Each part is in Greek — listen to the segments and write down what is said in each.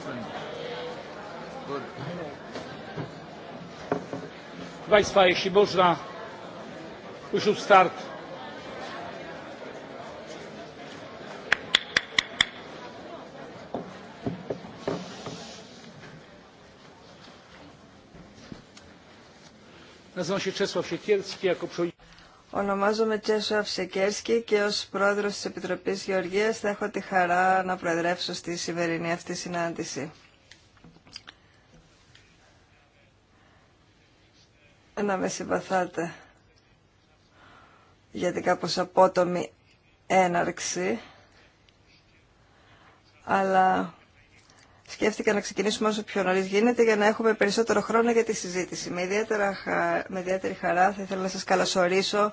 different. Good. Proszę Państwa, jeśli można, już już start. Nazywam się Czesław Siekierski, jako przewodniczący. Ονομάζομαι Τσέσο Σεκέρσκι και ως πρόεδρος της Επιτροπής Γεωργίας θα έχω τη χαρά να προεδρεύσω στη σημερινή αυτή συνάντηση. Να με συμπαθάτε για την κάπως απότομη έναρξη, αλλά σκέφτηκα να ξεκινήσουμε όσο πιο νωρίς γίνεται για να έχουμε περισσότερο χρόνο για τη συζήτηση. Με, με ιδιαίτερη χαρά θα ήθελα να σας καλωσορίσω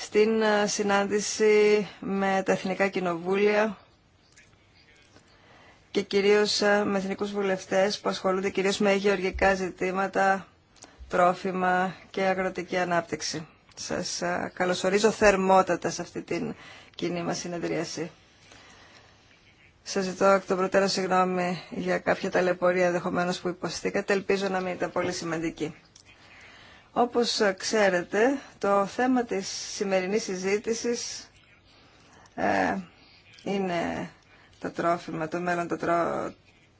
στην ε, συνάντηση με τα Εθνικά Κοινοβούλια και κυρίως ε, με εθνικούς βουλευτές που ασχολούνται κυρίως με γεωργικά ζητήματα, τρόφιμα και αγροτική ανάπτυξη. Σας ε, καλωσορίζω θερμότατα σε αυτή την κοινή μας συνεδρίαση. Σας ζητώ εκ των προτέρων συγγνώμη για κάποια ταλαιπωρία ενδεχομένω που υποστήκατε. Ελπίζω να μην ήταν πολύ σημαντική. Όπως ξέρετε, το θέμα της σημερινής συζήτησης ε, είναι τα τρόφιμα, το μέλλον το τρό...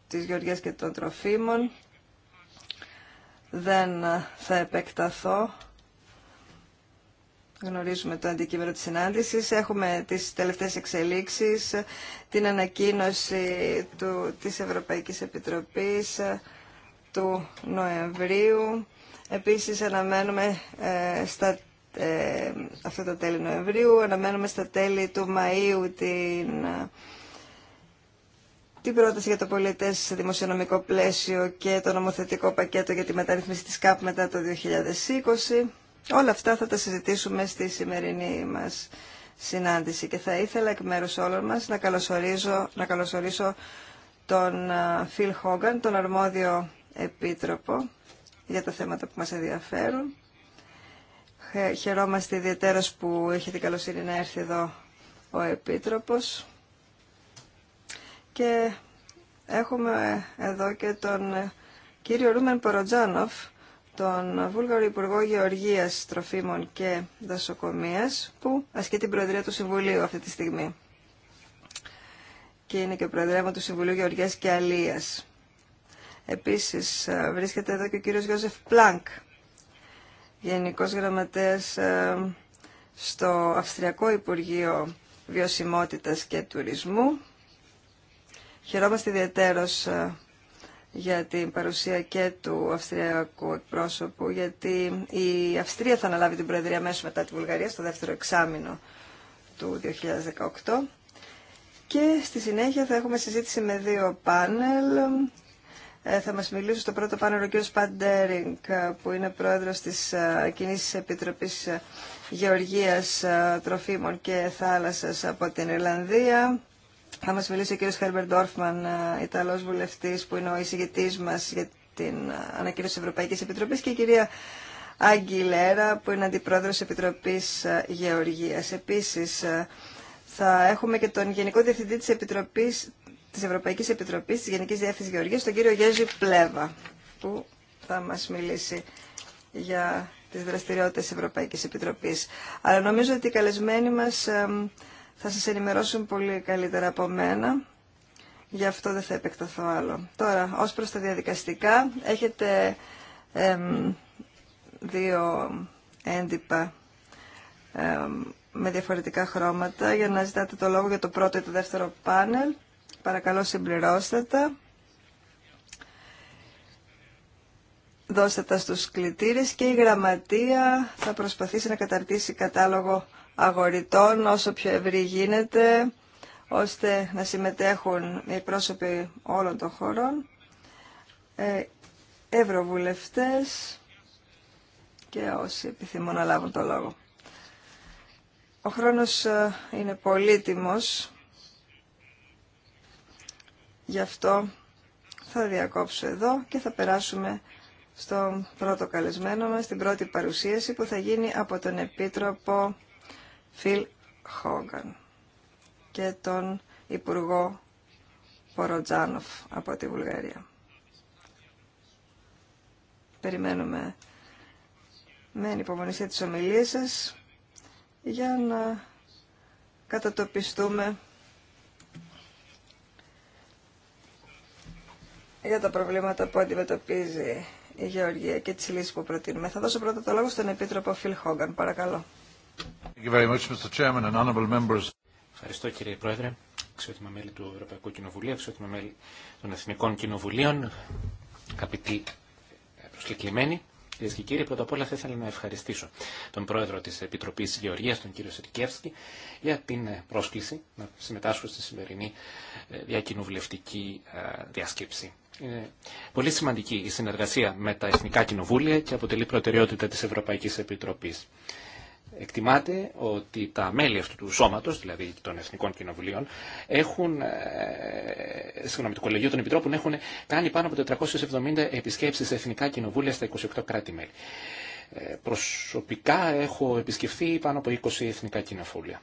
της γεωργίας και των τροφίμων. Δεν ε, θα επεκταθώ. Γνωρίζουμε το αντικείμενο της συνάντησης. Έχουμε τις τελευταίες εξελίξεις, την ανακοίνωση του, της Ευρωπαϊκής Επιτροπής ε, του Νοεμβρίου Επίσης αναμένουμε ε, στα ε, αυτό το τέλη Νοεμβρίου. Αναμένουμε στα τέλη του Μαΐου την, ε, την πρόταση για το πολιτές δημοσιονομικό πλαίσιο και το νομοθετικό πακέτο για τη μεταρρύθμιση της ΚΑΠ μετά το 2020. Όλα αυτά θα τα συζητήσουμε στη σημερινή μας συνάντηση και θα ήθελα εκ μέρους όλων μας να καλωσορίσω, να καλωσορίσω τον Φιλ ε, Χόγκαν, τον αρμόδιο επίτροπο για τα θέματα που μας ενδιαφέρουν. Χαιρόμαστε ιδιαίτερα που έχει την καλοσύνη να έρθει εδώ ο Επίτροπος. Και έχουμε εδώ και τον κύριο Ρούμεν Ποροτζάνοφ, τον Βούλγαρο Υπουργό Γεωργίας, Τροφίμων και Δασοκομείας, που ασκεί την Προεδρία του Συμβουλίου αυτή τη στιγμή. Και είναι και ο του Συμβουλίου Γεωργίας και Αλίας. Επίσης ε, βρίσκεται εδώ και ο κύριος Γιώζεφ Πλάνκ, Γενικός Γραμματέας ε, στο Αυστριακό Υπουργείο Βιωσιμότητας και Τουρισμού. Χαιρόμαστε ιδιαίτερος ε, για την παρουσία και του Αυστριακού εκπρόσωπου, γιατί η Αυστρία θα αναλάβει την Προεδρία αμέσως μετά τη Βουλγαρία, στο δεύτερο εξάμεινο του 2018. Και στη συνέχεια θα έχουμε συζήτηση με δύο πάνελ ε, θα μας μιλήσει στο πρώτο πάνελ ο κ. Παντέρινγκ, ε, που είναι πρόεδρος της ε, κοινή Επιτροπής Γεωργίας Τροφίμων και Θάλασσας από την Ιρλανδία. Θα μας μιλήσει ο κ. Χέρμπερ Ντόρφμαν, Ιταλός βουλευτής, που είναι ο εισηγητής μας για την ανακοίνωση της Ευρωπαϊκής Επιτροπής και η κυρία Αγγιλέρα, που είναι αντιπρόεδρος Επιτροπής Γεωργίας. Επίσης, θα έχουμε και τον Γενικό Διευθυντή της Επιτροπής της Ευρωπαϊκής Επιτροπής της Γενικής Διεύθυνσης Γεωργίας, τον κύριο Γέζη Πλέβα, που θα μας μιλήσει για τις δραστηριότητες της Ευρωπαϊκής Επιτροπής. Αλλά νομίζω ότι οι καλεσμένοι μας θα σας ενημερώσουν πολύ καλύτερα από μένα. Γι' αυτό δεν θα επεκταθώ άλλο. Τώρα, ως προς τα διαδικαστικά, έχετε δύο έντυπα με διαφορετικά χρώματα για να ζητάτε το λόγο για το πρώτο ή το δεύτερο πάνελ. Παρακαλώ συμπληρώστε τα. Δώστε τα στους κλητήρες και η γραμματεία θα προσπαθήσει να καταρτήσει κατάλογο αγοριτών όσο πιο ευρύ γίνεται, ώστε να συμμετέχουν οι πρόσωποι όλων των χωρών, ε, ευρωβουλευτές και όσοι επιθυμούν να λάβουν το λόγο. Ο χρόνος ε, είναι πολύτιμος Γι' αυτό θα διακόψω εδώ και θα περάσουμε στον πρώτο καλεσμένο μας, την πρώτη παρουσίαση που θα γίνει από τον Επίτροπο Φιλ Χόγκαν και τον Υπουργό Ποροτζάνοφ από τη Βουλγαρία. Περιμένουμε με ανυπομονησία τις ομιλίες σας για να κατατοπιστούμε για τα προβλήματα που αντιμετωπίζει η Γεωργία και τις λύσεις που προτείνουμε. Θα δώσω πρώτα το λόγο στον Επίτροπο Φιλ Χόγκαν. Παρακαλώ. Ευχαριστώ κύριε Πρόεδρε, αξιότιμα μέλη του Ευρωπαϊκού Κοινοβουλίου, αξιότιμα μέλη των Εθνικών Κοινοβουλίων, αγαπητοί προσκεκλημένοι. Κυρίε και κύριοι, πρώτα απ' όλα θα ήθελα να ευχαριστήσω τον πρόεδρο τη Επιτροπή Γεωργία, τον κύριο Σερκεύσκη, για την ε, πρόσκληση να συμμετάσχω στη σημερινή ε, διακοινοβουλευτική ε, διάσκεψη. Είναι πολύ σημαντική η συνεργασία με τα Εθνικά Κοινοβούλια και αποτελεί προτεραιότητα τη Ευρωπαϊκή Επιτροπή. Εκτιμάται ότι τα μέλη αυτού του σώματος, δηλαδή των Εθνικών Κοινοβουλίων, έχουν, ε, συγγνώμη, του Κολεγίου των Επιτρόπων έχουν κάνει πάνω από 470 επισκέψεις σε Εθνικά Κοινοβούλια στα 28 κράτη-μέλη. Ε, προσωπικά έχω επισκεφθεί πάνω από 20 Εθνικά Κοινοβούλια.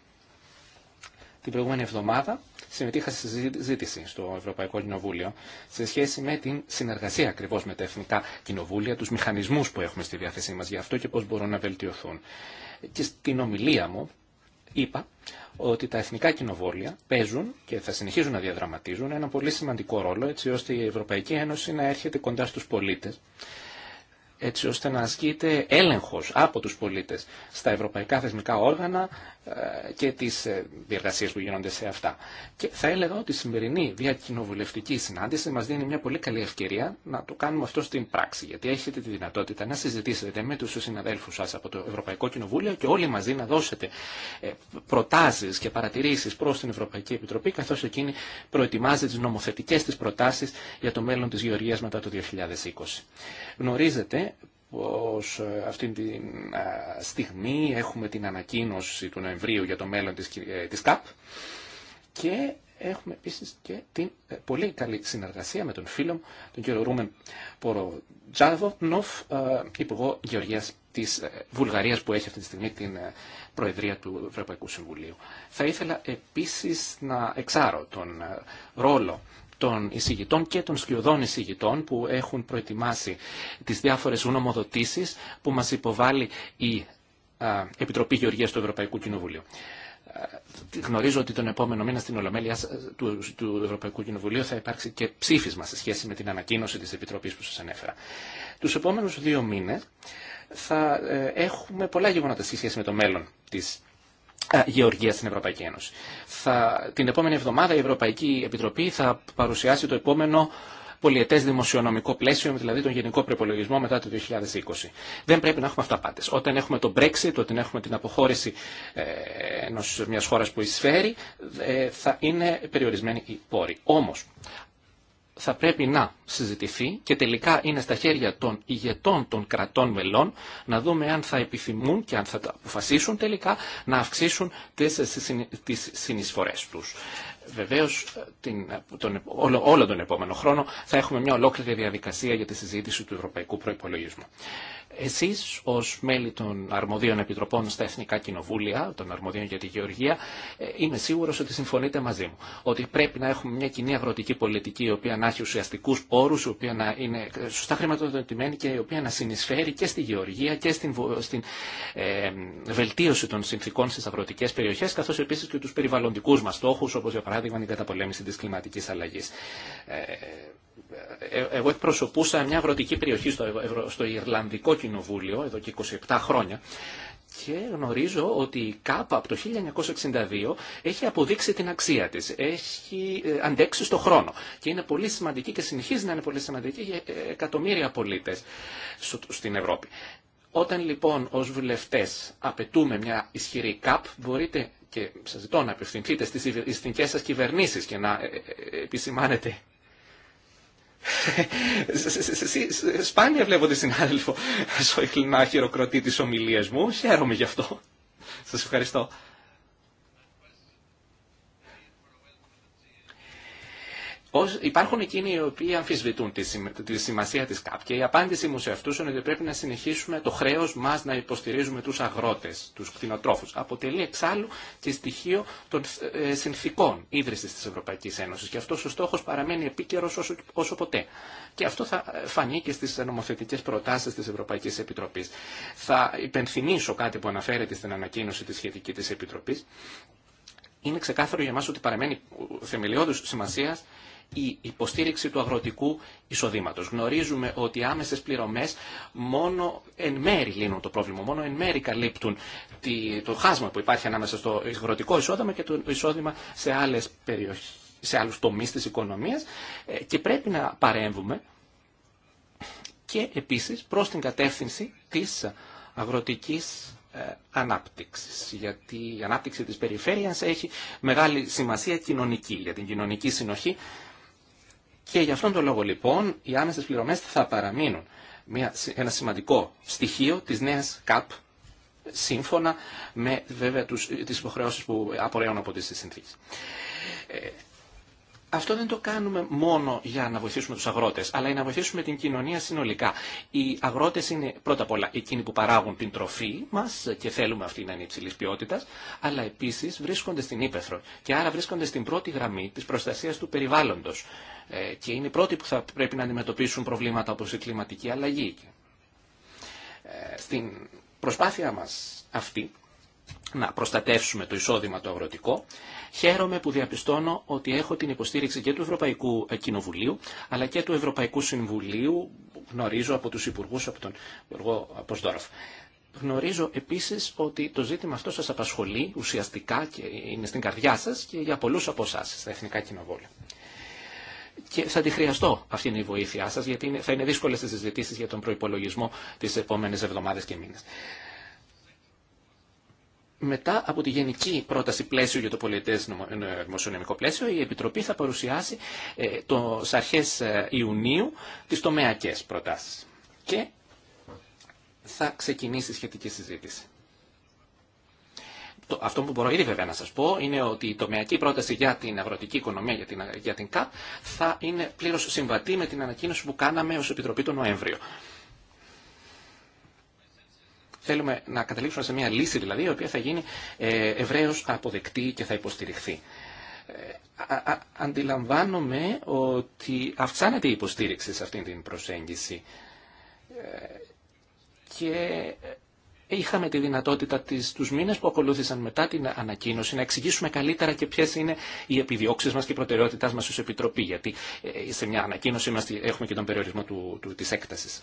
Την προηγούμενη εβδομάδα συμμετείχα στη συζήτηση στο Ευρωπαϊκό Κοινοβούλιο σε σχέση με την συνεργασία ακριβώ με τα εθνικά κοινοβούλια, του μηχανισμού που έχουμε στη διάθεσή μα για αυτό και πώ μπορούν να βελτιωθούν. Και στην ομιλία μου είπα ότι τα εθνικά κοινοβόλια παίζουν και θα συνεχίζουν να διαδραματίζουν ένα πολύ σημαντικό ρόλο έτσι ώστε η Ευρωπαϊκή Ένωση να έρχεται κοντά στους πολίτες έτσι ώστε να ασκείται έλεγχος από τους πολίτες στα ευρωπαϊκά θεσμικά όργανα ε, και τις ε, διεργασίες που γίνονται σε αυτά. Και θα έλεγα ότι η σημερινή διακοινοβουλευτική συνάντηση μας δίνει μια πολύ καλή ευκαιρία να το κάνουμε αυτό στην πράξη, γιατί έχετε τη δυνατότητα να συζητήσετε με τους συναδέλφους σας από το Ευρωπαϊκό Κοινοβούλιο και όλοι μαζί να δώσετε ε, προτάσεις και παρατηρήσεις προς την Ευρωπαϊκή Επιτροπή, καθώς εκείνη προετοιμάζει τις νομοθετικές της προτάσεις για το μέλλον της Γεωργίας μετά το 2020. Γνωρίζετε ως ε, αυτή τη ε, στιγμή έχουμε την ανακοίνωση του Νοεμβρίου για το μέλλον της, ε, της ΚΑΠ και έχουμε επίσης και την πολύ καλή συνεργασία με τον φίλο μου, τον κύριο Ρούμεν νόφ, υπουργό Γεωργίας της Βουλγαρίας που έχει αυτή τη στιγμή την Προεδρία του Ευρωπαϊκού Συμβουλίου. Θα ήθελα επίσης να εξάρω τον ρόλο των εισηγητών και των σκιωδών εισηγητών που έχουν προετοιμάσει τις διάφορες νομοδοτήσεις που μας υποβάλλει η Επιτροπή Γεωργίας του Ευρωπαϊκού Κοινοβουλίου. Γνωρίζω ότι τον επόμενο μήνα στην Ολομέλεια του Ευρωπαϊκού Κοινοβουλίου θα υπάρξει και ψήφισμα σε σχέση με την ανακοίνωση της Επιτροπής που σας ανέφερα. Τους επόμενους δύο μήνες θα ε, έχουμε πολλά γεγονότα σε σχέση με το μέλλον της γεωργία στην Ευρωπαϊκή Ένωση. Θα, την επόμενη εβδομάδα η Ευρωπαϊκή Επιτροπή θα παρουσιάσει το επόμενο πολιετές δημοσιονομικό πλαίσιο, δηλαδή τον γενικό προπολογισμό μετά το 2020. Δεν πρέπει να έχουμε αυτά αυταπάτες. Όταν έχουμε το Brexit, όταν έχουμε την αποχώρηση ε, ενός, μιας χώρας που εισφέρει, ε, θα είναι περιορισμένοι οι πόροι. Όμως, θα πρέπει να συζητηθεί και τελικά είναι στα χέρια των ηγετών των κρατών μελών να δούμε αν θα επιθυμούν και αν θα αποφασίσουν τελικά να αυξήσουν τις συνεισφορές τους. Βεβαίως τον, όλο, όλο τον επόμενο χρόνο θα έχουμε μια ολόκληρη διαδικασία για τη συζήτηση του ευρωπαϊκού προϋπολογισμού. Εσείς ως μέλη των αρμοδίων επιτροπών στα Εθνικά Κοινοβούλια, των αρμοδίων για τη Γεωργία, ε, είμαι σίγουρος ότι συμφωνείτε μαζί μου. Ότι πρέπει να έχουμε μια κοινή αγροτική πολιτική η οποία να έχει ουσιαστικούς όρους, η οποία να είναι σωστά χρηματοδοτημένη και η οποία να συνεισφέρει και στη Γεωργία και στην, στην ε, βελτίωση των συνθήκων στις αγροτικές περιοχές, καθώς επίσης και τους περιβαλλοντικούς μας στόχους, όπως για παράδειγμα η καταπολέμηση της κλιματικής αλλαγής. Ε, ε, εγώ εκπροσωπούσα μια αγροτική περιοχή στο, στο Ιρλανδικό Κοινοβούλιο εδώ και 27 χρόνια και γνωρίζω ότι η ΚΑΠΑ από το 1962 έχει αποδείξει την αξία της, έχει ε, αντέξει στο χρόνο και είναι πολύ σημαντική και συνεχίζει να είναι πολύ σημαντική για ε, εκατομμύρια πολίτες στην Ευρώπη. Όταν λοιπόν ως βουλευτές απαιτούμε μια ισχυρή ΚΑΠ, μπορείτε και σας ζητώ να απευθυνθείτε στις εθνικές σας κυβερνήσεις και να επισημάνετε Σπάνια βλέπω τη συνάδελφο Σόιχλ να χειροκροτεί τις ομιλίες μου. Χαίρομαι γι' αυτό. Σας ευχαριστώ. Υπάρχουν εκείνοι οι οποίοι αμφισβητούν τη σημασία της ΚΑΠ και η απάντησή μου σε αυτούς είναι ότι πρέπει να συνεχίσουμε το χρέος μας να υποστηρίζουμε τους αγρότες, τους κτηνοτρόφους. Αποτελεί εξάλλου και στοιχείο των ε, συνθήκων ίδρυσης της Ευρωπαϊκής Ένωσης και αυτός ο στόχος παραμένει επίκαιρος όσο, όσο ποτέ. Και αυτό θα φανεί και στις νομοθετικές προτάσεις της Ευρωπαϊκής Επιτροπής. Θα υπενθυμίσω κάτι που αναφέρεται στην ανακοίνωση της σχετική της Επιτροπής. Είναι ξεκάθαρο για μας ότι παραμένει θεμελιώδους σημασίας η υποστήριξη του αγροτικού εισοδήματος. Γνωρίζουμε ότι οι άμεσες πληρωμές μόνο εν μέρη λύνουν το πρόβλημα, μόνο εν μέρη καλύπτουν το χάσμα που υπάρχει ανάμεσα στο αγροτικό εισόδημα και το εισόδημα σε άλλες περιοχές σε άλλους τομείς της οικονομίας ε, και πρέπει να παρέμβουμε και επίσης προς την κατεύθυνση της αγροτικής ε, ανάπτυξης. Γιατί η ανάπτυξη της περιφέρειας έχει μεγάλη σημασία κοινωνική για την κοινωνική συνοχή και για αυτόν τον λόγο λοιπόν οι άμεσες πληρωμέ θα παραμείνουν μια, ένα σημαντικό στοιχείο της νέας ΚΑΠ σύμφωνα με βέβαια τι τις υποχρεώσεις που απορρέουν από τις συνθήκες. Ε, αυτό δεν το κάνουμε μόνο για να βοηθήσουμε τους αγρότες, αλλά για να βοηθήσουμε την κοινωνία συνολικά. Οι αγρότες είναι πρώτα απ' όλα εκείνοι που παράγουν την τροφή μας και θέλουμε αυτή να είναι υψηλής ποιότητας, αλλά επίσης βρίσκονται στην ύπεθρο και άρα βρίσκονται στην πρώτη γραμμή της προστασίας του περιβάλλοντος ε, και είναι οι πρώτοι που θα πρέπει να αντιμετωπίσουν προβλήματα όπως η κλιματική αλλαγή. Ε, στην προσπάθεια μας αυτή να προστατεύσουμε το εισόδημα το αγροτικό. Χαίρομαι που διαπιστώνω ότι έχω την υποστήριξη και του Ευρωπαϊκού ε, Κοινοβουλίου αλλά και του Ευρωπαϊκού Συμβουλίου, γνωρίζω από τους Υπουργούς, από τον Υπουργό Αποσδόροφ. Γνωρίζω επίσης ότι το ζήτημα αυτό σας απασχολεί ουσιαστικά και είναι στην καρδιά σας και για πολλούς από εσά στα Εθνικά Κοινοβούλια. Και θα τη χρειαστώ αυτή είναι η βοήθειά σας γιατί θα είναι δύσκολες οι συζητήσει για τον προϋπολογισμό τις επόμενες εβδομάδες και μήνες μετά από τη γενική πρόταση πλαίσιο για το πολιτές ε, δημοσιονομικό πλαίσιο, η Επιτροπή θα παρουσιάσει ε, το, στις αρχές ε, Ιουνίου τις τομεακές προτάσεις. Και θα ξεκινήσει η σχετική συζήτηση. Το, αυτό που μπορώ ήδη βέβαια να σας πω είναι ότι η τομεακή πρόταση για την αγροτική οικονομία, για την, για την ΚΑΠ, θα είναι πλήρως συμβατή με την ανακοίνωση που κάναμε ως Επιτροπή τον Νοέμβριο. Θέλουμε να καταλήξουμε σε μια λύση δηλαδή η οποία θα γίνει ε, ευρέως αποδεκτή και θα υποστηριχθεί. Ε, αντιλαμβάνομαι ότι αυξάνεται η υποστήριξη σε αυτή την προσέγγιση ε, και είχαμε τη δυνατότητα τις, τους μήνες που ακολούθησαν μετά την ανακοίνωση να εξηγήσουμε καλύτερα και ποιες είναι οι επιδιώξεις μας και η προτεραιότητάς μας ως Επιτροπή γιατί σε μια ανακοίνωση μας έχουμε και τον περιορισμό του, του, της έκτασης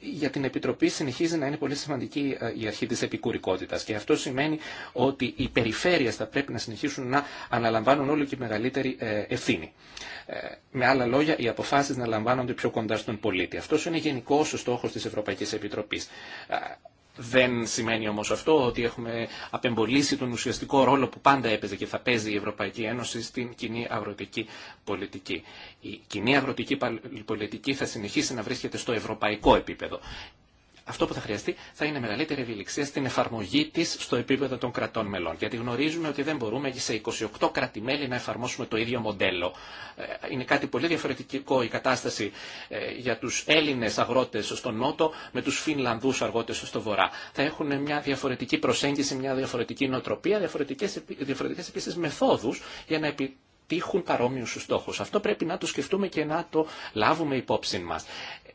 για την Επιτροπή συνεχίζει να είναι πολύ σημαντική ε, η αρχή της επικουρικότητας και αυτό σημαίνει ότι οι περιφέρειες θα πρέπει να συνεχίσουν να αναλαμβάνουν όλο και μεγαλύτερη ε, ευθύνη. Ε, με άλλα λόγια, οι αποφάσεις να λαμβάνονται πιο κοντά στον πολίτη. Αυτό είναι γενικό ο στόχος της Ευρωπαϊκής Επιτροπής. Δεν σημαίνει όμως αυτό ότι έχουμε απεμπολίσει τον ουσιαστικό ρόλο που πάντα έπαιζε και θα παίζει η Ευρωπαϊκή Ένωση στην κοινή αγροτική πολιτική. Η κοινή αγροτική πολιτική θα συνεχίσει να βρίσκεται στο ευρωπαϊκό επίπεδο αυτό που θα χρειαστεί θα είναι μεγαλύτερη ευηλιξία στην εφαρμογή τη στο επίπεδο των κρατών μελών. Γιατί γνωρίζουμε ότι δεν μπορούμε σε 28 κρατημέλη να εφαρμόσουμε το ίδιο μοντέλο. Ε, είναι κάτι πολύ διαφορετικό η κατάσταση ε, για του Έλληνε αγρότε στον Νότο με του Φινλανδού αγρότε στο Βορρά. Θα έχουν μια διαφορετική προσέγγιση, μια διαφορετική νοοτροπία, διαφορετικέ επίση μεθόδου για να επιτύχουν παρόμοιου στόχους. Αυτό πρέπει να το σκεφτούμε και να το λάβουμε υπόψη μα.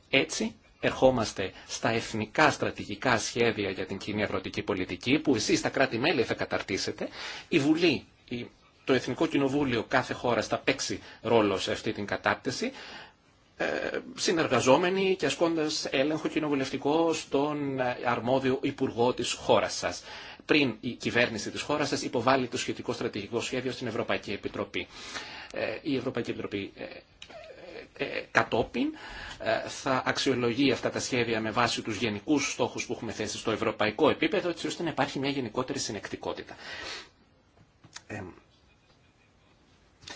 Έτσι ερχόμαστε στα εθνικά στρατηγικά σχέδια για την κοινή αγροτική πολιτική που εσείς στα κράτη-μέλη θα καταρτήσετε, η Βουλή, το Εθνικό Κοινοβούλιο κάθε χώρα θα παίξει ρόλο σε αυτή την κατάρτιση ε, συνεργαζόμενοι και ασκώντας έλεγχο κοινοβουλευτικό στον ε, αρμόδιο υπουργό της χώρας σας πριν η κυβέρνηση της χώρας σας υποβάλει το σχετικό στρατηγικό σχέδιο στην Ευρωπαϊκή Επιτροπή. Ε, η Ευρωπαϊκή Επιτροπή κατόπιν ε, θα αξιολογεί αυτά τα σχέδια με βάση τους γενικούς στόχους που έχουμε θέσει στο ευρωπαϊκό επίπεδο, έτσι ώστε να υπάρχει μια γενικότερη συνεκτικότητα. Ε,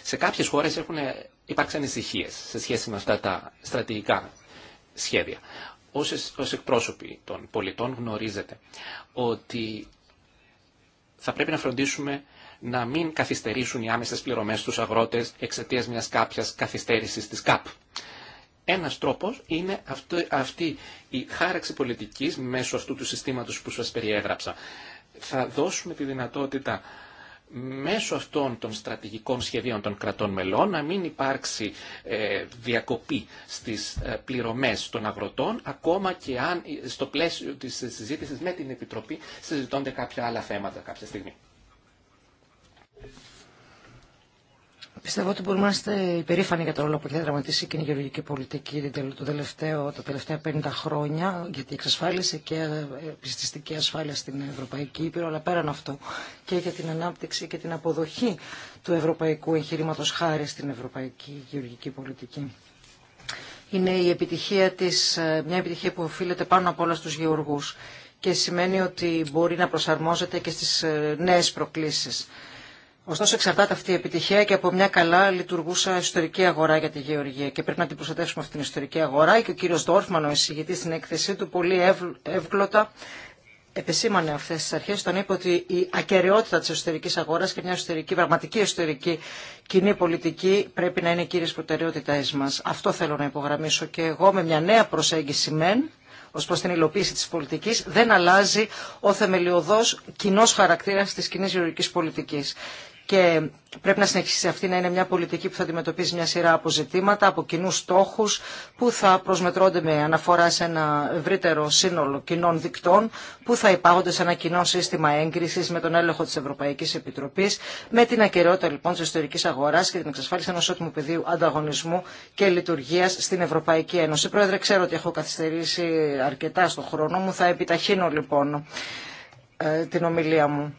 σε κάποιες χώρες έχουν υπάρξει ανησυχίε σε σχέση με αυτά τα στρατηγικά σχέδια. Όσες, εκπρόσωποι των πολιτών γνωρίζετε ότι θα πρέπει να φροντίσουμε να μην καθυστερήσουν οι άμεσες πληρωμές στους αγρότες εξαιτίας μιας κάποιας καθυστέρησης της ΚΑΠ. Ένας τρόπος είναι αυτή η χάραξη πολιτικής μέσω αυτού του συστήματος που σας περιέγραψα. Θα δώσουμε τη δυνατότητα μέσω αυτών των στρατηγικών σχεδίων των κρατών μελών να μην υπάρξει ε, διακοπή στις ε, πληρωμές των αγροτών ακόμα και αν ε, στο πλαίσιο της συζήτησης με την Επιτροπή συζητώνται κάποια άλλα θέματα κάποια στιγμή. Πιστεύω ότι μπορούμε να είστε υπερήφανοι για το ρόλο που έχει δραματίσει η κοινή γεωργική πολιτική το τελευταίο, τα τελευταία 50 χρόνια, γιατί εξασφάλισε και ε, πιστιστική ασφάλεια στην Ευρωπαϊκή Ήπειρο, αλλά πέραν αυτό και για την ανάπτυξη και την αποδοχή του ευρωπαϊκού εγχειρήματο χάρη στην ευρωπαϊκή γεωργική πολιτική. Είναι η επιτυχία της, ε, μια επιτυχία που οφείλεται πάνω απ' όλα στους γεωργούς και σημαίνει ότι μπορεί να προσαρμόζεται και στις ε, νέες προκλήσεις. Ωστόσο, εξαρτάται αυτή η επιτυχία και από μια καλά λειτουργούσα ιστορική αγορά για τη γεωργία. Και πρέπει να την προστατεύσουμε αυτή την ιστορική αγορά. Και ο κύριο Ντόρφμαν, ο εισηγητή στην έκθεσή του, πολύ εύγλωτα επεσήμανε αυτέ τι αρχέ τον είπε ότι η ακαιρεότητα τη εσωτερική αγορά και μια εσωτερική, πραγματική εσωτερική κοινή πολιτική πρέπει να είναι κύριε προτεραιότητά μα. Αυτό θέλω να υπογραμμίσω και εγώ με μια νέα προσέγγιση μεν ω προ την υλοποίηση τη πολιτική, δεν αλλάζει ο θεμελιωδό κοινό χαρακτήρα τη κοινή γεωργική πολιτική και πρέπει να συνεχίσει αυτή να είναι μια πολιτική που θα αντιμετωπίζει μια σειρά από ζητήματα, από κοινού στόχου που θα προσμετρώνται με αναφορά σε ένα ευρύτερο σύνολο κοινών δικτών που θα υπάγονται σε ένα κοινό σύστημα έγκριση με τον έλεγχο τη Ευρωπαϊκή Επιτροπή, με την ακαιρεότητα λοιπόν τη ιστορική αγορά και την εξασφάλιση ενό ότιμου πεδίου ανταγωνισμού και λειτουργία στην Ευρωπαϊκή Ένωση. Πρόεδρε, ξέρω ότι έχω καθυστερήσει αρκετά στον χρόνο μου, θα επιταχύνω λοιπόν ε, την ομιλία μου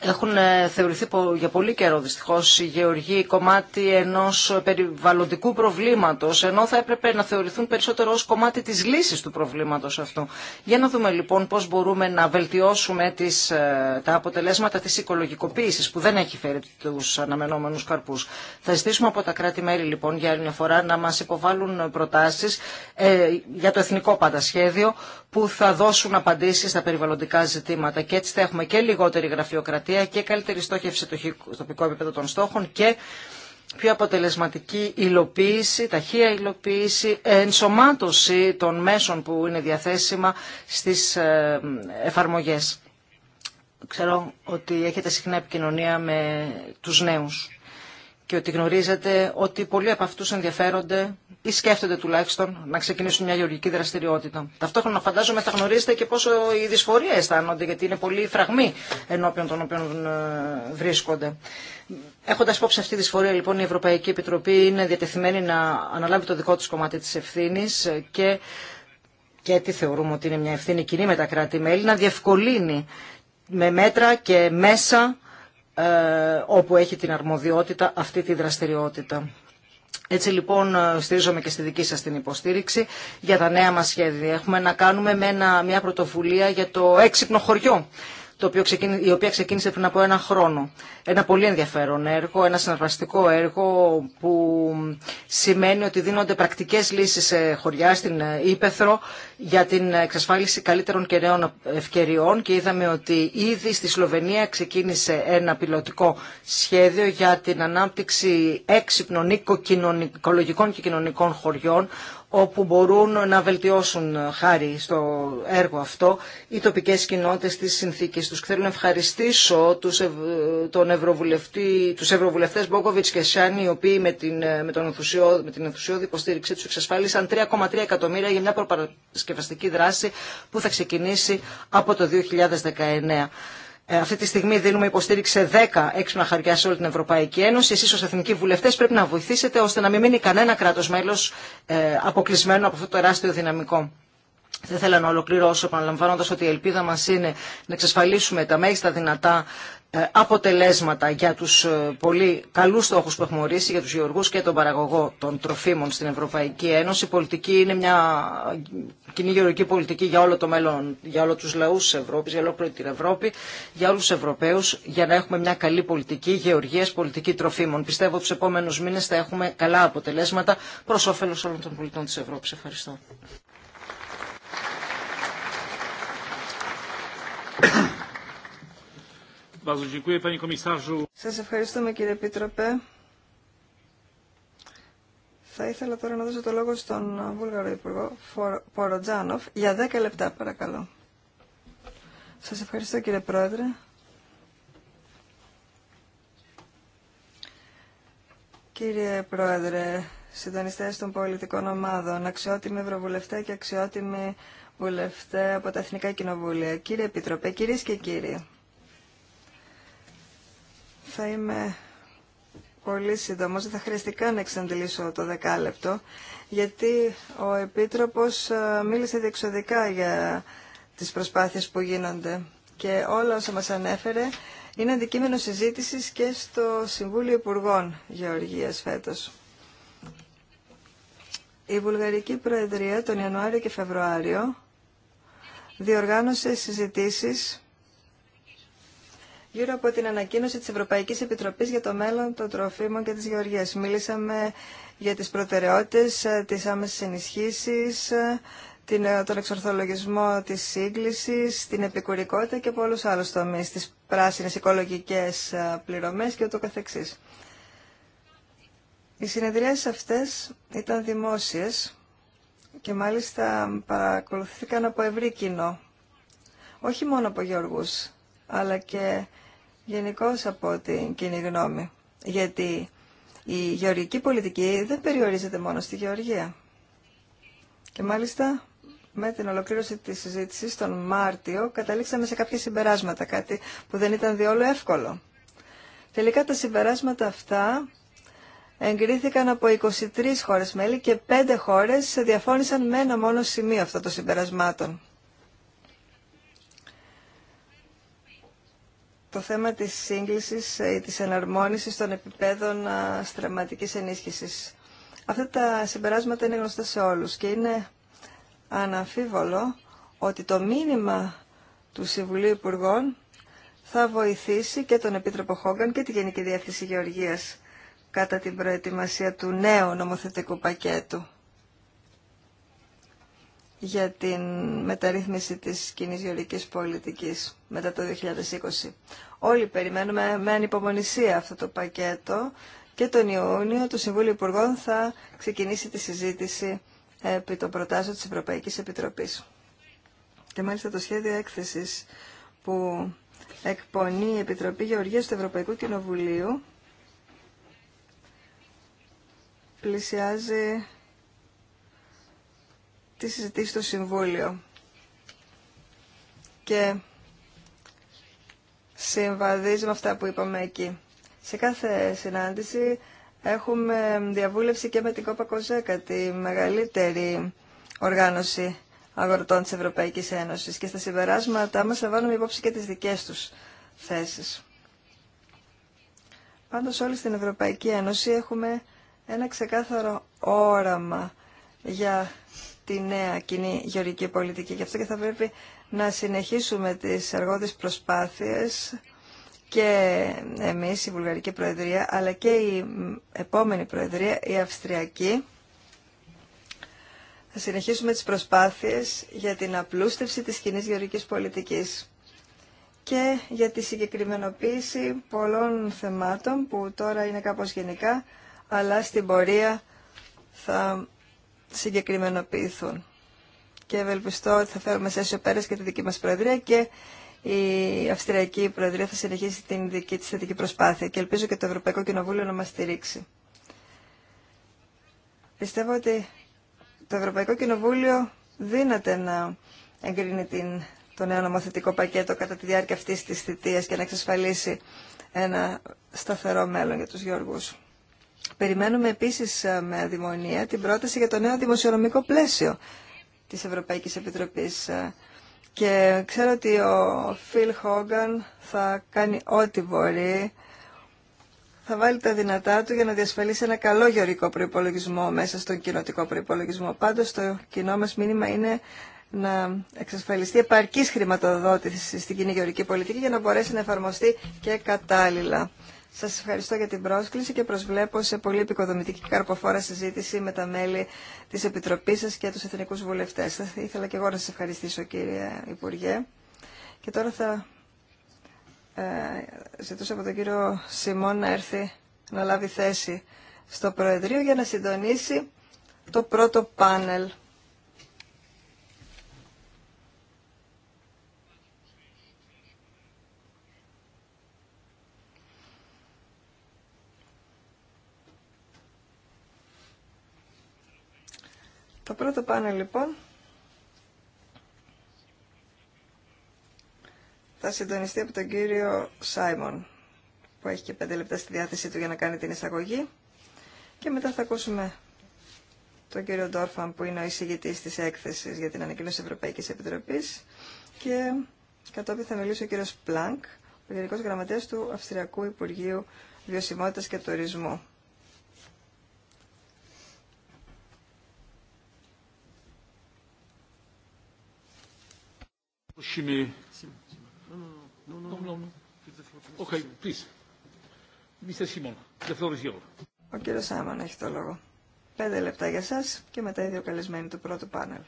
έχουν ε, θεωρηθεί για πολύ καιρό δυστυχώς οι γεωργοί κομμάτι ενός περιβαλλοντικού προβλήματος ενώ θα έπρεπε να θεωρηθούν περισσότερο ως κομμάτι της λύσης του προβλήματος αυτού. Για να δούμε λοιπόν πώς μπορούμε να βελτιώσουμε τις, ε, τα αποτελέσματα της οικολογικοποίησης που δεν έχει φέρει τους αναμενόμενους καρπούς. Θα ζητήσουμε από τα κράτη-μέλη λοιπόν για άλλη μια φορά να μας υποβάλουν προτάσεις ε, για το εθνικό πάντα σχέδιο που θα δώσουν απαντήσεις στα περιβαλλοντικά ζητήματα. Και έτσι θα έχουμε και λιγότερη γραφειοκρατία και καλύτερη στόχευση στο τοπικό επίπεδο των στόχων και πιο αποτελεσματική υλοποίηση, ταχεία υλοποίηση, ενσωμάτωση των μέσων που είναι διαθέσιμα στις ε, εφαρμογές. Ξέρω ότι έχετε συχνά επικοινωνία με τους νέους και ότι γνωρίζετε ότι πολλοί από αυτούς ενδιαφέρονται ή σκέφτονται τουλάχιστον να ξεκινήσουν μια γεωργική δραστηριότητα. Ταυτόχρονα φαντάζομαι θα γνωρίζετε και πόσο οι δυσφορία αισθάνονται γιατί είναι πολλοί αυτού ε, Έχοντα υπόψη αυτή τη δυσφορία, λοιπόν, η Ευρωπαϊκή Επιτροπή είναι διατεθειμένη να αναλάβει το δικό τη κομμάτι τη ευθύνη και, και τι θεωρούμε ότι είναι μια ευθύνη κοινή με τα κράτη-μέλη, να διευκολύνει με μέτρα και μέσα ε, όπου έχει την αρμοδιότητα αυτή τη δραστηριότητα. Έτσι λοιπόν ε, στηρίζομαι και στη δική σας την υποστήριξη για τα νέα μας σχέδια. Έχουμε να κάνουμε με μια πρωτοβουλία για το έξυπνο χωριό το οποίο η οποία ξεκίνησε πριν από ένα χρόνο. Ένα πολύ ενδιαφέρον έργο, ένα συναρπαστικό έργο που σημαίνει ότι δίνονται πρακτικές λύσεις σε χωριά στην ε, Ήπεθρο για την εξασφάλιση καλύτερων και νέων ευκαιριών και είδαμε ότι ήδη στη Σλοβενία ξεκίνησε ένα πιλωτικό σχέδιο για την ανάπτυξη έξυπνων οικολογικών και κοινωνικών χωριών όπου μπορούν να βελτιώσουν χάρη στο έργο αυτό οι τοπικές κοινότητες τις συνθήκες τους. Θέλω να ευχαριστήσω τους, ευ... τον Ευρωβουλευτή, τους Ευρωβουλευτές Μπόκοβιτς και Σιάννη, οι οποίοι με την, με τον ενθουσιώδη, με την ενθουσιώδη υποστήριξή τους εξασφάλισαν 3,3 εκατομμύρια για μια προπαρασκευαστική δράση που θα ξεκινήσει από το 2019. Ε, αυτή τη στιγμή δίνουμε υποστήριξη σε 10 έξυπνα χαρτιά σε όλη την Ευρωπαϊκή Ένωση. Εσεί ω εθνικοί βουλευτέ πρέπει να βοηθήσετε ώστε να μην μείνει κανένα κράτο μέλο ε, αποκλεισμένο από αυτό το τεράστιο δυναμικό. Δεν θέλω να ολοκληρώσω επαναλαμβάνοντα ότι η ελπίδα μα είναι να εξασφαλίσουμε τα μέγιστα δυνατά ε, αποτελέσματα για τους ε, πολύ καλούς στόχους που έχουμε ορίσει για τους γεωργούς και τον παραγωγό των τροφίμων στην Ευρωπαϊκή Ένωση. Η πολιτική είναι μια κοινή γεωργική πολιτική για όλο το μέλλον, για όλους τους λαούς της Ευρώπης, για ολόκληρη την Ευρώπη, για όλους τους Ευρωπαίους, για να έχουμε μια καλή πολιτική γεωργίας, πολιτική τροφίμων. Πιστεύω ότι τους επόμενους μήνες θα έχουμε καλά αποτελέσματα προς όφελος όλων των πολιτών της Ευρώπης. Ευχαριστώ. Σας ευχαριστούμε κύριε Πίτροπε. Θα ήθελα τώρα να δώσω το λόγο στον Βούλγαρο Υπουργό Ποροτζάνοφ για 10 λεπτά παρακαλώ. Σας ευχαριστώ κύριε Πρόεδρε. Κύριε Πρόεδρε, συντονιστές των πολιτικών ομάδων, αξιότιμοι ευρωβουλευτέ και αξιότιμοι βουλευτέ από τα Εθνικά Κοινοβούλια, κύριε Επιτροπέ, κυρίες και κύριοι. Θα είμαι πολύ σύντομος, θα χρειαστεί καν να εξαντλήσω το δεκάλεπτο, γιατί ο Επίτροπος ε, μίλησε διεξοδικά για τις προσπάθειες που γίνονται και όλα όσα μας ανέφερε είναι αντικείμενο συζήτησης και στο Συμβούλιο Υπουργών Γεωργίας φέτος. Η Βουλγαρική Προεδρία τον Ιανουάριο και Φεβρουάριο διοργάνωσε συζητήσεις γύρω από την ανακοίνωση της Ευρωπαϊκής Επιτροπής για το μέλλον των τροφίμων και της γεωργίας. Μίλησαμε για τις προτεραιότητες, ε, τις άμεσες ενισχύσεις, ε, ε, τον εξορθολογισμό της σύγκλησης, την επικουρικότητα και πολλούς άλλους τομείς, τις πράσινες οικολογικές πληρωμές και ούτω καθεξής. Οι συνεδριάσεις αυτές ήταν δημόσιες και μάλιστα παρακολουθήθηκαν από ευρύ κοινό, όχι μόνο από γεωργούς, αλλά και γενικώ από την κοινή γνώμη. Γιατί η γεωργική πολιτική δεν περιορίζεται μόνο στη γεωργία. Και μάλιστα με την ολοκλήρωση τη συζήτηση τον Μάρτιο καταλήξαμε σε κάποια συμπεράσματα, κάτι που δεν ήταν διόλου εύκολο. Τελικά τα συμπεράσματα αυτά εγκρίθηκαν από 23 χώρες μέλη και 5 χώρες διαφώνησαν με ένα μόνο σημείο αυτών των συμπερασμάτων. το θέμα της σύγκλησης ε, ή της εναρμόνισης των επιπέδων στραματικής ενίσχυσης. Αυτά τα συμπεράσματα είναι γνωστά σε όλους και είναι αναμφίβολο ότι το μήνυμα του Συμβουλίου Υπουργών θα βοηθήσει και τον Επίτροπο Χόγκαν και τη Γενική Διεύθυνση Γεωργίας κατά την προετοιμασία του νέου νομοθετικού πακέτου για την μεταρρύθμιση της κοινή γεωργικής πολιτικής μετά το 2020. Όλοι περιμένουμε με ανυπομονησία αυτό το πακέτο και τον Ιούνιο το Συμβούλιο Υπουργών θα ξεκινήσει τη συζήτηση επί των προτάσεων της Ευρωπαϊκής Επιτροπής. Και μάλιστα το σχέδιο έκθεσης που εκπονεί η Επιτροπή Γεωργίας του Ευρωπαϊκού Κοινοβουλίου πλησιάζει τη συζητήσει στο Συμβούλιο. Και συμβαδίζει με αυτά που είπαμε εκεί. Σε κάθε συνάντηση έχουμε διαβούλευση και με την Κόπα Κοζέκα, τη μεγαλύτερη οργάνωση αγροτών της Ευρωπαϊκής Ένωσης και στα συμπεράσματά μας λαμβάνουμε υπόψη και τις δικές τους θέσεις. Πάντως όλοι στην Ευρωπαϊκή Ένωση έχουμε ένα ξεκάθαρο όραμα για τη νέα κοινή γεωργική πολιτική. Γι' αυτό και θα πρέπει να συνεχίσουμε τις αργότερες προσπάθειες και εμείς, η Βουλγαρική Προεδρία, αλλά και η επόμενη Προεδρία, η Αυστριακή, θα συνεχίσουμε τις προσπάθειες για την απλούστευση της κοινή γεωργικής πολιτικής και για τη συγκεκριμενοποίηση πολλών θεμάτων που τώρα είναι κάπως γενικά, αλλά στην πορεία θα συγκεκριμενοποιηθούν. Και ευελπιστώ ότι θα φέρουμε σε αίσιο πέρας και τη δική μας Προεδρία και η Αυστριακή Προεδρία θα συνεχίσει την δική της θετική προσπάθεια και ελπίζω και το Ευρωπαϊκό Κοινοβούλιο να μας στηρίξει. Πιστεύω ότι το Ευρωπαϊκό Κοινοβούλιο δύναται να εγκρίνει την, το νέο νομοθετικό πακέτο κατά τη διάρκεια αυτής της θητείας και να εξασφαλίσει ένα σταθερό μέλλον για τους Γεωργούς. Περιμένουμε επίσης ε, με αδημονία την πρόταση για το νέο δημοσιονομικό πλαίσιο της Ευρωπαϊκής Επιτροπής. Ε, και ξέρω ότι ο Φιλ Χόγκαν θα κάνει ό,τι μπορεί, θα βάλει τα δυνατά του για να διασφαλίσει ένα καλό γεωρικό προϋπολογισμό μέσα στον κοινοτικό προϋπολογισμό. Πάντως το κοινό μας μήνυμα είναι να εξασφαλιστεί επαρκής χρηματοδότηση στην κοινή γεωρική πολιτική για να μπορέσει να εφαρμοστεί και κατάλληλα. Σας ευχαριστώ για την πρόσκληση και προσβλέπω σε πολύ επικοδομητική καρποφόρα συζήτηση με τα μέλη της Επιτροπής σα και τους Εθνικούς Βουλευτές. Θα ήθελα και εγώ να σα ευχαριστήσω κύριε Υπουργέ. Και τώρα θα ε, ζητούσα από τον κύριο Σιμών να έρθει να λάβει θέση στο Προεδρείο για να συντονίσει το πρώτο πάνελ. Το πρώτο πάνελ λοιπόν θα συντονιστεί από τον κύριο Σάιμον που έχει και πέντε λεπτά στη διάθεσή του για να κάνει την εισαγωγή και μετά θα ακούσουμε τον κύριο Ντόρφαν που είναι ο εισηγητής της έκθεσης για την ανακοίνωση Ευρωπαϊκής Επιτροπής και κατόπιν θα μιλήσει ο κύριος Πλάνκ, ο Γενικός Γραμματέας του Αυστριακού Υπουργείου Βιωσιμότητας και Τουρισμού Ο κύριο Σάμαν έχει το λόγο. Πέντε λεπτά για εσά και μετά οι δύο καλεσμένοι του πρώτου πάνελ.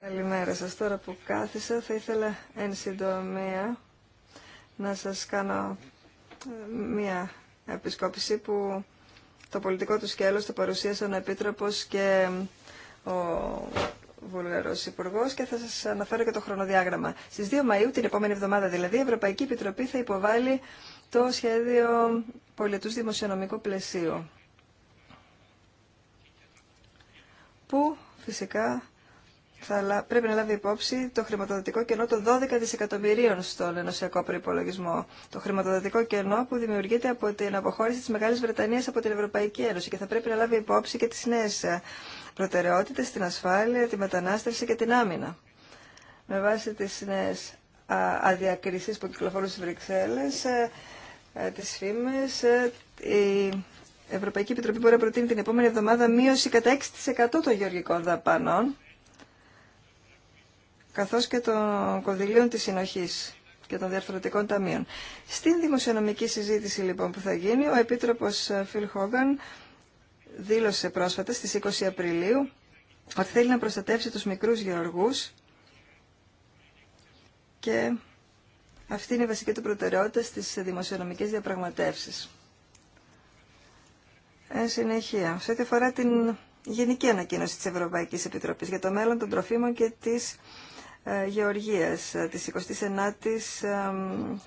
Καλημέρα σας. Τώρα που κάθισα θα ήθελα εν συντομία να σας κάνω μια επισκόπηση που το πολιτικό του σκέλος το παρουσίασαν ο Επίτροπος και ο Βουλγαρός Υπουργό και θα σας αναφέρω και το χρονοδιάγραμμα. Στις 2 Μαΐου, την επόμενη εβδομάδα δηλαδή, η Ευρωπαϊκή Επιτροπή θα υποβάλει το σχέδιο πολιτούς δημοσιονομικού πλαισίου που φυσικά θα πρέπει να λάβει υπόψη το χρηματοδοτικό κενό των 12 δισεκατομμυρίων στον ενωσιακό προπολογισμό. Το χρηματοδοτικό κενό που δημιουργείται από την αποχώρηση τη Μεγάλη Βρετανία από την Ευρωπαϊκή Ένωση και θα πρέπει να λάβει υπόψη και τι νέε προτεραιότητε, την ασφάλεια, τη μετανάστευση και την άμυνα. Με βάση τι νέε αδιακρίσει που κυκλοφορούν στι Βρυξέλλε, ε, ε, τι φήμε, ε, η Ευρωπαϊκή Επιτροπή μπορεί να προτείνει την επόμενη εβδομάδα μείωση κατά 6% των γεωργικών δαπανών καθώς και των κονδυλίων της συνοχής και των διαρθρωτικών ταμείων. Στην δημοσιονομική συζήτηση λοιπόν που θα γίνει, ο Επίτροπος ε, Φιλ Χόγκαν δήλωσε πρόσφατα στις 20 Απριλίου ότι θέλει να προστατεύσει τους μικρούς γεωργούς και αυτή είναι η βασική του προτεραιότητα στις δημοσιονομικές διαπραγματεύσεις. Εν συνεχεία, σε ό,τι αφορά την γενική ανακοίνωση της Ευρωπαϊκής Επιτροπής για το μέλλον των τροφίμων και της ε, γεωργίας ε, της 29ης ε,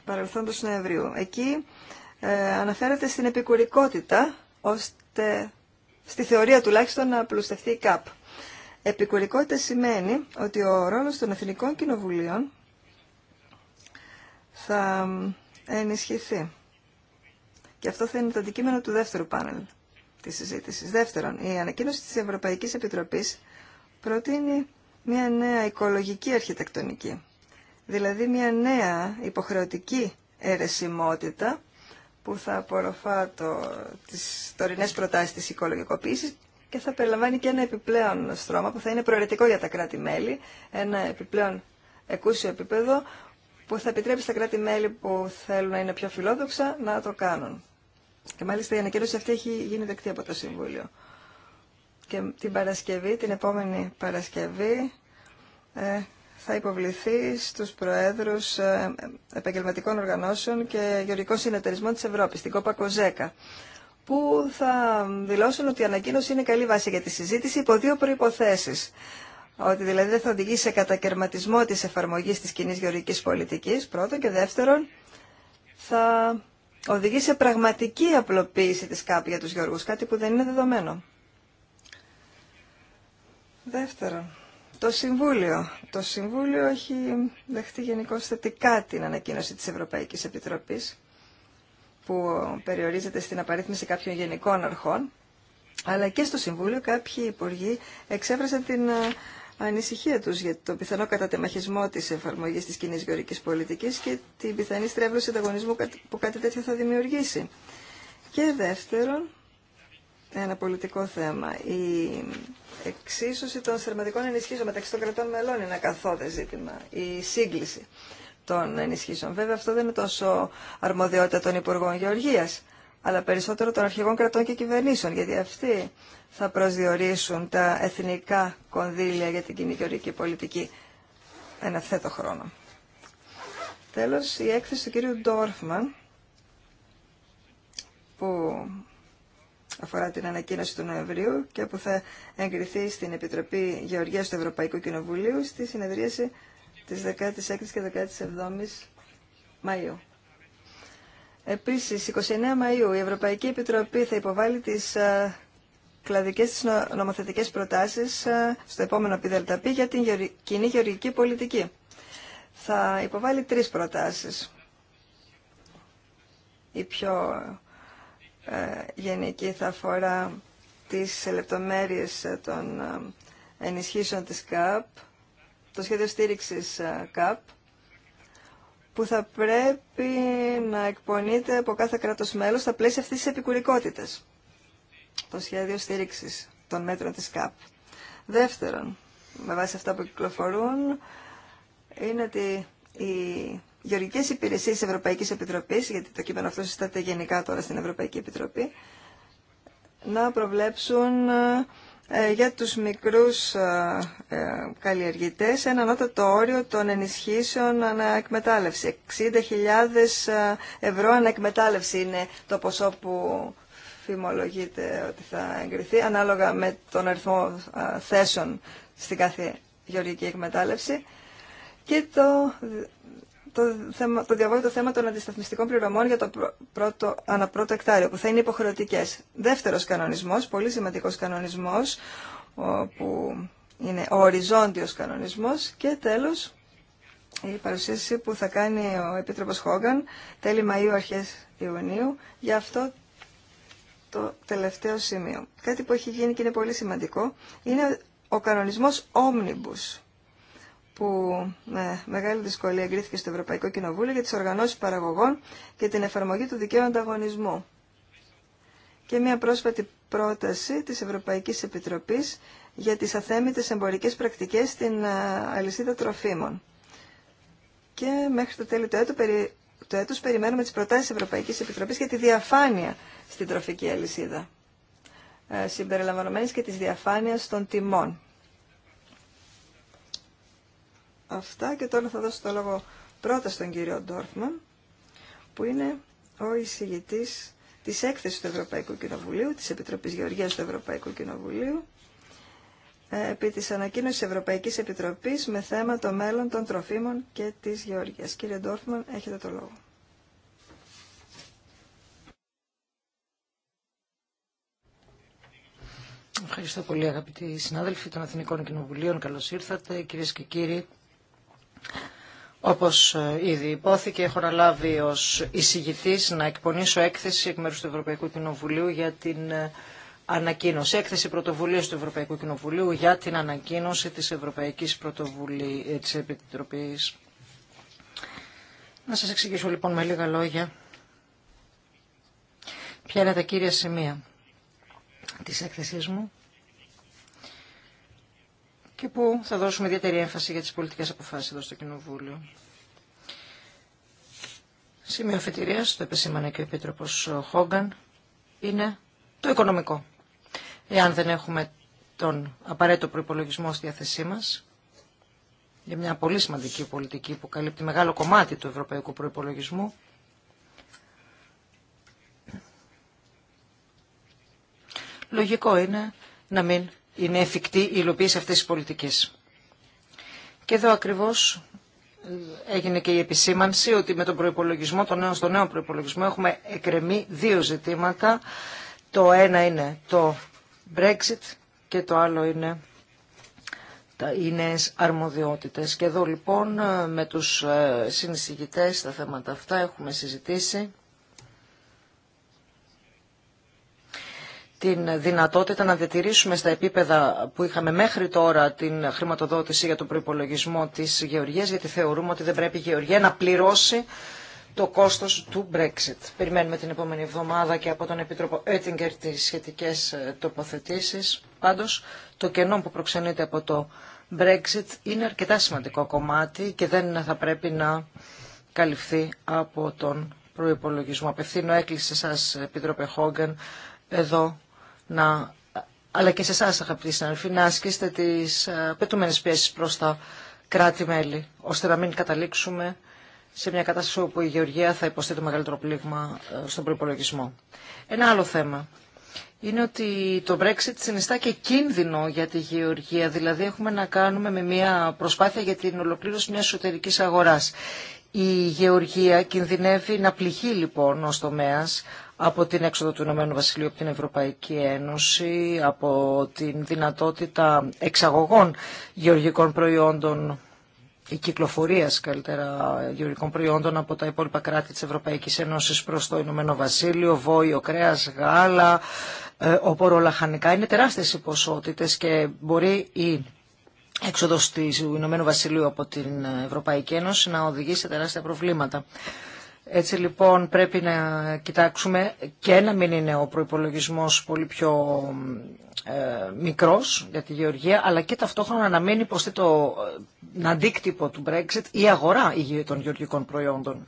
παρελθόντος Νοεμβρίου. Εκεί αναφέρεται στην επικουρικότητα, ώστε στη θεωρία τουλάχιστον να πλουστευτεί η ΚΑΠ. Επικουρικότητα σημαίνει ότι ο ρόλος των Εθνικών Κοινοβουλίων θα ενισχυθεί. Και αυτό θα είναι το αντικείμενο του δεύτερου πάνελ της συζήτησης. Δεύτερον, η ανακοίνωση της Ευρωπαϊκής Επιτροπής προτείνει μια νέα οικολογική αρχιτεκτονική. Δηλαδή μια νέα υποχρεωτική αιρεσιμότητα που θα απορροφά το, τις τωρινές προτάσεις της οικολογικοποίησης και θα περιλαμβάνει και ένα επιπλέον στρώμα που θα είναι προαιρετικό για τα κράτη-μέλη, ένα επιπλέον εκούσιο επίπεδο που θα επιτρέψει στα κράτη-μέλη που θέλουν να είναι πιο φιλόδοξα να το κάνουν. Και μάλιστα η ανακοίνωση αυτή έχει γίνει δεκτή από το Συμβούλιο. Και την Παρασκευή, την επόμενη Παρασκευή, ε, θα υποβληθεί στους Προέδρους ε, Επαγγελματικών Οργανώσεων και Γεωργικών Συνεταιρισμών της Ευρώπης, την ΚΟΠΑ ΚΟΖΕΚΑ, που θα δηλώσουν ότι η ανακοίνωση είναι καλή βάση για τη συζήτηση υπό δύο προϋποθέσεις. Ότι δηλαδή δεν θα οδηγήσει σε κατακαιρματισμό της εφαρμογής της κοινή γεωργικής πολιτικής, πρώτον, και δεύτερον, θα οδηγεί σε πραγματική απλοποίηση της ΚΑΠ για τους γεωργούς, κάτι που δεν είναι δεδομένο. Δεύτερον, το Συμβούλιο. Το Συμβούλιο έχει δεχτεί γενικώ θετικά την ανακοίνωση της Ευρωπαϊκής Επιτροπής που περιορίζεται στην απαρίθμηση κάποιων γενικών αρχών, αλλά και στο Συμβούλιο κάποιοι υπουργοί εξέφρασαν την ε, ανησυχία τους για το πιθανό κατατεμαχισμό της εφαρμογής της κοινή γεωρικής πολιτικής και την πιθανή στρέβλωση ανταγωνισμού που κάτι τέτοιο θα δημιουργήσει. Και δεύτερον, ένα πολιτικό θέμα. Η εξίσωση των θερματικών ενισχύσεων μεταξύ των κρατών μελών είναι ένα καθόδε ζήτημα. Η σύγκληση των ενισχύσεων. Βέβαια αυτό δεν είναι τόσο αρμοδιότητα των Υπουργών Γεωργίας, αλλά περισσότερο των αρχηγών κρατών και κυβερνήσεων, γιατί αυτοί θα προσδιορίσουν τα εθνικά κονδύλια για την κοινή γεωργική πολιτική ένα θέτο χρόνο. Τέλος, η έκθεση του κύριου Ντόρφμαν, που αφορά την ανακοίνωση του Νοεμβρίου και που θα εγκριθεί στην Επιτροπή Γεωργίας του Ευρωπαϊκού Κοινοβουλίου στη συνεδρίαση της 16ης και 17ης Μαΐου. Επίσης, 29 Μαΐου η Ευρωπαϊκή Επιτροπή θα υποβάλει τις ε, κλαδικές της νομοθετικές προτάσεις ε, στο επόμενο ΠΔΕΛΤΑΠΗ για την κοινή γεωργική πολιτική. Θα υποβάλει τρεις προτάσεις. Η πιο ε, γενική θα αφορά τις λεπτομέρειες των ε, ενισχύσεων της ΚΑΠ, το σχέδιο στήριξης ε, ΚΑΠ, που θα πρέπει να εκπονείται από κάθε κράτος μέλος στα πλαίσια αυτής της επικουρικότητας. Το σχέδιο στήριξης των μέτρων της ΚΑΠ. Δεύτερον, με βάση αυτά που κυκλοφορούν, είναι ότι η γεωργικές υπηρεσίες Ευρωπαϊκής Επιτροπής, γιατί το κείμενο αυτό συστάται γενικά τώρα στην Ευρωπαϊκή Επιτροπή, να προβλέψουν ε, ε, για τους μικρούς ε, καλλιεργητές ένα ανώτατο όριο των ενισχύσεων αναεκμετάλλευση. 60.000 ευρώ αναεκμετάλλευση είναι το ποσό που φημολογείται ότι θα εγκριθεί, ανάλογα με τον αριθμό θέσεων στην κάθε γεωργική εκμετάλλευση. Και το το, θέμα, το διαβόητο θέμα των αντισταθμιστικών πληρωμών για το πρώτο, αναπρώτο εκτάριο, που θα είναι υποχρεωτικέ. Δεύτερος κανονισμός, πολύ σημαντικό κανονισμός, που είναι ο οριζόντιος κανονισμός. Και τέλος, η παρουσίαση που θα κάνει ο επίτροπο Χόγκαν τέλη Μαΐου, αρχές Ιουνίου, για αυτό το τελευταίο σημείο. Κάτι που έχει γίνει και είναι πολύ σημαντικό, είναι ο κανονισμός Omnibus που με μεγάλη δυσκολία εγκρίθηκε στο Ευρωπαϊκό Κοινοβούλιο για τις οργανώσεις παραγωγών και την εφαρμογή του δικαίου ανταγωνισμού. Και μια πρόσφατη πρόταση της Ευρωπαϊκής Επιτροπής για τις αθέμητες εμπορικές πρακτικές στην ε, αλυσίδα τροφίμων. Και μέχρι το τέλειο του έτου, το έτους περιμένουμε τις προτάσεις Ευρωπαϊκής Επιτροπής για τη διαφάνεια στην τροφική αλυσίδα, ε, συμπεριλαμβανομένης και της διαφάνειας των τιμών αυτά και τώρα θα δώσω το λόγο πρώτα στον κύριο Ντόρφμαν που είναι ο εισηγητής της έκθεσης του Ευρωπαϊκού Κοινοβουλίου, της Επιτροπής Γεωργίας του Ευρωπαϊκού Κοινοβουλίου ε, επί της ανακοίνωσης Ευρωπαϊκής Επιτροπής με θέμα το μέλλον των τροφίμων και της γεωργίας. Κύριε Ντόρφμαν, έχετε το λόγο. Ευχαριστώ πολύ αγαπητοί συνάδελφοι των Αθηνικών Κοινοβουλίων. Καλώς ήρθατε κυρίες και κύριοι. Όπως ε, ήδη υπόθηκε, έχω αναλάβει ως εισηγητής να εκπονήσω έκθεση εκ μέρους του Ευρωπαϊκού Κοινοβουλίου για την ε, ανακοίνωση, έκθεση πρωτοβουλίας του Ευρωπαϊκού Κοινοβουλίου για την ανακοίνωση της Ευρωπαϊκής Πρωτοβουλίας ε, της Επιτροπής. Να σας εξηγήσω λοιπόν με λίγα λόγια ποια είναι τα κύρια σημεία της έκθεσής μου και που θα δώσουμε ιδιαίτερη έμφαση για τις πολιτικές αποφάσεις εδώ στο Κοινοβούλιο. Σημείο αφετηρίας, το επεσήμανε και ο Επίτροπος Χόγκαν, είναι το οικονομικό. Εάν δεν έχουμε τον απαραίτητο προϋπολογισμό στη διάθεσή μας, για μια πολύ σημαντική πολιτική που καλύπτει μεγάλο κομμάτι του ευρωπαϊκού προϋπολογισμού, λογικό είναι να μην είναι εφικτή η υλοποίηση αυτής της πολιτικής. Και εδώ ακριβώς ε, έγινε και η επισήμανση ότι με τον προϋπολογισμό, τον νέο, προπολογισμό προϋπολογισμό έχουμε εκρεμεί δύο ζητήματα. Το ένα είναι το Brexit και το άλλο είναι οι νέε αρμοδιότητες. Και εδώ λοιπόν ε, με τους ε, συνεισηγητές στα θέματα αυτά έχουμε συζητήσει την δυνατότητα να διατηρήσουμε στα επίπεδα που είχαμε μέχρι τώρα την χρηματοδότηση για τον προϋπολογισμό της Γεωργίας, γιατί θεωρούμε ότι δεν πρέπει η Γεωργία να πληρώσει το κόστος του Brexit. Περιμένουμε την επόμενη εβδομάδα και από τον Επίτροπο Έτιγκερ τις σχετικές ε, τοποθετήσεις. Πάντως, το κενό που προξενείται από το Brexit είναι αρκετά σημαντικό κομμάτι και δεν θα πρέπει να καλυφθεί από τον προϋπολογισμό. Απευθύνω έκκληση σας, Επίτροπε Χόγκεν, εδώ να, αλλά και σε εσά αγαπητοί συναδελφοί, να ασκήσετε τι απαιτούμενε ε, πιέσει προ τα κράτη-μέλη, ώστε να μην καταλήξουμε σε μια κατάσταση όπου η Γεωργία θα υποστεί το μεγαλύτερο πλήγμα ε, στον προπολογισμό. Ένα άλλο θέμα είναι ότι το Brexit συνιστά και κίνδυνο για τη Γεωργία. Δηλαδή έχουμε να κάνουμε με μια προσπάθεια για την ολοκλήρωση μιας εσωτερικής αγοράς. Η γεωργία κινδυνεύει να πληγεί λοιπόν ως τομέας από την έξοδο του Ηνωμένου Βασιλείου από την Ευρωπαϊκή Ένωση, από την δυνατότητα εξαγωγών γεωργικών προϊόντων η κυκλοφορία καλύτερα γεωργικών προϊόντων από τα υπόλοιπα κράτη της Ευρωπαϊκής Ένωσης προς το Ηνωμένο Βασίλειο, βόηο, κρέας, γάλα, ε, οπορολαχανικά. Είναι τεράστιες οι ποσότητες και μπορεί η Έξοδο του Ηνωμένου Βασιλείου από την Ευρωπαϊκή Ένωση να οδηγεί σε τεράστια προβλήματα. Έτσι λοιπόν πρέπει να κοιτάξουμε και να μην είναι ο προϋπολογισμός πολύ πιο ε, μικρός για τη γεωργία, αλλά και ταυτόχρονα να μην υποστεί το ε, αντίκτυπο του Brexit η αγορά των γεωργικών προϊόντων.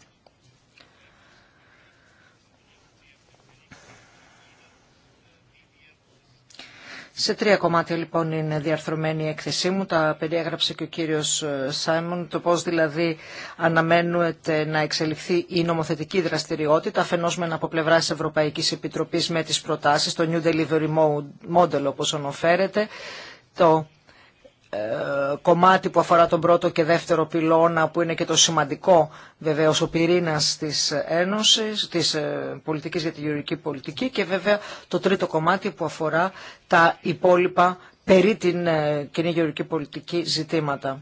Σε τρία κομμάτια λοιπόν είναι διαρθρωμένη η έκθεσή μου, τα περιέγραψε και ο κύριος ε, Σάιμον, το πώς δηλαδή αναμένεται να εξελιχθεί η νομοθετική δραστηριότητα, αφενός με από πλευρά Ευρωπαϊκής Επιτροπής με τις προτάσεις, το New Delivery Model όπως ονοφέρεται, το ε, κομμάτι που αφορά τον πρώτο και δεύτερο πυλώνα που είναι και το σημαντικό βεβαίως ο πυρήνας της Ένωσης, της ε, πολιτικής για τη γεωργική πολιτική και βέβαια το τρίτο κομμάτι που αφορά τα υπόλοιπα περί την ε, κοινή γεωργική πολιτική ζητήματα.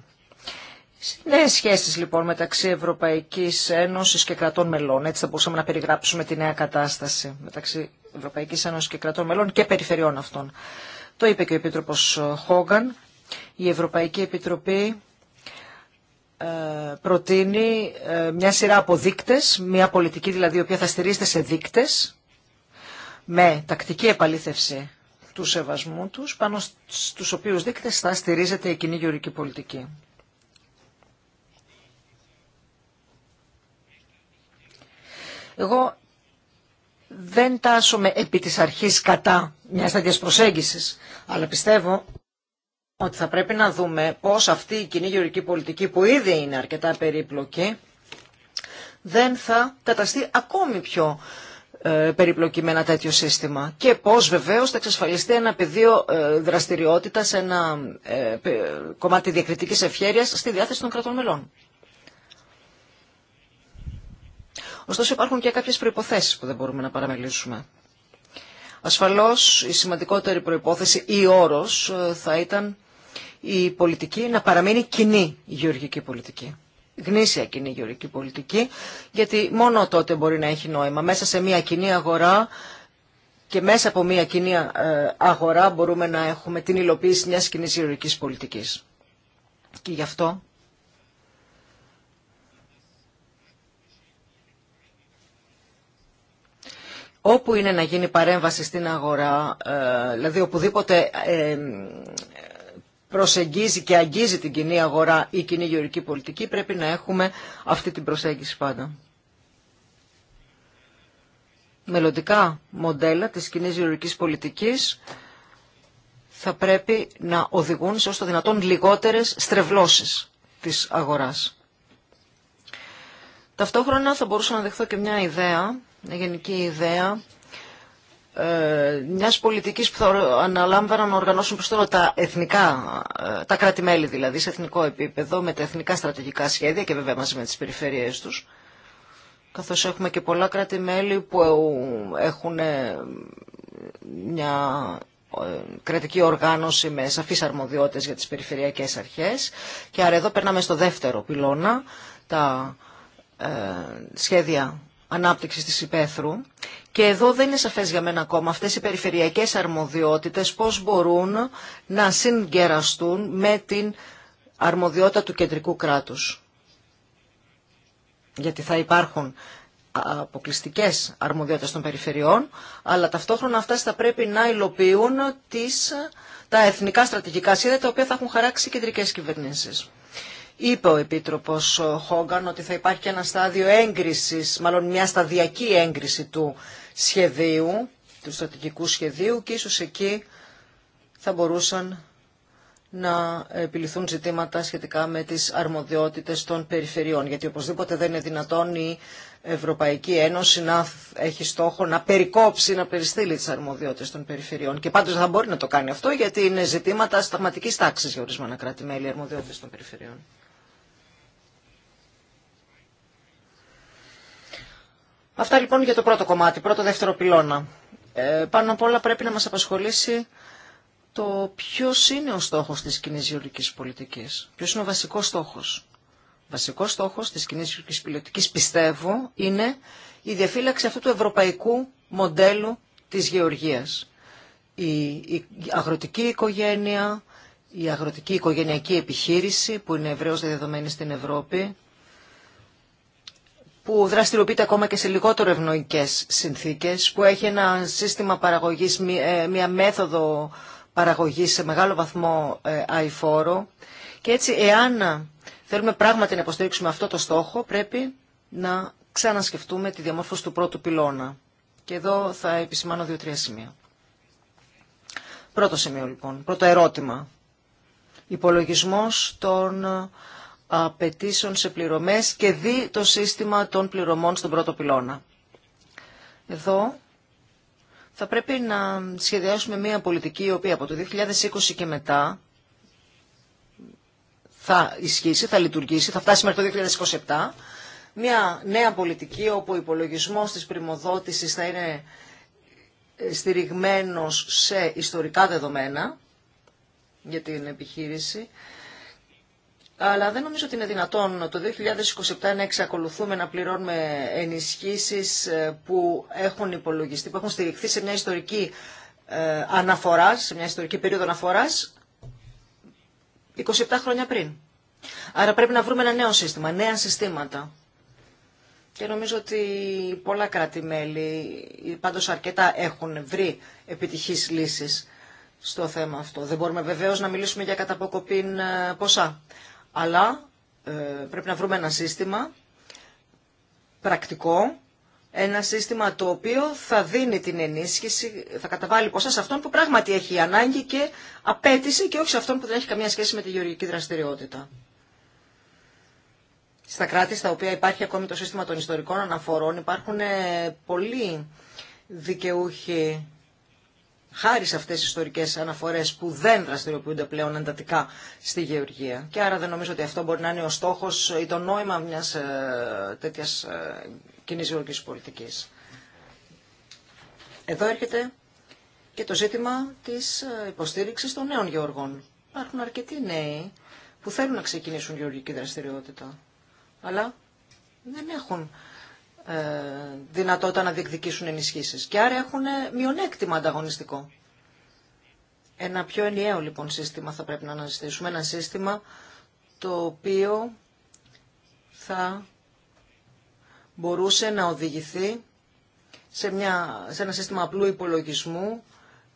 Νέες σχέσεις λοιπόν μεταξύ Ευρωπαϊκής Ένωσης και κρατών μελών. Έτσι θα μπορούσαμε να περιγράψουμε τη νέα κατάσταση μεταξύ Ευρωπαϊκής Ένωσης και κρατών μελών και περιφερειών αυτών. Το είπε και ο Επίτροπος Χόγκαν η Ευρωπαϊκή Επιτροπή ε, προτείνει ε, μια σειρά από μια πολιτική δηλαδή η οποία θα στηρίζεται σε δείκτες με τακτική επαλήθευση του σεβασμού τους, πάνω στους οποίους δείκτες θα στηρίζεται η κοινή γεωρική πολιτική. Εγώ δεν τάσομαι επί της αρχής κατά μια τέτοιας προσέγγισης, αλλά πιστεύω ότι θα πρέπει να δούμε πώς αυτή η κοινή γεωρική πολιτική που ήδη είναι αρκετά περίπλοκη δεν θα καταστεί ακόμη πιο ε, περιπλοκή με ένα τέτοιο σύστημα και πώς βεβαίως θα εξασφαλιστεί ένα πεδίο ε, δραστηριότητας, ένα ε, κομμάτι διακριτικής ευχέρειας στη διάθεση των κρατών μελών. Ωστόσο υπάρχουν και κάποιες προϋποθέσεις που δεν μπορούμε να παραμελήσουμε. Ασφαλώς η σημαντικότερη προϋπόθεση ή όρος θα ήταν η πολιτική να παραμείνει κοινή γεωργική πολιτική. Γνήσια κοινή γεωργική πολιτική, γιατί μόνο τότε μπορεί να έχει νόημα. Μέσα σε μια κοινή αγορά και μέσα από μια κοινή ε, αγορά μπορούμε να έχουμε την υλοποίηση μιας κοινή γεωργικής πολιτικής. Και γι' αυτό όπου είναι να γίνει παρέμβαση στην αγορά, ε, δηλαδή οπουδήποτε ε, προσεγγίζει και αγγίζει την κοινή αγορά ή κοινή γεωρική πολιτική, πρέπει να έχουμε αυτή την προσέγγιση πάντα. Μελλοντικά μοντέλα της κοινή γεωρικής πολιτικής θα πρέπει να οδηγούν σε όσο το δυνατόν λιγότερες στρεβλώσεις της αγοράς. Ταυτόχρονα θα μπορούσα να δεχθώ και μια ιδέα, μια γενική ιδέα, ε, μιας πολιτικής που θα αναλάμβαναν να οργανώσουν προς τώρα τα εθνικά, ε, τα κρατη δηλαδή, σε εθνικό επίπεδο, με τα εθνικά στρατηγικά σχέδια και βέβαια μαζί με τις περιφέρειές τους, καθώς έχουμε και πολλά που ε, έχουν ε, μια κρατική οργάνωση με σαφείς αρμοδιότητες για τις περιφερειακές αρχές και άρα εδώ περνάμε στο δεύτερο πυλώνα, τα σχέδια ανάπτυξης της υπαίθρου και εδώ δεν είναι σαφέ για μένα ακόμα αυτέ οι περιφερειακέ αρμοδιότητε πώ μπορούν να συγκεραστούν με την αρμοδιότητα του κεντρικού κράτου. Γιατί θα υπάρχουν αποκλειστικέ αρμοδιότητε των περιφερειών, αλλά ταυτόχρονα αυτές θα πρέπει να υλοποιούν τις, τα εθνικά στρατηγικά σχέδια τα οποία θα έχουν χαράξει οι κεντρικές Είπε ο επίτροπο Χόγκαν ότι θα υπάρχει και ένα στάδιο έγκριση, μάλλον μια σταδιακή έγκριση του σχεδίου, του στρατηγικού σχεδίου και ίσως εκεί θα μπορούσαν να επιληθούν ζητήματα σχετικά με τις αρμοδιότητες των περιφερειών. Γιατί οπωσδήποτε δεν είναι δυνατόν η Ευρωπαϊκή Ένωση να έχει στόχο να περικόψει, να περιστείλει τις αρμοδιότητες των περιφερειών. Και πάντως θα μπορεί να το κάνει αυτό γιατί είναι ζητήματα σταγματικής τάξης για ορισμένα κράτη-μέλη αρμοδιότητες των περιφερειών. Αυτά λοιπόν για το πρώτο κομμάτι, πρώτο-δεύτερο πυλώνα. Ε, πάνω απ' όλα πρέπει να μας απασχολήσει το ποιος είναι ο στόχος της κοινή γεωργικής πολιτικής. Ποιος είναι ο βασικός στόχος. Βασικός στόχος της κοινή γεωργικής πολιτικής, πιστεύω, είναι η διαφύλαξη αυτού του ευρωπαϊκού μοντέλου της γεωργίας. Η, αγροτική οικογένεια, η αγροτική οικογενειακή επιχείρηση που είναι ευρέως δεδομένη στην Ευρώπη, που δραστηριοποιείται ακόμα και σε λιγότερο ευνοϊκέ συνθήκες, που έχει ένα σύστημα παραγωγής, ε, μία μέθοδο παραγωγής σε μεγάλο βαθμό ε, αηφόρο. Και έτσι, εάν θέλουμε πράγματι να υποστηρίξουμε αυτό το στόχο, πρέπει να ξανασκεφτούμε τη διαμόρφωση του πρώτου πυλώνα. Και εδώ θα επισημάνω δύο-τρία σημεία. Πρώτο σημείο λοιπόν, πρώτο ερώτημα. Υπολογισμός των απαιτήσεων σε πληρωμές και δι το σύστημα των πληρωμών στον πρώτο πυλώνα. Εδώ θα πρέπει να σχεδιάσουμε μια πολιτική η οποία από το 2020 και μετά θα ισχύσει, θα λειτουργήσει, θα φτάσει μέχρι το 2027. Μια νέα πολιτική όπου ο υπολογισμός της πρημοδότησης θα είναι ε, στηριγμένος σε ιστορικά δεδομένα για την επιχείρηση αλλά δεν νομίζω ότι είναι δυνατόν το 2027 να εξακολουθούμε να πληρώνουμε ενισχύσεις ε, που έχουν υπολογιστεί, που έχουν στηριχθεί σε μια ιστορική ε, αναφορά, σε μια ιστορική περίοδο αναφοράς, 27 χρόνια πριν. Άρα πρέπει να βρούμε ένα νέο σύστημα, νέα συστήματα. Και νομίζω ότι πολλά κράτη-μέλη, πάντως αρκετά, έχουν βρει επιτυχείς λύσεις στο θέμα αυτό. Δεν μπορούμε βεβαίως να μιλήσουμε για καταποκοπήν ε, ποσά αλλά ε, πρέπει να βρούμε ένα σύστημα πρακτικό, ένα σύστημα το οποίο θα δίνει την ενίσχυση, θα καταβάλει ποσά σε αυτόν που πράγματι έχει ανάγκη και απέτηση και όχι σε αυτόν που δεν έχει καμία σχέση με τη γεωργική δραστηριότητα. Στα κράτη στα οποία υπάρχει ακόμη το σύστημα των ιστορικών αναφορών υπάρχουν ε, πολλοί δικαιούχοι χάρη σε αυτές τις ιστορικές αναφορές που δεν δραστηριοποιούνται πλέον εντατικά στη γεωργία. Και άρα δεν νομίζω ότι αυτό μπορεί να είναι ο στόχος ή το νόημα μιας ε, τέτοιας ε, κοινή γεωργικής πολιτικής. Εδώ έρχεται και το ζήτημα της ε, υποστήριξης των νέων γεωργών. Υπάρχουν αρκετοί νέοι που θέλουν να ξεκινήσουν γεωργική δραστηριότητα, αλλά δεν έχουν ε, δυνατότητα να διεκδικήσουν ενισχύσεις. Και άρα έχουν μειονέκτημα ανταγωνιστικό. Ένα πιο ενιαίο λοιπόν σύστημα θα πρέπει να αναζητήσουμε. Ένα σύστημα το οποίο θα μπορούσε να οδηγηθεί σε, μια, σε ένα σύστημα απλού υπολογισμού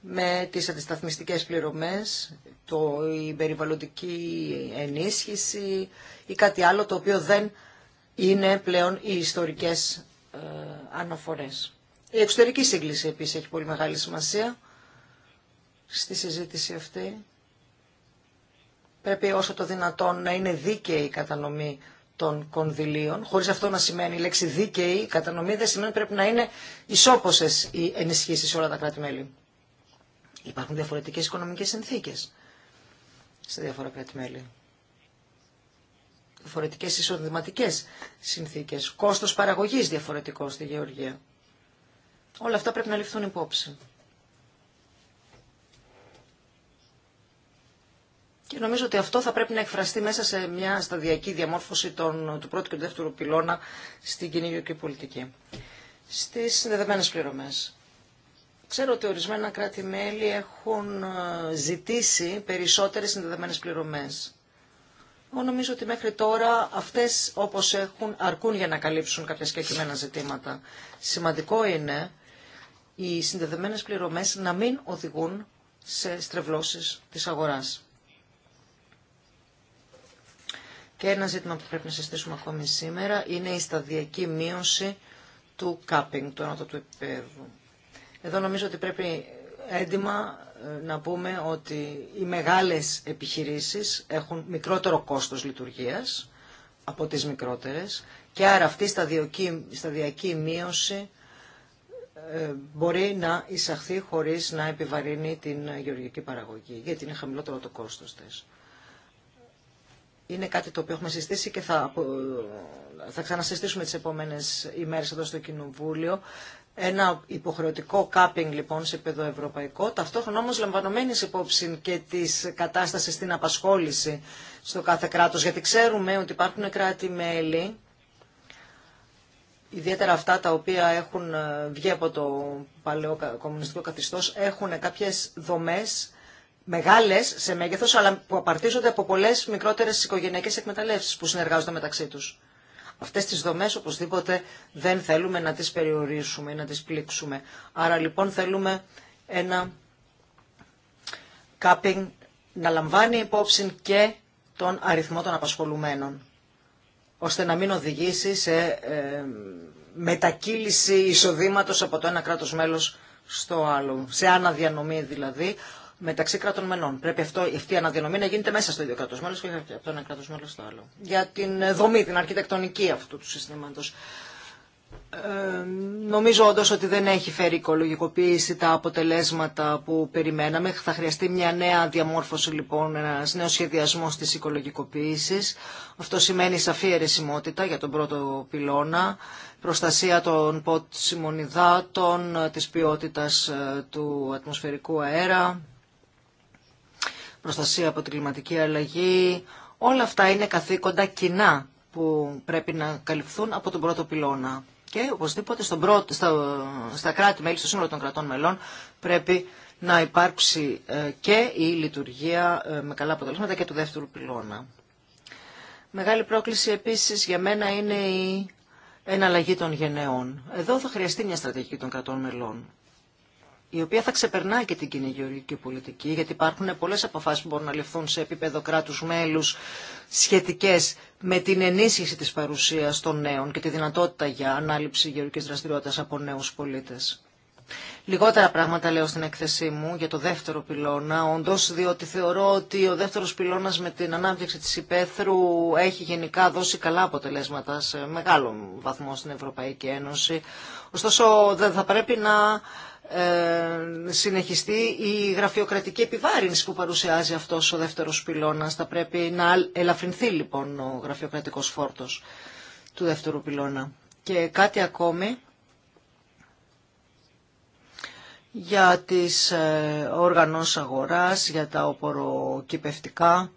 με τις αντισταθμιστικές πληρωμές, το, η περιβαλλοντική ενίσχυση ή κάτι άλλο το οποίο δεν είναι πλέον οι ιστορικές ε, αναφορές. Η εξωτερική σύγκληση επίσης έχει πολύ μεγάλη σημασία στη συζήτηση αυτή. Πρέπει όσο το δυνατόν να είναι δίκαιη η κατανομή των κονδυλίων, χωρίς αυτό να σημαίνει η λέξη δίκαιη, η κατανομή δεν σημαίνει πρέπει να είναι ισόποσες οι ενισχύσεις σε όλα τα κράτη-μέλη. Υπάρχουν διαφορετικές οικονομικές συνθήκες σε διάφορα κράτη-μέλη διαφορετικές εισοδηματικές συνθήκε. Κόστο παραγωγή διαφορετικό στη γεωργία. Όλα αυτά πρέπει να ληφθούν υπόψη. Και νομίζω ότι αυτό θα πρέπει να εκφραστεί μέσα σε μια σταδιακή διαμόρφωση των, του πρώτου και του δεύτερου πυλώνα στην κοινή γεωργική πολιτική. Στι συνδεδεμένε πληρωμε πληρωμές. Ξέρω ότι ορισμένα κράτη-μέλη έχουν ε, ζητήσει περισσότερες συνδεδεμένες πληρωμές. Εγώ νομίζω ότι μέχρι τώρα αυτές όπως έχουν αρκούν για να καλύψουν κάποια συγκεκριμένα ζητήματα. Σημαντικό είναι οι συνδεδεμένες πληρωμές να μην οδηγούν σε στρεβλώσεις της αγοράς. Και ένα ζήτημα που πρέπει να συστήσουμε ακόμη σήμερα είναι η σταδιακή μείωση του κάπινγκ, του ανώτατου επίπεδου. Εδώ νομίζω ότι πρέπει Έντοιμα ε, να πούμε ότι οι μεγάλες επιχειρήσεις έχουν μικρότερο κόστος λειτουργίας από τις μικρότερες και άρα αυτή η σταδιακή, μείωση ε, μπορεί να εισαχθεί χωρίς να επιβαρύνει την γεωργική παραγωγή, γιατί είναι χαμηλότερο το κόστος της. Είναι κάτι το οποίο έχουμε συστήσει και θα, θα ξανασυστήσουμε τις επόμενες ημέρες εδώ στο Κοινοβούλιο. Ένα υποχρεωτικό κάπινγκ λοιπόν σε επίπεδο ευρωπαϊκό, ταυτόχρονα όμω λαμβανομένης υπόψη και τη κατάσταση στην απασχόληση στο καθε κράτο, κράτος, γιατί ξέρουμε ότι υπάρχουν κράτη-μέλη, ιδιαίτερα αυτά τα οποία έχουν ε, βγει από το παλαιό κομμουνιστικό καθιστώς, έχουν κάποιε δομέ μεγάλε σε μέγεθο, αλλά που απαρτίζονται από πολλέ μικρότερε οικογενειακές εκμεταλλευσει που συνεργάζονται μεταξύ του. Αυτές τις δομές οπωσδήποτε δεν θέλουμε να τις περιορίσουμε ή να τις πλήξουμε. Άρα λοιπόν θέλουμε ένα κάπινγκ να λαμβάνει υπόψη και τον αριθμό των απασχολουμένων, ώστε να μην οδηγήσει σε ε, μετακύληση εισοδήματος από το ένα κράτος μέλος στο άλλο, σε αναδιανομή δηλαδή, μεταξύ κρατών μελών. Πρέπει αυτό, αυτή η αναδιανομή να γίνεται μέσα στο ίδιο κράτο μέλο και από το ένα κράτο μέλο στο άλλο. Για την ε, δομή, την αρχιτεκτονική αυτού του συστήματο. Ε, νομίζω όντω ότι δεν έχει φέρει οικολογικοποίηση τα αποτελέσματα που περιμέναμε. Θα χρειαστεί μια νέα διαμόρφωση λοιπόν, ένα νέο σχεδιασμό τη οικολογικοποίηση. Αυτό σημαίνει σαφή αιρεσιμότητα για τον πρώτο πυλώνα, προστασία των πότσιμων υδάτων, ε, της ποιότητας ε, του ατμοσφαιρικού αέρα, προστασία από την κλιματική αλλαγή. Όλα αυτά είναι καθήκοντα κοινά που πρέπει να καλυφθούν από τον πρώτο πυλώνα. Και οπωσδήποτε στον πρώτο, στα, στα κράτη-μέλη, στο σύνολο των κρατών μελών, πρέπει να υπάρξει ε, και η λειτουργία ε, με καλά αποτελέσματα και του δεύτερου πυλώνα. Μεγάλη πρόκληση επίσης για μένα είναι η εναλλαγή των γενναιών. Εδώ θα χρειαστεί μια στρατηγική των κρατών μελών η οποία θα ξεπερνάει και την κοινή γεωργική πολιτική, γιατί υπάρχουν πολλές αποφάσεις που μπορούν να ληφθούν σε επίπεδο κράτους μέλους σχετικές με την ενίσχυση της παρουσίας των νέων και τη δυνατότητα για ανάληψη γεωργικής δραστηριότητας από νέους πολίτες. Λιγότερα πράγματα λέω στην έκθεσή μου για το δεύτερο πυλώνα, όντω διότι θεωρώ ότι ο δεύτερο πυλώνας με την ανάπτυξη τη υπαίθρου έχει γενικά δώσει καλά αποτελέσματα σε μεγάλο βαθμό στην Ευρωπαϊκή Ένωση. Ωστόσο δεν θα πρέπει να ε, συνεχιστεί η γραφειοκρατική επιβάρυνση που παρουσιάζει αυτός ο δεύτερος πυλώνας. Θα πρέπει να ελαφρυνθεί λοιπόν ο γραφειοκρατικός φόρτος του δεύτερου πυλώνα. Και κάτι ακόμη για τις ε, οργανώσεις αγοράς, για τα οποροκυπευτικά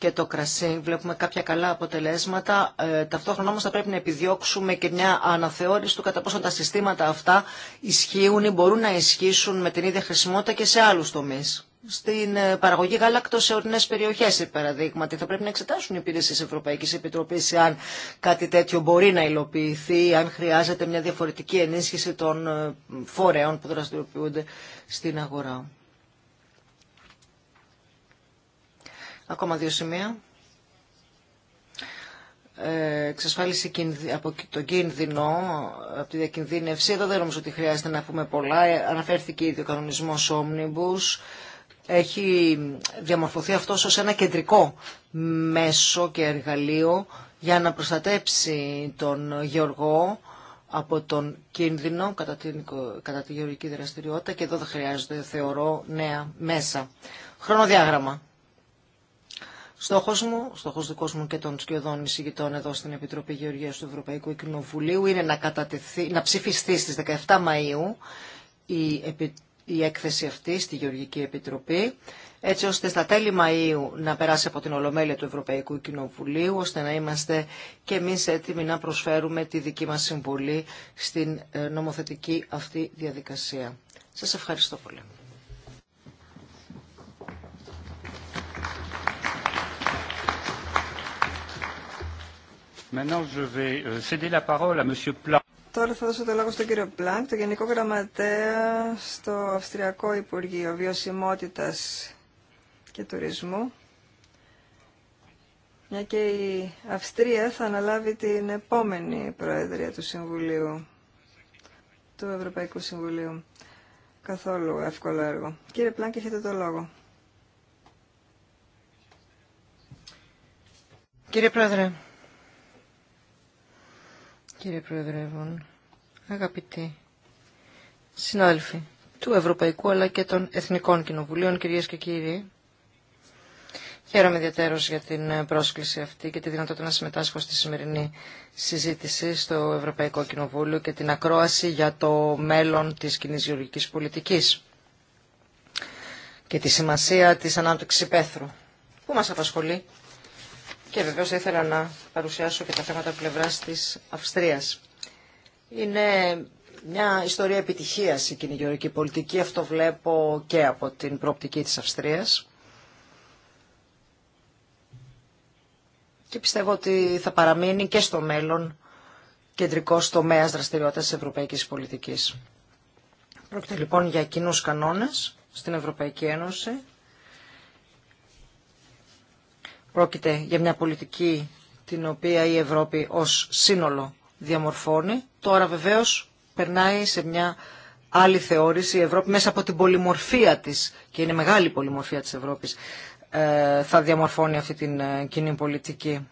και το κρασί. Βλέπουμε κάποια καλά αποτελέσματα. Ε, ταυτόχρονα όμως θα πρέπει να επιδιώξουμε και μια αναθεώρηση του κατά πόσο τα συστήματα αυτά ισχύουν ή μπορούν να ισχύσουν με την ίδια χρησιμότητα και σε άλλους τομείς. Στην ε, παραγωγή γάλακτο σε ορεινέ περιοχέ, παραδείγματι, θα πρέπει να εξετάσουν οι υπηρεσίε Ευρωπαϊκή Επιτροπή αν κάτι τέτοιο μπορεί να υλοποιηθεί, αν χρειάζεται μια διαφορετική ενίσχυση των ε, φορέων που δραστηριοποιούνται στην αγορά. Ακόμα δύο σημεία. Ε, εξασφάλιση από τον κίνδυνο, από τη διακινδύνευση. Εδώ δεν νομίζω ότι χρειάζεται να πούμε πολλά. Ε, αναφέρθηκε ήδη ο κανονισμό Omnibus. Έχει διαμορφωθεί αυτό ως ένα κεντρικό μέσο και εργαλείο για να προστατέψει τον γεωργό από τον κίνδυνο κατά, την, κατά τη γεωργική δραστηριότητα και εδώ δεν χρειάζεται, θεωρώ, νέα μέσα. Χρονοδιάγραμμα. Στόχο μου, στόχο δικό μου και των σκιωδών εισηγητών εδώ στην Επιτροπή Γεωργίας του Ευρωπαϊκού Κοινοβουλίου είναι να, κατατεθεί, ψηφιστεί στι 17 Μαΐου η, η έκθεση αυτή στη Γεωργική Επιτροπή, έτσι ώστε στα τέλη Μαΐου να περάσει από την Ολομέλεια του Ευρωπαϊκού Κοινοβουλίου, ώστε να είμαστε και εμεί έτοιμοι να προσφέρουμε τη δική μα συμβολή στην ε, νομοθετική αυτή διαδικασία. Σα ευχαριστώ πολύ. Euh, Τώρα θα δώσω το λόγο στον κύριο Πλάνκ, το Γενικό Γραμματέα στο Αυστριακό Υπουργείο Βιωσιμότητας και Τουρισμού. Μια και η Αυστρία θα αναλάβει την επόμενη Προέδρια του Συμβουλίου, του Ευρωπαϊκού Συμβουλίου. Καθόλου εύκολο έργο. Κύριε Πλάνκ, έχετε το λόγο. Κύριε Πρόεδρε, Κύριε Προεδρεύον, αγαπητοί συνάδελφοι του Ευρωπαϊκού αλλά και των Εθνικών Κοινοβουλίων, κυρίες και κύριοι, Χαίρομαι ιδιαίτερως για την πρόσκληση αυτή και τη δυνατότητα να συμμετάσχω στη σημερινή συζήτηση στο Ευρωπαϊκό Κοινοβούλιο και την ακρόαση για το μέλλον της κοινή γεωργικής πολιτικής και τη σημασία της ανάπτυξης υπαίθρου που μας απασχολεί και βεβαίω ήθελα να παρουσιάσω και τα θέματα πλευρά τη Αυστρία. Είναι μια ιστορία επιτυχία η κυνηγιορική πολιτική. Αυτό βλέπω και από την προοπτική τη Αυστρία. Και πιστεύω ότι θα παραμείνει και στο μέλλον κεντρικό τομέα δραστηριότητα τη ευρωπαϊκή πολιτική. Πρόκειται λοιπόν για κοινού κανόνε στην Ευρωπαϊκή Ένωση Πρόκειται για μια πολιτική την οποία η Ευρώπη ως σύνολο διαμορφώνει. Τώρα βεβαίως περνάει σε μια άλλη θεώρηση η Ευρώπη μέσα από την πολυμορφία της και είναι μεγάλη η πολυμορφία της Ευρώπης ε, θα διαμορφώνει αυτή την ε, κοινή πολιτική.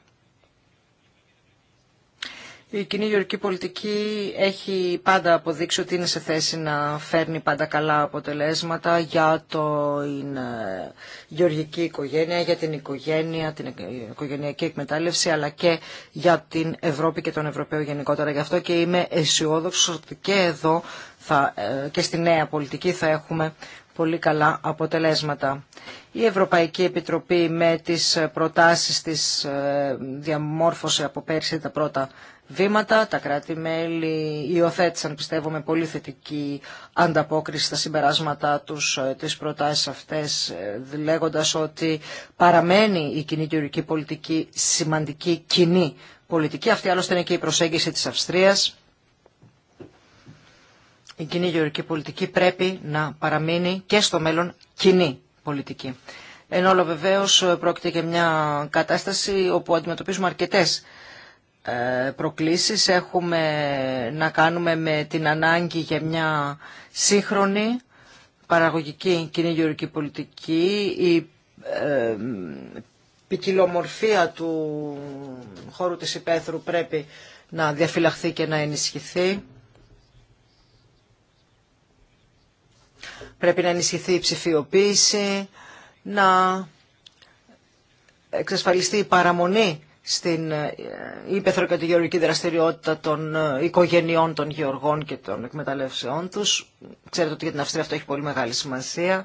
Η κοινή γεωργική πολιτική έχει πάντα αποδείξει ότι είναι σε θέση να φέρνει πάντα καλά αποτελέσματα για την ε, γεωργική οικογένεια, για την οικογένεια, την ε, οικογενειακή εκμετάλλευση, αλλά και για την Ευρώπη και τον Ευρωπαίο γενικότερα. Γι' αυτό και είμαι αισιόδοξο ότι και εδώ θα, ε, και στη νέα πολιτική θα έχουμε πολύ καλά αποτελέσματα. Η Ευρωπαϊκή Επιτροπή με τις προτάσεις της ε, διαμόρφωσε από πέρσι τα πρώτα βήματα. Τα κράτη-μέλη υιοθέτησαν πιστεύω με πολύ θετική ανταπόκριση στα συμπεράσματά τους ε, τις προτάσεις αυτές ε, λέγοντας ότι παραμένει η κοινή ορική πολιτική σημαντική κοινή πολιτική. Αυτή άλλωστε είναι και η προσέγγιση της Αυστρίας η κοινή γεωργική πολιτική πρέπει να παραμείνει και στο μέλλον κοινή πολιτική. Εν όλο βεβαίως ε, πρόκειται για μια κατάσταση όπου αντιμετωπίζουμε αρκετές ε, προκλήσεις. Έχουμε να κάνουμε με την ανάγκη για μια σύγχρονη παραγωγική κοινή γεωργική πολιτική, η ε, ποικιλομορφία του χώρου της υπαίθρου πρέπει να διαφυλαχθεί και να ενισχυθεί. Πρέπει να ενισχυθεί η ψηφιοποίηση, να εξασφαλιστεί η παραμονή στην ύπεθρο ε, δραστηριότητα των ε, οικογενειών των γεωργών και των εκμεταλλεύσεών τους. Ξέρετε ότι για την Αυστρία αυτό έχει πολύ μεγάλη σημασία.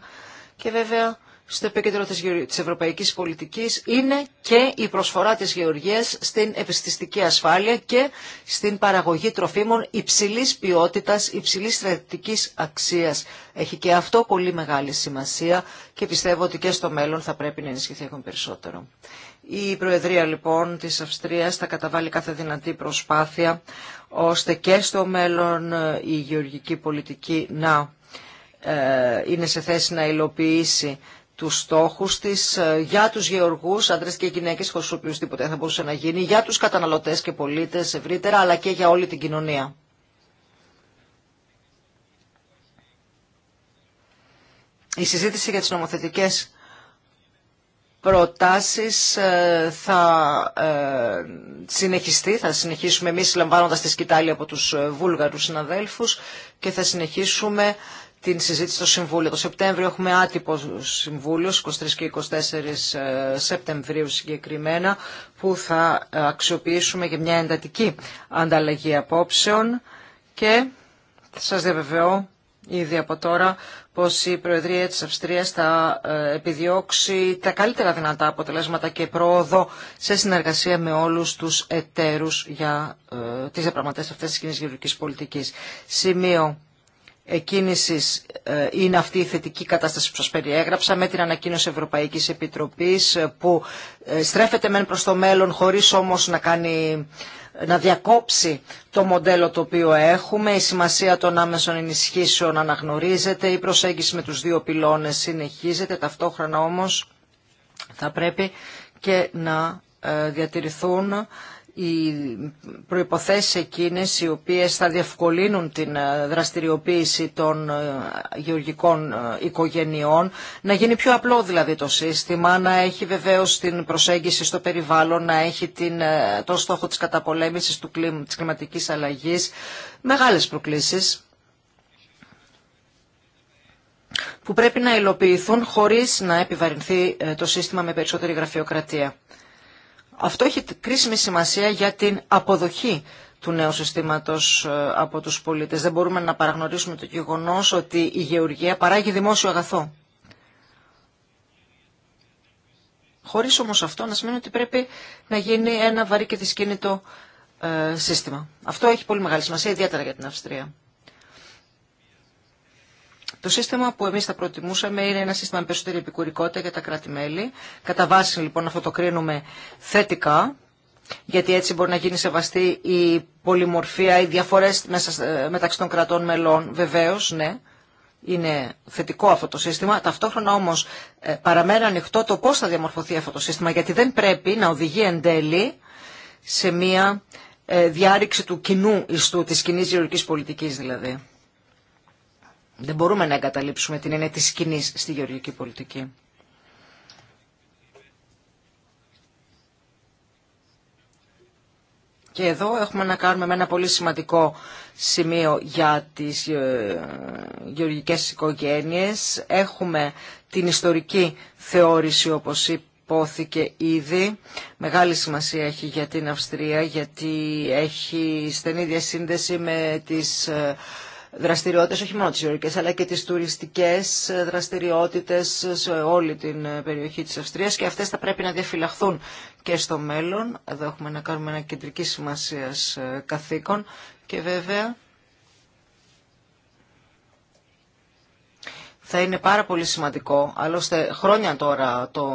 Και βέβαια στο επίκεντρο της ευρωπαϊκής πολιτικής είναι και η προσφορά της γεωργίας στην επιστηστική ασφάλεια και στην παραγωγή τροφίμων υψηλής ποιότητας, υψηλής στρατηγικής αξίας. Έχει και αυτό πολύ μεγάλη σημασία και πιστεύω ότι και στο μέλλον θα πρέπει να ενισχυθεί ακόμη περισσότερο. Η Προεδρία λοιπόν της Αυστρίας θα καταβάλει κάθε δυνατή προσπάθεια ώστε και στο μέλλον ε, η γεωργική πολιτική να ε, είναι σε θέση να υλοποιήσει τους στόχους της ε, για τους γεωργούς, άντρες και γυναίκες, χωρίς τίποτε θα μπορούσε να γίνει, για τους καταναλωτές και πολίτες ευρύτερα, αλλά και για όλη την κοινωνία. Η συζήτηση για τις νομοθετικές προτάσεις ε, θα ε, συνεχιστεί, θα συνεχίσουμε εμείς λαμβάνοντας τη σκητάλη από τους βούλγαρους συναδέλφους και θα συνεχίσουμε την συζήτηση στο Συμβούλιο. Το Σεπτέμβριο έχουμε άτυπο Συμβούλιο, 23 και 24 ε, Σεπτεμβρίου συγκεκριμένα, που θα αξιοποιήσουμε για μια εντατική ανταλλαγή απόψεων και σας διαβεβαιώ ήδη από τώρα πως η Προεδρία της Αυστρίας θα ε, επιδιώξει τα καλύτερα δυνατά αποτελέσματα και πρόοδο σε συνεργασία με όλους τους εταίρους για ε, τις διαπραγματεύσεις αυτές της κοινής γεωργικής πολιτικής. Σημείο ε, είναι αυτή η θετική κατάσταση που σας περιέγραψα με την ανακοίνωση Ευρωπαϊκής Επιτροπής ε, που ε, στρέφεται μεν προς το μέλλον χωρίς όμως να κάνει να διακόψει το μοντέλο το οποίο έχουμε. Η σημασία των άμεσων ενισχύσεων αναγνωρίζεται, η προσέγγιση με τους δύο πυλώνες συνεχίζεται. Ταυτόχρονα όμως θα πρέπει και να διατηρηθούν οι προϋποθέσεις εκείνες οι οποίες θα διευκολύνουν την ε, δραστηριοποίηση των ε, γεωργικών ε, οικογενειών, να γίνει πιο απλό δηλαδή το σύστημα, να έχει βεβαίως την προσέγγιση στο περιβάλλον, να έχει την, το στόχο της καταπολέμησης του κλίμα, της κλιματικής αλλαγής, μεγάλες προκλήσεις που πρέπει να υλοποιηθούν χωρίς να επιβαρυνθεί το σύστημα με περισσότερη γραφειοκρατία. Αυτό έχει κρίσιμη σημασία για την αποδοχή του νέου συστήματος ε, από τους πολίτες. Δεν μπορούμε να παραγνωρίσουμε το γεγονός ότι η γεωργία παράγει δημόσιο αγαθό. Χωρίς όμως αυτό να σημαίνει ότι πρέπει να γίνει ένα βαρύ και δυσκίνητο ε, σύστημα. Αυτό έχει πολύ μεγάλη σημασία, ιδιαίτερα για την Αυστρία. Το σύστημα που εμεί θα προτιμούσαμε είναι ένα σύστημα με περισσότερη επικουρικότητα για τα κράτη-μέλη. Κατά βάση λοιπόν αυτό το κρίνουμε θετικά, γιατί έτσι μπορεί να γίνει σεβαστή η πολυμορφία, οι διαφορέ μεταξύ των κρατών μελών, βεβαίω, ναι. Είναι θετικό αυτό το σύστημα. Ταυτόχρονα όμω ε, παραμένει ανοιχτό το πώ θα διαμορφωθεί αυτό το σύστημα, γιατί δεν πρέπει να οδηγεί εν τέλει σε μία ε, διάρρηξη του κοινού ιστού, της κοινή γεωργικής πολιτικής δηλαδή. Δεν μπορούμε να εγκαταλείψουμε την έννοια της σκηνής στη γεωργική πολιτική. Και εδώ έχουμε να κάνουμε με ένα πολύ σημαντικό σημείο για τις ε, γεωργικές οικογένειες. Έχουμε την ιστορική θεώρηση όπως υπόθηκε ήδη. Μεγάλη σημασία έχει για την Αυστρία γιατί έχει στενή διασύνδεση με τις ε, δραστηριότητες, όχι μόνο τις ιωρικές, αλλά και τις τουριστικές δραστηριότητες σε όλη την ε, περιοχή της Αυστρίας και αυτές θα πρέπει να διαφυλαχθούν και στο μέλλον. Εδώ έχουμε να κάνουμε ένα κεντρική σημασία ε, καθήκον και βέβαια θα είναι πάρα πολύ σημαντικό, άλλωστε χρόνια τώρα το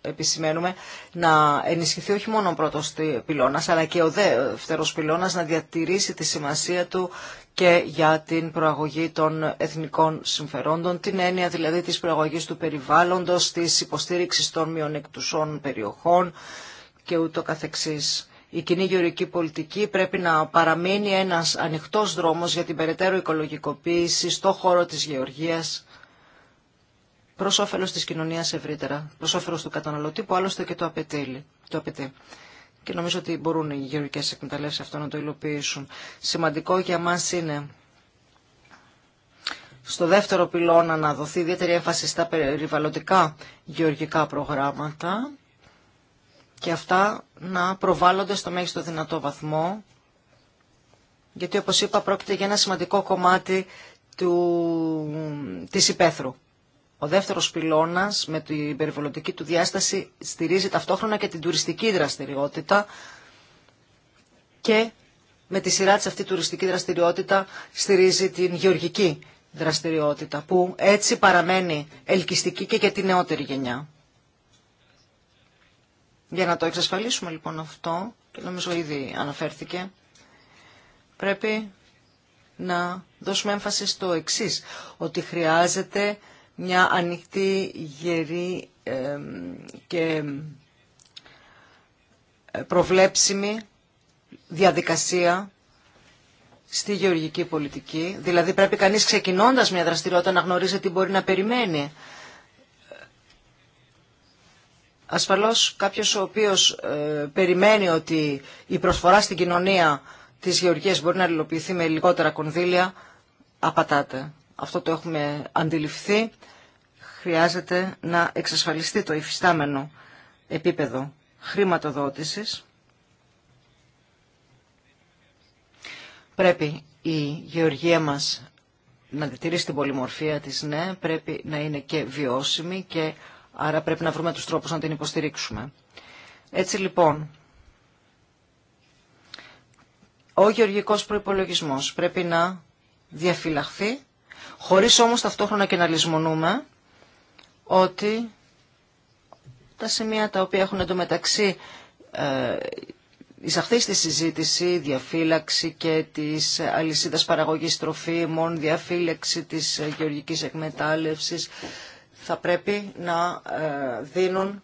επισημαίνουμε, να ενισχυθεί όχι μόνο ο πρώτο πυλώνας, αλλά και ο δεύτερος ε, πυλώνας να διατηρήσει τη σημασία του και για την προαγωγή των εθνικών συμφερόντων, την έννοια δηλαδή της προαγωγής του περιβάλλοντος, της υποστήριξης των μειονεκτουσών περιοχών και ούτω καθεξής. Η κοινή γεωρική πολιτική πρέπει να παραμείνει ένας ανοιχτός δρόμος για την περαιτέρω οικολογικοποίηση στο χώρο της γεωργίας προ όφελο τη κοινωνία ευρύτερα, προ όφελο του καταναλωτή που άλλωστε και το απαιτεί. Το Και νομίζω ότι μπορούν οι γεωργικέ εκμεταλλεύσει αυτό να το υλοποιήσουν. Σημαντικό για μα είναι στο δεύτερο πυλώνα να δοθεί ιδιαίτερη έμφαση στα περιβαλλοντικά γεωργικά προγράμματα και αυτά να προβάλλονται στο μέγιστο δυνατό βαθμό γιατί όπως είπα πρόκειται για ένα σημαντικό κομμάτι του, της υπαίθρου ο δεύτερος πυλώνας με την περιβαλλοντική του διάσταση στηρίζει ταυτόχρονα και την τουριστική δραστηριότητα και με τη σειρά της αυτή τουριστική δραστηριότητα στηρίζει την γεωργική δραστηριότητα που έτσι παραμένει ελκυστική και για τη νεότερη γενιά. Για να το εξασφαλίσουμε λοιπόν αυτό, και νομίζω ήδη αναφέρθηκε, πρέπει να δώσουμε έμφαση στο εξής, ότι χρειάζεται μια ανοιχτή, γερή και ε, προβλέψιμη διαδικασία στη γεωργική πολιτική. Δηλαδή πρέπει κανείς ξεκινώντας μια δραστηριότητα να γνωρίζει τι μπορεί να περιμένει. Ασφαλώς κάποιος ο οποίος ε, περιμένει ότι η προσφορά στην κοινωνία της γεωργίας μπορεί να αλληλοποιηθεί με λιγότερα κονδύλια, απατάται αυτό το έχουμε αντιληφθεί, χρειάζεται να εξασφαλιστεί το υφιστάμενο επίπεδο χρηματοδότησης. Πρέπει η γεωργία μας να διατηρήσει την πολυμορφία της, ναι, πρέπει να είναι και βιώσιμη και άρα πρέπει να βρούμε τους τρόπους να την υποστηρίξουμε. Έτσι λοιπόν, ο γεωργικός προϋπολογισμός πρέπει να διαφυλαχθεί Χωρίς όμως ταυτόχρονα και να λησμονούμε ότι τα σημεία τα οποία έχουν εντωμεταξύ ε, εισαχθεί στη συζήτηση διαφύλαξη και της αλυσίδας παραγωγής τροφίμων, διαφύλαξη της ε, γεωργικής εκμετάλλευσης, θα πρέπει να ε, δίνουν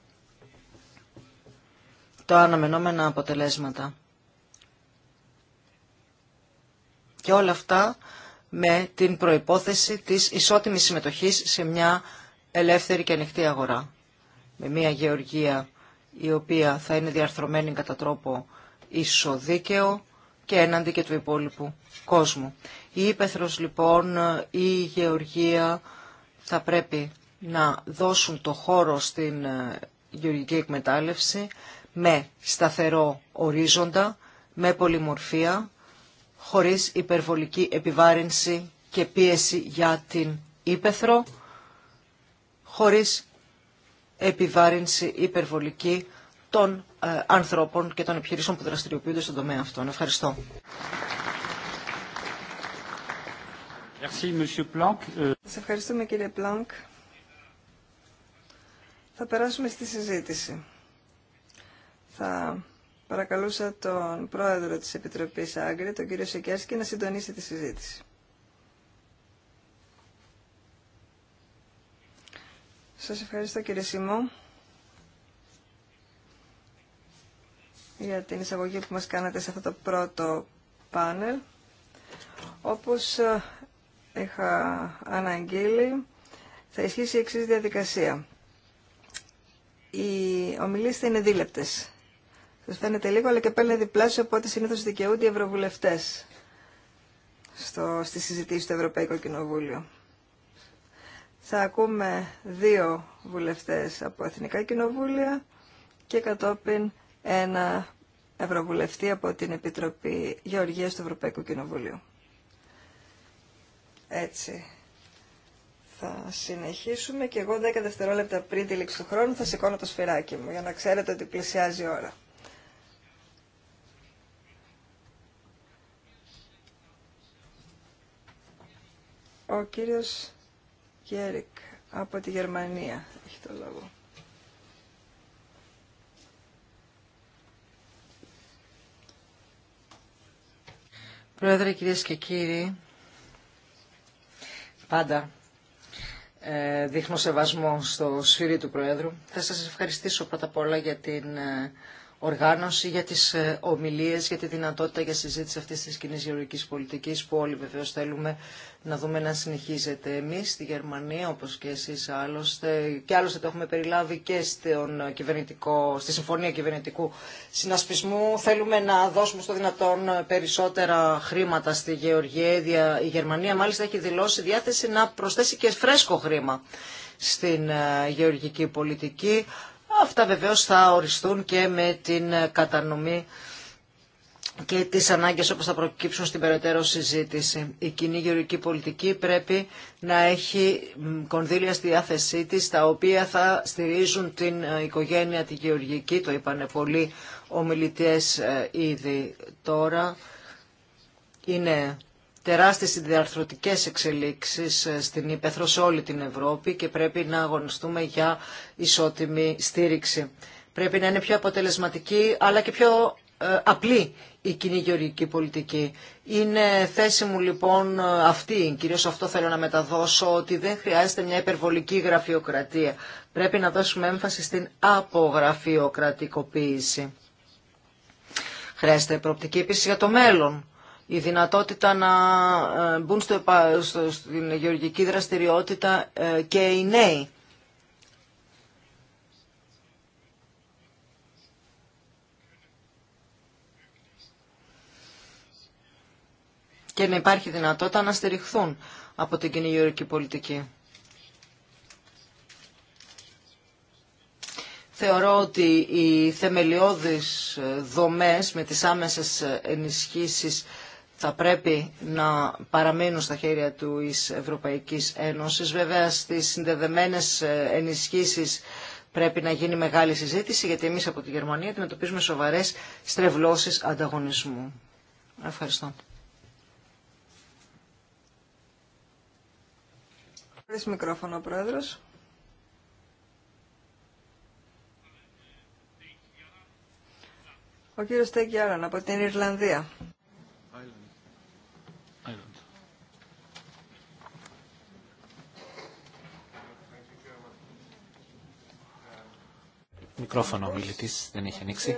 τα αναμενόμενα αποτελέσματα. Και όλα αυτά με την προϋπόθεση της ισότιμης συμμετοχής σε μια ελεύθερη και ανοιχτή αγορά. Με μια γεωργία η οποία θα είναι διαρθρωμένη κατά τρόπο ισοδίκαιο και έναντι και του υπόλοιπου κόσμου. Η ύπεθρος λοιπόν, η γεωργία θα πρέπει να δώσουν το χώρο στην ε, γεωργική εκμετάλλευση με σταθερό ορίζοντα, με πολυμορφία χωρίς υπερβολική επιβάρυνση και πίεση για την ύπεθρο, χωρίς επιβάρυνση υπερβολική των ε, ανθρώπων και των επιχειρήσεων που δραστηριοποιούνται στον τομέα αυτόν. Ευχαριστώ. Ε, Σας ευχαριστούμε κύριε Πλάνκ. Θα περάσουμε στη συζήτηση. Θα παρακαλούσα τον πρόεδρο της Επιτροπής Άγκρη, τον κύριο Σεκιάσκη, να συντονίσει τη συζήτηση. Σας ευχαριστώ κύριε Σιμό για την εισαγωγή που μας κάνατε σε αυτό το πρώτο πάνελ. Όπως ε, είχα αναγγείλει, θα ισχύσει η εξής διαδικασία. Οι ομιλίες θα είναι δίλεπτες φαίνεται λίγο, αλλά και παίρνει διπλάσιο από ό,τι συνήθω δικαιούνται οι ευρωβουλευτέ στη συζητήση του Ευρωπαϊκό Κοινοβούλιο. Θα ακούμε δύο βουλευτέ από Εθνικά Κοινοβούλια και κατόπιν ένα ευρωβουλευτή από την Επιτροπή Γεωργίας του Ευρωπαϊκού Κοινοβουλίου. Έτσι. Θα συνεχίσουμε και εγώ δέκα δευτερόλεπτα πριν τη λήξη του χρόνου θα σηκώνω το σφυράκι μου για να ξέρετε ότι πλησιάζει η ώρα. Ο κύριος Γέρικ από τη Γερμανία έχει το λόγο. Πρόεδρε, κυρίες και κύριοι, πάντα ε, δείχνω σεβασμό στο σφύρι του Πρόεδρου. Θα σας ευχαριστήσω πρώτα απ' όλα για την ε, οργάνωση για τις ε, ομιλίες, για τη δυνατότητα για συζήτηση αυτής της κοινή γεωργικής πολιτικής που όλοι βεβαίω θέλουμε να δούμε να συνεχίζεται. Εμείς στη Γερμανία, όπως και εσείς άλλωστε, και άλλωστε το έχουμε περιλάβει και στον κυβερνητικό, στη Συμφωνία Κυβερνητικού Συνασπισμού, θέλουμε να δώσουμε στο δυνατόν περισσότερα χρήματα στη Γεωργία. Η Γερμανία μάλιστα έχει δηλώσει διάθεση να προσθέσει και φρέσκο χρήμα στην ε, γεωργική πολιτική Αυτά βεβαίως θα οριστούν και με την κατανομή και τις ανάγκες όπως θα προκύψουν στην περαιτέρω συζήτηση. Η κοινή γεωργική πολιτική πρέπει να έχει κονδύλια στη διάθεσή της, τα οποία θα στηρίζουν την οικογένεια, τη γεωργική, το είπανε πολλοί ομιλητές ε, ήδη τώρα. Είναι τεράστιες διαρθρωτικές εξελίξεις ε, στην Ήπεθρο σε όλη την Ευρώπη και πρέπει να αγωνιστούμε για ισότιμη στήριξη. Πρέπει να είναι πιο αποτελεσματική αλλά και πιο ε, απλή η κοινή γεωργική πολιτική. Είναι θέση μου λοιπόν ε, αυτή, κυρίως αυτό θέλω να μεταδώσω, ότι δεν χρειάζεται μια υπερβολική γραφειοκρατία. Πρέπει να δώσουμε έμφαση στην απογραφειοκρατικοποίηση. Χρειάζεται προοπτική επίση για το μέλλον η δυνατότητα να ε, μπουν στο, στην γεωργική δραστηριότητα ε, και οι νέοι. Και να υπάρχει δυνατότητα να στηριχθούν από την κοινή γεωργική πολιτική. Θεωρώ ότι οι θεμελιώδεις ε, δομές με τις άμεσες ενισχύσεις θα πρέπει να παραμείνουν στα χέρια του εις Ευρωπαϊκής Ένωσης. Βέβαια στις συνδεδεμένες ε, ενισχύσεις πρέπει να γίνει μεγάλη συζήτηση γιατί εμείς από τη Γερμανία αντιμετωπίζουμε σοβαρές στρεβλώσεις ανταγωνισμού. Ευχαριστώ. μικρόφωνο ο Πρόεδρος. Ο κύριος Τέγκιάραν από την Ιρλανδία. Μικρόφωνο ο μιλητής δεν έχει ανοίξει.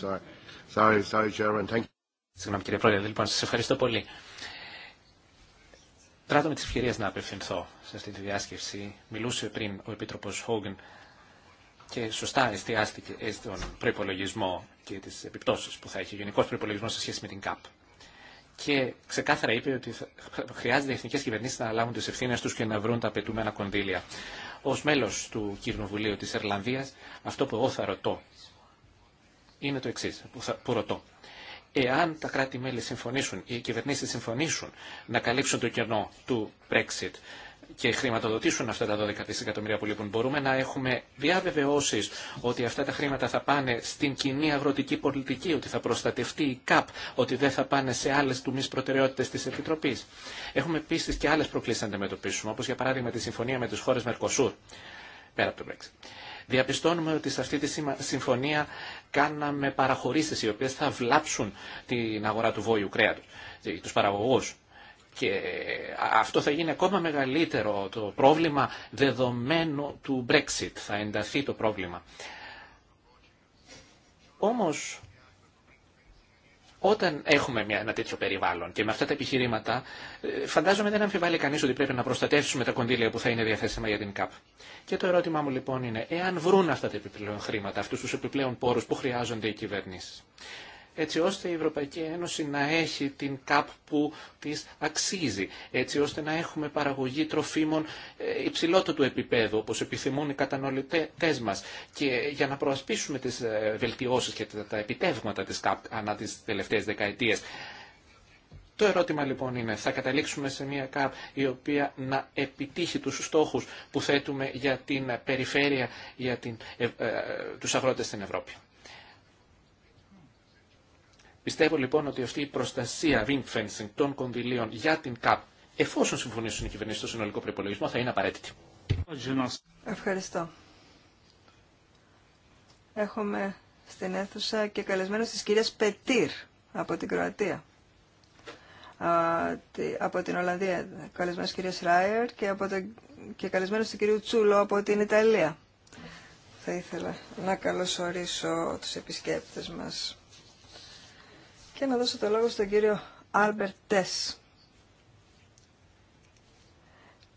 Sorry, sorry, sorry, Chairman. Thank you. Συγγνώμη κύριε Πρόεδρε, λοιπόν, σας ευχαριστώ πολύ. Τράτω με τις ευκαιρίες να απευθυνθώ σε αυτή τη διάσκεψη. Μιλούσε πριν ο Επίτροπος Χόγκεν και σωστά εστιάστηκε στον προπολογισμό και τις επιπτώσεις που θα έχει ο γενικός προπολογισμό σε σχέση με την ΚΑΠ. Και ξεκάθαρα είπε ότι χρειάζεται οι εθνικές κυβερνήσεις να λάβουν τις ευθύνες τους και να βρουν τα απαιτούμενα κονδύλια. Ως μέλος του Κοινοβουλίου της Ιρλανδίας, αυτό που εγώ θα ρωτώ είναι το εξή που ρωτώ εάν τα κράτη-μέλη συμφωνήσουν, οι κυβερνήσει συμφωνήσουν να καλύψουν το κενό του Brexit και χρηματοδοτήσουν αυτά τα 12 δισεκατομμύρια που λείπουν, λοιπόν μπορούμε να έχουμε διαβεβαιώσει ότι αυτά τα χρήματα θα πάνε στην κοινή αγροτική πολιτική, ότι θα προστατευτεί η ΚΑΠ, ότι δεν θα πάνε σε άλλε τομεί προτεραιότητε τη Επιτροπή. Έχουμε επίση και άλλε προκλήσει να αντιμετωπίσουμε, όπω για παράδειγμα τη συμφωνία με τι χώρε Μερκοσούρ, πέρα από το Brexit διαπιστώνουμε ότι σε αυτή τη συμφωνία κάναμε παραχωρήσει, οι οποίε θα βλάψουν την αγορά του βόλιου κρέατος, ε, τους παραγωγού. Και αυτό θα γίνει ακόμα μεγαλύτερο το πρόβλημα δεδομένου του Brexit. Θα ενταθεί το πρόβλημα. Όμως όταν έχουμε μια, ένα τέτοιο περιβάλλον και με αυτά τα επιχειρήματα, ε, φαντάζομαι δεν αμφιβάλλει κανεί ότι πρέπει να προστατεύσουμε τα κονδύλια που θα είναι διαθέσιμα για την ΚΑΠ. Και το ερώτημά μου λοιπόν είναι, εάν βρουν αυτά τα επιπλέον χρήματα, αυτού του επιπλέον πόρου που χρειάζονται οι κυβερνήσει, έτσι ώστε η Ευρωπαϊκή Ένωση να έχει την ΚΑΠ που της αξίζει, έτσι ώστε να έχουμε παραγωγή τροφίμων ε, υψηλότερου επίπεδου, όπως επιθυμούν οι καταναλωτές μας. Και για να προασπίσουμε τις ε, βελτιώσεις και τα επιτεύγματα της ΚΑΠ ανά τις τελευταίες δεκαετίες, το ερώτημα λοιπόν είναι, θα καταλήξουμε σε μια ΚΑΠ η οποία να επιτύχει τους στόχους που θέτουμε για την περιφέρεια, για την, ε, τους αγρότες στην Ευρώπη. Πιστεύω λοιπόν ότι αυτή η προστασία ring fencing των κονδυλίων για την ΚΑΠ, εφόσον συμφωνήσουν οι κυβερνήσει στο συνολικό προπολογισμό, θα είναι απαραίτητη. Ευχαριστώ. Έχουμε στην αίθουσα και καλεσμένο τη κυρία Πετήρ από την Κροατία. Από την Ολλανδία, καλεσμένο τη κυρία Ράιερ και, από και καλεσμένο του κυρίου Τσούλο από την Ιταλία. Θα ήθελα να καλωσορίσω τους επισκέπτες μας και να δώσω το λόγο στον κύριο Άλμπερ Τες.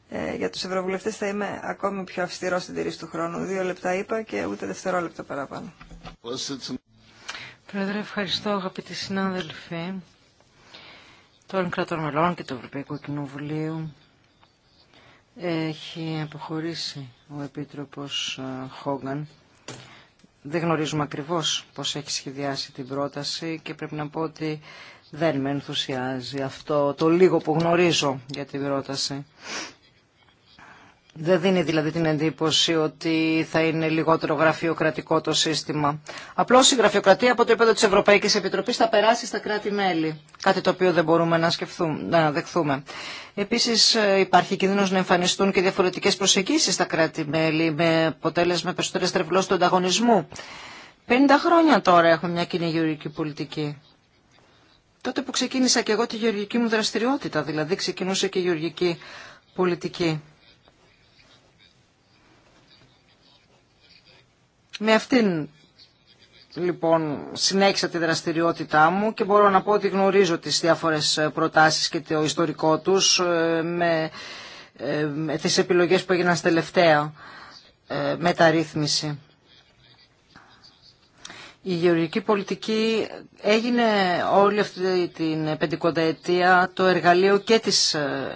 Ε, για τους ευρωβουλευτές θα είμαι ακόμη πιο αυστηρό στην τηρήση του χρόνου. Δύο λεπτά είπα και ούτε δευτερόλεπτα παραπάνω. Πρόεδρε, ευχαριστώ αγαπητοί συνάδελφοι των κρατών μελών και του Ευρωπαϊκού Κοινοβουλίου. Έχει αποχωρήσει ο Επίτροπος ε, Χόγκαν δεν γνωρίζουμε ακριβώς πώς έχει σχεδιάσει την πρόταση και πρέπει να πω ότι δεν με ενθουσιάζει αυτό το λίγο που γνωρίζω για την πρόταση. Δεν δίνει δηλαδή την εντύπωση ότι θα είναι λιγότερο γραφειοκρατικό το σύστημα. Απλώς η γραφειοκρατία από το επίπεδο της Ευρωπαϊκής Επιτροπής θα περάσει στα κράτη-μέλη. Κάτι το οποίο δεν μπορούμε να, σκεφτούμε, να δεχθούμε. Επίσης ε, υπάρχει κίνδυνος να εμφανιστούν και διαφορετικές προσεγγίσεις στα κράτη-μέλη με αποτέλεσμα περισσότερες τρευλώσει του ανταγωνισμού. 50 χρόνια τώρα έχουμε μια κοινή γεωργική πολιτική. Τότε που ξεκίνησα και εγώ τη γεωργική μου δραστηριότητα, δηλαδή ξεκινούσε και η γεωργική πολιτική. Με αυτήν λοιπόν συνέχισα τη δραστηριότητά μου και μπορώ να πω ότι γνωρίζω τις διάφορες ε, προτάσεις και το ιστορικό τους ε, με ε, τις επιλογές που έγιναν τελευταία μεταρρύθμιση. Η γεωργική πολιτική έγινε όλη αυτή την πεντηκονταετία το εργαλείο και της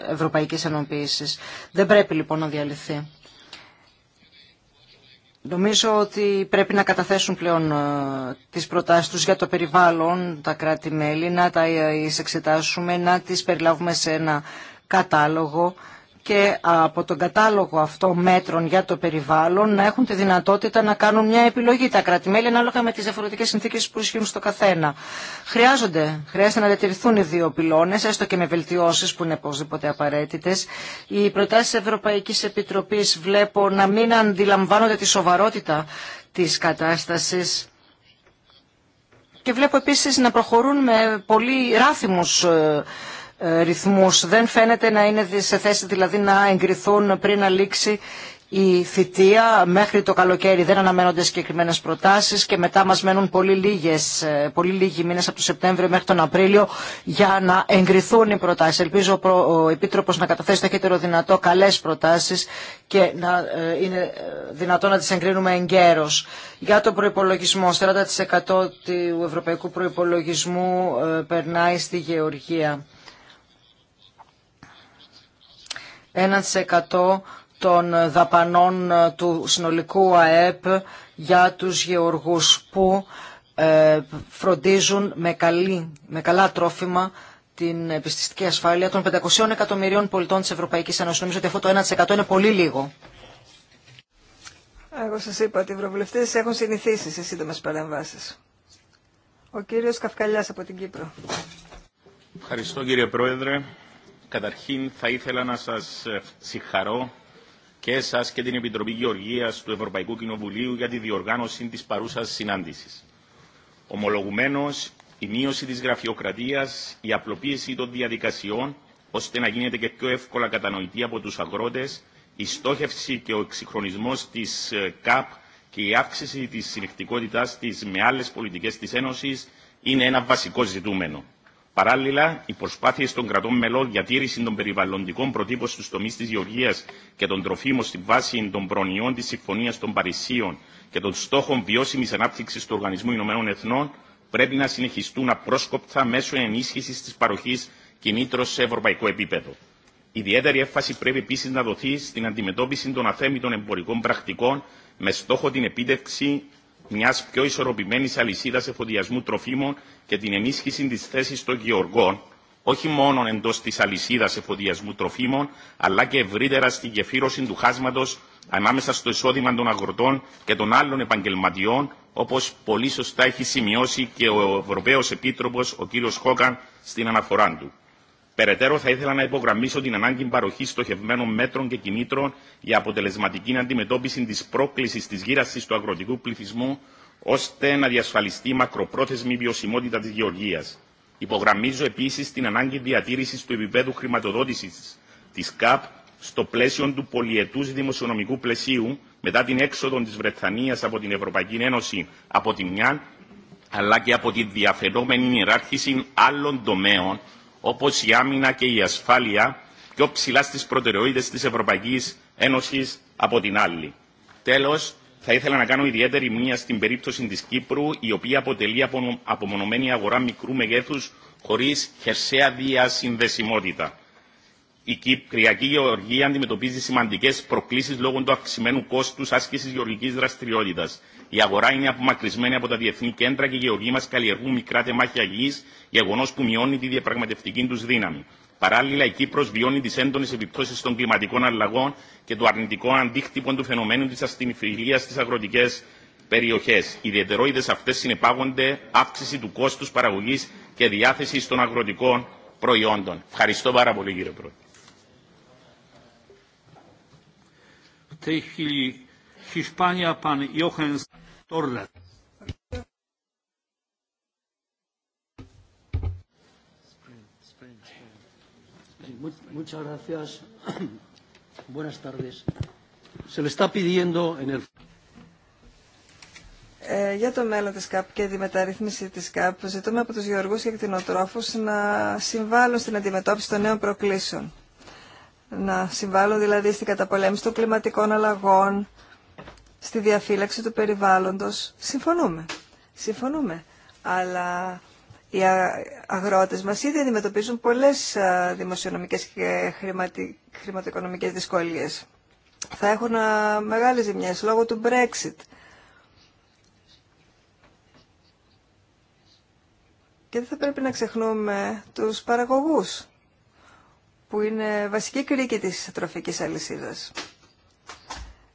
Ευρωπαϊκής Ενοποίησης. Δεν πρέπει λοιπόν να διαλυθεί. Νομίζω ότι πρέπει να καταθέσουν πλέον ε, τις προτάσεις τους για το περιβάλλον, τα κράτη-μέλη, να τα ε, εξετάσουμε, να τις περιλάβουμε σε ένα κατάλογο και από τον κατάλογο αυτό μέτρων για το περιβάλλον να έχουν τη δυνατότητα να κάνουν μια επιλογή τα κρατημέλη ανάλογα με τις διαφορετικές συνθήκες που ισχύουν στο καθένα. Χρειάζονται, χρειάζεται να διατηρηθούν οι δύο πυλώνες, έστω και με βελτιώσεις που είναι οπωσδήποτε απαραίτητες. Οι προτάσεις Ευρωπαϊκής Επιτροπής βλέπω να μην αντιλαμβάνονται τη σοβαρότητα της κατάστασης και βλέπω επίσης να προχωρούν με πολύ ράθιμους ε, ε, ρυθμούς. Δεν φαίνεται να είναι σε θέση δηλαδή να εγκριθούν πριν να λήξει η θητεία. Μέχρι το καλοκαίρι δεν αναμένονται συγκεκριμένε προτάσεις και μετά μας μένουν πολύ, λίγες, ε, πολύ λίγοι μήνες από το Σεπτέμβριο μέχρι τον Απρίλιο για να εγκριθούν οι προτάσεις. Ελπίζω ο Επίτροπος να καταθέσει το χέτερο δυνατό καλές προτάσεις και να ε, είναι δυνατό να τις εγκρίνουμε εγκαίρως. Για τον προϋπολογισμό, 40% του ευρωπαϊκού προϋπολογισμού περνάει στη Γεωργία. 1% των δαπανών ε, του συνολικού ΑΕΠ για τους γεωργούς που ε, φροντίζουν με, καλή, με καλά τρόφιμα την επιστηστική ασφάλεια των 500 εκατομμυρίων πολιτών της Ευρωπαϊκής Ένωσης. Νομίζω ότι αυτό το 1% είναι πολύ λίγο. Εγώ σας είπα ότι οι ευρωβουλευτές έχουν συνηθίσει σε σύντομες παρεμβάσεις. Ο κύριος Καυκαλιάς από την Κύπρο. Ευχαριστώ κύριε Πρόεδρε. Καταρχήν θα ήθελα να σας ε, συγχαρώ και εσάς και την Επιτροπή Γεωργίας του Ευρωπαϊκού Κοινοβουλίου για τη διοργάνωση της παρούσας συνάντησης. Ομολογουμένως, η μείωση της γραφειοκρατίας, η απλοποίηση των διαδικασιών, ώστε να γίνεται και πιο εύκολα κατανοητή από τους αγρότες, η στόχευση και ο εξυγχρονισμός της ε, ΚΑΠ και η αύξηση της συνεχτικότητάς της με άλλες πολιτικές της Ένωσης είναι ένα βασικό ζητούμενο. Παράλληλα, οι προσπάθειε των κρατών μελών για τήρηση των περιβαλλοντικών προτύπων στου τομεί τη γεωργία και των τροφίμων στη βάση των προνοιών τη Συμφωνία των Παρισίων και των στόχων βιώσιμη ανάπτυξη του Οργανισμού Ηνωμένων Εθνών πρέπει να συνεχιστούν απρόσκοπτα μέσω ενίσχυση τη παροχή κινήτρων σε ευρωπαϊκό επίπεδο. Ιδιαίτερη έφαση πρέπει επίση να δοθεί στην αντιμετώπιση των αθέμητων εμπορικών πρακτικών με στόχο την επίτευξη μια πιο ισορροπημένη αλυσίδα εφοδιασμού τροφίμων και την ενίσχυση τη θέση των γεωργών, όχι μόνο εντό τη αλυσίδα εφοδιασμού τροφίμων, αλλά και ευρύτερα στη γεφύρωση του χάσματο ανάμεσα στο εισόδημα των αγροτών και των άλλων επαγγελματιών, όπω πολύ σωστά έχει σημειώσει και ο Ευρωπαίο Επίτροπο, ο κ. Χόκαν, στην αναφορά του. Περαιτέρω, θα ήθελα να υπογραμμίσω την ανάγκη παροχή στοχευμένων μέτρων και κινήτρων για αποτελεσματική αντιμετώπιση τη πρόκληση τη γύραση του αγροτικού πληθυσμού, ώστε να διασφαλιστεί η μακροπρόθεσμη βιωσιμότητα τη γεωργία. Υπογραμμίζω επίση την ανάγκη διατήρηση του επίπεδου χρηματοδότηση τη ΚΑΠ στο πλαίσιο του πολιετού δημοσιονομικού πλαισίου μετά την έξοδο τη Βρετανία από την Ευρωπαϊκή Ένωση από τη μια αλλά και από τη διαφαινόμενη ιεράρχηση άλλων τομέων όπως η άμυνα και η ασφάλεια, πιο ψηλά στις προτεραιότητες της Ευρωπαϊκής Ένωσης από την άλλη. Τέλος, θα ήθελα να κάνω ιδιαίτερη μία στην περίπτωση της Κύπρου, η οποία αποτελεί απομονωμένη αγορά μικρού μεγέθους χωρίς χερσαία διασυνδεσιμότητα. Η Κυπριακή Γεωργία αντιμετωπίζει σημαντικέ προκλήσει λόγω του αυξημένου κόστου άσκηση γεωργική δραστηριότητα. Η αγορά είναι απομακρυσμένη από τα διεθνή κέντρα και οι γεωργοί μα καλλιεργούν μικρά τεμάχια γη, γεγονό που μειώνει τη διαπραγματευτική του δύναμη. Παράλληλα, η Κύπρο βιώνει τι έντονε επιπτώσει των κλιματικών αλλαγών και του αρνητικού αντίκτυπου του φαινομένου τη αστυνοφιλία στι αγροτικέ περιοχέ. Οι ιδιαιτερότητε αυτέ συνεπάγονται αύξηση του κόστου παραγωγή και διάθεση των αγροτικών προϊόντων. Ευχαριστώ πάρα πολύ, κύριε Πρόεδρε. για το μέλλον της ΚΑΠ και τη μεταρρύθμιση της ΚΑΠ ζητούμε από τους γεωργούς και κτηνοτρόφους να συμβάλλουν στην αντιμετώπιση των νέων προκλήσεων να συμβάλλουν δηλαδή στην καταπολέμηση των κλιματικών αλλαγών, στη διαφύλαξη του περιβάλλοντος. Συμφωνούμε. Συμφωνούμε. Αλλά οι αγρότες μας ήδη αντιμετωπίζουν πολλές δημοσιονομικές και χρηματοοικονομικές δυσκολίες. Θα έχουν μεγάλες ζημιές λόγω του Brexit. Και δεν θα πρέπει να ξεχνούμε τους παραγωγούς που είναι βασική κρίκη της τροφικής αλυσίδας.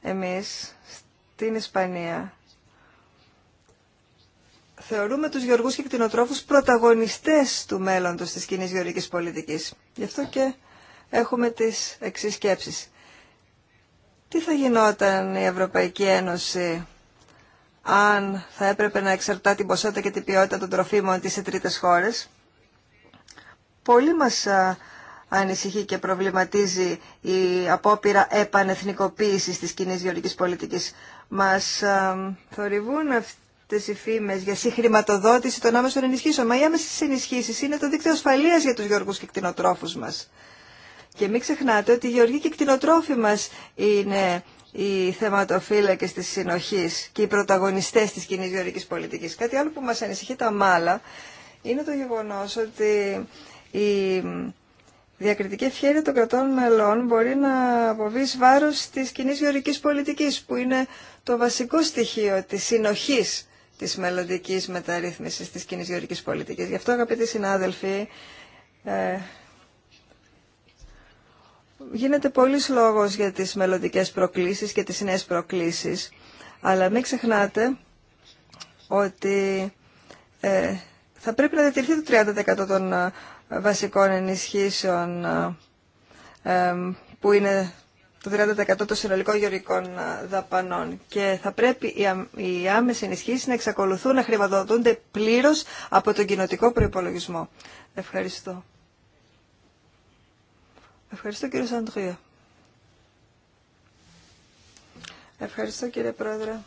Εμείς στην Ισπανία θεωρούμε τους γεωργούς και κτηνοτρόφους πρωταγωνιστές του μέλλοντος της κοινή γεωργικής πολιτικής. Γι' αυτό και έχουμε τις εξής σκέψεις. Τι θα γινόταν η Ευρωπαϊκή Ένωση αν θα έπρεπε να εξαρτά την ποσότητα και την ποιότητα των τροφίμων της σε τρίτες χώρες. Πολλοί μας ανησυχεί και προβληματίζει η απόπειρα επανεθνικοποίησης της κοινή γεωργικής πολιτικής. Μας α, θορυβούν αυτές οι φήμες για συγχρηματοδότηση των άμεσων ενισχύσεων, μα οι άμεσες ενισχύσεις είναι το δίκτυο ασφαλείας για τους γεωργούς και κτηνοτρόφους μας. Και μην ξεχνάτε ότι οι γεωργοί και κτηνοτρόφοι μας είναι οι θεματοφύλακες της συνοχής και οι πρωταγωνιστές της κοινή γεωργικής πολιτικής. Κάτι άλλο που μας ανησυχεί τα μάλα είναι το γεγονός ότι η διακριτική ευχαίρεια των κρατών μελών μπορεί να αποβεί βάρος της κοινή γεωρικής πολιτικής, που είναι το βασικό στοιχείο της συνοχής της μελλοντική μεταρρύθμισης της κοινή γεωρικής πολιτικής. Γι' αυτό, αγαπητοί συνάδελφοι, ε, γίνεται πολλής λόγος για τις μελλοντικέ προκλήσεις και τις νέες προκλήσεις, αλλά μην ξεχνάτε ότι... Ε, θα πρέπει να διατηρηθεί το 30% των βασικών ενισχύσεων ε, ε, που είναι το 30% των συνολικών γεωργικών ε, δαπανών. Και θα πρέπει οι άμεσες ενισχύσεις να εξακολουθούν να χρηματοδοτούνται πλήρως από τον κοινοτικό προϋπολογισμό. Ευχαριστώ. Ευχαριστώ κύριε Σαντρία. Ευχαριστώ κύριε Πρόεδρε.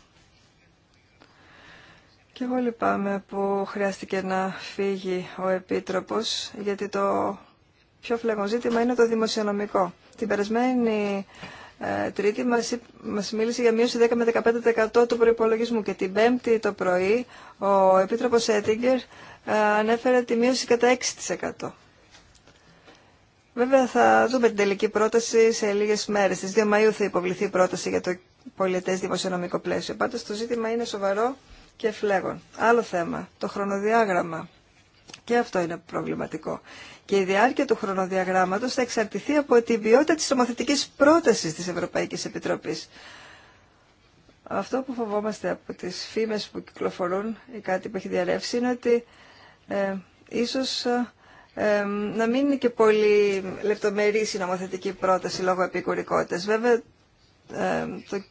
Και εγώ λυπάμαι που χρειάστηκε να φύγει ο Επίτροπος, γιατί το πιο φλεγόν ζήτημα είναι το δημοσιονομικό. Την περασμένη ε, Τρίτη μας, μας μίλησε για μείωση 10 με 15% του προϋπολογισμού και την Πέμπτη το πρωί ο Επίτροπος Έτιγκερ ε, ανέφερε τη μείωση κατά 6%. Βέβαια θα δούμε την τελική πρόταση σε λίγες μέρες. Στις 2 Μαΐου θα υποβληθεί η πρόταση για το πολιτές δημοσιονομικό πλαίσιο. Πάντως το ζήτημα είναι σοβαρό και φλέγων. Άλλο θέμα, το χρονοδιάγραμμα. Και αυτό είναι προβληματικό. Και η διάρκεια του χρονοδιαγράμματος θα εξαρτηθεί από την ποιότητα της νομοθετικής πρότασης της Ευρωπαϊκής Επιτροπής. Αυτό που φοβόμαστε από τις φήμες που κυκλοφορούν ή κάτι που έχει διαρρεύσει είναι ότι ε, ίσως ε, ε, να μην είναι και πολύ λεπτομερή η νομοθετική πρόταση λόγω επικουρικότητας. Βέβαια, ε, το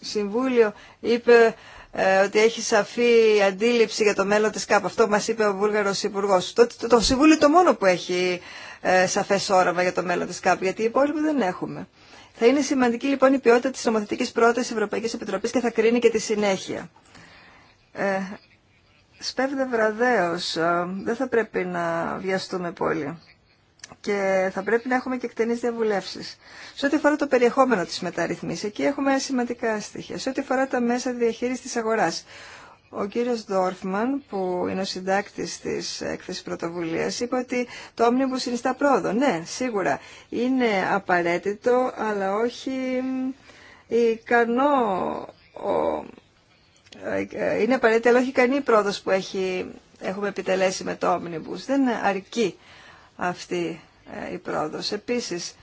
Συμβούλιο είπε ε, ότι έχει σαφή αντίληψη για το μέλλον της ΚΑΠ. Αυτό μας είπε ο Βούλγαρος υπουργό. Το, το, το Συμβούλιο το μόνο που έχει ε, σαφές όραμα για το μέλλον της ΚΑΠ, γιατί οι υπόλοιποι δεν έχουμε. Θα είναι σημαντική λοιπόν η ποιότητα της νομοθετικής πρότασης Ευρωπαϊκής Επιτροπής και θα κρίνει και τη συνέχεια. Ε, σπέβδε βραδέως, ε, δεν θα πρέπει να βιαστούμε πολύ και θα πρέπει να έχουμε και εκτενείς διαβουλεύσεις. Σε ό,τι αφορά το περιεχόμενο της μεταρρυθμίσης, εκεί έχουμε σημαντικά στοιχεία. Σε ό,τι αφορά τα μέσα διαχείρισης της αγοράς, ο κύριος Δόρφμαν που είναι ο συντάκτης της έκθεσης πρωτοβουλίας, είπε ότι το όμνιμπου συνιστά πρόοδο. Ναι, σίγουρα είναι απαραίτητο, αλλά όχι ικανό... Ε, είναι απαραίτητο, αλλά όχι ικανή η πρόοδος που έχει, έχουμε επιτελέσει με το omnibus. Δεν αρκεί αυτή ε, η πρόοδος. Επίσης,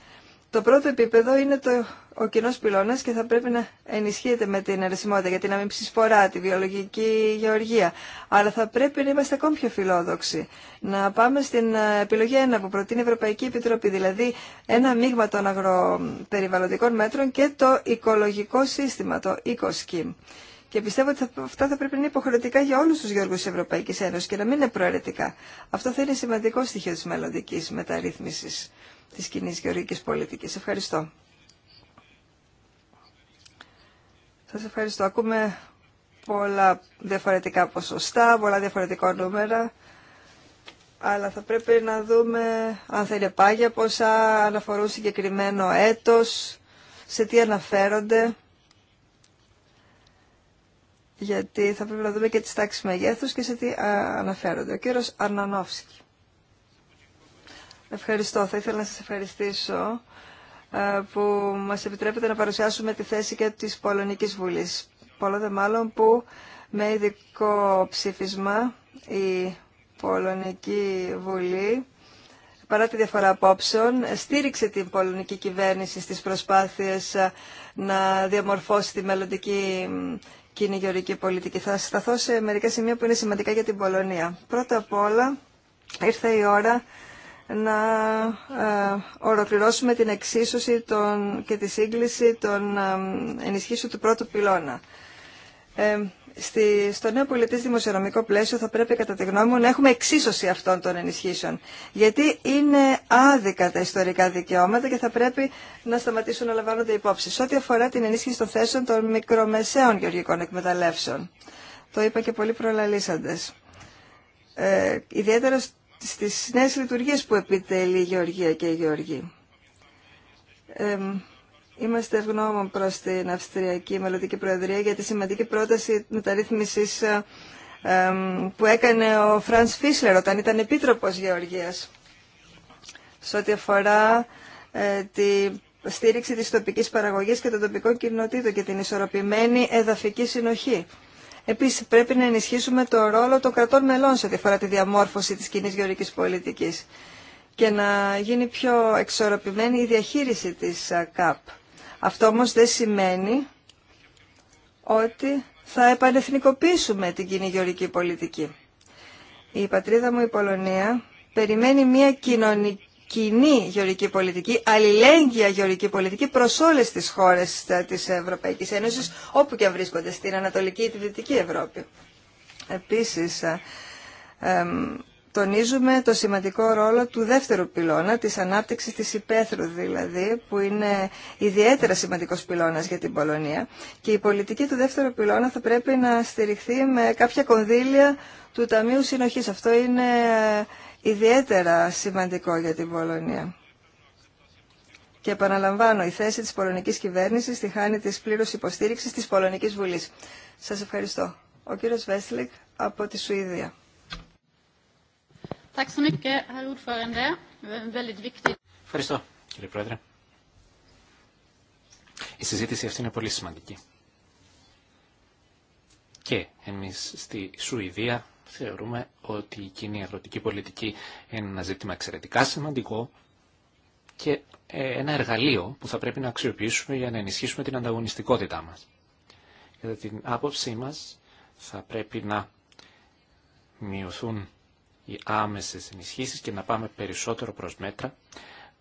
το πρώτο επίπεδο είναι το, ο κοινό πυλώνα και θα πρέπει να ενισχύεται με την αρισιμότητα να μην ψησφορά τη βιολογική γεωργία. Αλλά θα πρέπει να είμαστε ακόμη πιο φιλόδοξοι. Να πάμε στην ε, επιλογή 1 που προτείνει η Ευρωπαϊκή Επιτροπή, δηλαδή ένα μείγμα των αγροπεριβαλλοντικών μέτρων και το οικολογικό σύστημα, το eco και πιστεύω ότι αυτά θα πρέπει να είναι υποχρεωτικά για όλου του γεωργού τη Ευρωπαϊκή Ένωση και να μην είναι προαιρετικά. Αυτό θα είναι σημαντικό στοιχείο τη μελλοντική μεταρρύθμιση τη κοινή γεωργική πολιτική. Ευχαριστώ. Σα ευχαριστώ. Ακούμε πολλά διαφορετικά ποσοστά, πολλά διαφορετικά νούμερα. Αλλά θα πρέπει να δούμε αν θα είναι πάγια πόσα αναφορούν συγκεκριμένο έτος, σε τι αναφέρονται γιατί θα πρέπει να δούμε και τις τάξεις μεγέθους και σε τι αναφέρονται. Ο κύριος Αρνανόφσκι. Ευχαριστώ. Θα ήθελα να σας ευχαριστήσω που μας επιτρέπετε να παρουσιάσουμε τη θέση και της Πολωνικής Βουλής. Πολλά δε μάλλον που με ειδικό ψήφισμα η Πολωνική Βουλή παρά τη διαφορά απόψεων, στήριξε την πολωνική κυβέρνηση στις προσπάθειες να διαμορφώσει τη μελλοντική κοινή γεωργική πολιτική. Θα σταθώ σε μερικά σημεία που είναι σημαντικά για την Πολωνία. Πρώτα απ' όλα ήρθε η ώρα να ε, ολοκληρώσουμε την εξίσωση των, και τη σύγκληση των ε, ενισχύσεων του πρώτου πυλώνα. Ε, Στη, στο νέο πολιτή δημοσιονομικό πλαίσιο θα πρέπει κατά τη γνώμη μου να έχουμε εξίσωση αυτών των ενισχύσεων. Γιατί είναι άδικα τα ιστορικά δικαιώματα και θα πρέπει να σταματήσουν να λαμβάνονται υπόψη. Σε ό,τι αφορά την ενίσχυση των θέσεων των μικρομεσαίων γεωργικών εκμεταλλεύσεων. Το είπα και πολύ προλαλήσαντες. Ε, ιδιαίτερα στις νέες λειτουργίες που επιτελεί η Γεωργία και η Γεωργή. Είμαστε ευγνώμων προ την Αυστριακή Μελλοντική Προεδρία για τη σημαντική πρόταση μεταρρύθμιση ε, που έκανε ο Φρανς Φίσλερ όταν ήταν Επίτροπος Γεωργίας σε ό,τι αφορά ε, τη στήριξη της τοπικής παραγωγής και των τοπικών κοινοτήτων και την ισορροπημένη εδαφική συνοχή. Επίσης, πρέπει να ενισχύσουμε το ρόλο των κρατών μελών σε ό,τι αφορά τη διαμόρφωση της κοινή γεωργικής πολιτικής και να γίνει πιο εξορροπημένη η διαχείριση της ε, ΚΑΠ. Αυτό όμως δεν σημαίνει ότι θα επανεθνικοποιήσουμε την κοινή γεωρική πολιτική. Η πατρίδα μου, η Πολωνία, περιμένει μια κοινωνική κοινή γεωρική πολιτική, αλληλέγγυα γεωρική πολιτική προ όλε τι χώρε ε, τη Ευρωπαϊκή Ένωση, όπου και βρίσκονται, στην Ανατολική ή τη Δυτική Ευρώπη. Επίση, ε, τονίζουμε το σημαντικό ρόλο του δεύτερου πυλώνα, της ανάπτυξης της υπαίθρου δηλαδή, που είναι ιδιαίτερα σημαντικός πυλώνας για την Πολωνία. Και η πολιτική του δεύτερου πυλώνα θα πρέπει να στηριχθεί με κάποια κονδύλια του Ταμείου Συνοχής. Αυτό είναι ε, ιδιαίτερα σημαντικό για την Πολωνία. Και επαναλαμβάνω, η θέση της πολωνικής κυβέρνησης τη χάνει της πλήρους υποστήριξης της Πολωνικής Βουλής. Σας ευχαριστώ. Ο κύριος Βέσλικ από τη Σουηδία. Ευχαριστώ, κύριε Πρόεδρε. Η συζήτηση αυτή είναι πολύ σημαντική. Και εμείς στη Σουηδία θεωρούμε ότι η κοινή αγροτική πολιτική είναι ένα ζήτημα εξαιρετικά σημαντικό και ε, ένα εργαλείο που θα πρέπει να αξιοποιήσουμε για να ενισχύσουμε την ανταγωνιστικότητά μας. Κατά την άποψή μας θα πρέπει να μειωθούν οι άμεσες ενισχύσεις και να πάμε περισσότερο προς μέτρα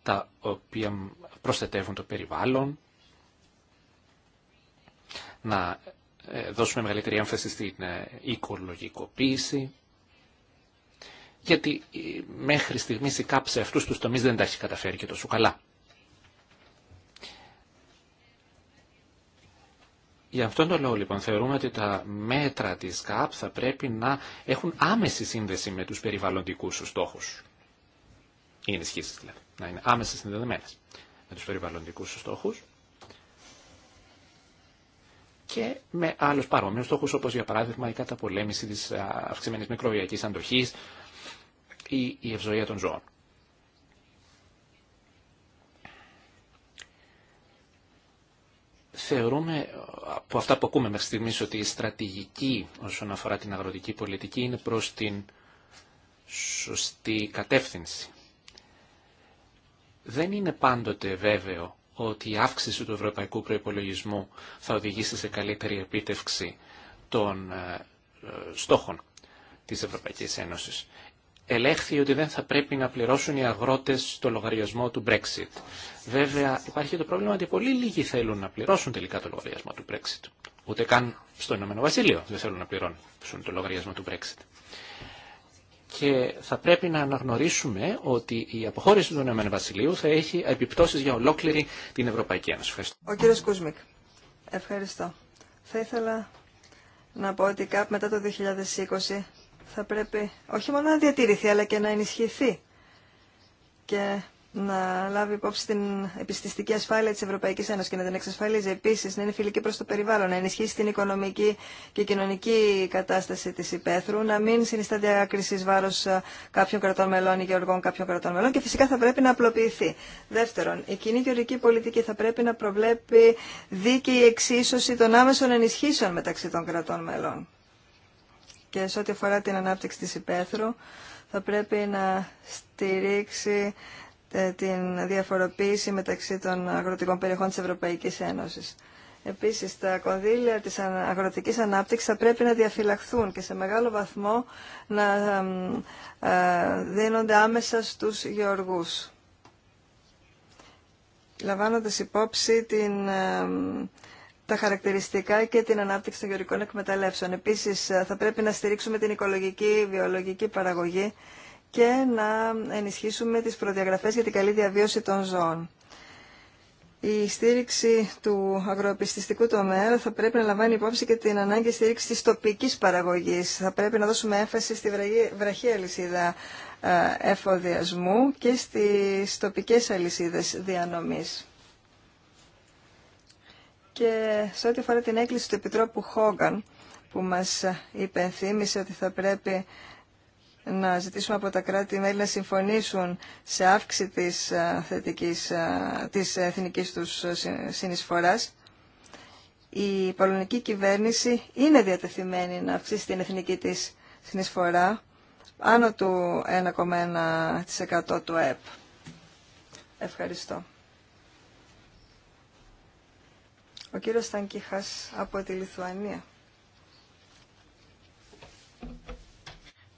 τα οποία προστατεύουν το περιβάλλον, να ε, δώσουμε μεγαλύτερη έμφαση στην ε, οικολογικοποίηση, γιατί ε, μέχρι στιγμής η κάψη αυτούς τους τομείς δεν τα έχει καταφέρει και τόσο καλά. Για αυτόν τον λόγο λοιπόν θεωρούμε ότι τα μέτρα της ΚΑΠ θα πρέπει να έχουν άμεση σύνδεση με τους περιβαλλοντικούς στόχους. Οι ενισχύσεις δηλαδή, να είναι άμεσα συνδεδεμένες με τους περιβαλλοντικούς στόχους και με άλλους παρόμοιους στόχους όπως για παράδειγμα η καταπολέμηση της αυξημένης μικροβιακής αντοχής ή η ευζοία των ζώων. θεωρούμε από αυτά που ακούμε μέχρι στιγμής ότι η στρατηγική όσον αφορά την αγροτική πολιτική είναι προς την σωστή κατεύθυνση. Δεν είναι πάντοτε βέβαιο ότι η αύξηση του ευρωπαϊκού προϋπολογισμού θα οδηγήσει σε καλύτερη επίτευξη των ε, ε, στόχων της Ευρωπαϊκής Ένωσης ελέγχθη ότι δεν θα πρέπει να πληρώσουν οι αγρότες το λογαριασμό του Brexit. Βέβαια υπάρχει το πρόβλημα ότι πολύ λίγοι θέλουν να πληρώσουν τελικά το λογαριασμό του Brexit. Ούτε καν στο Ηνωμένο Βασίλειο δεν θέλουν να πληρώσουν το λογαριασμό του Brexit. Και θα πρέπει να αναγνωρίσουμε ότι η αποχώρηση του Ηνωμένου Βασιλείου θα έχει επιπτώσεις για ολόκληρη την Ευρωπαϊκή Ένωση. Ο κύριος Κούσμικ. Ευχαριστώ. Θα ήθελα να πω ότι κάπου μετά το 2020 θα πρέπει όχι μόνο να διατηρηθεί αλλά και να ενισχυθεί και να λάβει υπόψη την επιστηστική ασφάλεια της Ευρωπαϊκής Ένωσης και να την εξασφαλίζει επίσης, να είναι φιλική προς το περιβάλλον, να ενισχύσει την οικονομική και κοινωνική κατάσταση της υπαίθρου, να μην συνιστά διακρίση βάρος ε, κάποιων κρατών μελών ή γεωργών κάποιων κρατών μελών και φυσικά θα πρέπει να απλοποιηθεί. Δεύτερον, η κοινή γεωργική πολιτική θα πρέπει να προβλέπει δίκαιη εξίσωση των άμεσων ενισχύσεων μεταξύ των κρατών μελών και σε ό,τι αφορά την ανάπτυξη της υπαίθρου θα πρέπει να στηρίξει ε, την διαφοροποίηση μεταξύ των αγροτικών περιοχών της Ευρωπαϊκής Ένωσης. Επίσης, τα κονδύλια της αγροτικής ανάπτυξης θα πρέπει να διαφυλαχθούν και σε μεγάλο βαθμό να ε, δίνονται άμεσα στους γεωργούς. Λαμβάνοντας υπόψη την ε, τα χαρακτηριστικά και την ανάπτυξη των γεωρικών εκμεταλλεύσεων. Επίσης, ε, θα πρέπει να στηρίξουμε την οικολογική, βιολογική παραγωγή και να ενισχύσουμε τις προδιαγραφές για την καλή διαβίωση των ζώων. Η στήριξη του αγροεπιστηστικού τομέα θα πρέπει να λαμβάνει υπόψη και την ανάγκη στήριξη της τοπικής παραγωγής. Θα πρέπει να δώσουμε έμφαση στη βραχή αλυσίδα ε, εφοδιασμού και στις τοπικές αλυσίδες διανομής. Και σε ό,τι αφορά την έκκληση του Επιτρόπου Χόγκαν, που μας υπενθύμησε ότι θα πρέπει να ζητήσουμε από τα κράτη-μέλη να συμφωνήσουν σε αύξηση της, ε, θετικής, ε, της εθνικής τους ε, συνεισφοράς, η πολωνική κυβέρνηση είναι διατεθειμένη να αυξήσει την εθνική της συνεισφορά άνω του 1,1% του ΕΠ. Ευχαριστώ. Ο κύριος Στανκίχας από τη Λιθουανία.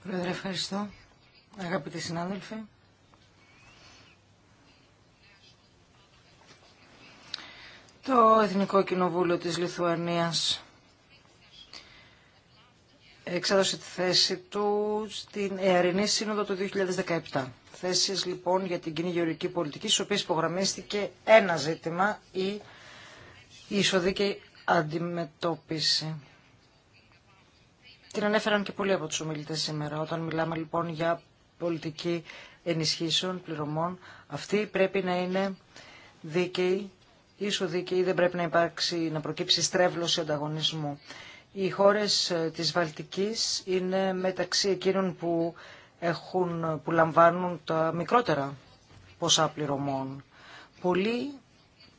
Πρόεδρε, ευχαριστώ. Αγαπητοί συνάδελφοι. Το Εθνικό Κοινοβούλιο της Λιθουανίας εξέδωσε τη θέση του στην Εαρινή Σύνοδο του 2017. Θέσεις λοιπόν για την κοινή γεωργική πολιτική, στις οποίες υπογραμμίστηκε ένα ζήτημα, η ισοδίκαιη αντιμετώπιση. Την ανέφεραν και πολλοί από τους ομιλητές σήμερα. Όταν μιλάμε λοιπόν για πολιτική ενισχύσεων, πληρωμών, αυτή πρέπει να είναι δίκαιη, ισοδίκαιη, δεν πρέπει να υπάρξει, να προκύψει στρέβλωση ανταγωνισμού. Οι χώρες ε, της Βαλτικής είναι μεταξύ εκείνων που, έχουν, που λαμβάνουν τα μικρότερα ποσά πληρωμών. Πολλοί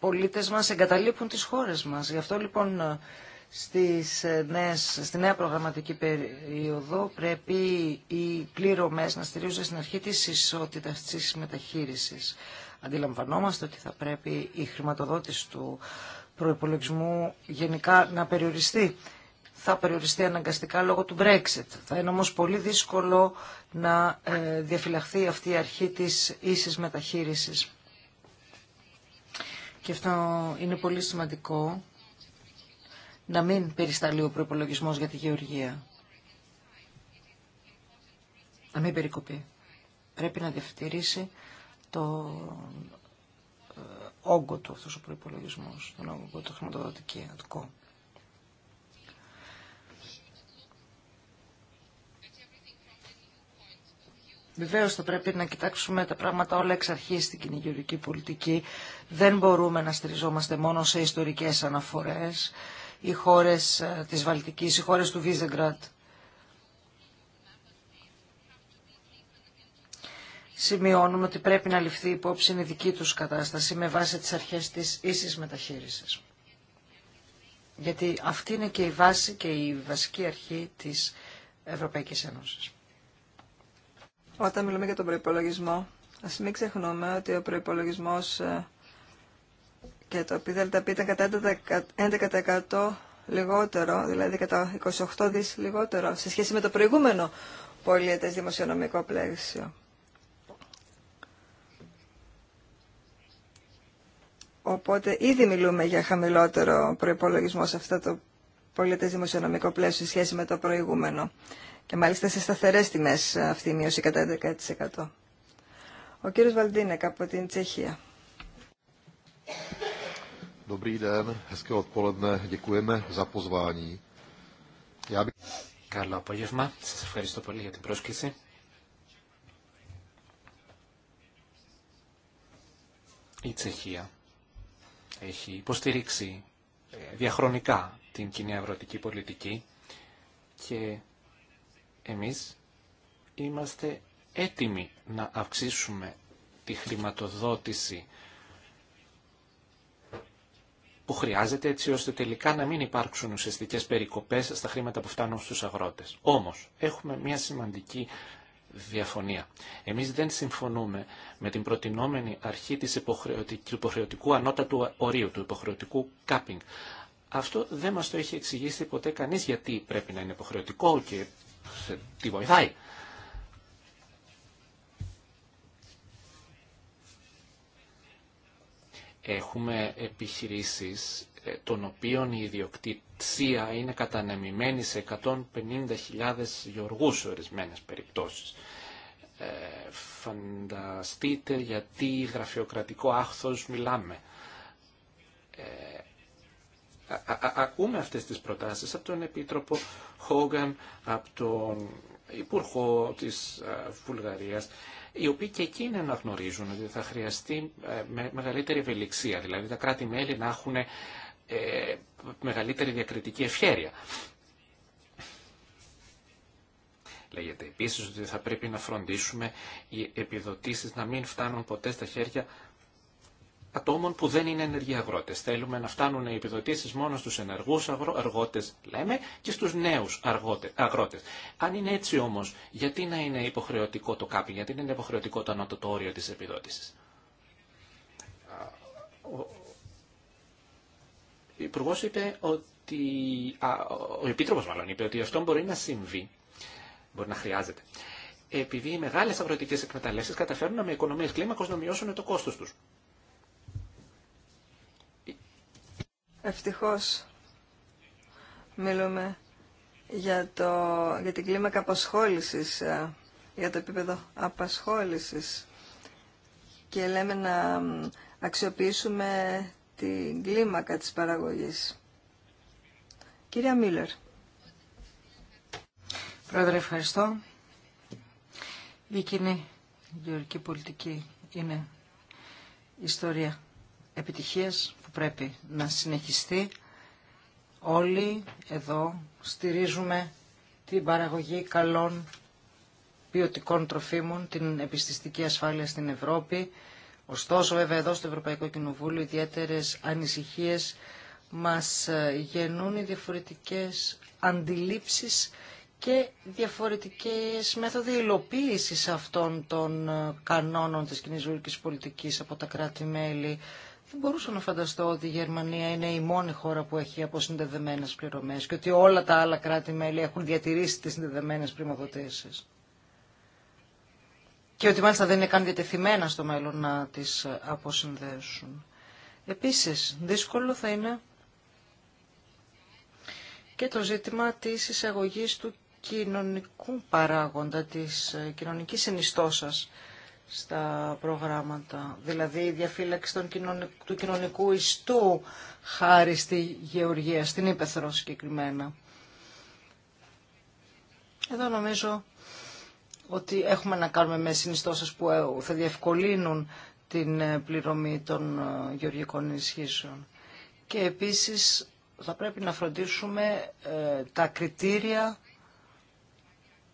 πολίτες μας εγκαταλείπουν τις χώρες μας. Γι' αυτό λοιπόν στις ε, στη νέα προγραμματική περίοδο πρέπει οι πλήρωμες να στηρίζονται στην αρχή της ισότητας της μεταχείρισης. Αντιλαμβανόμαστε ότι θα πρέπει η χρηματοδότηση του προϋπολογισμού γενικά να περιοριστεί. Θα περιοριστεί αναγκαστικά λόγω του Brexit. Θα είναι όμως πολύ δύσκολο να ε, διαφυλαχθεί αυτή η αρχή της ίσης μεταχείρισης και αυτό είναι πολύ σημαντικό, να μην περισταλεί ο προπολογισμό για τη γεωργία. Να μην περικοπεί. Πρέπει να διαφυτηρήσει τον ε, όγκο του αυτός ο προϋπολογισμός, τον όγκο του χρηματοδοτικό. Βεβαίω θα πρέπει να κοιτάξουμε τα πράγματα όλα εξ αρχή στην κυνηγιορική πολιτική. Δεν μπορούμε να στηριζόμαστε μόνο σε ιστορικές αναφορές. Οι χώρες ε, της Βαλτικής, οι χώρες του Βίζεγκρατ. Σημειώνουμε ότι πρέπει να ληφθεί υπόψη η δική τους κατάσταση με βάση τις αρχές της ίσης μεταχείρισης. Γιατί αυτή είναι και η βάση και η βασική αρχή της Ευρωπαϊκής Ένωσης. Όταν μιλούμε για τον προπολογισμό, ας μην ξεχνούμε ότι ο προπολογισμό ε, και το ΠΔΠ ήταν κατά 11% λιγότερο, δηλαδή κατά 28 δις λιγότερο, σε σχέση με το προηγούμενο πολιετές δημοσιονομικό πλαίσιο. Οπότε ήδη μιλούμε για χαμηλότερο προπολογισμό σε αυτό το Πολιτες δημοσιονομικό πλαίσιο σε σχέση με το προηγούμενο. Και μάλιστα σε σταθερές τιμέ αυτή η μείωση κατά 10%. Ο κύριος Βαλντίνεκ από την Τσεχία. Καλό απόγευμα. Σας ευχαριστώ πολύ για την πρόσκληση. Η Τσεχία έχει υποστηρίξει ε, διαχρονικά την κοινή αγροτική πολιτική και εμείς είμαστε έτοιμοι να αυξήσουμε τη χρηματοδότηση που χρειάζεται έτσι ώστε τελικά να μην υπάρξουν ουσιαστικές περικοπές στα χρήματα που φτάνουν στους αγρότες. Όμως, έχουμε μια σημαντική διαφωνία. Εμείς δεν συμφωνούμε με την προτινόμενη αρχή της του υποχρεωτικού ανώτατου ορίου, του υποχρεωτικού κάπινγκ. Αυτό δεν μας το έχει εξηγήσει ποτέ κανείς γιατί πρέπει να είναι υποχρεωτικό και τι βοηθάει. Έχουμε επιχειρήσεις ε, των οποίων η ιδιοκτησία είναι κατανεμημένη σε 150.000 γεωργούς ορισμένες περιπτώσεις. Ε, φανταστείτε γιατί γραφειοκρατικό άχθος μιλάμε. Ε, ακούμε αυτές τις προτάσεις από τον Επίτροπο Χόγκαν, από τον Υπουργό της Βουλγαρίας, οι οποίοι και εκείνοι αναγνωρίζουν ότι θα χρειαστεί ε, μεγαλύτερη ευελιξία, δηλαδή τα κράτη-μέλη να έχουν ε, μεγαλύτερη διακριτική ευχέρεια. Λέγεται επίσης ότι θα πρέπει να φροντίσουμε οι επιδοτήσεις να μην φτάνουν ποτέ στα χέρια ατόμων που δεν είναι ενεργοί αγρότε. Θέλουμε να φτάνουν οι επιδοτήσει μόνο στου ενεργού αγρότες, λέμε, και στου νέου αγρότε. Αν είναι έτσι όμω, γιατί να είναι υποχρεωτικό το κάπινγκ, γιατί να είναι υποχρεωτικό το ανώτατο όριο τη επιδότηση. Ο Υπουργό είπε ότι, ο επίτροπο μάλλον είπε ότι αυτό μπορεί να συμβεί, μπορεί να χρειάζεται, επειδή οι μεγάλε αγροτικέ εκμεταλλεύσει καταφέρνουν με οικονομίε κλίμακο να μειώσουν το κόστο του. Ευτυχώς μιλούμε για, το, για την κλίμακα απασχόλησης, ε, για το επίπεδο απασχόλησης και λέμε να αξιοποιήσουμε την κλίμακα της παραγωγής. Κυρία Μίλλερ. Πρόεδρε, ευχαριστώ. Η κοινή γεωργική πολιτική είναι ιστορία επιτυχίας, πρέπει να συνεχιστεί. Όλοι εδώ στηρίζουμε την παραγωγή καλών ποιοτικών τροφίμων, την επιστηστική ασφάλεια στην Ευρώπη. Ωστόσο, βέβαια, εδώ στο Ευρωπαϊκό Κοινοβούλιο ιδιαίτερες ανησυχίες μας ε, γεννούν οι διαφορετικές αντιλήψεις και διαφορετικές μέθοδοι υλοποίησης αυτών των ε, κανόνων της κοινής πολιτικής από τα κράτη-μέλη δεν μπορούσα να φανταστώ ότι η Γερμανία είναι η μόνη χώρα που έχει αποσυνδεδεμένες πληρωμές και ότι όλα τα άλλα κράτη-μέλη έχουν διατηρήσει τις συνδεδεμένες πρημοδοτήσεις. Και ότι μάλιστα δεν είναι καν διατεθειμένα στο μέλλον να τις αποσυνδέσουν. Επίσης, δύσκολο θα είναι και το ζήτημα της εισαγωγής του κοινωνικού παράγοντα, της ε, κοινωνικής ενιστώσας στα προγράμματα. Δηλαδή η διαφύλαξη του κοινωνικού ιστού χάρη στη γεωργία, στην Ήπεθρο συγκεκριμένα. Εδώ νομίζω ότι έχουμε να κάνουμε με συνιστώσεις που ε, θα διευκολύνουν την ε, πληρωμή των ε, γεωργικών ενισχύσεων. Και επίσης θα πρέπει να φροντίσουμε τα κριτήρια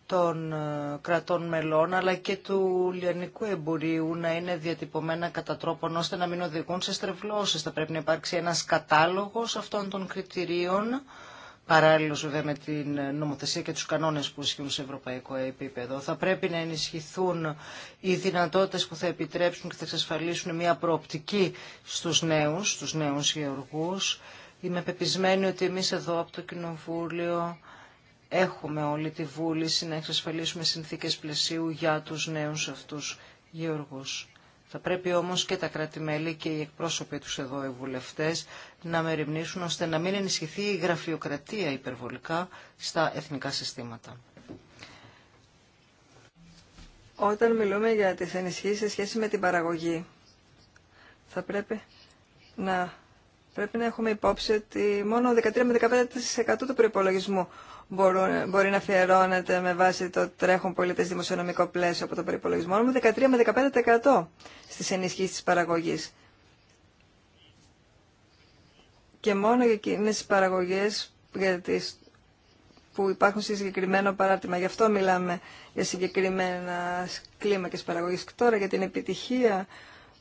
των ε, κρατών μελών αλλά και του λιανικού εμπορίου να είναι διατυπωμένα κατά τρόπον ώστε να μην οδηγούν σε στρεβλώσεις. Θα πρέπει να υπάρξει ένας κατάλογος αυτών των κριτηρίων παράλληλος βέβαια με την νομοθεσία και τους κανόνες που ισχύουν σε ευρωπαϊκό επίπεδο. Θα πρέπει να ενισχυθούν οι δυνατότητες που θα επιτρέψουν και θα εξασφαλίσουν μια προοπτική στους νέους, στους νέους γεωργούς. Είμαι πεπισμένη ότι εμείς εδώ από το Κοινοβούλιο έχουμε όλη τη βούληση να εξασφαλίσουμε συνθήκες πλαισίου για τους νέους αυτούς γεωργούς. Θα πρέπει όμως και τα κρατη και οι εκπρόσωποι τους εδώ, οι να μεριμνήσουν ώστε να μην ενισχυθεί η γραφειοκρατία υπερβολικά στα εθνικά συστήματα. Όταν μιλούμε για τις ενισχύσεις σε σχέση με την παραγωγή, θα πρέπει να Πρέπει να έχουμε υπόψη ότι μόνο 13 με 15% του προπολογισμού μπορεί να αφιερώνεται με βάση το τρέχον πολίτες δημοσιονομικό πλαίσιο από τον προπολογισμό, μόνο 13 με 15% στις ενισχύσεις της παραγωγής. Και μόνο για εκείνες τις παραγωγές για τις που υπάρχουν σε συγκεκριμένο παράρτημα. Γι' αυτό μιλάμε για συγκεκριμένα κλίμακες παραγωγής. Τώρα για την επιτυχία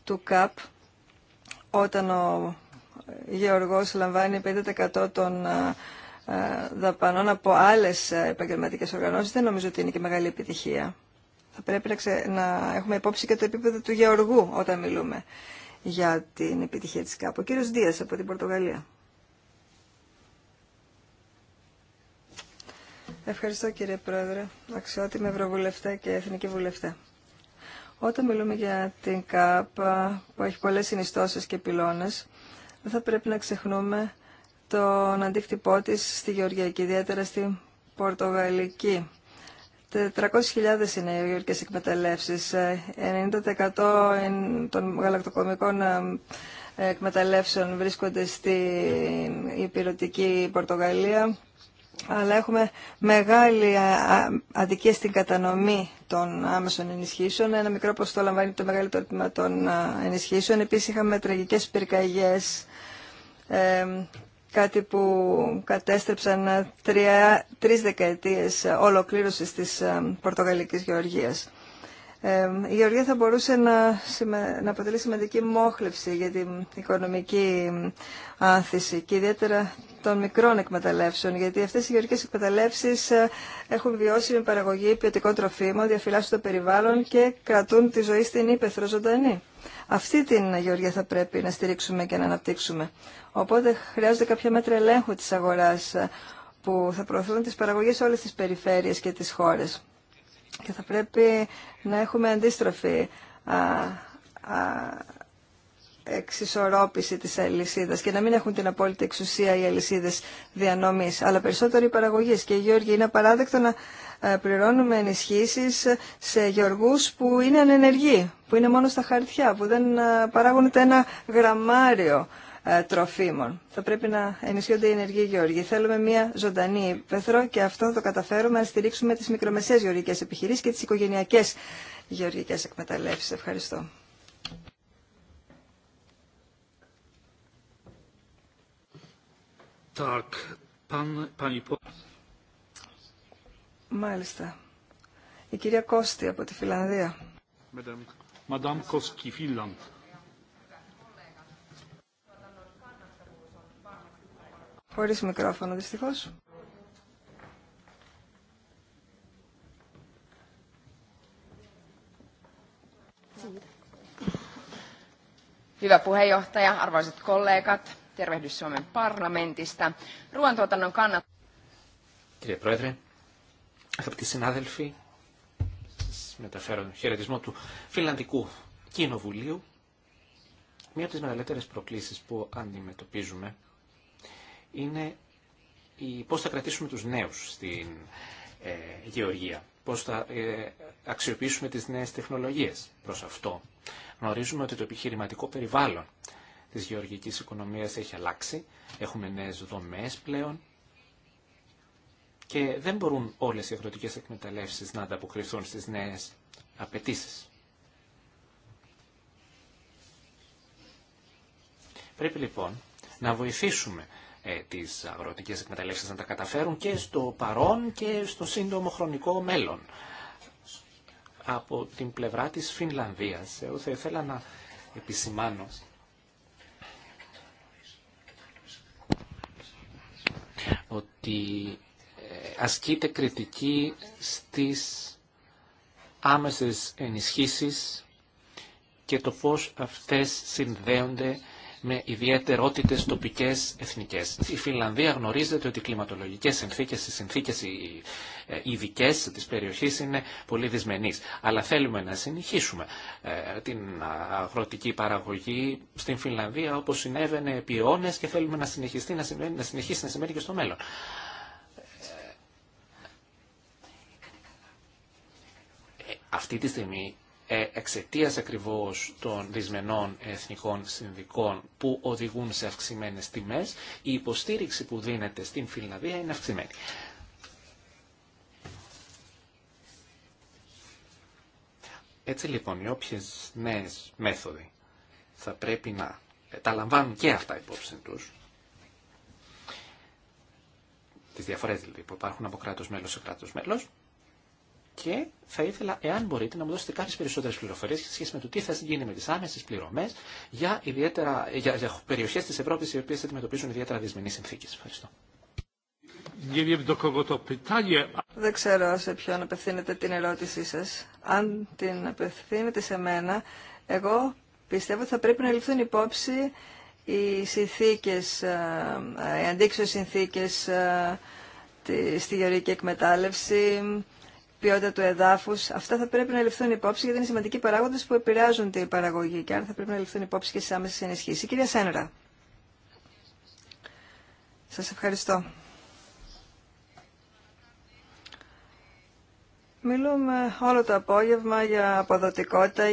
του ΚΑΠ, όταν ο γεωργός λαμβάνει 50% των ε, ε, δαπανών από άλλες ε, επαγγελματικές οργανώσεις, δεν νομίζω ότι είναι και μεγάλη επιτυχία. Θα πρέπει να, να έχουμε υπόψη και το επίπεδο του γεωργού όταν μιλούμε για την επιτυχία της ΚΑΠ. Ο κύριος Δίας από την Πορτογαλία. Ευχαριστώ κύριε Πρόεδρε, αξιότιμη Ευρωβουλευτέ και Εθνική Βουλευτέ. Όταν μιλούμε για την ΚΑΠ που έχει πολλές συνιστώσεις και πυλώνες, δεν θα πρέπει να ξεχνούμε τον αντίκτυπό τη στη Γεωργιακή, ιδιαίτερα στην Πορτογαλική. 400.000 είναι οι γεωργικές εκμεταλλεύσεις. 90% ε, των γαλακτοκομικών ε, εκμεταλλεύσεων βρίσκονται στην υπηρετική Πορτογαλία, αλλά έχουμε μεγάλη αδικία στην κατανομή των άμεσων ενισχύσεων. Ένα μικρό ποσοστό λαμβάνει το μεγαλύτερο τμήμα των ενισχύσεων. Επίσης είχαμε τραγικές πυρκαγιές κάτι που κατέστρεψαν τρία, τρεις δεκαετίες ολοκλήρωσης της Πορτογαλικής Γεωργίας. η Γεωργία θα μπορούσε να, να αποτελεί σημαντική μόχλευση για την οικονομική άνθηση και ιδιαίτερα των μικρών εκμεταλλεύσεων, γιατί αυτές οι γεωργικές εκμεταλλεύσεις ε, έχουν βιώσει με παραγωγή ποιοτικών τροφίμων, διαφυλάσσουν το περιβάλλον και κρατούν τη ζωή στην ύπεθρο ζωντανή. Αυτή την γεωργία θα πρέπει να στηρίξουμε και να αναπτύξουμε. Οπότε χρειάζονται κάποια μέτρα ελέγχου της αγοράς ε, που θα προωθούν τις παραγωγές σε όλες τις περιφέρειες και τις χώρες. Και θα πρέπει να έχουμε αντίστροφη εξισορρόπηση της αλυσίδα και να μην έχουν την απόλυτη εξουσία οι αλυσίδε διανομής, αλλά περισσότερο οι παραγωγές Και Γιώργη, είναι απαράδεκτο να ε, πληρώνουμε ενισχύσει σε γεωργούς που είναι ανενεργοί, που είναι μόνο στα χαρτιά, που δεν ε, παράγουν ένα γραμμάριο ε, τροφίμων. Θα πρέπει να ενισχύονται οι ενεργοί γεωργοί. Θέλουμε μια ζωντανή πεθρό και αυτό θα το καταφέρουμε να στηρίξουμε τις μικρομεσαίες γεωργικές επιχειρήσεις και τις οικογενειακές γεωργικέ εκμεταλλεύσεις. Ευχαριστώ. Tak, pan, Hyvä puheenjohtaja, arvoisat kollegat. Tervehdys Suomen parlamentista. Ruoantuotannon kannat... Κύριε Πρόεδρε, αγαπητοί συνάδελφοι, σας μεταφέρω τον χαιρετισμό του Φιλανδικού Κοινοβουλίου. Μία από τις μεγαλύτερες προκλήσεις που αντιμετωπίζουμε είναι η, πώς θα κρατήσουμε τους νέους στην ε, γεωργία, πώς θα ε, αξιοποιήσουμε τις νέες τεχνολογίες προς αυτό. Γνωρίζουμε ότι το επιχειρηματικό περιβάλλον της γεωργικής οικονομίας έχει αλλάξει. Έχουμε νέες δομές πλέον και δεν μπορούν όλες οι αγροτικές εκμεταλλεύσεις να ανταποκριθούν στις νέες απαιτήσεις. Πρέπει λοιπόν να βοηθήσουμε ε, τις αγροτικές εκμεταλλεύσεις να τα καταφέρουν και στο παρόν και στο σύντομο χρονικό μέλλον. Από την πλευρά της Φινλανδίας, εγώ θα ήθελα να επισημάνω ότι ε, ασκείται κριτική στις άμεσες ενισχύσεις και το πώς αυτές συνδέονται με ιδιαιτερότητες τοπικές εθνικές. Η Φιλανδία γνωρίζεται ότι οι κλιματολογικές συνθήκες, οι συνθήκες ε, ειδικέ της περιοχής είναι πολύ δυσμενείς. Αλλά θέλουμε να συνεχίσουμε ε, την αγροτική παραγωγή στην Φιλανδία όπως συνέβαινε επί αιώνες και θέλουμε να, συνεχιστεί, να, να συνεχίσει να συμβαίνει και στο μέλλον. Ε, αυτή τη στιγμή ε, εξαιτία ακριβώς των δυσμενών εθνικών συνδικών που οδηγούν σε αυξημένες τιμέ. η υποστήριξη που δίνεται στην Φιλανδία είναι αυξημένη. Έτσι λοιπόν, οι όποιε νέε μέθοδοι θα πρέπει να ε, τα λαμβάνουν και αυτά υπόψη του. Τι διαφορέ δηλαδή που υπάρχουν από κράτο μέλος σε κράτο μέλος, και θα ήθελα, εάν μπορείτε, να μου δώσετε κάποιε περισσότερε πληροφορίε σε σχέση με το τι θα γίνει με τι άμεσε πληρωμέ για, για, για περιοχέ τη Ευρώπη οι οποίε αντιμετωπίζουν ιδιαίτερα δυσμενεί συνθήκε. Ευχαριστώ. Δεν ξέρω σε ποιον απευθύνεται την ερώτησή σα. Αν την απευθύνεται σε μένα, εγώ πιστεύω ότι θα πρέπει να ληφθούν υπόψη οι συνθήκε ε, ε, οι αντίξωε συνθήκες ε, στη γεωρική εκμετάλλευση, ποιότητα του εδάφου, αυτά θα πρέπει να ληφθούν υπόψη γιατί είναι σημαντικοί παράγοντε που επηρεάζουν την παραγωγή και άρα θα πρέπει να ληφθούν υπόψη και στι άμεσε ενισχύσει. Κυρία Σένρα. Σα ευχαριστώ. Μιλούμε όλο το απόγευμα για αποδοτικότητα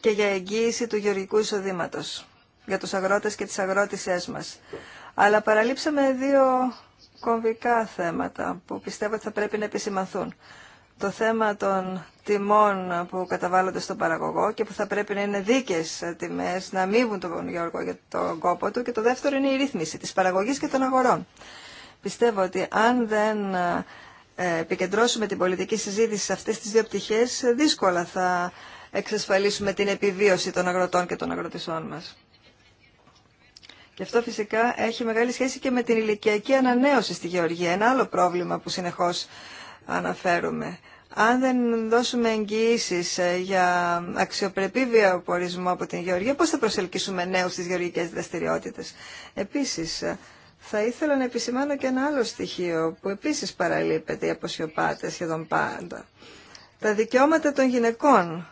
και για εγγύηση του γεωργικού εισοδήματο για του αγρότε και τις αγρότησέ μα. Αλλά παραλείψαμε δύο κομβικά θέματα που πιστεύω ότι θα πρέπει να επισημαθούν το θέμα των τιμών που καταβάλλονται στον παραγωγό και που θα πρέπει να είναι δίκαιες τιμές, να αμείβουν τον Γιώργο για τον κόπο του και το δεύτερο είναι η ρύθμιση της παραγωγής και των αγορών. Πιστεύω ότι αν δεν ε, επικεντρώσουμε την πολιτική συζήτηση σε αυτές τις δύο πτυχές, δύσκολα θα εξασφαλίσουμε την επιβίωση των αγροτών και των αγροτησών μας. Και αυτό φυσικά έχει μεγάλη σχέση και με την ηλικιακή ανανέωση στη Γεωργία. Ένα άλλο πρόβλημα που συνεχώς αναφέρουμε. Αν δεν δώσουμε εγγυήσει ε, για αξιοπρεπή βιοπορισμό από την Γεωργία, πώς θα προσελκύσουμε νέους στις γεωργικές δραστηριότητε. Επίσης, ε, θα ήθελα να επισημάνω και ένα άλλο στοιχείο που επίσης παραλείπεται ή αποσιωπάται σχεδόν πάντα. Τα δικαιώματα των γυναικών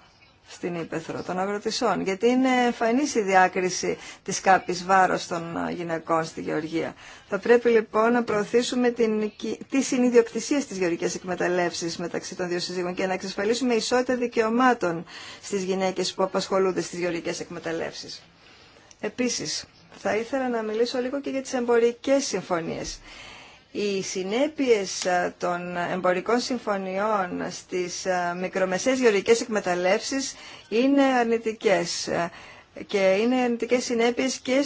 στην Ήπεθρο, των αγροτησών, γιατί είναι φανή η διάκριση της κάπη βάρος των ε, γυναικών στη Γεωργία. Θα πρέπει λοιπόν να προωθήσουμε την, τη συνειδιοκτησία στις γεωργικέ εκμεταλλεύσεις μεταξύ των δύο συζύγων και να εξασφαλίσουμε ισότητα δικαιωμάτων στις γυναίκες που απασχολούνται στι γεωργικέ εκμεταλλεύσεις. Επίση, θα ήθελα να μιλήσω λίγο και για τι εμπορικέ συμφωνίε οι συνέπειες ε, των εμπορικών συμφωνιών στις ε, μικρομεσαίες γεωργικές εκμεταλλεύσεις είναι αρνητικές ε, και είναι αρνητικές συνέπειες και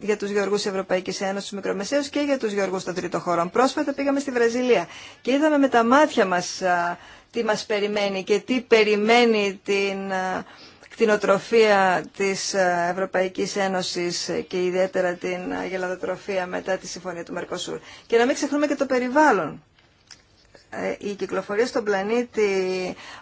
για τους γεωργούς Ευρωπαϊκής Ένωσης, του μικρομεσαίους και για τους γεωργούς των τρίτων χωρών. Πρόσφατα πήγαμε στη Βραζιλία και είδαμε με τα μάτια μας τι μας περιμένει και τι περιμένει την κτηνοτροφία της ε, Ευρωπαϊκής Ένωσης και ιδιαίτερα την ε, γελαδοτροφία μετά τη Συμφωνία του Μερκοσούρ. Και να μην ξεχνούμε και το περιβάλλον. Ε, η κυκλοφορία στον πλανήτη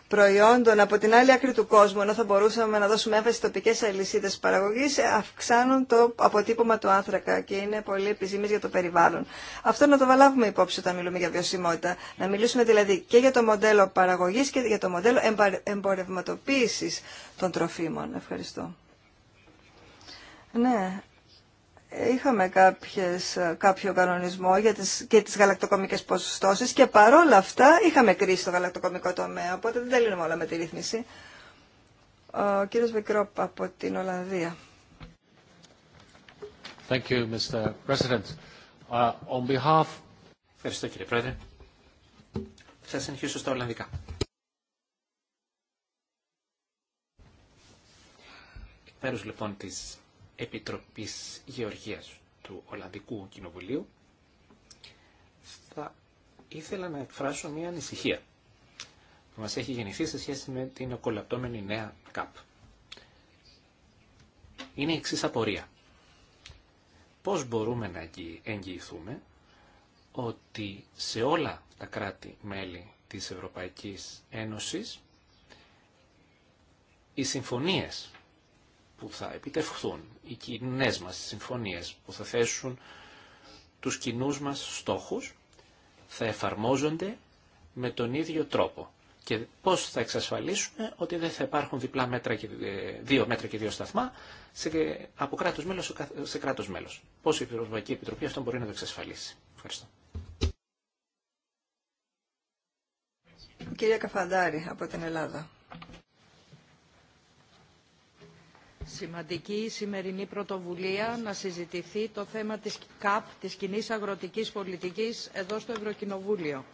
προϊόντων από την άλλη άκρη του κόσμου, ενώ θα μπορούσαμε να δώσουμε έμφαση στι τοπικέ αλυσίδε παραγωγής, ε, αυξάνουν το αποτύπωμα του άνθρακα και είναι πολύ επιζήμιες για το περιβάλλον. Αυτό να το βαλάβουμε υπόψη όταν μιλούμε για βιωσιμότητα. Να μιλήσουμε δηλαδή και για το μοντέλο παραγωγή και για το μοντέλο εμπορευματοποίηση των τροφίμων. Ευχαριστώ. Ναι, είχαμε κάποιες, κάποιο κανονισμό για τις, και τις γαλακτοκομικές ποσοστώσεις και παρόλα αυτά είχαμε κρίση στο γαλακτοκομικό τομέα, οπότε δεν τα λύνουμε όλα με τη ρύθμιση. Ο κύριος Βικρόπ από την Ολλανδία. Thank you, Mr. President. Uh, on behalf... Ευχαριστώ κύριε Πρόεδρε. Θα συνεχίσω στα Ολλανδικά. Μέρος λοιπόν της Επιτροπής Γεωργίας του Ολλανδικού Κοινοβουλίου, θα ήθελα να εκφράσω μια ανησυχία που μας έχει γεννηθεί σε σχέση με την οκολαπτόμενη νέα ΚΑΠ. Είναι η εξής απορία. Πώς μπορούμε να εγγυηθούμε ότι σε όλα τα κράτη-μέλη της Ευρωπαϊκής Ένωσης οι συμφωνίες που θα επιτευχθούν, οι κοινέ μας συμφωνίες που θα θέσουν τους κοινού μας στόχους, θα εφαρμόζονται με τον ίδιο τρόπο. Και πώς θα εξασφαλίσουμε ότι δεν θα υπάρχουν διπλά μέτρα και, ε, δύο μέτρα και δύο σταθμά σε, από κράτος μέλος σε κράτος μέλος. Πώς η Ευρωπαϊκή Επιτροπή αυτό μπορεί να το εξασφαλίσει. Ευχαριστώ. Κυρία Καφαντάρη από την Ελλάδα σημαντική η σημερινή πρωτοβουλία να συζητηθεί το θέμα της ΚΑΠ, της κοινή αγροτικής πολιτικής, εδώ στο Ευρωκοινοβούλιο.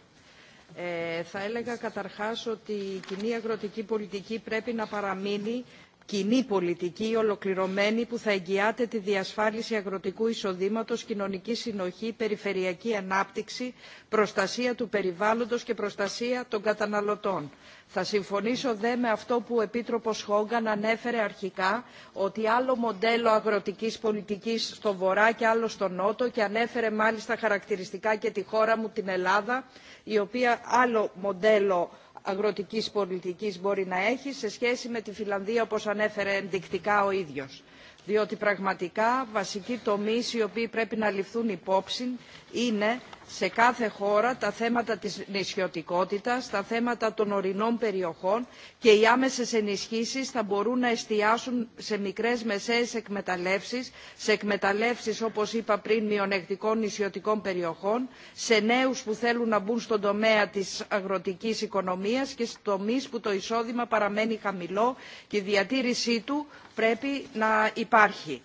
Ε, θα έλεγα καταρχάς ότι η κοινή αγροτική πολιτική πρέπει να παραμείνει κοινή πολιτική ολοκληρωμένη που θα εγγυάται τη διασφάλιση αγροτικού εισοδήματος κοινωνική συνοχή περιφερειακή ανάπτυξη προστασία του περιβάλλοντος και προστασία των καταναλωτών. θα συμφωνήσω δε με αυτό που ο επίτροπος χόγκαν ανέφερε αρχικά ότι άλλο μοντέλο αγροτικής πολιτικής στο βορρά και άλλο στο νότο και ανέφερε μάλιστα χαρακτηριστικά και τη χώρα μου την ελλάδα η οποία άλλο μοντέλο αγροτικής πολιτικής μπορεί να έχει σε σχέση με τη Φιλανδία όπως ανέφερε ενδεικτικά ο ίδιος. Διότι πραγματικά βασικοί τομείς οι οποίοι πρέπει να ληφθούν υπόψη είναι σε κάθε χώρα τα θέματα της νησιωτικότητας, τα θέματα των ορεινών περιοχών και οι άμεσες ενισχύσεις θα μπορούν να εστιάσουν σε μικρές μεσαίες εκμεταλλεύσεις, σε εκμεταλλεύσεις όπως είπα πριν μειονεκτικών νησιωτικών περιοχών, σε νέους που θέλουν να μπουν στον τομέα της αγροτικής οικονομίας και σε τομείς που το εισόδημα παραμένει χαμηλό και η διατήρησή του πρέπει να υπάρχει.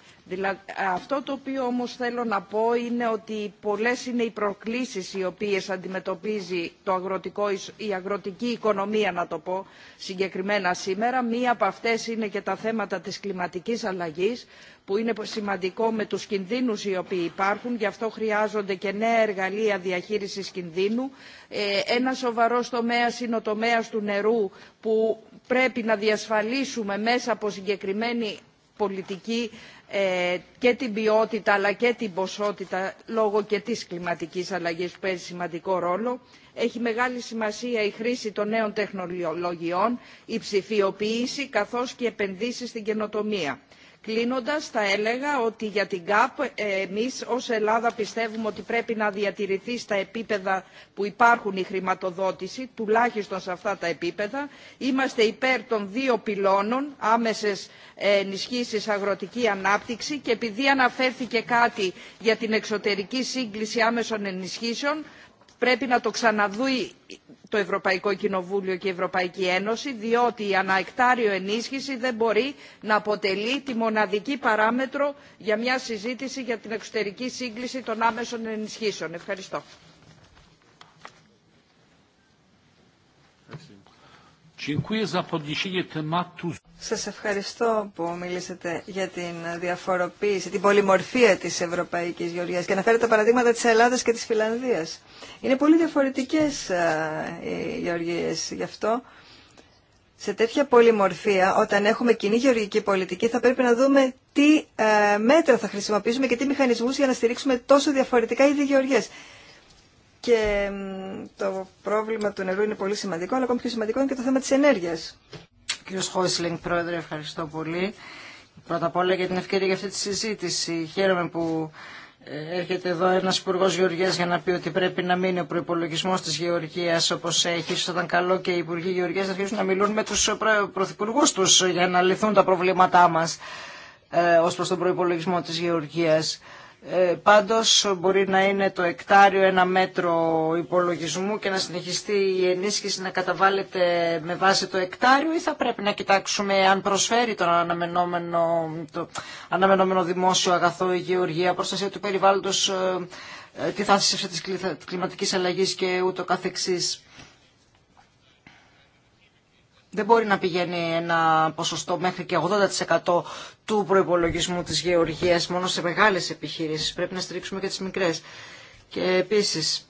Αυτό το οποίο όμως θέλω να πω είναι ότι πολλές είναι οι προκλήσεις οι οποίες αντιμετωπίζει το αγροτικό, η αγροτική οικονομία, να το πω συγκεκριμένα σήμερα. Μία από αυτές είναι και τα θέματα της κλιματικής αλλαγής, που είναι σημαντικό με τους κινδύνους οι οποίοι υπάρχουν. Γι' αυτό χρειάζονται και νέα εργαλεία διαχείρισης κινδύνου. Ε, ένα σοβαρό τομέα είναι ο τομέας του νερού, που πρέπει να διασφαλίσουμε μέσα από συγκεκριμένη πολιτική ε, και την ποιότητα αλλά και την ποσότητα λόγω και της κλιματικής αλλαγής που παίζει σημαντικό ρόλο. Έχει μεγάλη σημασία η χρήση των νέων τεχνολογιών, η ψηφιοποίηση καθώς και επενδύσεις στην καινοτομία. Κλείνοντας, θα έλεγα ότι για την ΚΑΠ εμείς ως Ελλάδα πιστεύουμε ότι πρέπει να διατηρηθεί στα επίπεδα που υπάρχουν η χρηματοδότηση, τουλάχιστον σε αυτά τα επίπεδα. Είμαστε υπέρ των δύο πυλώνων, άμεσες ενισχύσεις αγροτική ανάπτυξη και επειδή αναφέρθηκε κάτι για την εξωτερική σύγκληση άμεσων ενισχύσεων, πρέπει να το ξαναδούει το Ευρωπαϊκό Κοινοβούλιο και η Ευρωπαϊκή Ένωση, διότι η αναεκτάριο ενίσχυση δεν μπορεί να αποτελεί τη μοναδική παράμετρο για μια συζήτηση για την εξωτερική σύγκληση των άμεσων ενισχύσεων. Ευχαριστώ. Σας ευχαριστώ που μιλήσατε για την διαφοροποίηση, την πολυμορφία της ευρωπαϊκής γεωργίας και αναφέρετε τα παραδείγματα της Ελλάδας και της Φιλανδίας. Είναι πολύ διαφορετικές ε, οι γεωργίες γι' αυτό. Σε τέτοια πολυμορφία, όταν έχουμε κοινή γεωργική πολιτική, θα πρέπει να δούμε τι ε, μέτρα θα χρησιμοποιήσουμε και τι μηχανισμούς για να στηρίξουμε τόσο διαφορετικά είδη και το πρόβλημα του νερού είναι πολύ σημαντικό, αλλά ακόμη πιο σημαντικό είναι και το θέμα της ενέργειας. Κύριος Χόισλινγκ, Πρόεδρε, ευχαριστώ πολύ. Πρώτα απ' όλα για την ευκαιρία για αυτή τη συζήτηση. Χαίρομαι που ε, έρχεται εδώ ένας υπουργό Γεωργίας για να πει ότι πρέπει να μείνει ο προπολογισμό της Γεωργίας όπως έχει. Ίσως ήταν καλό και οι υπουργοί Γεωργίας να αρχίσουν να μιλούν με τους πρωθυπουργού τους για να λυθούν τα προβλήματά μας ε, ως προς τον προϋπολογισμό της Γεωργίας. Ε, πάντως μπορεί να είναι το εκτάριο ένα μέτρο υπολογισμού και να συνεχιστεί η ενίσχυση να καταβάλλεται με βάση το εκτάριο ή θα πρέπει να κοιτάξουμε αν προσφέρει τον αναμενόμενο, το αναμενόμενο δημόσιο αγαθό η γεωργία, προστασία του περιβάλλοντος, ε, ε, τη θάση της κλιματικής αλλαγής και ούτω καθεξής. Δεν μπορεί να πηγαίνει ένα ποσοστό μέχρι και 80% του προϋπολογισμού της γεωργίας μόνο σε μεγάλες επιχειρήσεις. Πρέπει να στηρίξουμε και τις μικρές. Και επίσης,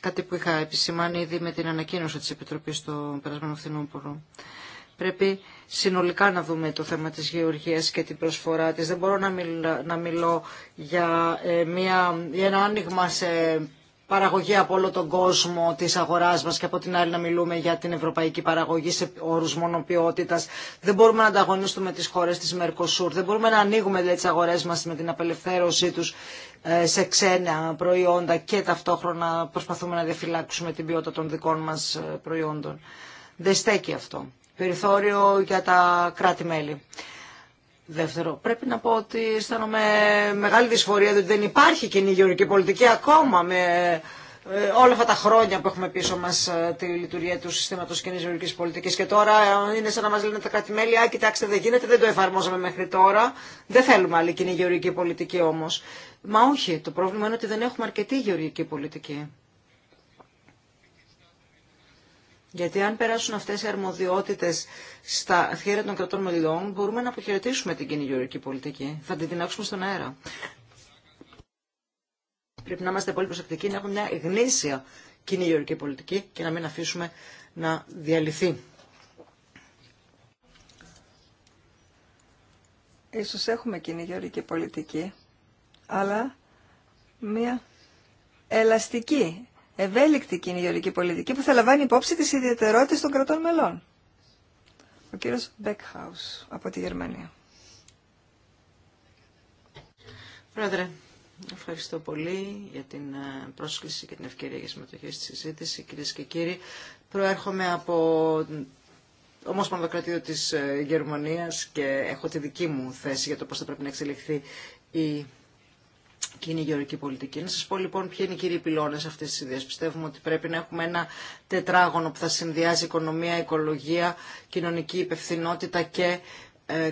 κάτι που είχα επισημάνει ήδη με την ανακοίνωση της Επιτροπής στο περασμένο φθινόπωρο. Πρέπει συνολικά να δούμε το θέμα της γεωργίας και την προσφορά της. Δεν μπορώ να, μιλώ, να μιλώ για, ε, μια, για ένα άνοιγμα σε παραγωγή από όλο τον κόσμο τη αγορά μας και από την άλλη να μιλούμε για την ευρωπαϊκή παραγωγή σε μόνο ποιότητα. Δεν μπορούμε να ανταγωνιστούμε τις χώρες της Μερκοσούρ. Δεν μπορούμε να ανοίγουμε τι δηλαδή, τις αγορές μας με την απελευθέρωσή τους ε, σε ξένα προϊόντα και ταυτόχρονα προσπαθούμε να διαφυλάξουμε την ποιότητα των δικών μα ε, προϊόντων. Δεν στέκει αυτό. Περιθώριο για τα κράτη-μέλη. Δεύτερο, πρέπει να πω ότι αισθάνομαι μεγάλη δυσφορία ότι δεν υπάρχει κοινή γεωργική πολιτική ακόμα με ε, όλα αυτά τα χρόνια που έχουμε πίσω μα ε, τη λειτουργία του συστήματο κοινή γεωργική πολιτική. Και τώρα ε, είναι σαν να μα λένε τα κράτη-μέλη α, κοιτάξτε, δεν γίνεται, δεν το εφαρμόζαμε μέχρι τώρα. Δεν θέλουμε άλλη κοινή γεωργική πολιτική όμω. Μα όχι, το πρόβλημα είναι ότι δεν έχουμε αρκετή γεωργική πολιτική. Γιατί αν περάσουν αυτές οι αρμοδιότητες στα χέρια των κρατών μελών, μπορούμε να αποχαιρετήσουμε την κοινή γεωργική πολιτική. Θα την δινάξουμε στον αέρα. Πρέπει να είμαστε πολύ προσεκτικοί, να έχουμε μια γνήσια κοινή γεωργική πολιτική και να μην αφήσουμε να διαλυθεί. Ίσως έχουμε κοινή γεωργική πολιτική, αλλά μια ελαστική ευέλικτη κοινή πολιτική που θα λαμβάνει υπόψη τις ιδιαιτερότητες των κρατών μελών. Ο κύριος Μπεκχάους από τη Γερμανία. Πρόεδρε, ευχαριστώ πολύ για την ε, πρόσκληση και την ευκαιρία για συμμετοχή στη συζήτηση. Κυρίες και κύριοι, προέρχομαι από Ομόσπονδο Κρατήριο της ε, Γερμανίας και έχω τη δική μου θέση για το πώς θα πρέπει να εξελιχθεί η κοινή πολιτική. Να σα πω λοιπόν ποιοι είναι οι κύριοι πυλώνε αυτή τη ιδέα. Πιστεύουμε ότι πρέπει να έχουμε ένα τετράγωνο που θα συνδυάζει οικονομία, οικολογία, κοινωνική υπευθυνότητα και ε,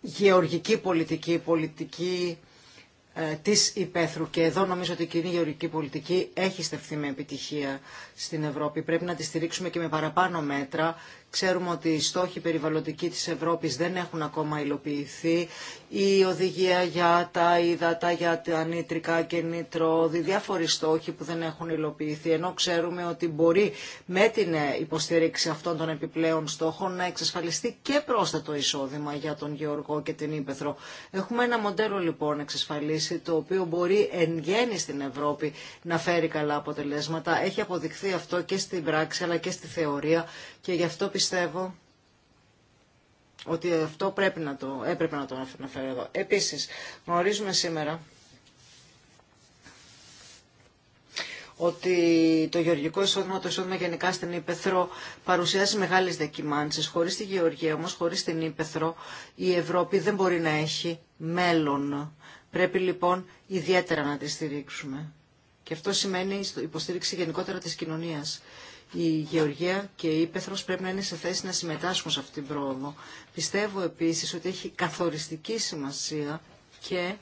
γεωργική πολιτική, πολιτική ε, της υπαίθρου. Και εδώ νομίζω ότι η κοινή γεωργική πολιτική έχει στεφθεί με επιτυχία στην Ευρώπη. Πρέπει να τη στηρίξουμε και με παραπάνω μέτρα Ξέρουμε ότι οι στόχοι περιβαλλοντικοί της Ευρώπης δεν έχουν ακόμα υλοποιηθεί. Η οδηγία για τα ύδατα, για τα νήτρικα και νήτρο, διάφοροι στόχοι που δεν έχουν υλοποιηθεί. Ενώ ξέρουμε ότι μπορεί με την υποστήριξη αυτών των επιπλέον στόχων να εξασφαλιστεί και πρόσθετο εισόδημα για τον Γεωργό και την Ήπεθρο. Έχουμε ένα μοντέλο λοιπόν εξασφαλίσει το οποίο μπορεί εν γέννη στην Ευρώπη να φέρει καλά αποτελέσματα. Έχει αποδειχθεί αυτό και στην πράξη αλλά και στη θεωρία και γι' αυτό πιστεύω ότι αυτό πρέπει να το, έπρεπε να το αναφέρω εδώ. Επίσης, γνωρίζουμε σήμερα ότι το γεωργικό εισόδημα, το εισόδημα γενικά στην Ήπεθρο παρουσιάζει μεγάλες δεκιμάνσεις. Χωρίς τη γεωργία όμως, χωρίς την Ήπεθρο, η Ευρώπη δεν μπορεί να έχει μέλλον. Πρέπει λοιπόν ιδιαίτερα να τη στηρίξουμε. Και αυτό σημαίνει υποστήριξη γενικότερα της κοινωνίας η Γεωργία και η Πέθρος πρέπει να είναι σε θέση να συμμετάσχουν σε αυτή την πρόοδο. Πιστεύω επίσης ότι έχει καθοριστική σημασία και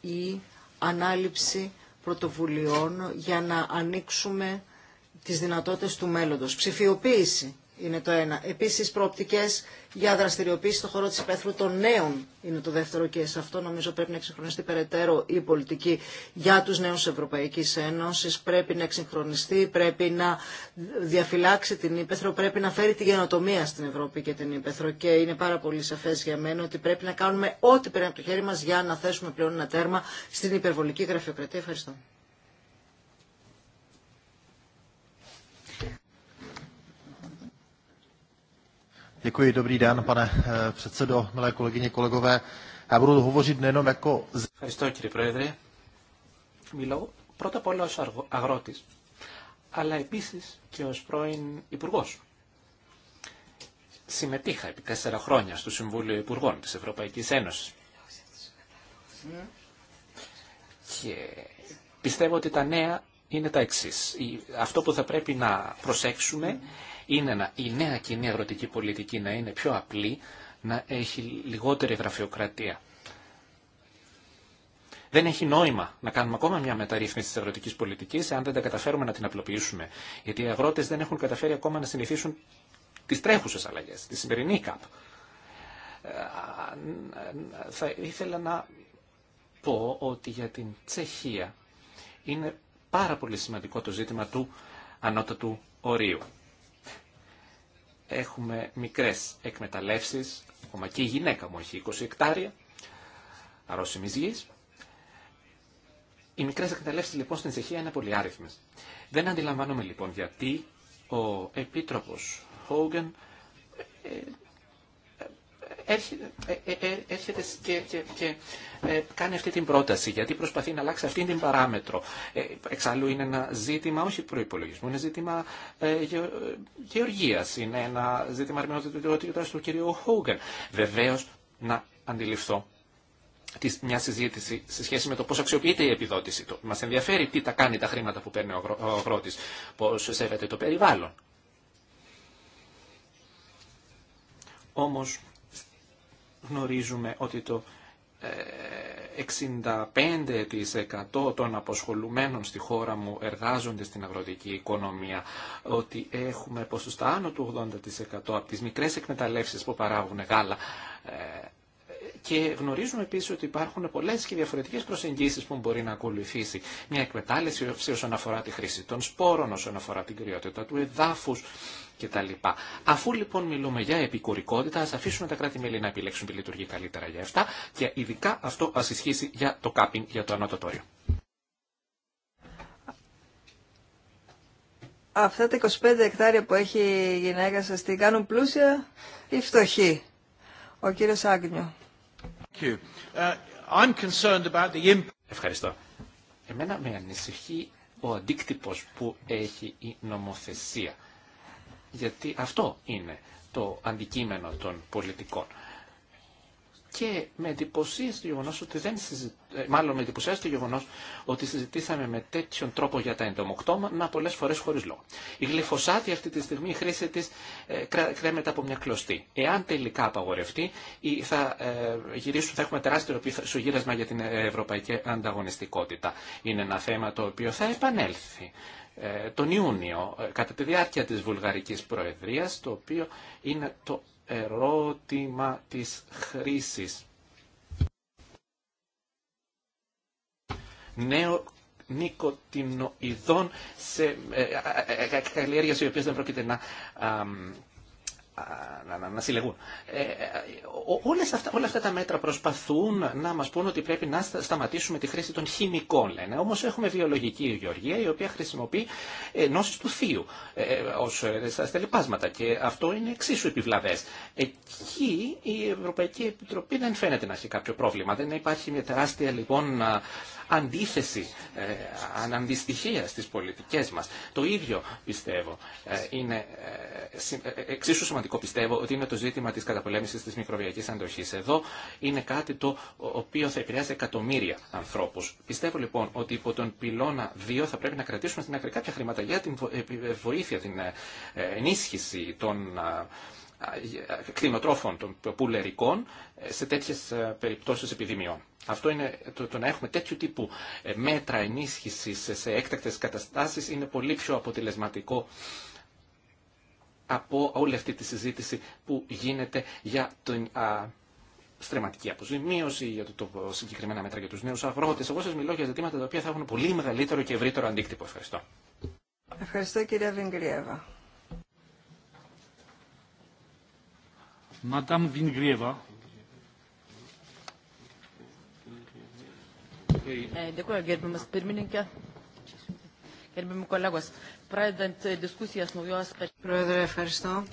η ανάληψη πρωτοβουλειών για να ανοίξουμε τις δυνατότητες του μέλλοντος. Ψηφιοποίηση είναι το ένα. Επίσης προοπτικές για δραστηριοποίηση στον χώρο της υπαίθρου των νέων είναι το δεύτερο και σε αυτό νομίζω πρέπει να εξυγχρονιστεί περαιτέρω η πολιτική για τους νέους Ευρωπαϊκής Ένωσης. Πρέπει να εξυγχρονιστεί, πρέπει να διαφυλάξει την υπαίθρο, πρέπει να φέρει τη γενοτομία στην Ευρώπη και την υπαίθρο και είναι πάρα πολύ σαφές για μένα ότι πρέπει να κάνουμε ό,τι πρέπει από το χέρι μας για να θέσουμε πλέον ένα τέρμα στην υπερβολική γραφειοκρατία. Ευχαριστώ. Ευχαριστώ κύριε Πρόεδρε. Μιλώ πρώτα απ' όλα ως αγρότης, αλλά επίσης και ως πρώην υπουργό. Συμμετείχα επί τέσσερα χρόνια στο Συμβούλιο Υπουργών της Ευρωπαϊκής Ένωσης. Και πιστεύω ότι τα νέα είναι τα εξής. Αυτό που θα πρέπει να προσέξουμε είναι η νέα κοινή αγροτική πολιτική να είναι πιο απλή, να έχει λιγότερη γραφειοκρατία. Δεν έχει νόημα να κάνουμε ακόμα μια μεταρρύθμιση τη αγροτική πολιτική, αν δεν τα καταφέρουμε να την απλοποιήσουμε. Γιατί οι αγρότε δεν έχουν καταφέρει ακόμα να συνηθίσουν τι τρέχουσε αλλαγέ, τη σημερινή ΚΑΠ. Ε, θα ήθελα να πω ότι για την Τσεχία είναι πάρα πολύ σημαντικό το ζήτημα του ανώτατου ορίου έχουμε μικρές εκμεταλλεύσεις, ακόμα και η γυναίκα μου έχει 20 εκτάρια αρρώσιμης γης. Οι μικρές εκμεταλλεύσεις λοιπόν στην Τσεχία είναι πολύ άριθμες. Δεν αντιλαμβάνομαι λοιπόν γιατί ο Επίτροπος Χόγκεν ε, ε, ε, έρχεται και, και, κάνει αυτή την πρόταση, γιατί προσπαθεί να αλλάξει αυτή την παράμετρο. Εξάλλου είναι ένα ζήτημα όχι προπολογισμού, είναι ζήτημα γεωργία, είναι ένα ζήτημα αρμενότητα του κυρίου Χόγκαν. Βεβαίω να αντιληφθώ μια συζήτηση σε σχέση με το πώ αξιοποιείται η επιδότηση του. Μα ενδιαφέρει τι τα κάνει τα χρήματα που παίρνει ο αγρότη, πώ σέβεται το περιβάλλον. Όμως γνωρίζουμε ότι το 65% ε, των αποσχολουμένων στη χώρα μου εργάζονται στην αγροτική οικονομία, ότι έχουμε ποσοστά άνω του 80% από τις μικρές εκμεταλλεύσεις που παράγουν γάλα. Ε, και γνωρίζουμε επίση ότι υπάρχουν πολλέ και διαφορετικέ προσεγγίσεις που μπορεί να ακολουθήσει μια εκμετάλλευση όσον αφορά τη χρήση των σπόρων, όσον αφορά την κυριότητα του εδάφου, κτλ. Αφού λοιπόν μιλούμε για επικουρικότητα, α αφήσουμε τα κράτη-μέλη να επιλέξουν τι λειτουργεί καλύτερα για αυτά και ειδικά αυτό α ισχύσει για το κάπινγκ, για το ανώτατο όριο. Αυτά τα 25 εκτάρια που έχει η γυναίκα σα την κάνουν πλούσια ή φτωχή. Ο κύριος Άγνιο. Uh, Ευχαριστώ. Εμένα με ανησυχεί ο αντίκτυπος που έχει η φτωχη ο κύριο αγνιο ευχαριστω εμενα με ανησυχει ο αντικτυπος που εχει η νομοθεσια γιατί αυτό είναι το αντικείμενο των πολιτικών. Και με εντυπωσίασε το γεγονό ότι δεν ε, μάλλον με εντυπωσίασε το γεγονό ότι συζητήσαμε με τέτοιον τρόπο για τα να πολλέ φορέ χωρί λόγο. Η γλυφωσάτη αυτή τη στιγμή η χρήση της ε, κρέμεται από μια κλωστή. Εάν τελικά απαγορευτεί θα, ε, γυρίσουν, θα έχουμε τεράστιο γύρασμα για την ευρωπαϊκή ανταγωνιστικότητα. Είναι ένα θέμα το οποίο θα επανέλθει τον Ιούνιο, κατά τη διάρκεια της Βουλγαρικής Προεδρίας, το οποίο είναι το ερώτημα της χρήσης. Νέο νοικοτινοειδών σε ε, καλλιέργειες οι οποίες δεν πρόκειται να να, να, συλλεγούν. Ε, ε, όλες αυτά, όλα αυτά τα μέτρα προσπαθούν να μας πούν ότι πρέπει να σταματήσουμε τη χρήση των χημικών, λένε. Όμως έχουμε βιολογική γεωργία η οποία χρησιμοποιεί νόσεις του θείου ε, ε ως στελεπάσματα και αυτό είναι εξίσου επιβλαβές. Εκεί η Ευρωπαϊκή Επιτροπή δεν φαίνεται να έχει κάποιο πρόβλημα. Δεν υπάρχει μια τεράστια λοιπόν αντίθεση, ε, αναντιστοιχεία στις πολιτικές μας. Το ίδιο πιστεύω ε, είναι ε, εξίσου σημαντικό πιστεύω ότι είναι το ζήτημα της καταπολέμησης της μικροβιακής αντοχής. Εδώ είναι κάτι το οποίο θα επηρεάζει εκατομμύρια ανθρώπους. Πιστεύω λοιπόν ότι υπό τον πυλώνα 2 θα πρέπει να κρατήσουμε στην ακρικά πια χρήματα για την βοήθεια, την ενίσχυση των κτηνοτρόφων των πουλερικών σε τέτοιε περιπτώσει επιδημιών. Αυτό είναι, το, να έχουμε τέτοιου τύπου ε, μέτρα ενίσχυσης σε έκτακτε καταστάσει είναι πολύ πιο αποτελεσματικό από όλη αυτή τη συζήτηση που γίνεται για την α, στρεματική αποζημίωση, για το, το, συγκεκριμένα μέτρα για τους νέους αγρότε. Εγώ σα μιλώ για ζητήματα τα οποία θα έχουν πολύ μεγαλύτερο και ευρύτερο αντίκτυπο. Ευχαριστώ. Ευχαριστώ κυρία Βιγκριέβα. Madame Vingrieva. Πρόεδρε, ευχαριστώ.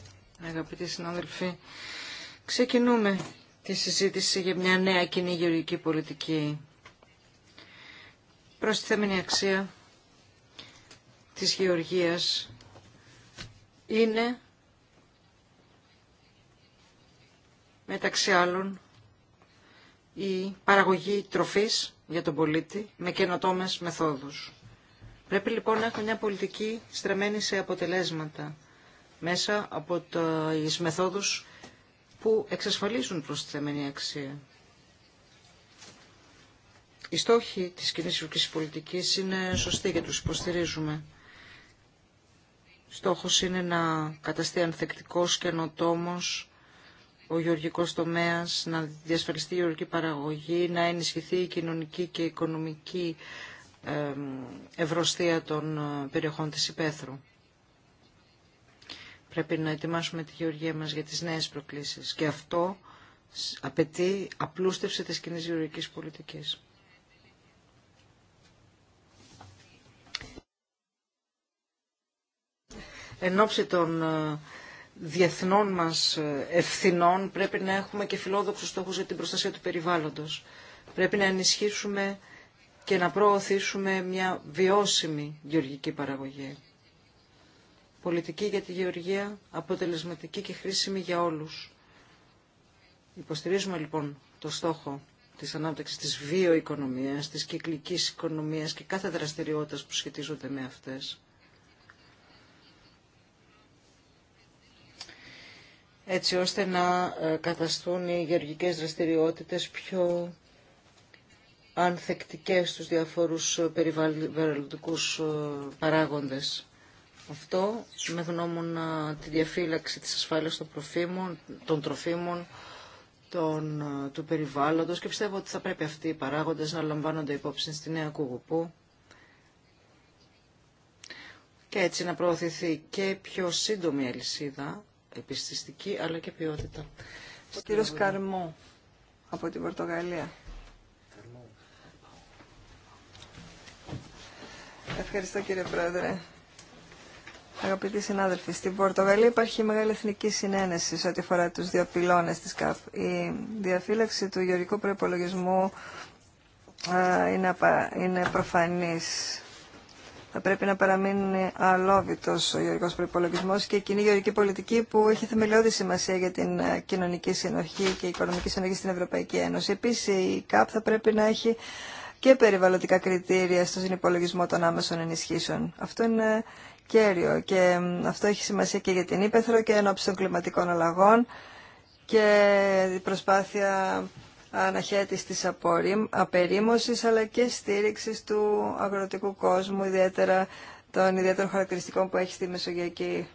Αγαπητοί συνάδελφοι, ξεκινούμε τη συζήτηση για μια νέα κοινή γεωργική πολιτική. θεμενή αξία της γεωργίας είναι μεταξύ άλλων η παραγωγή τροφής για τον πολίτη με καινοτόμες μεθόδους. Πρέπει λοιπόν να έχουμε μια πολιτική στραμμένη σε αποτελέσματα μέσα από τις μεθόδους που εξασφαλίζουν θεμενή αξία. Οι στόχοι της κοινής ευρωπαϊκής πολιτικής είναι σωστοί και τους υποστηρίζουμε. Στόχος είναι να καταστεί ανθεκτικός, καινοτόμος, ο γεωργικός τομέας, να διασφαλιστεί η γεωργική παραγωγή, να ενισχυθεί η κοινωνική και οικονομική ευρωστία των ε, περιοχών της υπαίθρου. Πρέπει να ετοιμάσουμε τη γεωργία μας για τις νέες προκλήσεις και αυτό απαιτεί απλούστευση της κοινή γεωργικής πολιτικής. Εν των ε, διεθνών μας ε, ευθυνών πρέπει να έχουμε και φιλόδοξους στόχους για την προστασία του περιβάλλοντος. Πρέπει να ενισχύσουμε και να προωθήσουμε μια βιώσιμη γεωργική παραγωγή. Πολιτική για τη γεωργία, αποτελεσματική και χρήσιμη για όλους. Υποστηρίζουμε λοιπόν το στόχο της ανάπτυξης της βιοοικονομίας, της κυκλικής οικονομίας και κάθε δραστηριότητας που σχετίζονται με αυτές. έτσι ώστε να ε, καταστούν οι γεωργικές δραστηριότητες πιο ανθεκτικές στους διαφόρους ε, περιβαλλοντικούς ε, παράγοντες. Αυτό με γνώμονα τη διαφύλαξη της ασφάλειας των, προφήμων, των τροφίμων, των, του περιβάλλοντος και πιστεύω ότι θα πρέπει αυτοί οι παράγοντες να λαμβάνονται υπόψη στη Νέα Κουγουπού και έτσι να προωθηθεί και πιο σύντομη αλυσίδα επιστηστική αλλά και ποιότητα. Ο κύριος Καρμό από την Πορτογαλία. Ευχαριστώ κύριε Πρόεδρε. Αγαπητοί συνάδελφοι, στην Πορτογαλία υπάρχει μεγάλη εθνική συνένεση σε ό,τι αφορά τους δύο πυλώνες της ΚΑΠ. Η διαφύλαξη του γεωργικού προπολογισμού είναι, προφανή. είναι προφανής θα πρέπει να παραμείνει αλόβητο ο γεωργικό προπολογισμό και η κοινή γεωργική πολιτική που έχει θεμελιώδη σημασία για την ε, κοινωνική συνοχή και η οικονομική συνοχή στην Ευρωπαϊκή Ένωση. Επίση, η ΚΑΠ θα πρέπει να έχει και περιβαλλοντικά κριτήρια στον συνυπολογισμό των άμεσων ενισχύσεων. Αυτό είναι κέριο και αυτό έχει σημασία και για την Ήπεθρο και ενώπιση των κλιματικών αλλαγών και η προσπάθεια Αναχέτηση της απερίμωσης αλλά και στήριξης του αγροτικού κόσμου, ιδιαίτερα των ιδιαίτερων χαρακτηριστικών που έχει στη Μεσογειακή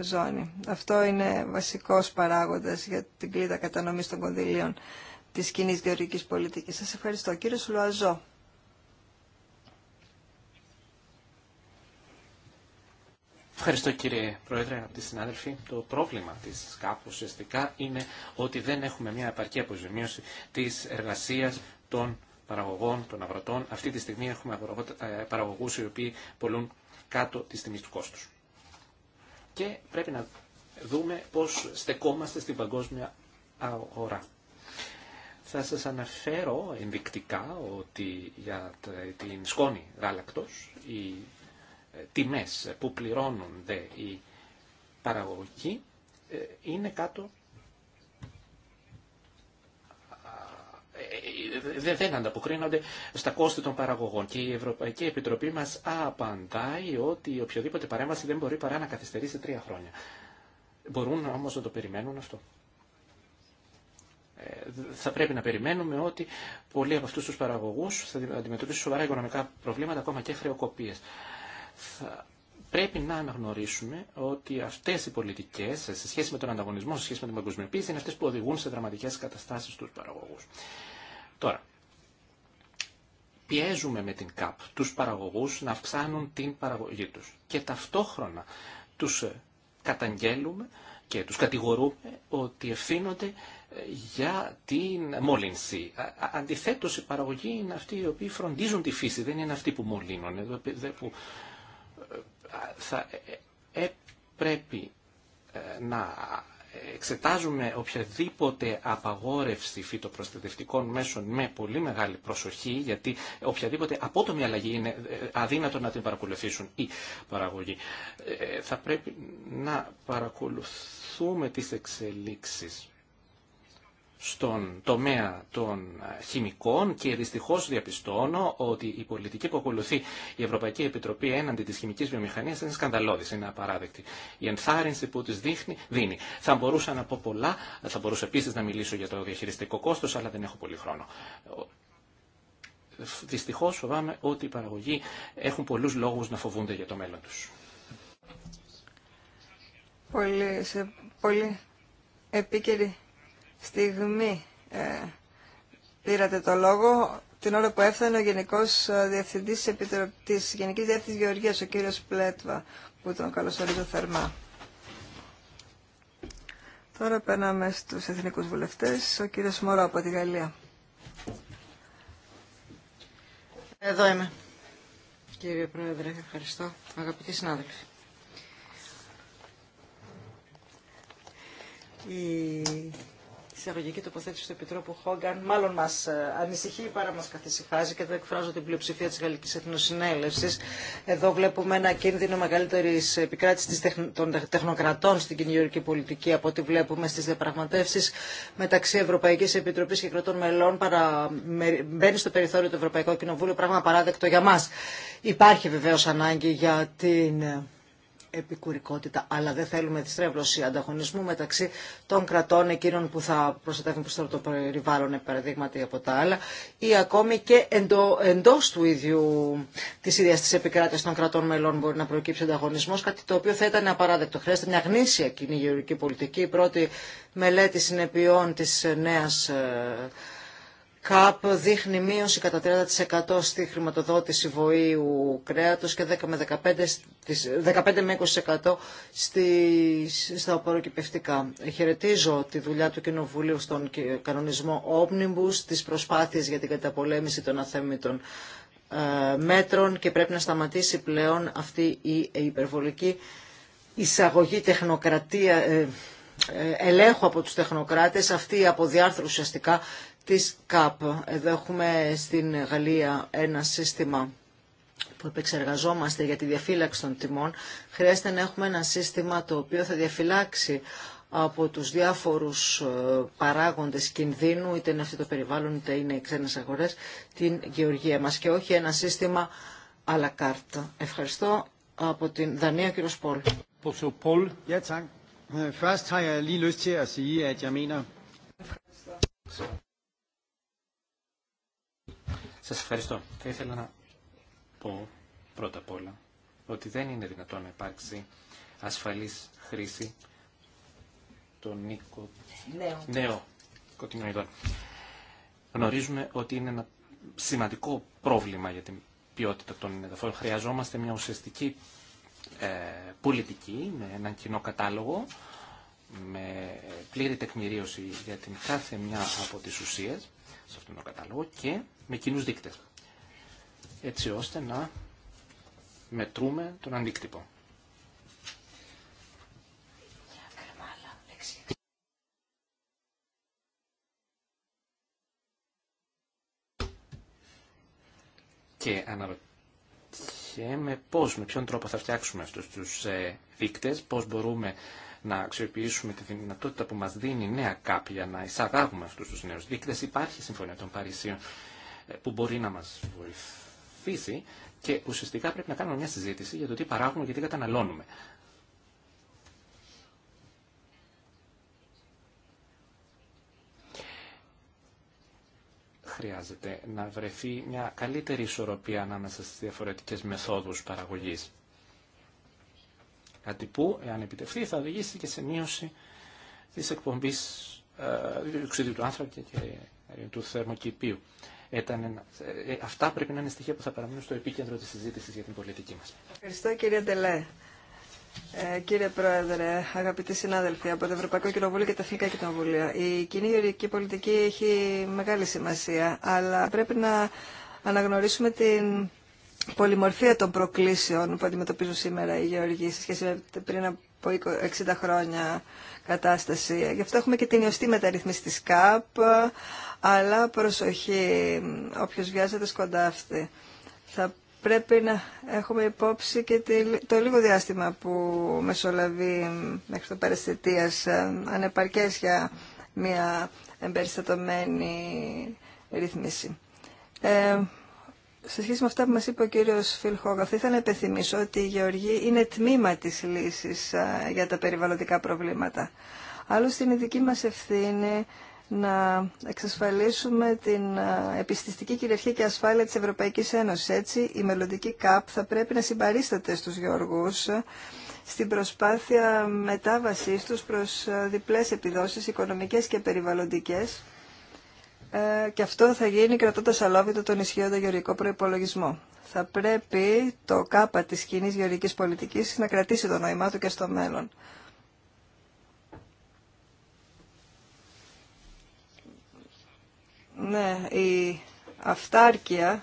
ζώνη. Αυτό είναι βασικός παράγοντας για την κλίδα κατανομής των κονδυλίων της κοινή γεωργικής πολιτικής. Σας ευχαριστώ. Κύριε Σουλουαζό. Ευχαριστώ κύριε Πρόεδρε, από τη συνάδελφη. Το πρόβλημα της ΣΚΑΠ ουσιαστικά είναι ότι δεν έχουμε μια επαρκή αποζημίωση της εργασίας των παραγωγών, των αγροτών. Αυτή τη στιγμή έχουμε ε, παραγωγούς οι οποίοι πολλούν κάτω τη τιμή του κόστους. Και πρέπει να δούμε πώς στεκόμαστε στην παγκόσμια αγορά. Θα σας αναφέρω ενδεικτικά ότι για την σκόνη γάλακτος η τιμές που πληρώνουν δε οι παραγωγοί ε, είναι κάτω ε, ε, δεν ανταποκρίνονται στα κόστη των παραγωγών. Και η Ευρωπαϊκή Επιτροπή μας απαντάει ότι οποιοδήποτε παρέμβαση δεν μπορεί παρά να καθυστερήσει τρία χρόνια. Μπορούν όμως να το περιμένουν αυτό. Θα πρέπει να περιμένουμε ότι πολλοί από αυτούς τους παραγωγούς θα αντιμετωπίσουν σοβαρά οικονομικά προβλήματα, ακόμα και χρεοκοπίες θα πρέπει να αναγνωρίσουμε ότι αυτέ οι πολιτικέ σε σχέση με τον ανταγωνισμό, σε σχέση με την παγκοσμιοποίηση είναι αυτέ που οδηγούν σε δραματικέ καταστάσει του παραγωγού. Τώρα, πιέζουμε με την ΚΑΠ τους παραγωγούς να αυξάνουν την παραγωγή τους και ταυτόχρονα τους ε, καταγγέλουμε και τους κατηγορούμε ότι ευθύνονται ε, για την μόλυνση. Αντιθέτως, οι παραγωγοί είναι αυτοί οι οποίοι φροντίζουν τη φύση, δεν είναι αυτοί που μολύνουν, που θα ε, ε πρέπει ε, να εξετάζουμε οποιαδήποτε απαγόρευση φυτοπροστατευτικών μέσων με πολύ μεγάλη προσοχή, γιατί οποιαδήποτε απότομη αλλαγή είναι ε, αδύνατο να την παρακολουθήσουν οι παραγωγοί. Θα πρέπει να παρακολουθούμε τις εξελίξεις στον τομέα των χημικών και δυστυχώς διαπιστώνω ότι η πολιτική που ακολουθεί η Ευρωπαϊκή Επιτροπή έναντι της χημικής βιομηχανίας είναι σκανδαλώδης, είναι απαράδεκτη. Η ενθάρρυνση που της δείχνει, δίνει. Θα μπορούσα να πω πολλά, θα μπορούσα επίσης να μιλήσω για το διαχειριστικό κόστος, αλλά δεν έχω πολύ χρόνο. Δυστυχώς φοβάμαι ότι οι παραγωγοί έχουν πολλούς λόγους να φοβούνται για το μέλλον τους. Πολύ, σε, πολύ επίκαιρη στιγμή ε, πήρατε το λόγο, την ώρα που έφτανε ο Γενικός ε, Διευθυντής της, Επιτροπής, Γενικής Διεύθυνσης Γεωργίας, ο κύριος Πλέτβα, που τον καλωσορίζω θερμά. Τώρα περνάμε στους εθνικούς βουλευτές, ο κύριος Μωρό από τη Γαλλία. Εδώ είμαι. Κύριε Πρόεδρε, ευχαριστώ. Αγαπητοί συνάδελφοι. Η εισαγωγική τοποθέτηση του Επιτρόπου Χόγκαν μάλλον μα ε, ανησυχεί παρά μα καθησυχάζει και δεν εκφράζω την πλειοψηφία τη Γαλλική Εθνοσυνέλευση. Εδώ βλέπουμε ένα κίνδυνο μεγαλύτερη επικράτηση των τεχνοκρατών στην κοινωνική πολιτική από ό,τι βλέπουμε στι διαπραγματεύσει μεταξύ Ευρωπαϊκή Επιτροπή και κρατών μελών. Παρα... Μπαίνει στο περιθώριο του Ευρωπαϊκού Κοινοβούλου πράγμα παράδεκτο για μα. Υπάρχει βεβαίω ανάγκη για την επικουρικότητα, αλλά δεν θέλουμε διστρέβλωση ανταγωνισμού μεταξύ των κρατών εκείνων που θα προστατεύουν προς το περιβάλλον, παραδείγματι από τα άλλα, ή ακόμη και εντό, εντός του ίδιου της ίδιας της επικράτειας των κρατών μελών μπορεί να προκύψει ανταγωνισμός, κάτι το οποίο θα ήταν απαράδεκτο. Χρειάζεται μια γνήσια κοινή γεωργική πολιτική, η πρώτη μελέτη συνεπειών της νέας ε, ΚΑΠ δείχνει μείωση κατά 30% στη χρηματοδότηση βοήου κρέατος και 10 με 15, με 20% στη, στα οποροκυπευτικά. Χαιρετίζω τη δουλειά του Κοινοβουλίου στον κανονισμό Omnibus, τις προσπάθειες για την καταπολέμηση των αθέμητων ε, μέτρων και πρέπει να σταματήσει πλέον αυτή η υπερβολική εισαγωγή τεχνοκρατία, ε, ε, Ελέγχω από τους τεχνοκράτες, αυτή η αποδιάρθρωση ουσιαστικά της ΚΑΠ. Εδώ έχουμε στην Γαλλία ένα σύστημα που επεξεργαζόμαστε για τη διαφύλαξη των τιμών. Χρειάζεται να έχουμε ένα σύστημα το οποίο θα διαφυλάξει από τους διάφορους ε, παράγοντες κινδύνου, είτε είναι αυτό το περιβάλλον, είτε είναι οι ξένες αγορές, την γεωργία μας και όχι ένα σύστημα à la carte. Ευχαριστώ από την Δανία, κύριο Πολ. Σας ευχαριστώ. Θα ήθελα να πω πρώτα απ' όλα ότι δεν είναι δυνατόν να υπάρξει ασφαλής χρήση των νίκο... νέων Νέο. Γνωρίζουμε ότι είναι ένα σημαντικό πρόβλημα για την ποιότητα των εδαφών. Χρειαζόμαστε μια ουσιαστική ε, πολιτική με έναν κοινό κατάλογο με πλήρη τεκμηρίωση για την κάθε μια από τις ουσίες σε αυτόν τον κατάλογο και με κοινού δείκτε. Έτσι ώστε να μετρούμε τον αντίκτυπο. Και αναρωτιέμαι πώς, με ποιον τρόπο θα φτιάξουμε αυτούς τους ε, δείκτες, πώς μπορούμε να αξιοποιήσουμε τη δυνατότητα που μας δίνει η νέα κάποια να εισαγάγουμε αυτούς τους νέους δείκτες. Υπάρχει συμφωνία των Παρισίων ε, που μπορεί να μας βοηθήσει και ουσιαστικά πρέπει να κάνουμε μια συζήτηση για το τι παράγουμε και τι καταναλώνουμε. Χρειάζεται να βρεθεί μια καλύτερη ισορροπία ανάμεσα στις διαφορετικές μεθόδους παραγωγής. Κάτι που, εάν επιτευχθεί, θα οδηγήσει και σε μείωση της εκπομπής ε, διοξιδίου του άνθρακα και ε, του θερμοκηπίου. Ε, αυτά πρέπει να είναι στοιχεία που θα παραμείνουν στο επίκεντρο της συζήτησης για την πολιτική μας. Ευχαριστώ κύριε Ντελέ. Ε, κύριε Πρόεδρε, αγαπητοί συνάδελφοι από το Ευρωπαϊκό Κοινοβούλιο και τα Εθνικά Κοινοβούλια, η κοινή γεωργική πολιτική έχει μεγάλη σημασία, αλλά πρέπει να αναγνωρίσουμε την πολυμορφία των προκλήσεων που αντιμετωπίζουν σήμερα οι γεωργοί σε σχέση με πριν από 60 χρόνια κατάσταση. Γι' αυτό έχουμε και την ιωστή μεταρρυθμίση της ΚΑΠ, αλλά προσοχή, όποιος βιάζεται σκοντάφτη. Θα πρέπει να έχουμε υπόψη και το λίγο διάστημα που μεσολαβεί μέχρι το πέρας ε, ανεπαρκές για μια εμπεριστατωμένη ρύθμιση. Ε, σε σχέση με αυτά που μας είπε ο κύριος Φιλχόγκα, θα ήθελα να υπενθυμίσω ότι η Γεωργία είναι τμήμα της λύσης για τα περιβαλλοντικά προβλήματα. Άλλωστε είναι δική μας ευθύνη να εξασφαλίσουμε την επιστηστική κυριαρχία και ασφάλεια της Ευρωπαϊκής Ένωσης. Έτσι, η μελλοντική ΚΑΠ θα πρέπει να συμπαρίσταται στους γεωργούς στην προσπάθεια μετάβασής τους προς διπλές επιδόσεις οικονομικές και περιβαλλοντικές ε, και αυτό θα γίνει κρατώντας αλόβητο τον ισχύοντα γεωργικό προϋπολογισμό. Θα πρέπει το κάπα της κοινή γεωργικής πολιτικής να κρατήσει το νόημά του και στο μέλλον. Ναι, η αυτάρκεια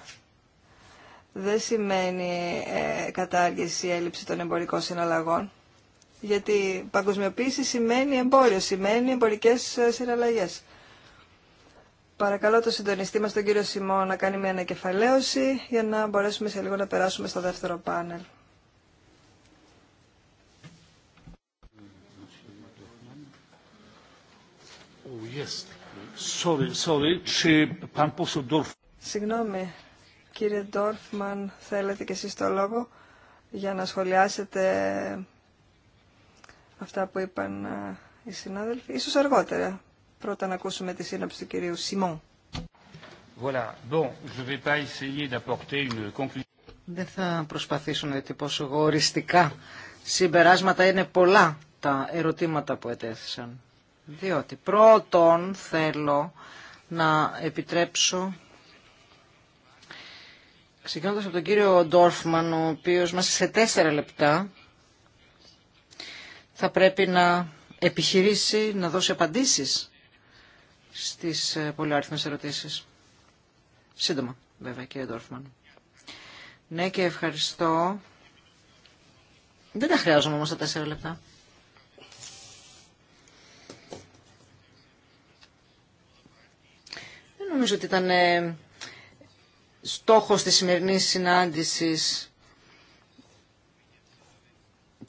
δεν σημαίνει ε, κατάργηση ή έλλειψη των εμπορικών συναλλαγών. Γιατί παγκοσμιοποίηση σημαίνει εμπόριο, σημαίνει εμπορικές ε, συναλλαγές. Παρακαλώ το συντονιστή μας τον κύριο Σιμό να κάνει μια ανακεφαλαίωση για να μπορέσουμε σε λίγο να περάσουμε στο δεύτερο πάνελ. Oh, Συγγνώμη, κύριε Ντόρφμαν, θέλετε και εσείς το λόγο για να σχολιάσετε αυτά που είπαν ε, οι συνάδελφοι, ίσως αργότερα. Πρώτα να ακούσουμε τη σύναψη του κυρίου Σιμών. Voilà. Bon, je vais pas essayer d'apporter une conclusion. Δεν θα προσπαθήσω να διατυπώσω εγώ οριστικά. Συμπεράσματα είναι πολλά τα ερωτήματα που ετέθησαν. Διότι πρώτον θέλω να επιτρέψω ξεκινώντας από τον κύριο Ντόρφμαν, ο οποίος μας σε τέσσερα λεπτά θα πρέπει να επιχειρήσει να δώσει απαντήσεις στις ε, πολυάριθμες ερωτήσεις. Σύντομα, βέβαια, κύριε Ντόρφμαν. Ναι και ευχαριστώ. Δεν τα χρειάζομαι όμως τα τέσσερα λεπτά. Δεν νομίζω ότι ήταν ε, στόχος της σημερινής συνάντησης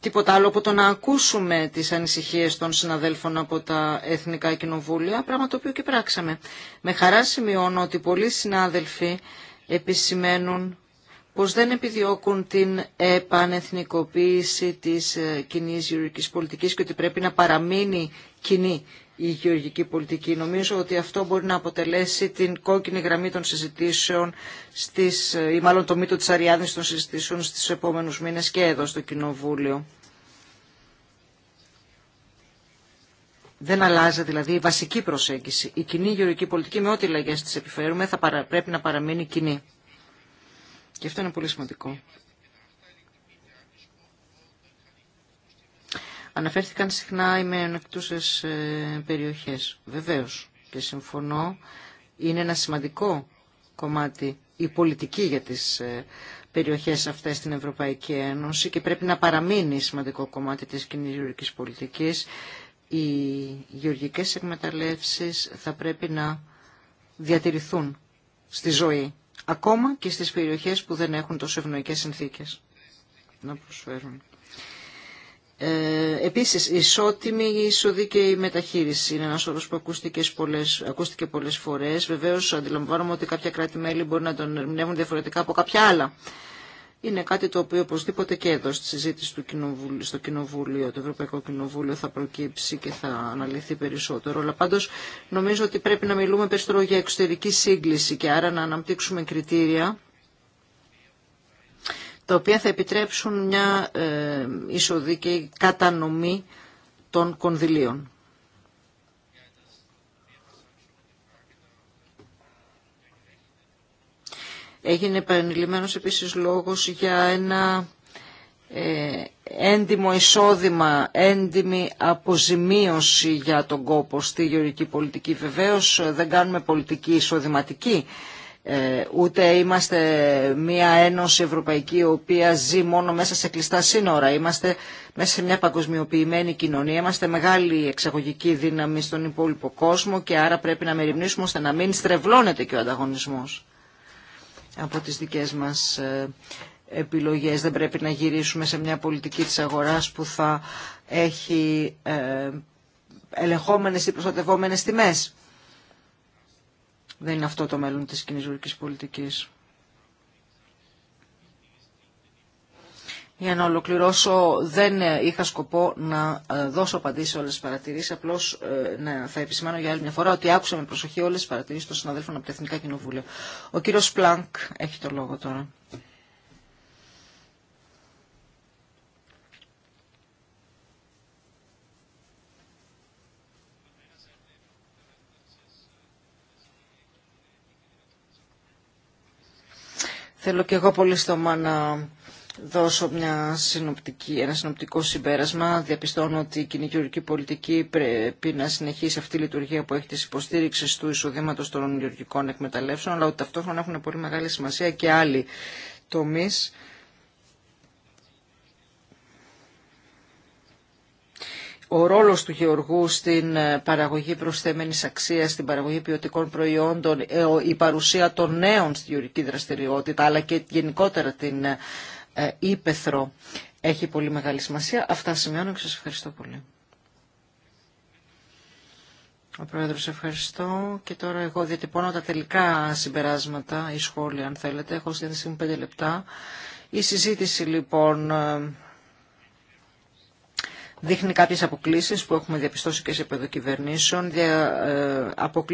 τίποτα άλλο από το να ακούσουμε τις ανησυχίες των συναδέλφων από τα Εθνικά Κοινοβούλια, πράγμα το οποίο και πράξαμε. Με χαρά σημειώνω ότι πολλοί συνάδελφοι επισημαίνουν πως δεν επιδιώκουν την επανεθνικοποίηση της ε, κοινή γεωργικής πολιτικής και ότι πρέπει να παραμείνει κοινή η γεωργική πολιτική. Νομίζω ότι αυτό μπορεί να αποτελέσει την κόκκινη γραμμή των συζητήσεων, στις, ε, ή μάλλον το μύτο της Αριάδνης των συζητήσεων στις επόμενους μήνες και εδώ στο Κοινοβούλιο. Δεν αλλάζει δηλαδή η βασική προσέγγιση. Η κοινή γεωργική πολιτική με ό,τι λαγές της επιφέρουμε θα πρέπει να παραμείνει κοινή. Και αυτό είναι πολύ σημαντικό. Αναφέρθηκαν συχνά οι μειονεκτούσες ε, περιοχές. Βεβαίως και συμφωνώ, είναι ένα σημαντικό κομμάτι η πολιτική για τις ε, περιοχές αυτές στην Ευρωπαϊκή Ένωση και πρέπει να παραμείνει σημαντικό κομμάτι της κοινωνικής πολιτικής. Οι γεωργικές εκμεταλλεύσεις θα πρέπει να διατηρηθούν στη ζωή Ακόμα και στις περιοχές που δεν έχουν τόσο ευνοϊκές συνθήκες να προσφέρουν. Ε, επίσης, ισότιμη ή ισοδίκαιη μεταχείριση είναι ένας όρος που ακούστηκε πολλές, ακούστηκε πολλές φορές. Βεβαίως, αντιλαμβάνομαι ότι κάποια κράτη-μέλη μπορεί να τον ερμηνεύουν διαφορετικά από κάποια άλλα είναι κάτι το οποίο οπωσδήποτε και εδώ στη συζήτηση του κοινοβουλίου, στο Κοινοβούλιο, το Ευρωπαϊκό Κοινοβούλιο θα προκύψει και θα αναλυθεί περισσότερο. Αλλά πάντως νομίζω ότι πρέπει να μιλούμε περισσότερο για εξωτερική σύγκληση και άρα να αναπτύξουμε κριτήρια τα οποία θα επιτρέψουν μια εισοδική κατανομή των κονδυλίων. Έγινε επανειλημμένος επίσης λόγος για ένα ε, έντιμο εισόδημα, έντιμη αποζημίωση για τον κόπο στη γεωργική πολιτική. Βεβαίως ε, δεν κάνουμε πολιτική εισοδηματική, ε, ούτε είμαστε μια ένωση ευρωπαϊκή η οποία ζει μόνο μέσα σε κλειστά σύνορα. Είμαστε μέσα σε μια παγκοσμιοποιημένη κοινωνία, είμαστε μεγάλη εξαγωγική δύναμη στον υπόλοιπο κόσμο και άρα πρέπει να μεριμνήσουμε ώστε να μην στρεβλώνεται και ο ανταγωνισμός από τις δικές μας ε, επιλογές. Δεν πρέπει να γυρίσουμε σε μια πολιτική της αγοράς που θα έχει ε, ελεγχόμενες ή προστατευόμενες τιμές. Δεν είναι αυτό το μέλλον της κοινής πολιτικής. Για να ολοκληρώσω, δεν ε, είχα σκοπό να ε, δώσω απαντήσει σε όλε τι παρατηρήσει. Απλώ ε, θα επισημάνω για άλλη μια φορά ότι άκουσα με προσοχή όλε τι παρατηρήσει των συναδέλφων από το Εθνικά Κοινοβούλιο. Ο κύριο Πλάνκ έχει το λόγο τώρα. Θέλω και εγώ πολύ στο να δώσω μια συνοπτική, ένα συνοπτικό συμπέρασμα. Διαπιστώνω ότι η κοινή γεωργική πολιτική πρέπει να συνεχίσει αυτή η λειτουργία που έχει τη υποστήριξη του εισοδήματο των γεωργικών εκμεταλλεύσεων, αλλά ότι ταυτόχρονα έχουν πολύ μεγάλη σημασία και άλλοι τομεί. ο ρόλος του γεωργού στην ε, παραγωγή προσθέμενης αξίας, στην παραγωγή ποιοτικών προϊόντων, ε, η παρουσία των νέων στη γεωργική δραστηριότητα, αλλά και γενικότερα την ε, ύπεθρο ε, έχει πολύ μεγάλη σημασία. Αυτά σημειώνω και σας ευχαριστώ πολύ. Ο Πρόεδρος ευχαριστώ και τώρα εγώ διατυπώνω τα τελικά συμπεράσματα ή σχόλια αν θέλετε. Έχω στη διάθεση μου πέντε λεπτά. Η σχολια αν θελετε εχω στη πεντε λεπτα η συζητηση λοιπον ε, δείχνει κάποιε αποκλήσει που έχουμε διαπιστώσει και σε επίπεδο κυβερνήσεων, δια,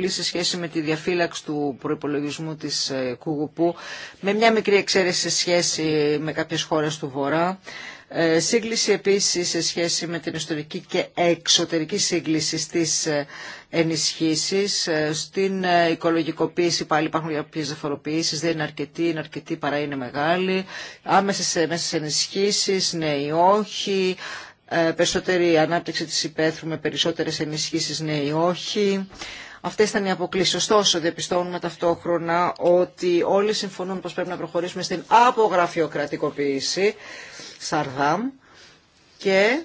ε, σχέση με τη διαφύλαξη του προϋπολογισμού της ε, Κουγουπού, με μια μικρή εξαίρεση σε σχέση με κάποιες χώρες του Βορρά. Ε, σύγκληση επίσης σε σχέση με την ιστορική και εξωτερική σύγκληση στις ενισχύσεις. Στην οικολογικοποίηση πάλι υπάρχουν κάποιε διαφοροποιήσει, δεν είναι αρκετή, είναι αρκετή παρά είναι μεγάλη. Άμεσες, ενισχύσει, ναι ή όχι, ε, περισσότερη ανάπτυξη της υπαίθρου με περισσότερες ενισχύσεις ναι ή όχι. Αυτέ ήταν οι αποκλήσει. Ωστόσο, διαπιστώνουμε ταυτόχρονα ότι όλοι συμφωνούν πω πρέπει να προχωρήσουμε στην απογραφειοκρατικοποίηση, Σαρδάμ, και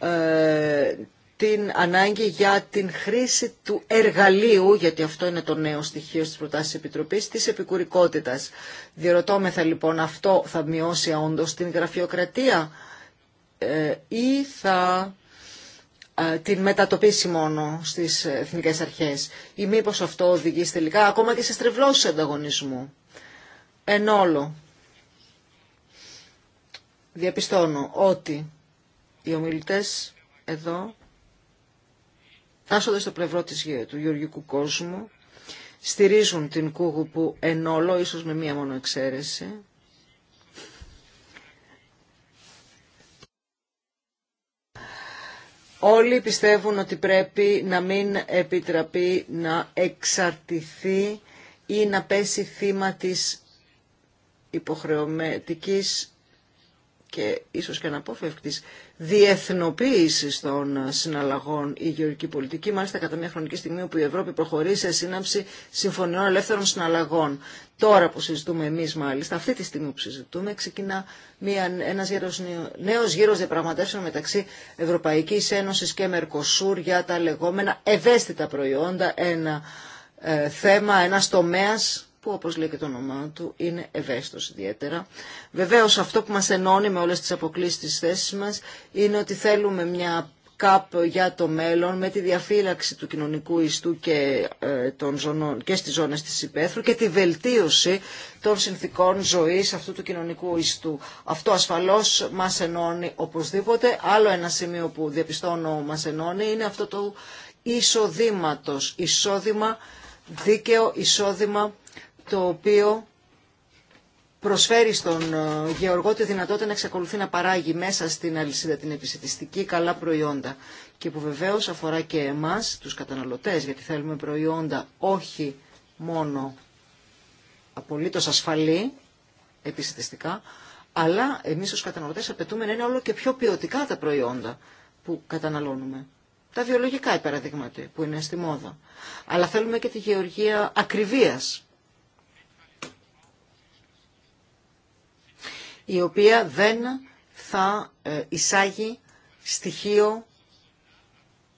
ε, την ανάγκη για την χρήση του εργαλείου, γιατί αυτό είναι το νέο στοιχείο στις προτάσεις της Επιτροπής, της επικουρικότητας. Διερωτώμεθα λοιπόν αυτό θα μειώσει όντω την γραφειοκρατία ε, ή θα ε, την μετατοπίσει μόνο στις εθνικές αρχές ή μήπως αυτό οδηγεί τελικά ακόμα και σε στρεβλώσεις ανταγωνισμού. Εν όλο, διαπιστώνω ότι οι ομιλητές εδώ τάσσονται στο πλευρό της, του γεωργικού κόσμου, στηρίζουν την Κούγου που εν όλο, ίσως με μία μόνο εξαίρεση, Όλοι πιστεύουν ότι πρέπει να μην επιτραπεί να εξαρτηθεί ή να πέσει θύμα της υποχρεωματικής και ίσως και αναπόφευκτης διεθνοποίηση των συναλλαγών η γεωργική πολιτική, μάλιστα κατά μια χρονική στιγμή όπου η Ευρώπη προχωρεί σε σύναψη συμφωνιών ελεύθερων συναλλαγών. Τώρα που συζητούμε εμεί, μάλιστα, αυτή τη στιγμή που συζητούμε, ξεκινά ένα νέο γύρο διαπραγματεύσεων μεταξύ Ευρωπαϊκή Ένωση και Μερκοσούρ για τα λεγόμενα ευαίσθητα προϊόντα. Ένα ε, θέμα, ένα τομέα που όπως λέει και το όνομά του είναι ευαίσθητος ιδιαίτερα. Βεβαίως αυτό που μας ενώνει με όλες τις αποκλήσεις της θέσης μας είναι ότι θέλουμε μια ΚΑΠ για το μέλλον με τη διαφύλαξη του κοινωνικού ιστού και, ε, των ζωνών, και στις ζώνες της υπαίθρου και τη βελτίωση των συνθήκων ζωής αυτού του κοινωνικού ιστού. Αυτό ασφαλώς μας ενώνει οπωσδήποτε. Άλλο ένα σημείο που διαπιστώνω μας ενώνει είναι αυτό το εισοδήματος. Εισόδημα, δίκαιο εισόδημα το οποίο προσφέρει στον ε, γεωργό τη δυνατότητα να εξακολουθεί να παράγει μέσα στην αλυσίδα την επισητιστική καλά προϊόντα και που βεβαίως αφορά και εμάς, τους καταναλωτές, γιατί θέλουμε προϊόντα όχι μόνο απολύτως ασφαλή επισητιστικά, αλλά εμείς ως καταναλωτές απαιτούμε να είναι όλο και πιο ποιοτικά τα προϊόντα που καταναλώνουμε. Τα βιολογικά, παραδείγματι, που είναι στη μόδα. Αλλά θέλουμε και τη γεωργία ακριβίας, η οποία δεν θα ε, εισάγει στοιχείο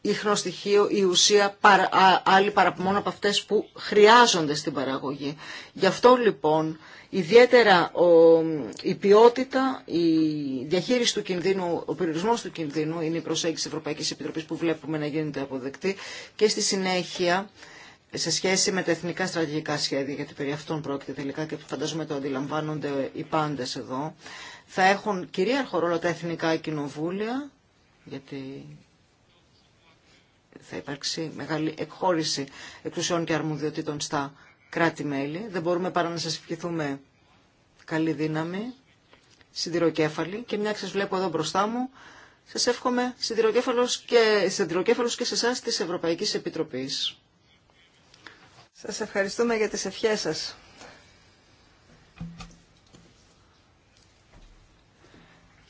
ίχνο στοιχείο ή ουσία παρα, άλλη παρά μόνο από αυτές που χρειάζονται στην παραγωγή. Γι' αυτό λοιπόν ιδιαίτερα ο, η ποιότητα, η διαχείριση του κινδύνου, ο περιορισμός του κινδύνου είναι η προσέγγιση Ευρωπαϊκής Επιτροπής που βλέπουμε να γίνεται αποδεκτή και στη συνέχεια σε σχέση με τα εθνικά στρατηγικά σχέδια, γιατί περί αυτών πρόκειται τελικά και φαντάζομαι το αντιλαμβάνονται οι πάντε εδώ, θα έχουν κυρίαρχο ρόλο τα εθνικά κοινοβούλια, γιατί θα υπάρξει μεγάλη εκχώρηση εξουσιών και αρμοδιοτήτων στα κράτη-μέλη. Δεν μπορούμε παρά να σας ευχηθούμε καλή δύναμη, σιδηροκέφαλη. Και μια σας βλέπω εδώ μπροστά μου, σας εύχομαι σιδηροκέφαλος και, και σε εσά της Ευρωπαϊκής Επιτροπής. Σας ευχαριστούμε για τις ευχές σας.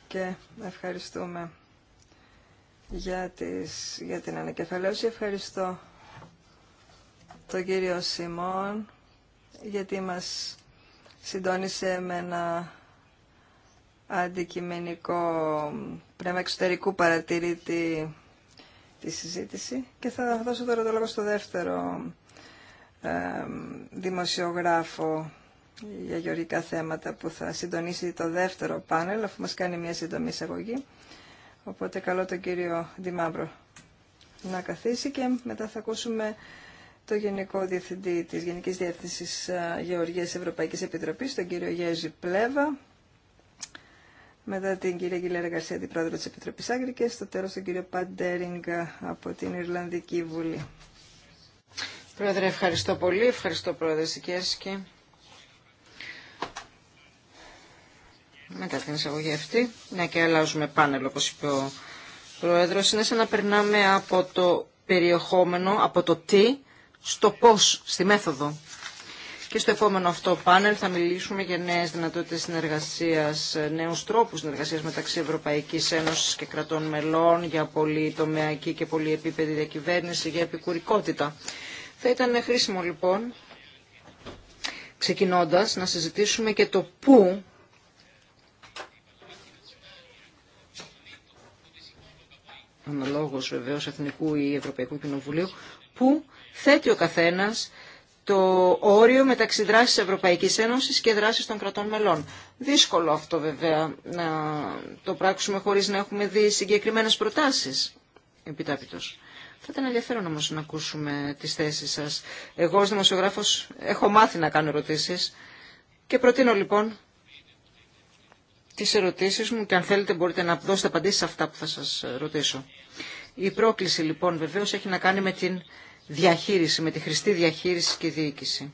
Και ευχαριστούμε για, τις, για την ανακεφαλαίωση. Ευχαριστώ τον κύριο Σιμών γιατί μας συντόνισε με ένα αντικειμενικό πνεύμα εξωτερικού παρατηρήτη τη συζήτηση και θα δώσω τώρα το λόγο στο δεύτερο δημοσιογράφο για γεωργικά θέματα που θα συντονίσει το δεύτερο πάνελ, αφού μας κάνει μια σύντομη εισαγωγή. Οπότε καλό τον κύριο Δημαύρο να καθίσει και μετά θα ακούσουμε το Γενικό Διευθυντή της Γενικής Διεύθυνσης ε, Γεωργίας Ευρωπαϊκής Επιτροπής, τον κύριο Γέζη Πλέβα, μετά την κυρία Γκυλέρα Γκαρσία, την πρόεδρο της Επιτροπής Άγκρη και στο τέλος τον κύριο Παντέρινγκ από την Ιρλανδική Βουλή. Πρόεδρε, ευχαριστώ πολύ. Ευχαριστώ, Πρόεδρε Σικέσκη. Μετά την εισαγωγή αυτή, να και αλλάζουμε πάνελ, όπως είπε ο Πρόεδρος, είναι σαν να περνάμε από το περιεχόμενο, από το τι, στο πώς, στη μέθοδο. Και στο επόμενο αυτό πάνελ θα μιλήσουμε για νέες δυνατότητες συνεργασίας, νέους τρόπους συνεργασίας μεταξύ Ευρωπαϊκής Ένωσης και κρατών μελών για πολυτομεακή και πολυεπίπεδη διακυβέρνηση, για επικουρικότητα. Θα ήταν χρήσιμο λοιπόν, ξεκινώντας, να συζητήσουμε και το πού αναλόγως βεβαίως Εθνικού ή Ευρωπαϊκού Κοινοβουλίου, που θέτει ο καθένας το όριο μεταξύ δράσης Ευρωπαϊκής Ένωσης και δράσης των κρατών μελών. Δύσκολο αυτό βέβαια να το πράξουμε χωρίς να έχουμε δει συγκεκριμένες προτάσεις επιτάπητος. Θα ήταν ενδιαφέρον όμω να ακούσουμε τις θέσεις σας. Εγώ ως δημοσιογράφος έχω μάθει να κάνω ερωτήσει και προτείνω λοιπόν τις ερωτήσεις μου και αν θέλετε μπορείτε να δώσετε απαντήσεις σε αυτά που θα σας ρωτήσω. Η πρόκληση λοιπόν βεβαίω, έχει να κάνει με την διαχείριση, με τη χρηστή διαχείριση και διοίκηση.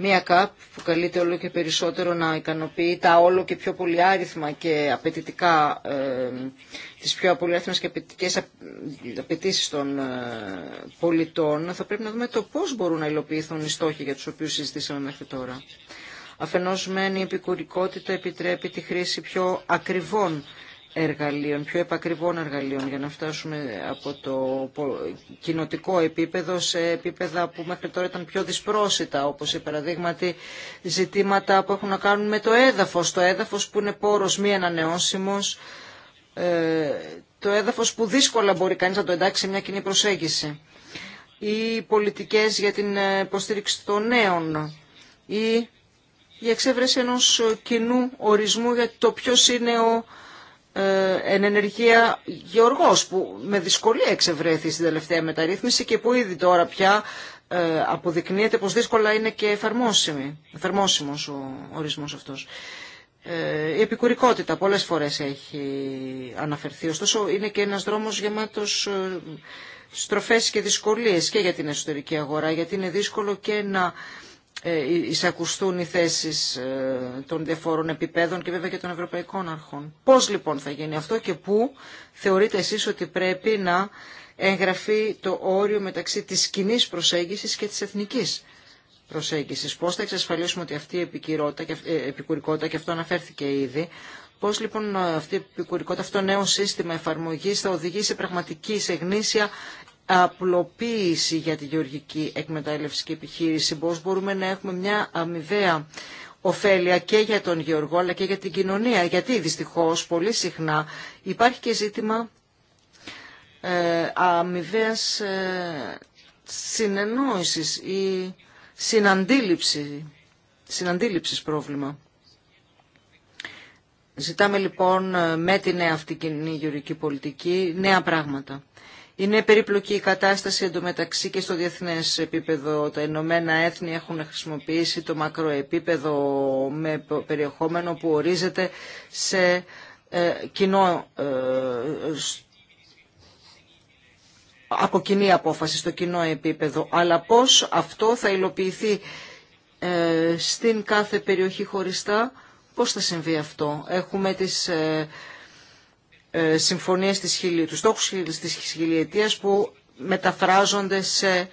Μία ΚΑΠ που καλείται όλο και περισσότερο να ικανοποιεί τα όλο και πιο πολυάριθμα και απαιτητικά, ε, τις πιο πολυάριθμες και απαιτητικές απαιτήσει των ε, πολιτών, θα πρέπει να δούμε το πώς μπορούν να υλοποιηθούν οι στόχοι για τους οποίους συζητήσαμε μέχρι τώρα. Αφενός μεν η επικουρικότητα επιτρέπει τη χρήση πιο ακριβών εργαλείων, πιο επακριβών εργαλείων για να φτάσουμε από το κοινοτικό επίπεδο σε επίπεδα που μέχρι τώρα ήταν πιο δυσπρόσιτα όπως οι παραδείγματι ζητήματα που έχουν να κάνουν με το έδαφος, το έδαφος που είναι πόρος μη ανανεώσιμος, ε, το έδαφος που δύσκολα μπορεί κανείς να το εντάξει σε μια κοινή προσέγγιση ή πολιτικές για την ε, υποστήριξη των νέων ή η εξέβρεση ενός κοινού ορισμού για το ποιος είναι ο ε, εν ενεργεία γεωργός που με δυσκολία εξευρέθη στην τελευταία μεταρρύθμιση και που ήδη τώρα πια ε, αποδεικνύεται πως δύσκολα είναι και εφαρμόσιμη, εφαρμόσιμος ο ορισμός αυτός. Ε, η επικουρικότητα πολλές φορές έχει αναφερθεί, ωστόσο είναι και ένας δρόμος γεμάτος στροφές και δυσκολίες και για την εσωτερική αγορά, γιατί είναι δύσκολο και να ε, ε, εισακουστούν οι θέσεις ε, των διαφόρων επιπέδων και βέβαια και των ευρωπαϊκών αρχών. Πώς λοιπόν θα γίνει αυτό και πού θεωρείτε εσείς ότι πρέπει να εγγραφεί το όριο μεταξύ της κοινή προσέγγισης και της εθνικής προσέγγισης. Πώς θα εξασφαλίσουμε ότι αυτή η επικουρικότητα, και αυτό αναφέρθηκε ήδη, Πώς λοιπόν αυτή η επικουρικότητα, αυτό νέο σύστημα εφαρμογής θα οδηγήσει σε πραγματική, σε γνήσια απλοποίηση για τη γεωργική εκμετάλλευση και επιχείρηση. Πώς μπορούμε να έχουμε μια αμοιβαία ωφέλεια και για τον γεωργό αλλά και για την κοινωνία. Γιατί δυστυχώς πολύ συχνά υπάρχει και ζήτημα ε, αμοιβαίας ε, συνεννόησης ή συναντήληψη, συναντήληψης πρόβλημα. Ζητάμε λοιπόν ε, με την νέα αυτή κοινή γεωργική πολιτική νέα πράγματα. Είναι περίπλοκη η κατάσταση εντωμεταξύ και στο διεθνές επίπεδο. Τα Ηνωμένα Έθνη έχουν χρησιμοποιήσει το μακροεπίπεδο με περιεχόμενο που ορίζεται σε ε, κοινό, ε, από κοινή απόφαση στο κοινό επίπεδο. Αλλά πώς αυτό θα υλοποιηθεί ε, στην κάθε περιοχή χωριστά, πώς θα συμβεί αυτό. Έχουμε τις ε, συμφωνίες της χιλι... του στόχους της χιλιετίας που μεταφράζονται σε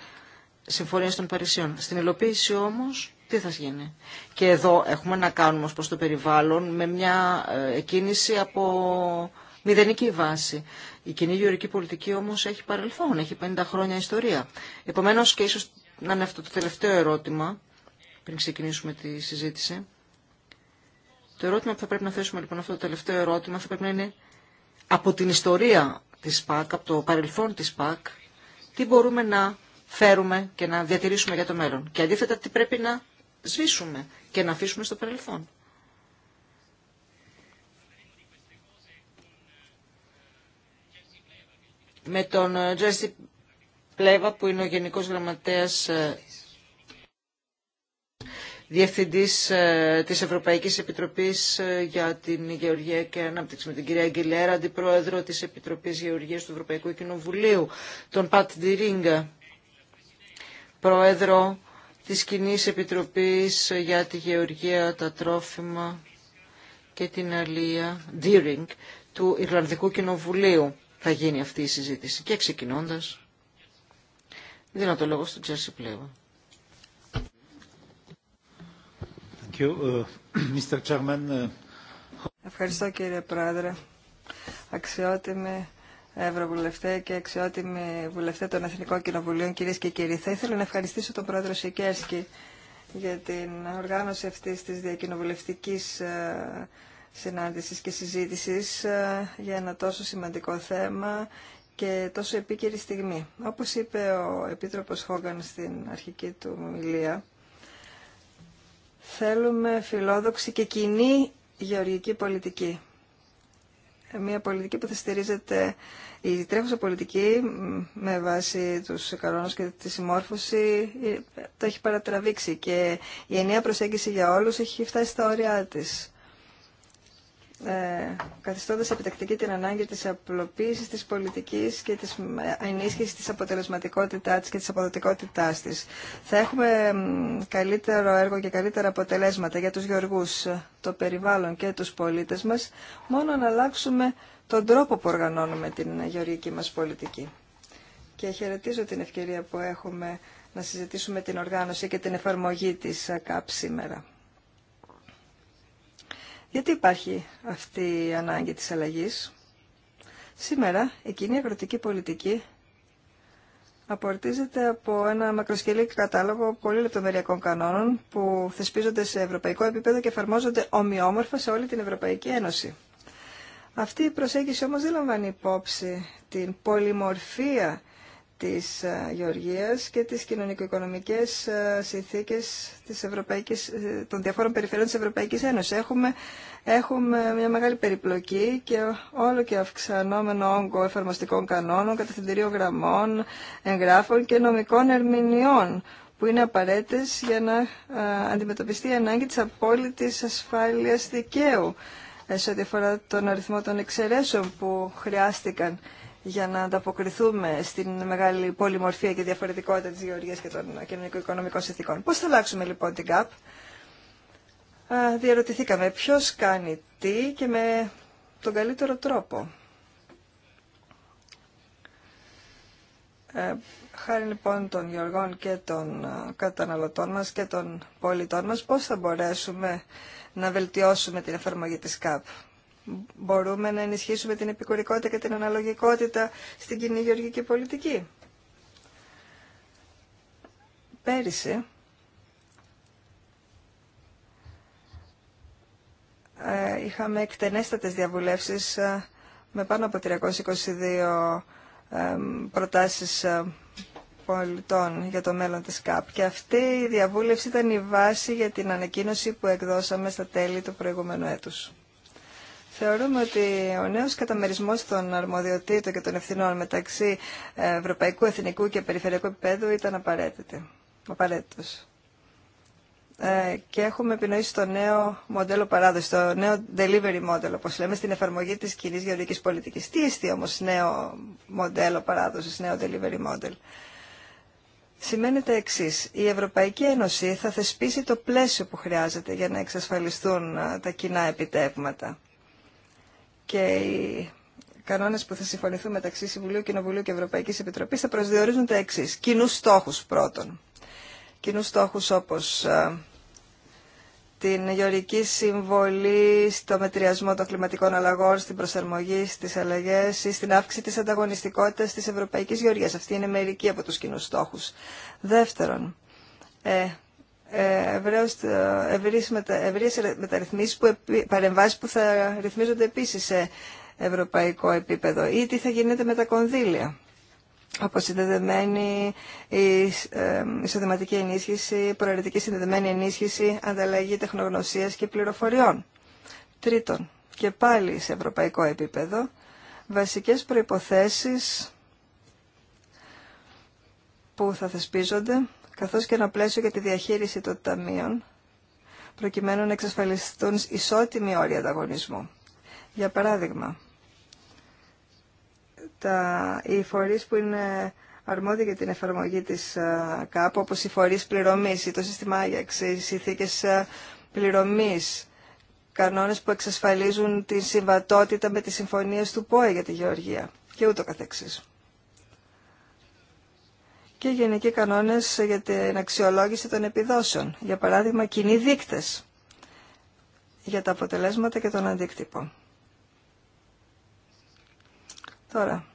συμφωνίες των Παρισιών. Στην υλοποίηση όμως τι θα γίνει. Και εδώ έχουμε να κάνουμε ως προς το περιβάλλον με μια ε, κίνηση από μηδενική βάση. Η κοινή γεωρική πολιτική όμως έχει παρελθόν, έχει 50 χρόνια ιστορία. Επομένως και ίσως να είναι αυτό το τελευταίο ερώτημα πριν ξεκινήσουμε τη συζήτηση. Το ερώτημα που θα πρέπει να θέσουμε λοιπόν αυτό το τελευταίο ερώτημα θα πρέπει να είναι από την ιστορία της ΠΑΚ, από το παρελθόν της ΠΑΚ, τι μπορούμε να φέρουμε και να διατηρήσουμε για το μέλλον. Και αντίθετα τι πρέπει να σβήσουμε και να αφήσουμε στο παρελθόν. Με τον Τζέσι Πλέβα που είναι ο Γενικός Γραμματέας ε, Διευθυντής ε, της Ευρωπαϊκής Επιτροπής ε, για την Γεωργία και Ανάπτυξη, με την κυρία Αγγιλέρα, Αντιπρόεδρο της Επιτροπής Γεωργίας του Ευρωπαϊκού Κοινοβουλίου, τον Πατ Ντιρίγκα, Πρόεδρο της κοινή Επιτροπής για τη Γεωργία, τα Τρόφιμα και την Αλία, Ντιρίγκ του Ιρλανδικού Κοινοβουλίου θα γίνει αυτή η συζήτηση. Και ξεκινώντας, δίνω το λόγο στον Τζέρσι Πλέβα. Uh, Ευχαριστώ κύριε Πρόεδρε. Αξιότιμη Ευρωβουλευτέ και αξιότιμη βουλευτέ των Εθνικών Κοινοβουλίων, κυρίες και κύριοι. Θα ήθελα να ευχαριστήσω τον πρόεδρο Σικέρσκι για την οργάνωση αυτής της διακοινοβουλευτικής ε, συνάντησης και συζήτησης ε, για ένα τόσο σημαντικό θέμα και τόσο επίκαιρη στιγμή. Όπως είπε ο Επίτροπος Χόγκαν στην αρχική του μιλία, Θέλουμε φιλόδοξη και κοινή γεωργική πολιτική. Μια πολιτική που θα στηρίζεται η τρέχουσα πολιτική με βάση τους κανόνες και τη συμμόρφωση ε, το έχει παρατραβήξει και η ενιαία προσέγγιση για όλους έχει φτάσει στα όρια της ε, καθιστώντας επιτακτική την ανάγκη της απλοποίησης της πολιτικής και της ε, ενίσχυσης της αποτελεσματικότητάς και της αποδοτικότητάς της. Θα έχουμε καλύτερο έργο και καλύτερα αποτελέσματα για τους γεωργούς, το περιβάλλον και τους πολίτες μας, μόνο να αλλάξουμε τον τρόπο που οργανώνουμε την γεωργική μας πολιτική. Και χαιρετίζω την ευκαιρία που έχουμε να συζητήσουμε την οργάνωση και την εφαρμογή της ΚΑΠ σήμερα. Γιατί υπάρχει αυτή η ανάγκη της αλλαγής. Σήμερα η κοινή αγροτική πολιτική απορτίζεται από ένα μακροσκελή κατάλογο πολύ λεπτομεριακών κανόνων που θεσπίζονται σε ευρωπαϊκό επίπεδο και εφαρμόζονται ομοιόμορφα σε όλη την Ευρωπαϊκή Ένωση. Αυτή η προσέγγιση όμως δεν λαμβάνει υπόψη την πολυμορφία της ε, Γεωργίας και τις κοινωνικο-οικονομικές ε, συνθήκες της Ευρωπαϊκής, ε, των διαφόρων περιφερειών της Ευρωπαϊκής Ένωσης. Έχουμε, έχουμε μια μεγάλη περιπλοκή και όλο και αυξανόμενο όγκο εφαρμοστικών κανόνων, καταθυντηρίων γραμμών, εγγράφων και νομικών ερμηνεών που είναι απαραίτητες για να αντιμετωπιστεί η ανάγκη της απόλυτης ασφάλειας δικαίου σε ό,τι αφορά τον αριθμό των εξαιρέσεων που χρειάστηκαν για να ανταποκριθούμε στην μεγάλη πολυμορφία και διαφορετικότητα της γεωργίας και των κοινωνικο-οικονομικών συνθήκων. Πώς θα αλλάξουμε λοιπόν την ΚΑΠ. Διαρωτηθήκαμε ποιος κάνει τι και με τον καλύτερο τρόπο. Ε, χάρη λοιπόν των γεωργών και των καταναλωτών μας και των πολιτών μας, πώς θα μπορέσουμε να βελτιώσουμε την εφαρμογή της ΚΑΠ. Μπορούμε να ενισχύσουμε την επικουρικότητα και την αναλογικότητα στην κοινή γεωργική πολιτική. Πέρυσι, ε, είχαμε εκτενέστατες διαβουλεύσεις ε, με πάνω από 322 ε, προτάσεις πολιτών για το μέλλον της ΚΑΠ. Και αυτή η διαβούλευση ήταν η βάση για την ανακοίνωση που εκδώσαμε στα τέλη του προηγούμενου έτους. Θεωρούμε ότι ο νέος καταμερισμός των αρμοδιοτήτων και των ευθυνών μεταξύ ευρωπαϊκού, εθνικού και περιφερειακού επίπεδου ήταν απαραίτητος. Ε, και έχουμε επινοήσει το νέο μοντέλο παράδοση, το νέο delivery model, όπω λέμε, στην εφαρμογή τη κοινή γεωργική πολιτική. Τι είστε όμω νέο μοντέλο παράδοση, νέο delivery model. Σημαίνει τα εξή. Η Ευρωπαϊκή Ένωση θα θεσπίσει το πλαίσιο που χρειάζεται για να εξασφαλιστούν ε, τα κοινά επιτεύγματα και οι κανόνες που θα συμφωνηθούν μεταξύ Συμβουλίου, Κοινοβουλίου και Ευρωπαϊκή Επιτροπή θα προσδιορίζουν τα εξή κοινού στόχου πρώτον. Κοινού στόχου όπως ε, την γεωρική συμβολή στο μετριασμό των κλιματικών αλλαγών, στην προσαρμογή στις αλλαγές ή στην αύξηση της ανταγωνιστικότητας της ευρωπαϊκής γεωργίας. Αυτή είναι μερική από τους κοινού στόχους. Δεύτερον, ε, ε, ευρύς μεταρρυθμίσεις που, παρεμβάσεις που θα ρυθμίζονται επίσης σε ευρωπαϊκό επίπεδο ή τι θα γίνεται με τα κονδύλια αποσυνδεδεμένη ε, εισοδηματική ενίσχυση, προαιρετική συνδεδεμένη ενίσχυση, ανταλλαγή τεχνογνωσίας και πληροφοριών. Τρίτον, και πάλι σε ευρωπαϊκό επίπεδο, βασικές προϋποθέσεις που θα θεσπίζονται καθώς και ένα πλαίσιο για τη διαχείριση των ταμείων, προκειμένου να εξασφαλιστούν ισότιμοι όροι ανταγωνισμού. Για παράδειγμα, τα, οι φορείς που είναι αρμόδιοι για την εφαρμογή της ε, ΚΑΠ, όπως οι φορείς πληρωμής ή το σύστημα Άγιαξ, οι συνθήκες ε, πληρωμής, κανόνες που εξασφαλίζουν τη συμβατότητα με τις συμφωνίες του ΠΟΕ για τη Γεωργία και ούτω καθεξής και γενικοί κανόνες για την αξιολόγηση των επιδόσεων, για παράδειγμα κοινοί δείκτες για τα αποτελέσματα και τον αντίκτυπο. Τώρα,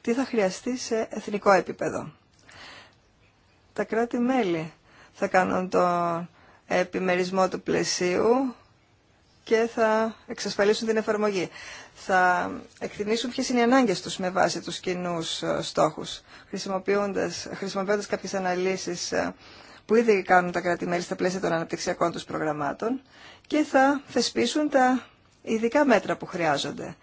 τι θα χρειαστεί σε εθνικό επίπεδο. Τα κράτη-μέλη θα κάνουν τον επιμερισμό του πλαισίου και θα εξασφαλίσουν την εφαρμογή. Θα εκτιμήσουν ποιες είναι οι ανάγκες τους με βάση τους κοινού ε, στόχους, χρησιμοποιώντας, χρησιμοποιώντας κάποιες αναλύσεις ε, που ήδη κάνουν τα κράτη-μέλη στα πλαίσια των αναπτυξιακών τους προγραμμάτων και θα θεσπίσουν τα ειδικά μέτρα που χρειάζονται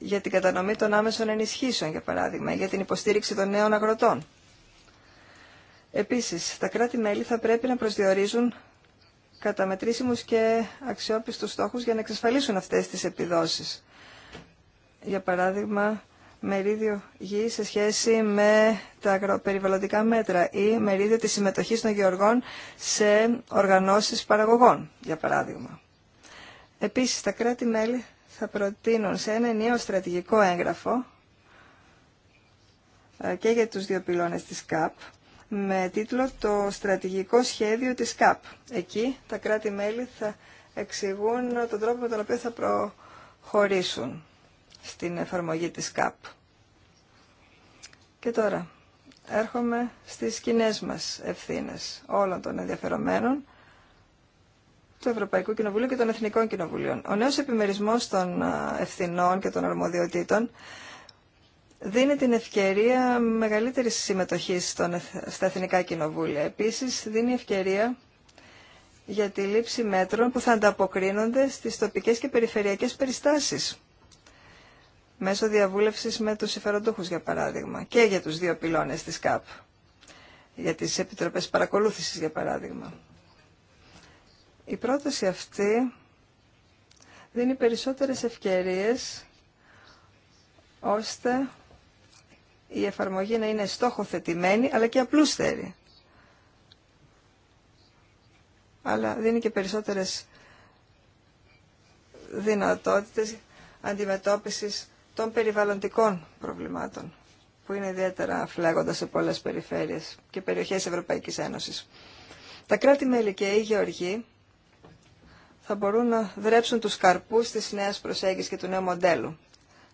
για την κατανομή των άμεσων ενισχύσεων, για παράδειγμα, για την υποστήριξη των νέων αγροτών. Επίσης, τα κράτη-μέλη θα πρέπει να προσδιορίζουν καταμετρήσιμους και αξιόπιστους στόχους για να εξασφαλίσουν αυτές τις επιδόσεις. Για παράδειγμα, μερίδιο γη σε σχέση με τα περιβαλλοντικά μέτρα ή μερίδιο της συμμετοχής των γεωργών σε οργανώσεις παραγωγών, για παράδειγμα. Επίσης, τα κράτη-μέλη θα προτείνουν σε ένα νέο στρατηγικό έγγραφο ε, και για τους δύο πυλώνες της ΚΑΠ με τίτλο «Το στρατηγικό σχέδιο της ΚΑΠ». Εκεί τα κράτη-μέλη θα εξηγούν τον τρόπο με τον οποίο θα προχωρήσουν στην εφαρμογή της ΚΑΠ. Και τώρα, έρχομαι στις κοινέ μας ευθύνες όλων των ενδιαφερομένων του Ευρωπαϊκού Κοινοβουλίου και των Εθνικών Κοινοβουλίων. Ο νέος επιμερισμός των ευθυνών και των αρμοδιοτήτων δίνει την ευκαιρία μεγαλύτερης συμμετοχής στον, στα εθνικά κοινοβούλια. Επίσης, δίνει ευκαιρία για τη λήψη μέτρων που θα ανταποκρίνονται στις τοπικές και περιφερειακές περιστάσεις. Μέσω διαβούλευσης με τους υφεροντούχου, για παράδειγμα, και για τους δύο πυλώνες της ΚΑΠ. Για τις επιτροπές παρακολούθησης, για παράδειγμα. Η πρόταση αυτή δίνει περισσότερες ευκαιρίες ώστε η εφαρμογή να είναι στόχοθετημένη αλλά και απλούστερη. Αλλά δίνει και περισσότερες δυνατότητες αντιμετώπισης των περιβαλλοντικών προβλημάτων που είναι ιδιαίτερα φλέγοντα σε πολλές περιφέρειες και περιοχές Ευρωπαϊκής Ένωσης. Τα κράτη-μέλη και οι γεωργοί θα μπορούν να δρέψουν τους καρπούς της νέας προσέγγισης και του νέου μοντέλου.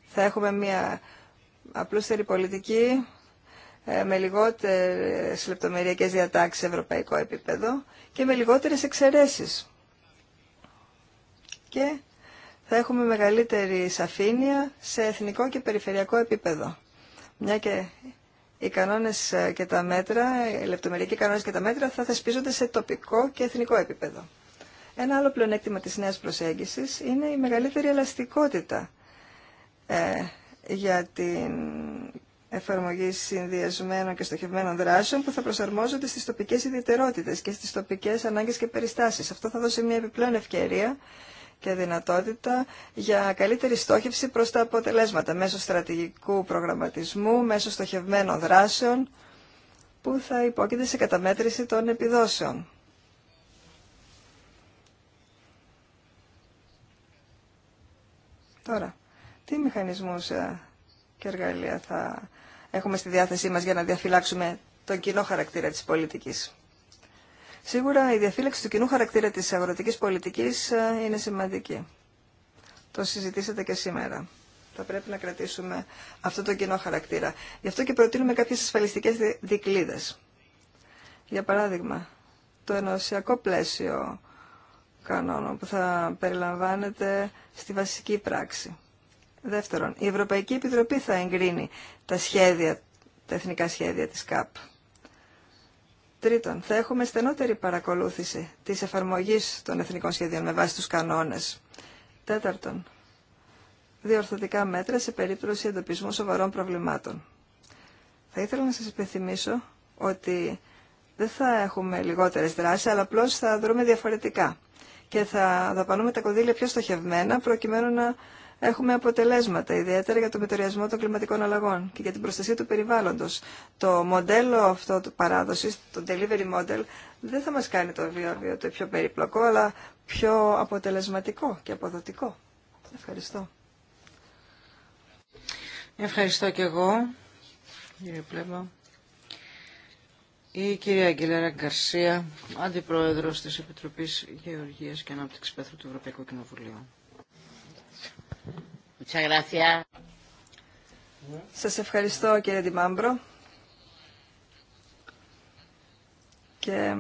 Θα έχουμε μια απλούστερη πολιτική ε, με λιγότερες λεπτομεριακές διατάξεις σε ευρωπαϊκό επίπεδο και με λιγότερες εξαιρέσεις. Και θα έχουμε μεγαλύτερη σαφήνεια σε εθνικό και περιφερειακό επίπεδο. Μια και οι κανόνες ε, και τα μέτρα, οι λεπτομεριακοί κανόνες και τα μέτρα θα θεσπίζονται σε τοπικό και εθνικό επίπεδο. Ένα άλλο πλεονέκτημα της νέας προσέγγισης είναι η μεγαλύτερη ελαστικότητα ε, για την εφαρμογή συνδυασμένων και στοχευμένων δράσεων που θα προσαρμόζονται στις τοπικές ιδιαιτερότητες και στις τοπικές ανάγκες και περιστάσεις. Αυτό θα δώσει μια επιπλέον ευκαιρία και δυνατότητα για καλύτερη στόχευση προς τα αποτελέσματα μέσω στρατηγικού προγραμματισμού, μέσω στοχευμένων δράσεων που θα υπόκειται σε καταμέτρηση των επιδόσεων. Τώρα, τι μηχανισμούς ε, και εργαλεία θα έχουμε στη διάθεσή μας για να διαφυλάξουμε τον κοινό χαρακτήρα της πολιτικής. Σίγουρα η διαφύλαξη του κοινού χαρακτήρα της αγροτικής πολιτικής ε, είναι σημαντική. Το συζητήσατε και σήμερα. Θα πρέπει να κρατήσουμε αυτό τον κοινό χαρακτήρα. Γι' αυτό και προτείνουμε κάποιες ασφαλιστικές δικλίδες. Για παράδειγμα, το ενωσιακό πλαίσιο κανόνων που θα περιλαμβάνεται στη βασική πράξη. Δεύτερον, η Ευρωπαϊκή Επιτροπή θα εγκρίνει τα σχέδια, τα εθνικά σχέδια της ΚΑΠ. Τρίτον, θα έχουμε στενότερη παρακολούθηση της εφαρμογής των εθνικών σχεδίων με βάση τους κανόνες. Τέταρτον, διορθωτικά μέτρα σε περίπτωση εντοπισμού σοβαρών προβλημάτων. Θα ήθελα να σας υπενθυμίσω ότι δεν θα έχουμε λιγότερες δράσεις, αλλά απλώ θα δρούμε διαφορετικά και θα δαπανούμε τα κονδύλια πιο στοχευμένα προκειμένου να έχουμε αποτελέσματα, ιδιαίτερα για το μετοριασμό των κλιματικών αλλαγών και για την προστασία του περιβάλλοντος. Το μοντέλο αυτό του παράδοσης, το delivery model, δεν θα μας κάνει το βίο το πιο περιπλοκό, αλλά πιο αποτελεσματικό και αποδοτικό. Ευχαριστώ. Ευχαριστώ και εγώ, κύριε Πλέμπα. Η κυρία Αγγελέρα Γκαρσία, Αντιπρόεδρος της Επιτροπής Γεωργίας και Ανάπτυξης Πέθρου του Ευρωπαϊκού Κοινοβουλίου. Σας ευχαριστώ κύριε Δημάμπρο. Και ε,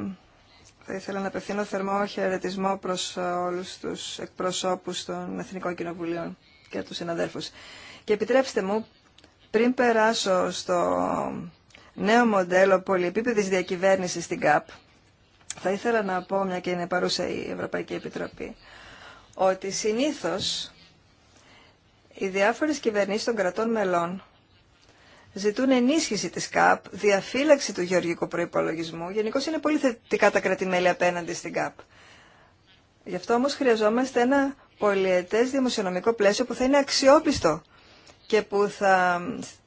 θα ήθελα να απευθύνω θερμό χαιρετισμό προς ε, όλους τους εκπροσώπους των Εθνικών Κοινοβουλίων και τους συναδέλφους. Και επιτρέψτε μου, πριν περάσω στο νέο μοντέλο πολυεπίπεδης διακυβέρνησης στην ΚΑΠ, θα ήθελα να πω, μια και είναι παρούσα η Ευρωπαϊκή Επιτροπή, ότι συνήθως οι διάφορες κυβερνήσεις των κρατών μελών ζητούν ενίσχυση της ΚΑΠ, διαφύλαξη του γεωργικού προϋπολογισμού. Γενικώ είναι πολύ θετικά τα κρατημέλη απέναντι στην ΚΑΠ. Γι' αυτό όμως χρειαζόμαστε ένα πολιετές δημοσιονομικό πλαίσιο που θα είναι αξιόπιστο και που θα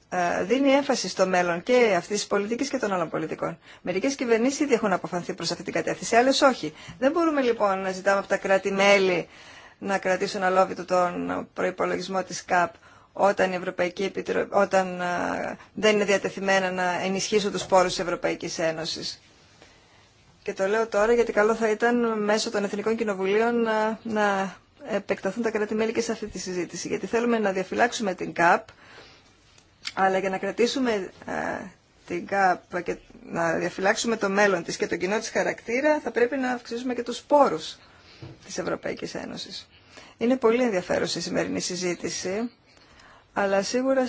ε, δίνει έμφαση στο μέλλον και αυτή τη πολιτική και των άλλων πολιτικών. Μερικέ κυβερνήσει ήδη έχουν αποφανθεί προ αυτή την κατεύθυνση, άλλε όχι. Δεν μπορούμε λοιπόν να ζητάμε από τα κράτη-μέλη να κρατήσουν αλόβητο τον προϋπολογισμό της ΚΑΠ όταν, η Ευρωπαϊκή όταν δεν είναι διατεθειμένα να ενισχύσουν τους πόρους της Ευρωπαϊκής Ένωσης. Και το λέω τώρα γιατί καλό θα ήταν μέσω των Εθνικών Κοινοβουλίων να, να επεκταθούν τα κράτη-μέλη και σε αυτή τη συζήτηση. Γιατί θέλουμε να διαφυλάξουμε την ΚΑΠ, αλλά για να κρατήσουμε την ΚΑΠ και να διαφυλάξουμε το μέλλον της και τον κοινό της χαρακτήρα, θα πρέπει να αυξήσουμε και τους πόρους της Ευρωπαϊκής Ένωσης. Είναι πολύ ενδιαφέρουσα η σημερινή συζήτηση, αλλά σίγουρα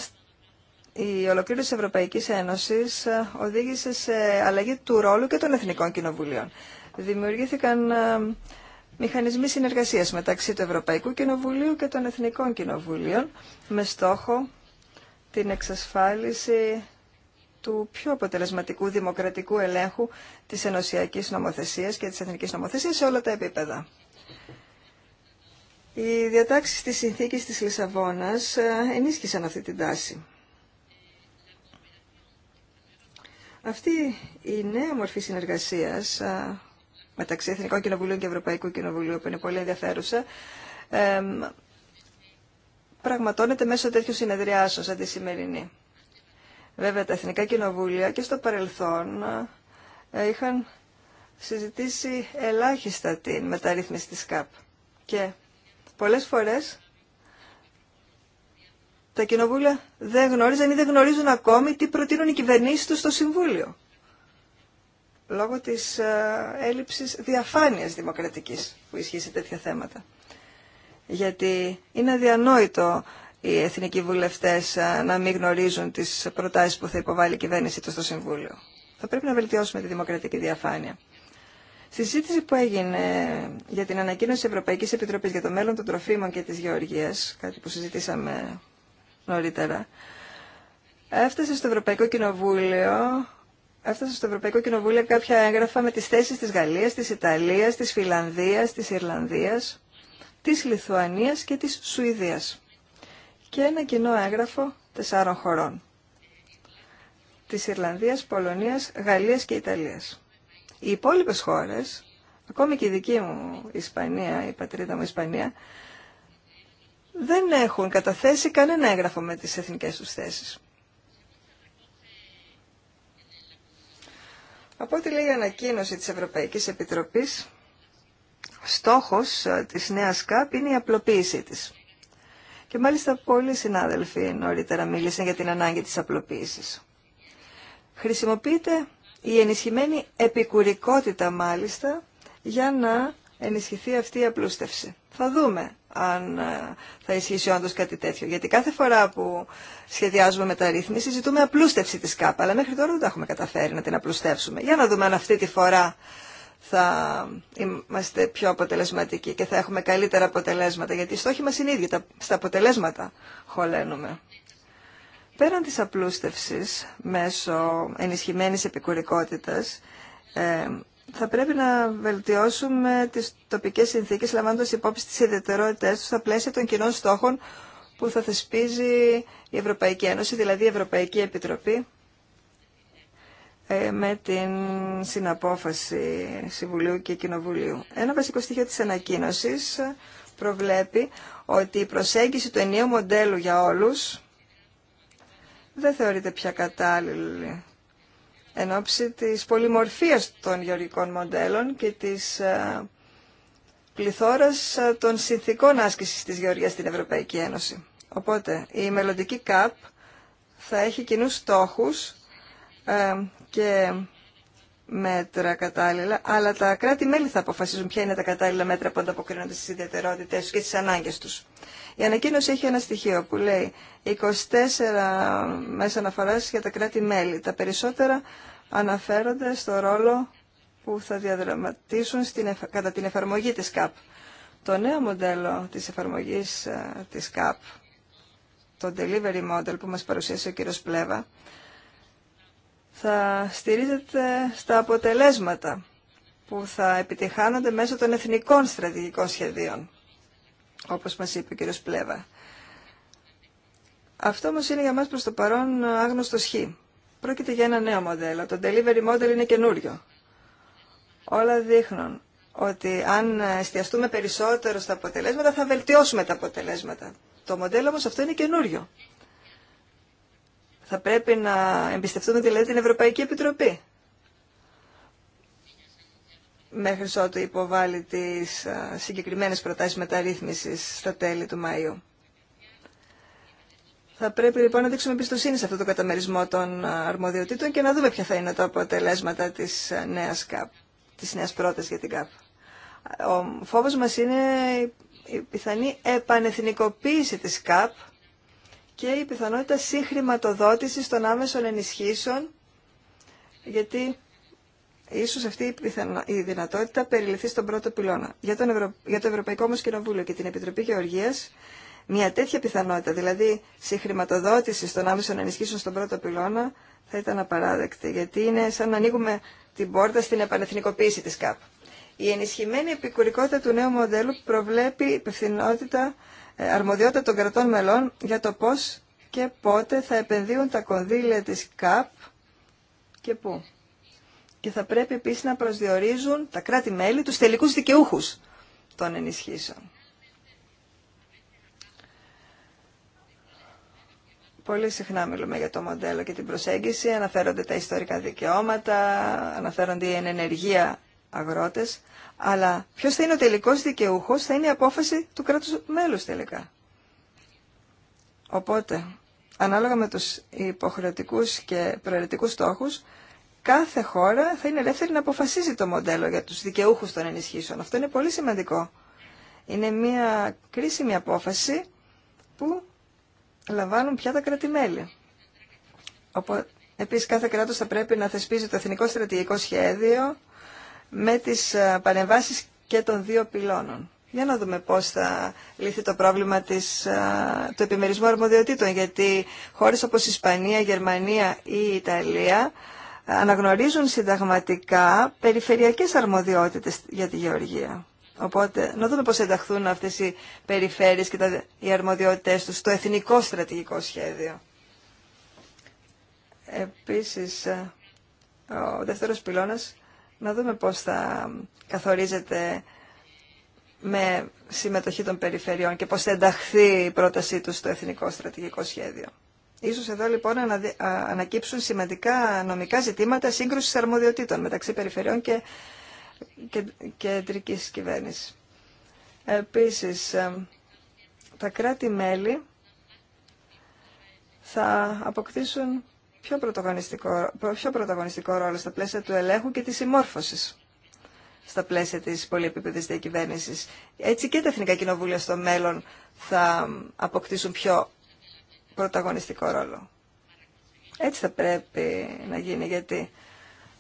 η ολοκλήρωση της Ευρωπαϊκής Ένωσης ε, οδήγησε σε αλλαγή του ρόλου και των Εθνικών Κοινοβουλίων. Δημιουργήθηκαν ε, μηχανισμοί συνεργασίας μεταξύ του Ευρωπαϊκού Κοινοβουλίου και των Εθνικών Κοινοβουλίων με στόχο την εξασφάλιση του πιο αποτελεσματικού δημοκρατικού ελέγχου της ενωσιακής νομοθεσίας και της εθνικής νομοθεσίας σε όλα τα επίπεδα. Οι διατάξεις της συνθήκης της Λισαβόνας ε, ενίσχυσαν αυτή την τάση. Αυτή η νέα μορφή συνεργασίας ε, μεταξύ Εθνικών Κοινοβουλίων και Ευρωπαϊκού Κοινοβουλίου, που είναι πολύ ενδιαφέρουσα, ε, πραγματώνεται μέσω τέτοιου συνεδριάσεων σαν τη σημερινή. Βέβαια, τα Εθνικά Κοινοβούλια και στο παρελθόν είχαν συζητήσει ελάχιστα την μεταρρύθμιση της ΚΑΠ. Και Πολλές φορές τα κοινοβούλια δεν γνωρίζουν, ή δεν γνωρίζουν ακόμη τι προτείνουν οι κυβερνήσεις τους στο Συμβούλιο. Λόγω της ε, έλλειψης διαφάνειας δημοκρατικής που ισχύει σε τέτοια θέματα. Γιατί είναι αδιανόητο οι εθνικοί βουλευτές ε, να μην γνωρίζουν τις προτάσεις που θα υποβάλει η κυβέρνησή του στο Συμβούλιο. Θα πρέπει να βελτιώσουμε τη δημοκρατική διαφάνεια. Στη συζήτηση που έγινε για την ανακοίνωση της Ευρωπαϊκής Επιτροπής για το μέλλον των τροφίμων και της γεωργίας, κάτι που συζητήσαμε νωρίτερα, έφτασε στο Ευρωπαϊκό Κοινοβούλιο έφτασε στο Ευρωπαϊκό Κοινοβούλιο κάποια έγγραφα με τις θέσεις της Γαλλίας, της Ιταλίας, της Φιλανδίας, της Ιρλανδίας, της Λιθουανίας και της Σουηδίας και ένα κοινό έγγραφο τεσσάρων χωρών της Ιρλανδίας, Πολωνίας, Γαλλίας και Ιταλίας. Οι υπόλοιπε χώρε, ακόμη και η δική μου Ισπανία, η πατρίδα μου Ισπανία, δεν έχουν καταθέσει κανένα έγγραφο με τις εθνικές τους θέσεις. Από ό,τι λέει η ανακοίνωση της Ευρωπαϊκής Επιτροπής, στόχος ε, της νέας ΚΑΠ είναι η απλοποίησή της. Και μάλιστα πολλοί συνάδελφοι νωρίτερα μίλησαν για την ανάγκη της απλοποίησης. Χρησιμοποιείται η ενισχυμένη επικουρικότητα μάλιστα για να ενισχυθεί αυτή η απλούστευση. Θα δούμε αν ε, θα ισχύσει όντω κάτι τέτοιο. Γιατί κάθε φορά που σχεδιάζουμε μεταρρύθμιση ζητούμε απλούστευση της ΚΑΠΑ. αλλά μέχρι τώρα δεν τα έχουμε καταφέρει να την απλουστεύσουμε. Για να δούμε αν αυτή τη φορά θα είμαστε πιο αποτελεσματικοί και θα έχουμε καλύτερα αποτελέσματα, γιατί οι στόχοι μας είναι ίδιοι, στα αποτελέσματα χωλένουμε. Πέραν της απλούστευσης μέσω ενισχυμένης επικουρικότητας, ε, θα πρέπει να βελτιώσουμε τις τοπικές συνθήκες λαμβάνοντας υπόψη τις ιδιαιτερότητές τους στα πλαίσια των κοινών στόχων που θα θεσπίζει η Ευρωπαϊκή Ένωση, δηλαδή η Ευρωπαϊκή Επιτροπή, ε, με την συναπόφαση Συμβουλίου και Κοινοβουλίου. Ένα βασικό στοιχείο της ανακοίνωσης προβλέπει ότι η προσέγγιση του ενίου μοντέλου για όλους δεν θεωρείται πια κατάλληλη εν ώψη της πολυμορφίας των γεωργικών μοντέλων και της ε, πληθώρας ε, των συνθήκων άσκησης της γεωργίας στην Ευρωπαϊκή Ένωση. Οπότε η μελλοντική ΚΑΠ θα έχει κοινούς στόχους ε, και μέτρα κατάλληλα, αλλά τα κράτη-μέλη θα αποφασίζουν ποια είναι τα κατάλληλα μέτρα που ανταποκρίνονται στι ιδιαιτερότητέ και στις ανάγκες τους Η ανακοίνωση έχει ένα στοιχείο που λέει 24 μέσα αναφοράς για τα κράτη-μέλη. Τα περισσότερα αναφέρονται στο ρόλο που θα διαδραματίσουν στην, κατά την εφαρμογή της ΚΑΠ. Το νέο μοντέλο της εφαρμογής ε, της ΚΑΠ, το delivery model που μας παρουσίασε ο κύριος Πλέβα, θα στηρίζεται στα αποτελέσματα που θα επιτυχάνονται μέσω των εθνικών στρατηγικών σχεδίων, όπως μας είπε ο κ. Πλέβα. Αυτό όμως είναι για μας προς το παρόν άγνωστο σχή. Πρόκειται για ένα νέο μοντέλο. Το delivery model είναι καινούριο. Όλα δείχνουν ότι αν εστιαστούμε περισσότερο στα αποτελέσματα θα βελτιώσουμε τα αποτελέσματα. Το μοντέλο όμως αυτό είναι καινούριο. Θα πρέπει να εμπιστευτούμε δηλαδή την Ευρωπαϊκή Επιτροπή μέχρι ότου υποβάλει τις συγκεκριμένες προτάσεις μεταρρύθμισης στα τέλη του Μαΐου. Θα πρέπει λοιπόν να δείξουμε εμπιστοσύνη σε αυτό το καταμερισμό των αρμοδιοτήτων και να δούμε ποια θα είναι τα αποτελέσματα της νέας, ΚΑΠ, της νέας πρότασης για την ΚΑΠ. Ο φόβος μας είναι η πιθανή επανεθνικοποίηση της ΚΑΠ και η πιθανότητα συγχρηματοδότησης των άμεσων ενισχύσεων, γιατί ίσως αυτή η δυνατότητα περιληφθεί στον πρώτο πυλώνα. Για, τον για το Ευρωπαϊκό όμως Κοινοβούλιο και την Επιτροπή Γεωργίας, μια τέτοια πιθανότητα, δηλαδή συγχρηματοδότηση των άμεσων ενισχύσεων στον πρώτο πυλώνα, θα ήταν απαράδεκτη, γιατί είναι σαν να ανοίγουμε την πόρτα στην επανεθνικοποίηση της ΚΑΠ. Η ενισχυμένη επικουρικότητα του νέου μοντέλου προβλέπει υπευθυνότητα αρμοδιότητα των κρατών μελών για το πώς και πότε θα επενδύουν τα κονδύλια της ΚΑΠ και πού. Και θα πρέπει επίσης να προσδιορίζουν τα κράτη-μέλη τους τελικούς δικαιούχους των ενισχύσεων. Πολύ συχνά μιλούμε για το μοντέλο και την προσέγγιση. Αναφέρονται τα ιστορικά δικαιώματα, αναφέρονται η ενεργεία αγρότες. Αλλά ποιος θα είναι ο τελικός δικαιούχος θα είναι η απόφαση του κράτους μέλους τελικά. Οπότε, ανάλογα με τους υποχρεωτικούς και προαιρετικούς στόχους, κάθε χώρα θα είναι ελεύθερη να αποφασίζει το μοντέλο για τους δικαιούχους των ενισχύσεων. Αυτό είναι πολύ σημαντικό. Είναι μια κρίσιμη απόφαση που λαμβάνουν πια τα κράτη-μέλη. Επίσης, κάθε κράτος θα πρέπει να θεσπίζει το εθνικό στρατηγικό σχέδιο με τις ε, παρεμβάσεις και των δύο πυλώνων. Για να δούμε πώς θα λύθει το πρόβλημα της, ε, του επιμερισμού αρμοδιοτήτων, γιατί χώρες όπως Ισπανία, Γερμανία ή Ιταλία ε, αναγνωρίζουν συνταγματικά περιφερειακές αρμοδιότητες για τη γεωργία. Οπότε, να δούμε πώς ενταχθούν αυτές οι περιφέρειες και οι αρμοδιότητες τους στο εθνικό στρατηγικό σχέδιο. Επίσης, ο δεύτερος πυλώνας να δούμε πώς θα καθορίζεται με συμμετοχή των περιφερειών και πώς θα ενταχθεί η πρότασή τους στο Εθνικό Στρατηγικό Σχέδιο. Ίσως εδώ λοιπόν να ανακύψουν σημαντικά νομικά ζητήματα σύγκρουσης αρμοδιοτήτων μεταξύ περιφερειών και, και, κεντρικής κυβέρνησης. Επίσης, ε, τα κράτη-μέλη θα αποκτήσουν πιο πρωταγωνιστικό, πρωταγωνιστικό ρόλο στα πλαίσια του ελέγχου και της συμμόρφωσης στα πλαίσια της πολυεπίπεδης διακυβέρνησης. Έτσι και τα Εθνικά Κοινοβούλια στο μέλλον θα αποκτήσουν πιο πρωταγωνιστικό ρόλο. Έτσι θα πρέπει να γίνει, γιατί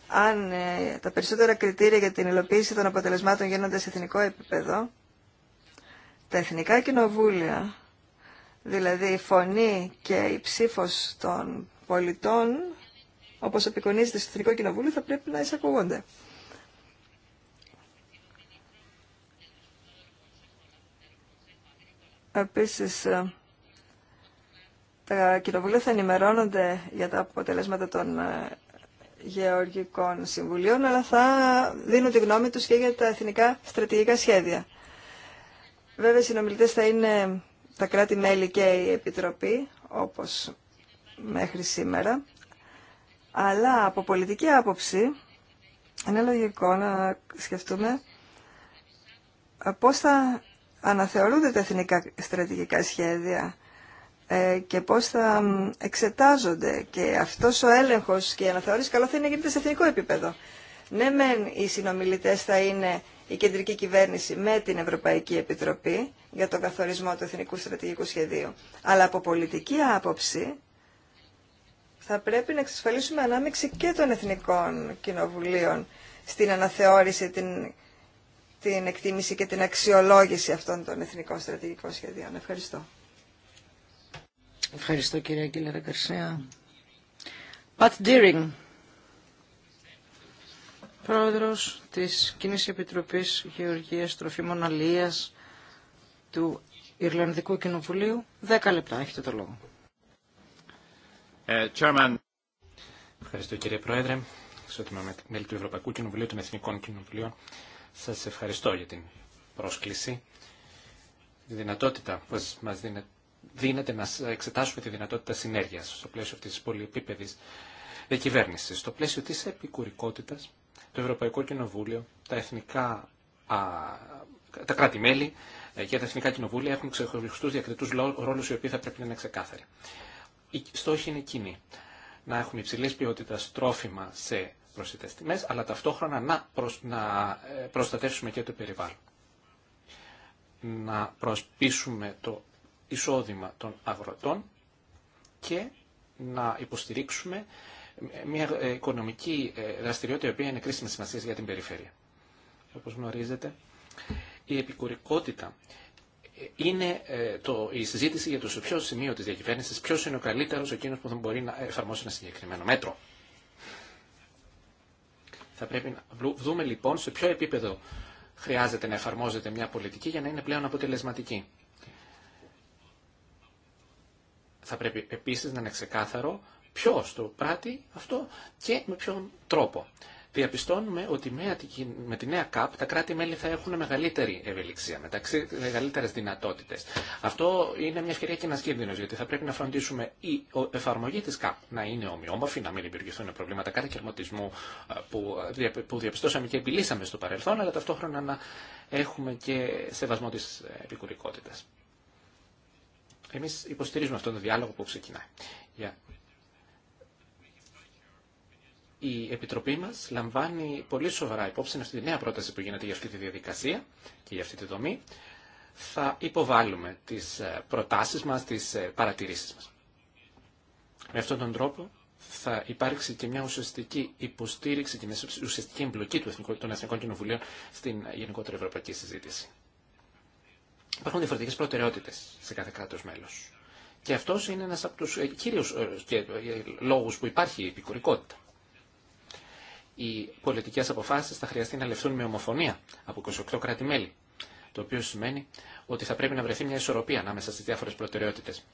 αν ε, τα περισσότερα κριτήρια για την υλοποίηση των αποτελεσμάτων γίνονται σε εθνικό επίπεδο, τα εθνικά κοινοβούλια, δηλαδή η φωνή και η ψήφος των πολιτών, όπως απεικονίζεται στο Εθνικό Κοινοβούλιο, θα πρέπει να εισακούγονται. Επίσης, ε, τα κοινοβούλια θα ενημερώνονται για τα αποτελέσματα των ε, γεωργικών συμβουλίων, αλλά θα δίνουν τη γνώμη τους και για τα εθνικά στρατηγικά σχέδια. Βέβαια, οι συνομιλητές θα είναι τα κράτη-μέλη και η Επιτροπή, όπως μέχρι σήμερα, αλλά από πολιτική άποψη είναι λογικό να σκεφτούμε ε, πώς θα αναθεωρούνται τα εθνικά στρατηγικά σχέδια ε, και πώς θα εξετάζονται και αυτός ο έλεγχος και η αναθεώρηση καλό θα είναι να γίνεται σε εθνικό επίπεδο. Ναι μεν οι συνομιλητές θα είναι η κεντρική κυβέρνηση με την Ευρωπαϊκή Επιτροπή για τον καθορισμό του Εθνικού Στρατηγικού Σχεδίου. Αλλά από πολιτική άποψη θα πρέπει να εξασφαλίσουμε ανάμειξη και των εθνικών κοινοβουλίων στην αναθεώρηση, την, την εκτίμηση και την αξιολόγηση αυτών των εθνικών στρατηγικών σχεδίων. Ευχαριστώ. Ευχαριστώ κυρία Αγγίλερα Καρσία. Πατ Ντίριγγ, πρόεδρος της Κοινής Επιτροπής Γεωργίας Τροφίμων Αλίας του Ιρλανδικού Κοινοβουλίου. Δέκα λεπτά έχετε το λόγο. Ε, ευχαριστώ κύριε Πρόεδρε, εξότιμα μέλη του Ευρωπαϊκού Κοινοβουλίου, των Εθνικών Κοινοβουλίων. Σας ευχαριστώ για την πρόσκληση, τη δυνατότητα που μας δίνεται να εξετάσουμε τη δυνατότητα συνέργειας στο πλαίσιο αυτής της πολυεπίπεδης κυβέρνησης. Στο πλαίσιο της επικουρικότητας, το Ευρωπαϊκό Κοινοβούλιο, τα εθνικά τα κράτη-μέλη ε, και τα εθνικά κοινοβούλια έχουν ξεχωριστού διακριτού ρόλου οι οποίοι θα πρέπει να είναι ξεκάθαροι. Η στόχοι είναι κοινοί. Να έχουμε υψηλή ποιότητα τρόφιμα σε προσιτές τιμές, αλλά ταυτόχρονα να, να ε, προστατεύσουμε και το περιβάλλον. Να προσπίσουμε το εισόδημα των αγροτών και να υποστηρίξουμε μια οικονομική ε, δραστηριότητα η οποία είναι κρίσιμη σημασία για την περιφέρεια. Όπως γνωρίζετε, η επικουρικότητα είναι ε, το, η συζήτηση για το σε ποιο σημείο της διακυβέρνησης, ποιο είναι ο καλύτερο εκείνο που θα μπορεί να εφαρμόσει ένα συγκεκριμένο μέτρο. Θα πρέπει να δούμε λοιπόν σε ποιο επίπεδο χρειάζεται να εφαρμόζεται μια πολιτική για να είναι πλέον αποτελεσματική. Θα πρέπει επίσης να είναι ξεκάθαρο ποιος το πράττει αυτό και με ποιον τρόπο διαπιστώνουμε ότι με τη νέα ΚΑΠ τα κράτη-μέλη θα έχουν μεγαλύτερη ευελιξία, μεταξύ μεγαλύτερε δυνατότητε. Αυτό είναι μια ευκαιρία και ένα κίνδυνο, γιατί θα πρέπει να φροντίσουμε η εφαρμογή τη ΚΑΠ να είναι ομοιόμορφη, να μην δημιουργηθούν προβλήματα κατακαιρματισμού που διαπιστώσαμε και επιλύσαμε στο παρελθόν, αλλά ταυτόχρονα να έχουμε και σεβασμό τη επικουρικότητα. Εμεί υποστηρίζουμε αυτόν τον διάλογο που ξεκινάει η Επιτροπή μα λαμβάνει πολύ σοβαρά υπόψη αυτή τη νέα πρόταση που γίνεται για αυτή τη διαδικασία και για αυτή τη δομή. Θα υποβάλουμε τι ε, προτάσει μα, τι ε, παρατηρήσει μα. Με αυτόν τον τρόπο θα υπάρξει και μια ουσιαστική υποστήριξη και μια ουσιαστική εμπλοκή των Εθνικών Κοινοβουλίων στην ε, γενικότερη ευρωπαϊκή συζήτηση. Υπάρχουν διαφορετικέ προτεραιότητε σε κάθε κράτο μέλο. Και αυτό είναι ένα από του κύριου λόγου που υπάρχει η επικουρικότητα οι πολιτικέ αποφάσεις θα χρειαστεί να λεφθούν με ομοφωνία από 28 κράτη-μέλη, το οποίο σημαίνει ότι θα πρέπει να βρεθεί μια ισορροπία ανάμεσα στι διάφορε προτεραιότητες.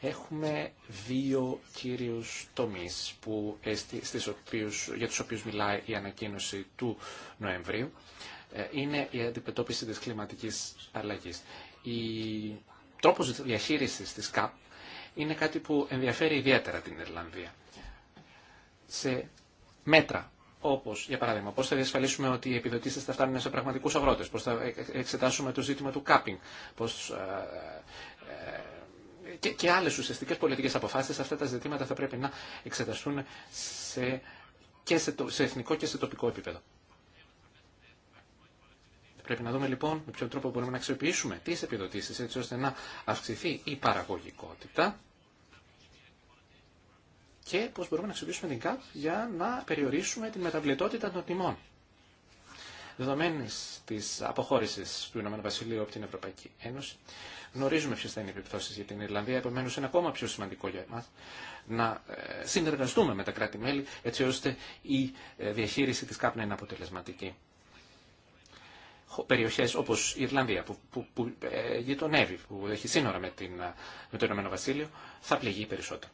Έχουμε δύο κύριους τομείς που, για τους οποίους μιλάει η ανακοίνωση του Νοεμβρίου. Ε, είναι η αντιμετώπιση της κλιματικής αλλαγής. Η τρόπος διαχείρισης της ΚΑΠ είναι κάτι που ενδιαφέρει ιδιαίτερα την Ιρλανδία. Σε μέτρα Όπω, για παράδειγμα, πώ θα διασφαλίσουμε ότι οι επιδοτήσει θα φτάνουν σε πραγματικού αγρότε, πώ θα εξετάσουμε το ζήτημα του κάπινγκ, πώς, ε, ε, και, και άλλε ουσιαστικέ πολιτικέ αποφάσει. Αυτά τα ζητήματα θα πρέπει να εξεταστούν σε, και σε, σε εθνικό και σε τοπικό επίπεδο. Πρέπει να δούμε λοιπόν με ποιον τρόπο μπορούμε να αξιοποιήσουμε τις επιδοτήσεις έτσι ώστε να αυξηθεί η παραγωγικότητα και πώς μπορούμε να αξιοποιήσουμε την ΚΑΠ για να περιορίσουμε την μεταβλητότητα των τιμών. Δεδομένη τη αποχώρηση του Ηνωμένου Βασιλείου από την Ευρωπαϊκή Ένωση, γνωρίζουμε ποιε θα είναι οι επιπτώσει για την Ιρλανδία. Επομένω, είναι ακόμα πιο σημαντικό για εμά να ε, συνεργαστούμε με τα κράτη-μέλη, έτσι ώστε η ε, διαχείριση τη ΚΑΠ να είναι αποτελεσματική περιοχές όπως η Ιρλανδία που, που, που ε, γειτονεύει, που έχει σύνορα με, την, ε, με το Ηνωμένο Βασίλειο, θα πληγεί περισσότερο.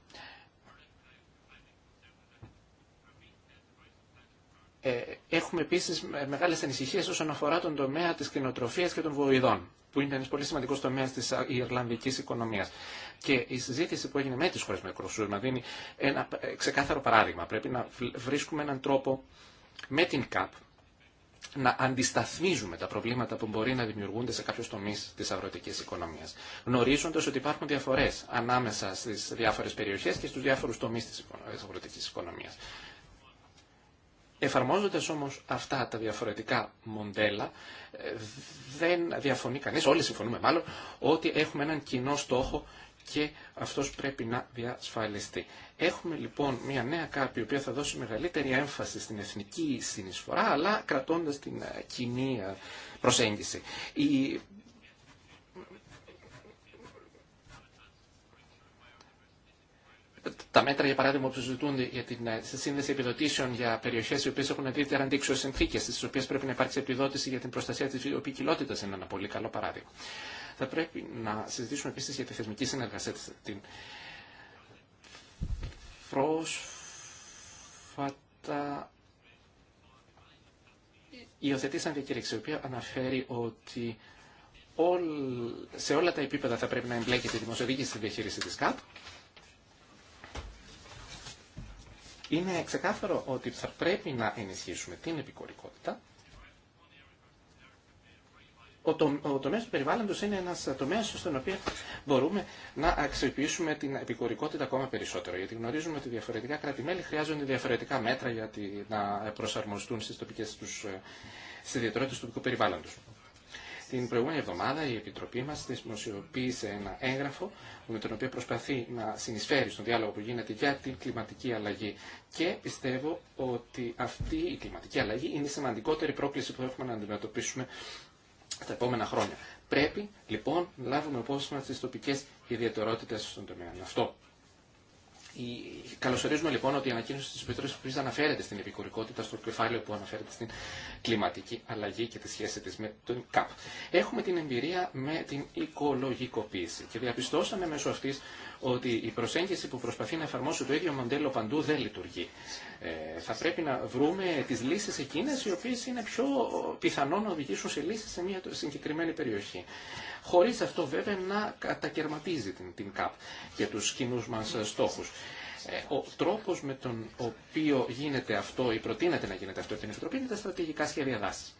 Ε, έχουμε επίσης μεγάλες ανησυχίες όσον αφορά τον τομέα της κτηνοτροφίας και των βοηδών που είναι ένα πολύ σημαντικό τομέα τη Ιρλανδική οικονομία. Και η συζήτηση που έγινε με τι χώρε με μα δίνει ένα ξεκάθαρο παράδειγμα. Πρέπει να βρίσκουμε έναν τρόπο με την ΚΑΠ να αντισταθμίζουμε τα προβλήματα που μπορεί να δημιουργούνται σε κάποιου τομεί τη αγροτική οικονομία. Γνωρίζοντα ότι υπάρχουν διαφορέ ανάμεσα στι διάφορε περιοχέ και στου διάφορου τομεί τη αγροτική οικονομία. Εφαρμόζοντας όμως αυτά τα διαφορετικά μοντέλα, ε, δεν διαφωνεί κανείς, όλοι συμφωνούμε μάλλον, ότι έχουμε έναν κοινό στόχο και αυτός πρέπει να διασφαλιστεί. Έχουμε λοιπόν μια νέα κάρπη η οποία θα δώσει μεγαλύτερη έμφαση στην εθνική συνεισφορά αλλά κρατώντας την ε, κοινή ε, προσέγγιση. Η... Τα μέτρα, για παράδειγμα, που συζητούνται για την ε, σύνδεση επιδοτήσεων για περιοχέ οι οποίε έχουν ιδιαίτερα αντίξωε συνθήκε, στι οποίε πρέπει να υπάρξει επιδότηση για την προστασία τη βιοποικιλότητα, είναι ένα πολύ καλό παράδειγμα. Θα πρέπει να συζητήσουμε επίσης για τη θεσμική συνεργασία την πρόσφατα υιοθετήσαν διακήρυξη, η οποία αναφέρει ότι σε όλα τα επίπεδα θα πρέπει να εμπλέκεται η δημοσιοδίκηση στη διαχείριση της ΚΑΠ. Είναι ξεκάθαρο ότι θα πρέπει να ενισχύσουμε την επικορικότητα ο, το, ο τομέας του περιβάλλοντος είναι ένας τομέας στον οποίο μπορούμε να αξιοποιήσουμε την επικουρικότητα ακόμα περισσότερο. Γιατί γνωρίζουμε ότι διαφορετικά κράτη-μέλη χρειάζονται διαφορετικά μέτρα για τη, να προσαρμοστούν στις τοπικές τους, ε, στις του τοπικού περιβάλλοντος. Την προηγούμενη εβδομάδα η Επιτροπή μας δημοσιοποίησε ένα έγγραφο με τον οποίο προσπαθεί να συνεισφέρει στον διάλογο που γίνεται για την κλιματική αλλαγή. Και πιστεύω ότι αυτή η κλιματική αλλαγή είναι η σημαντικότερη πρόκληση που έχουμε να αντιμετωπίσουμε τα επόμενα χρόνια. Πρέπει λοιπόν να λάβουμε υπόψη μα τι τοπικέ ιδιαιτερότητε στον τομέα αυτό. Καλωσορίζουμε λοιπόν ότι η ανακοίνωση τη Επιτροπή αναφέρεται στην επικουρικότητα, στο κεφάλαιο που αναφέρεται στην κλιματική αλλαγή και τη σχέση τη με τον ΚΑΠ. Έχουμε την εμπειρία με την οικολογικοποίηση και διαπιστώσαμε μέσω αυτή ότι η προσέγγιση που προσπαθεί να εφαρμόσει το ίδιο μοντέλο παντού δεν λειτουργεί. Ε, θα πρέπει να βρούμε τι λύσει εκείνε οι οποίε είναι πιο πιθανό να οδηγήσουν σε λύσει σε μια συγκεκριμένη περιοχή. Χωρί αυτό βέβαια να κατακαιρματίζει την, την ΚΑΠ και του κοινού μα στόχου ε, ο τρόπο με τον οποίο γίνεται αυτό ή προτείνεται να γίνεται αυτό την Επιτροπή είναι τα στρατηγικά σχέδια δάση.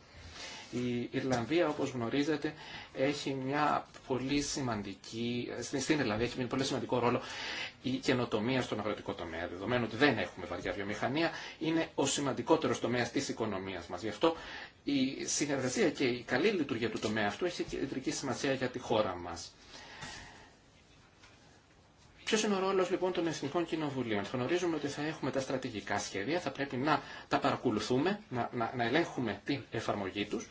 Η Ιρλανδία, όπως γνωρίζετε, έχει μια πολύ σημαντική, στην Ιρλανδία έχει μια πολύ σημαντικό ρόλο η καινοτομία στον αγροτικό τομέα. Δεδομένου ότι δεν έχουμε βαριά βιομηχανία, είναι ο σημαντικότερο τομέα τη οικονομία μα. Γι' αυτό η συνεργασία και η καλή λειτουργία του τομέα αυτού έχει κεντρική σημασία για τη χώρα μα. Ποιο είναι ο ρόλο λοιπόν των Εθνικών Κοινοβουλίων. Γνωρίζουμε ότι θα έχουμε τα στρατηγικά σχέδια, θα πρέπει να τα παρακολουθούμε, να, να, να ελέγχουμε την εφαρμογή του.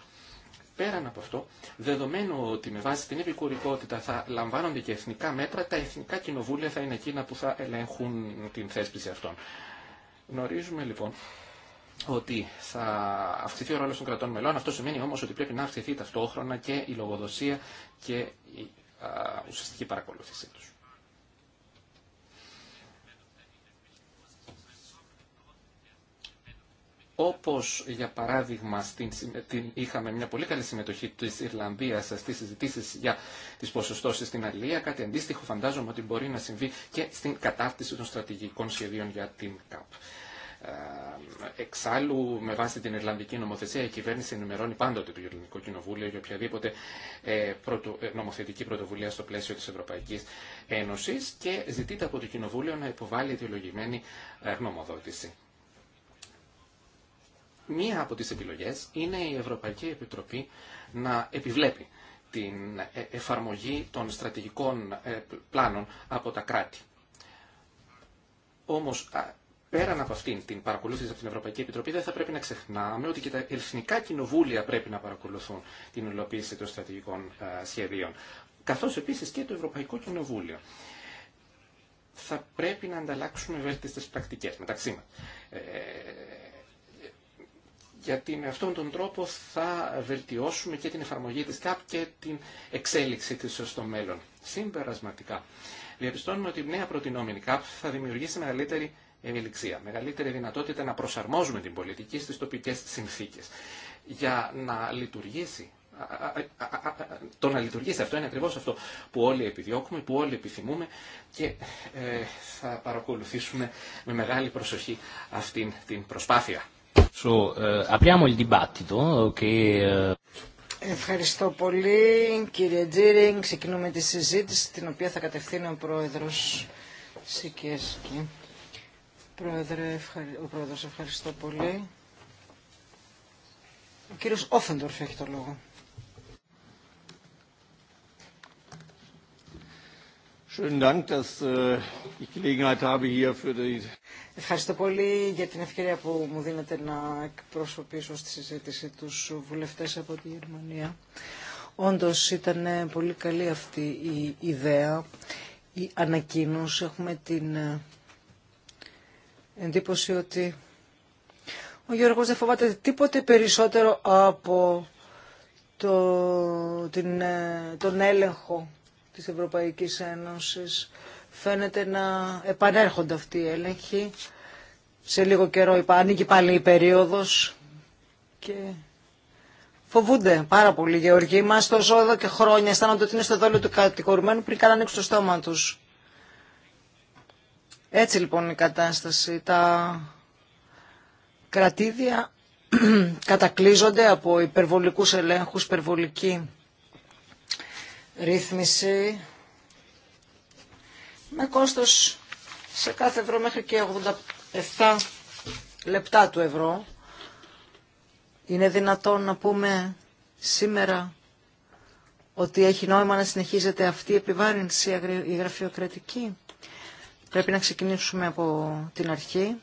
Πέραν από αυτό, δεδομένου ότι με βάση την επικουρικότητα θα λαμβάνονται και εθνικά μέτρα, τα εθνικά κοινοβούλια θα είναι εκείνα που θα ελέγχουν την θέσπιση αυτών. Γνωρίζουμε λοιπόν ότι θα αυξηθεί ο ρόλο των κρατών μελών. Αυτό σημαίνει όμω ότι πρέπει να αυξηθεί ταυτόχρονα και η λογοδοσία και η ουσιαστική παρακολούθησή του. όπως για παράδειγμα στην, την, είχαμε μια πολύ καλή συμμετοχή της Ιρλανδίας στις συζητήσει για τις ποσοστώσεις στην Αλληλεία, κάτι αντίστοιχο φαντάζομαι ότι μπορεί να συμβεί και στην κατάρτιση των στρατηγικών σχεδίων για την ΚΑΠ. Ε, εξάλλου, με βάση την Ιρλανδική νομοθεσία, η κυβέρνηση ενημερώνει πάντοτε το Ιρλανδικό Κοινοβούλιο για οποιαδήποτε ε, ε, νομοθετική πρωτοβουλία στο πλαίσιο τη Ευρωπαϊκή Ένωση και ζητείται από το Κοινοβούλιο να υποβάλει ε, γνωμοδότηση. Μία από τις επιλογές είναι η Ευρωπαϊκή Επιτροπή να επιβλέπει την ε, εφαρμογή των στρατηγικών ε, πλάνων από τα κράτη. Όμως, πέραν από αυτήν την παρακολούθηση από την Ευρωπαϊκή Επιτροπή, δεν θα πρέπει να ξεχνάμε ότι και τα εθνικά κοινοβούλια πρέπει να παρακολουθούν την υλοποίηση των στρατηγικών ε, σχεδίων, καθώς επίσης και το Ευρωπαϊκό Κοινοβούλιο θα πρέπει να ανταλλάξουμε βέλτιστες πρακτικές μεταξύ μας γιατί με αυτόν τον τρόπο θα βελτιώσουμε και την εφαρμογή της ΚΑΠ και την εξέλιξη της στο μέλλον. Συμπερασματικά, διαπιστώνουμε ότι η νέα προτινόμενη ΚΑΠ θα δημιουργήσει μεγαλύτερη ευελιξία, μεγαλύτερη δυνατότητα να προσαρμόζουμε την πολιτική στις τοπικές συνθήκες. Για να λειτουργήσει το να λειτουργήσει αυτό είναι ακριβώς αυτό που όλοι επιδιώκουμε, που όλοι επιθυμούμε και ε, θα παρακολουθήσουμε με μεγάλη προσοχή αυτή την προσπάθεια. Eh, eh. Ευχαριστώ πολύ κύριε Τζίρινγκ. Ξεκινούμε τη συζήτηση την οποία θα κατευθύνει ο πρόεδρος Σικέσκη. Πρόεδρε, ευχαρι... ο πρόεδρος ευχαριστώ πολύ. Ο κύριος Όφεντορφ έχει το λόγο. Ευχαριστώ πολύ για την ευκαιρία που μου δίνετε να εκπροσωπήσω στη συζήτηση τους βουλευτές από τη Γερμανία. Όντως ήταν ε, πολύ καλή αυτή η ιδέα, η ανακοίνωση. Έχουμε την ε, εντύπωση ότι ο Γιώργος δεν φοβάται τίποτε περισσότερο από το, την, ε, τον έλεγχο της Ευρωπαϊκής Ένωσης. Φαίνεται να επανέρχονται αυτοί οι έλεγχοι. Σε λίγο καιρό ανοίγει πάλι η περίοδος και φοβούνται πάρα πολύ οι γεωργοί μας. Το ζώο εδώ και χρόνια αισθάνονται ότι είναι στο δόλιο του κατηγορουμένου πριν καν ανοίξουν το στόμα τους. Έτσι λοιπόν η κατάσταση. Τα κρατήδια κατακλείζονται από υπερβολικούς ελέγχους, υπερβολική ρύθμιση με κόστος σε κάθε ευρώ μέχρι και 87 λεπτά του ευρώ. Είναι δυνατόν να πούμε σήμερα ότι έχει νόημα να συνεχίζεται αυτή η επιβάρυνση η γραφειοκρατική. Πρέπει να ξεκινήσουμε από την αρχή.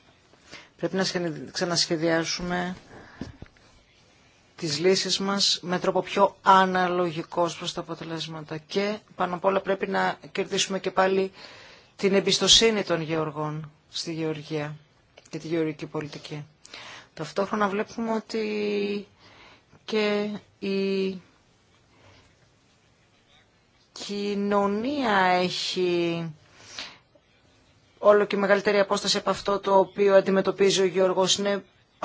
Πρέπει να ξανασχεδιάσουμε τις λύσεις μας με τρόπο πιο αναλογικός προς τα αποτελέσματα. Και πάνω απ' όλα πρέπει να κερδίσουμε και πάλι την εμπιστοσύνη των γεωργών στη γεωργία και τη γεωργική πολιτική. Ταυτόχρονα βλέπουμε ότι και η κοινωνία έχει όλο και μεγαλύτερη απόσταση από αυτό το οποίο αντιμετωπίζει ο Γιώργος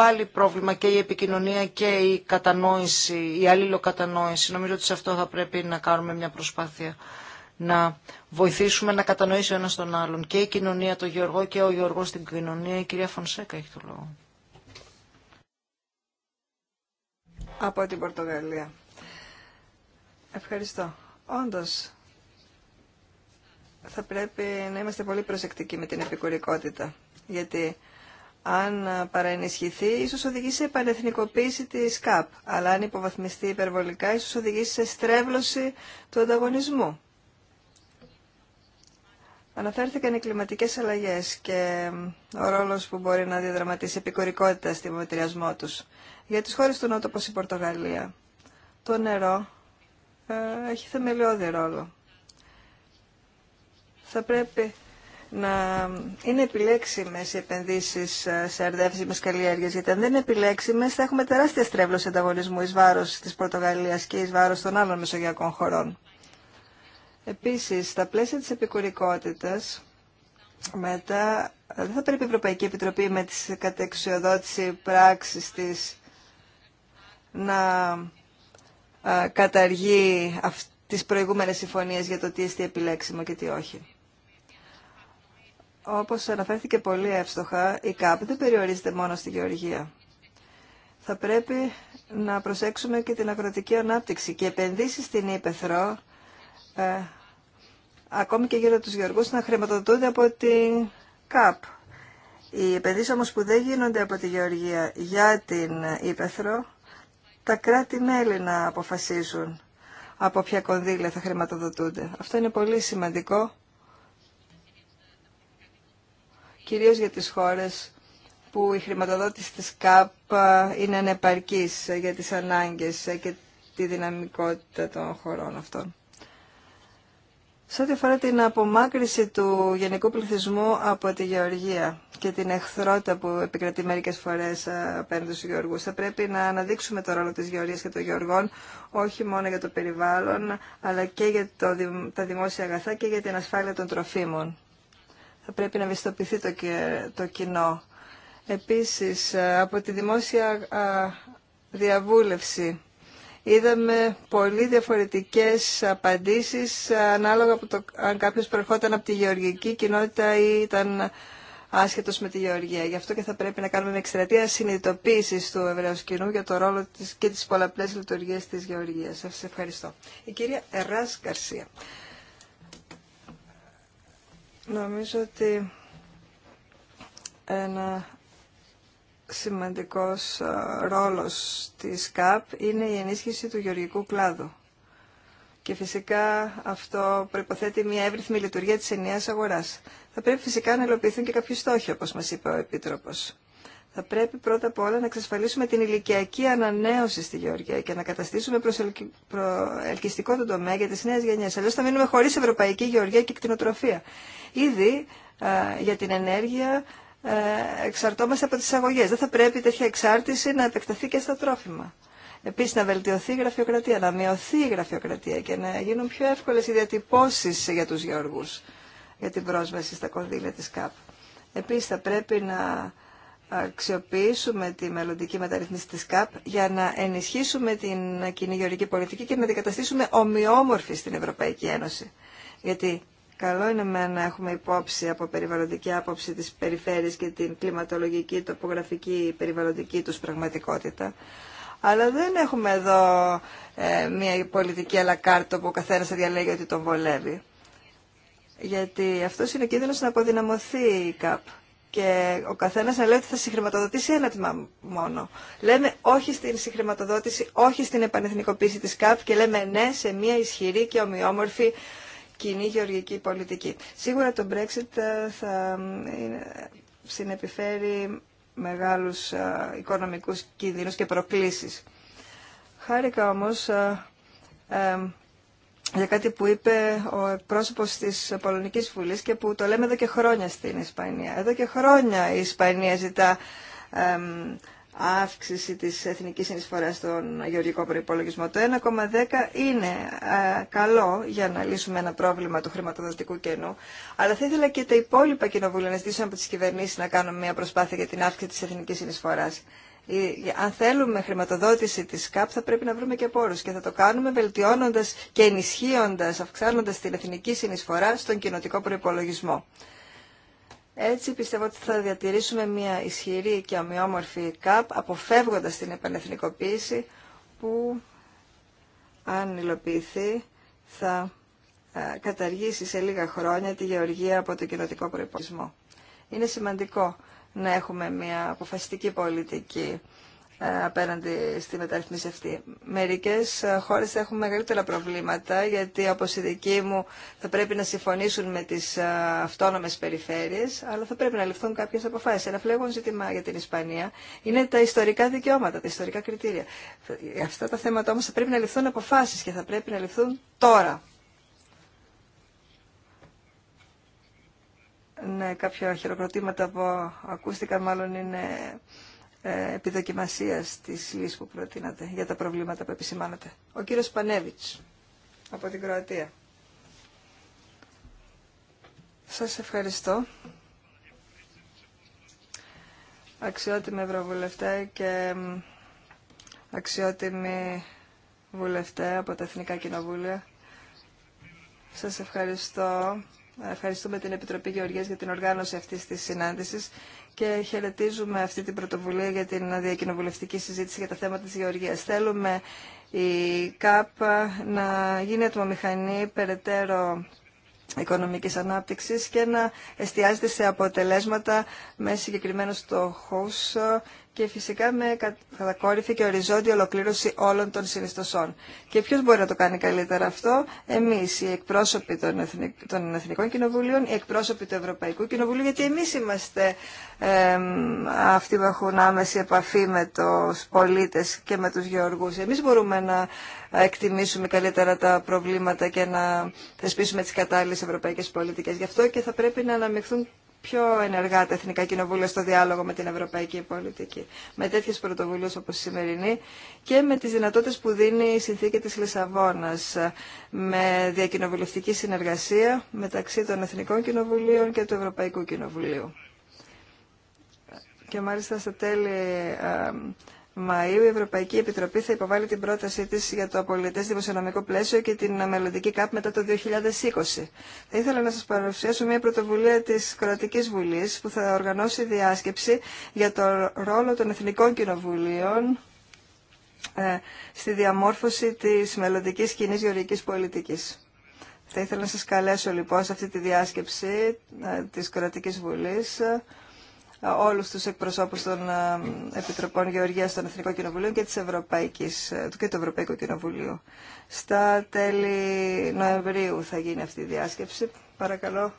πάλι πρόβλημα και η επικοινωνία και η κατανόηση, η αλληλοκατανόηση. Νομίζω ότι σε αυτό θα πρέπει να κάνουμε μια προσπάθεια να βοηθήσουμε να κατανοήσει ο ένας τον άλλον. Και η κοινωνία, το Γεωργό και ο Γεωργός στην κοινωνία. Η κυρία Φωνσέκα έχει το λόγο. Από την Πορτογαλία. Ευχαριστώ. Όντως, θα πρέπει να είμαστε πολύ προσεκτικοί με την επικουρικότητα. Γιατί αν παραενισχυθεί, ίσως οδηγήσει σε επανεθνικοποίηση της ΚΑΠ. Αλλά αν υποβαθμιστεί υπερβολικά, ίσως οδηγήσει σε στρέβλωση του ανταγωνισμού. Αναφέρθηκαν οι κλιματικές αλλαγές και ο ρόλος που μπορεί να διαδραματίσει επικορικότητα στη μετριασμό τους. Για τις χώρες του Νότου, όπως η Πορτογαλία, το νερό ε, έχει θεμελιώδη ρόλο. Θα πρέπει να είναι επιλέξιμες οι επενδύσεις ε, σε αρδεύσιμες καλλιέργειες, γιατί αν δεν είναι επιλέξιμες θα έχουμε τεράστια στρέβλωση ανταγωνισμού εις βάρος της Πορτογαλίας και εις βάρος των άλλων μεσογειακών χωρών. Επίσης, στα πλαίσια της επικουρικότητας, μετά ε, δεν θα πρέπει η Ευρωπαϊκή Επιτροπή με τις κατεξουσιοδότηση πράξη της να ε, καταργεί τις προηγούμενες συμφωνίες για το τι είστε επιλέξιμο και τι όχι όπως αναφέρθηκε πολύ εύστοχα, η ΚΑΠ δεν περιορίζεται μόνο στη γεωργία. Θα πρέπει να προσέξουμε και την αγροτική ανάπτυξη και επενδύσεις στην Ήπεθρο, ε, ακόμη και γύρω τους γεωργούς, να χρηματοδοτούνται από την ΚΑΠ. Οι επενδύσεις όμως που δεν γίνονται από τη γεωργία για την Ήπεθρο, τα κράτη-μέλη να αποφασίζουν από ποια κονδύλια θα χρηματοδοτούνται. Αυτό είναι πολύ σημαντικό κυρίως για τις χώρες που η χρηματοδότηση της ΚΑΠ ε, είναι ανεπαρκής για τις ανάγκες και τη δυναμικότητα των χωρών αυτών. Σε ό,τι αφορά την απομάκρυση του γενικού πληθυσμού από τη γεωργία και την εχθρότητα που επικρατεί μερικές φορές ε, απέναντι στους γεωργούς, θα πρέπει να αναδείξουμε το ρόλο της γεωργίας και των γεωργών, όχι μόνο για το περιβάλλον, αλλά και για το, τα δημόσια αγαθά και για την ασφάλεια των τροφίμων θα πρέπει να ευαισθητοποιηθεί το, το κοινό. Επίσης, ε, από τη δημόσια διαβούλευση είδαμε πολύ διαφορετικές απαντήσεις ε, ανάλογα από το αν κάποιος προερχόταν από τη γεωργική κοινότητα ή ήταν άσχετος με τη γεωργία. Γι' αυτό και θα πρέπει να κάνουμε μια εξτρατεία συνειδητοποίηση του Εβραίου κοινού για το ρόλο της και τις πολλαπλές λειτουργίες της γεωργίας. Σας ευχαριστώ. Η κυρία Εράς Καρσία. Νομίζω ότι ένα σημαντικός ρόλος της ΚΑΠ είναι η ενίσχυση του γεωργικού κλάδου. Και φυσικά αυτό προϋποθέτει μια εύρυθμη λειτουργία της ενιαίας αγοράς. Θα πρέπει φυσικά να υλοποιηθούν και κάποιοι στόχοι, όπως μας είπε ο Επίτροπος θα πρέπει πρώτα απ' όλα να εξασφαλίσουμε την ηλικιακή ανανέωση στη Γεωργία και να καταστήσουμε προελκυστικό τον τομέα για τι νέε γενιέ. Αλλιώ θα μείνουμε χωρί Ευρωπαϊκή Γεωργία και κτηνοτροφία. Ήδη για την ενέργεια εξαρτώμαστε από τι αγωγές. Δεν θα πρέπει τέτοια εξάρτηση να επεκταθεί και στα τρόφιμα. Επίση, να βελτιωθεί η γραφειοκρατία, να μειωθεί η γραφειοκρατία και να γίνουν πιο εύκολε οι διατυπώσει για του γεωργού για την πρόσβαση στα κονδύλια τη ΚΑΠ. Επίση, θα πρέπει να αξιοποιήσουμε τη μελλοντική μεταρρύθμιση της ΚΑΠ για να ενισχύσουμε την κοινή γεωρική πολιτική και να την καταστήσουμε ομοιόμορφη στην Ευρωπαϊκή Ένωση. Γιατί καλό είναι με να έχουμε υπόψη από περιβαλλοντική άποψη της περιφέρειας και την κλιματολογική, τοπογραφική, περιβαλλοντική τους πραγματικότητα. Αλλά δεν έχουμε εδώ ε, μια πολιτική αλακάρτο που ο καθένας θα διαλέγει ότι τον βολεύει. Γιατί αυτό είναι ο κίνδυνος να αποδυναμωθεί η ΚΑΠ και ο καθένας να λέει ότι θα συγχρηματοδοτήσει ένα τμήμα μόνο. Λέμε όχι στην συγχρηματοδότηση, όχι στην επανεθνικοποίηση της ΚΑΠ και λέμε ναι σε μια ισχυρή και ομοιόμορφη κοινή γεωργική πολιτική. Σίγουρα το Brexit ε, θα συνεπιφέρει μεγάλους ε, οικονομικούς κινδύνους και προκλήσεις. Χάρηκα όμως ε, για κάτι που είπε ο πρόσωπος τη πολωνική Βουλή και που το λέμε εδώ και χρόνια στην Ισπανία. Εδώ και χρόνια η Ισπανία ζητά αύξηση της εθνικής συνεισφοράς στον γεωργικό προπολογισμό. Το 1,10 είναι ε, καλό για να λύσουμε ένα πρόβλημα του χρηματοδοτικού κενού, αλλά θα ήθελα και τα υπόλοιπα κοινοβούλια να ζητήσουν από τι κυβερνήσει να κάνουν μια προσπάθεια για την αύξηση τη εθνική συνεισφορά αν θέλουμε χρηματοδότηση της ΚΑΠ θα πρέπει να βρούμε και πόρους και θα το κάνουμε βελτιώνοντας και ενισχύοντας, αυξάνοντας την εθνική συνεισφορά στον κοινοτικό προϋπολογισμό. Έτσι πιστεύω ότι θα διατηρήσουμε μια ισχυρή και ομοιόμορφη ΚΑΠ αποφεύγοντας την επανεθνικοποίηση που αν υλοποιηθεί θα ε, καταργήσει σε λίγα χρόνια τη γεωργία από τον κοινοτικό προϋπολογισμό. Είναι σημαντικό να έχουμε μια αποφασιστική πολιτική ε, απέναντι στη μεταρρυθμίση αυτή. Μερικές ε, χώρες έχουν μεγαλύτερα προβλήματα γιατί όπω η δική μου θα πρέπει να συμφωνήσουν με τις ε, αυτόνομες περιφέρειες αλλά θα πρέπει να ληφθούν κάποιες αποφάσεις. Ένα φλέγον ζήτημα για την Ισπανία είναι τα ιστορικά δικαιώματα, τα ιστορικά κριτήρια. αυτά τα θέματα όμως θα πρέπει να ληφθούν αποφάσεις και θα πρέπει να ληφθούν τώρα. ναι, κάποια χειροκροτήματα που ακούστηκαν μάλλον είναι ε, επιδοκιμασία τη λύση που προτείνατε για τα προβλήματα που επισημάνατε. Ο κύριο Πανέβιτς από την Κροατία. σα ευχαριστώ. Αξιότιμη Ευρωβουλευτέ και αξιότιμη βουλευτέ από τα Εθνικά Κοινοβούλια. Σας ευχαριστώ Ευχαριστούμε την Επιτροπή Γεωργίας για την οργάνωση αυτής της συνάντησης και χαιρετίζουμε αυτή την πρωτοβουλία για την διακοινοβουλευτική συζήτηση για τα θέματα της Γεωργίας. Θέλουμε η ΚΑΠ να γίνει ατμομηχανή περαιτέρω οικονομικής ανάπτυξης και να εστιάζεται σε αποτελέσματα με συγκεκριμένους στόχους και φυσικά με κατακόρυφη και οριζόντια ολοκλήρωση όλων των συνιστοσών. Και ποιο μπορεί να το κάνει καλύτερα αυτό, εμεί, οι εκπρόσωποι των, Εθνικ... των Εθνικών Κοινοβουλίων, οι εκπρόσωποι του Ευρωπαϊκού Κοινοβουλίου, γιατί εμεί είμαστε ε, αυτοί που έχουν άμεση επαφή με του πολίτε και με του γεωργού. Εμεί μπορούμε να εκτιμήσουμε καλύτερα τα προβλήματα και να θεσπίσουμε τι κατάλληλε ευρωπαϊκέ πολιτικέ. Γι' αυτό και θα πρέπει να αναμειχθούν πιο ενεργά τα Εθνικά Κοινοβούλια στο διάλογο με την ευρωπαϊκή πολιτική. Με τέτοιε πρωτοβουλίε όπω η σημερινή και με τι δυνατότητε που δίνει η συνθήκη τη Λισαβόνα ε, με διακοινοβουλευτική συνεργασία μεταξύ των Εθνικών Κοινοβουλίων και του Ευρωπαϊκού Κοινοβουλίου. Και μάλιστα στα τέλη ε, η Ευρωπαϊκή Επιτροπή θα υποβάλει την πρότασή της για το πολιτές δημοσιονομικό πλαίσιο και την μελλοντική ΚΑΠ μετά το 2020. Θα ήθελα να σας παρουσιάσω μια πρωτοβουλία της Κροατικής Βουλής που θα οργανώσει διάσκεψη για το ρόλο των Εθνικών Κοινοβουλίων ε, στη διαμόρφωση της μελλοντική κοινή γεωργικής πολιτικής. Θα ήθελα να σας καλέσω λοιπόν σε αυτή τη διάσκεψη ε, της Κροατικής Βουλής όλου τους εκπροσώπου των ε, Επιτροπών Γεωργίας των Εθνικών Κοινοβουλίων και, της ε, και του Ευρωπαϊκού Κοινοβουλίου. Στα τέλη Νοεμβρίου θα γίνει αυτή η διάσκεψη. Παρακαλώ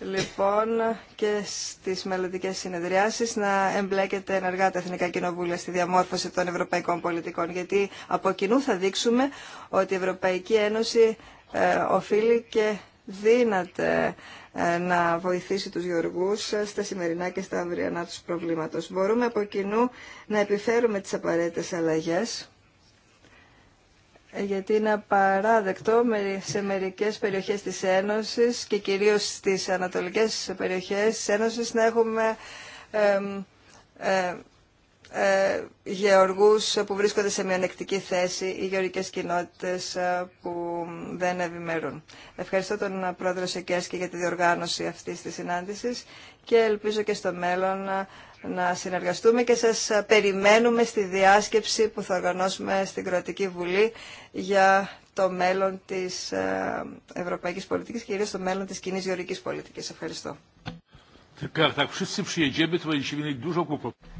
λοιπόν και στις μελλοντικέ συνεδριάσεις να εμπλέκεται ενεργά τα Εθνικά Κοινοβούλια στη διαμόρφωση των ευρωπαϊκών πολιτικών γιατί από κοινού θα δείξουμε ότι η Ευρωπαϊκή Ένωση ε, οφείλει και δύναται ε, να βοηθήσει τους γεωργούς ε, στα σημερινά και στα αυριανά τους προβλήματος. Μπορούμε από κοινού να επιφέρουμε τις απαραίτητες αλλαγές, ε, γιατί είναι απαράδεκτο σε μερικές περιοχές της Ένωσης και κυρίως στις ανατολικές περιοχές της Ένωσης να έχουμε ε, γεωργούς που βρίσκονται σε μειονεκτική θέση ή γεωργικές κοινότητες ε, που δεν ευημερούν. Ευχαριστώ τον πρόεδρο Σεκέσκη για τη διοργάνωση αυτής της συνάντησης και ελπίζω και στο μέλλον ε, να συνεργαστούμε και σας περιμένουμε στη διάσκεψη που θα οργανώσουμε στην Κροατική Βουλή για το μέλλον της ευρωπαϊκής πολιτικής και κυρίως το μέλλον της κοινής γεωργικής πολιτικής. Ευχαριστώ.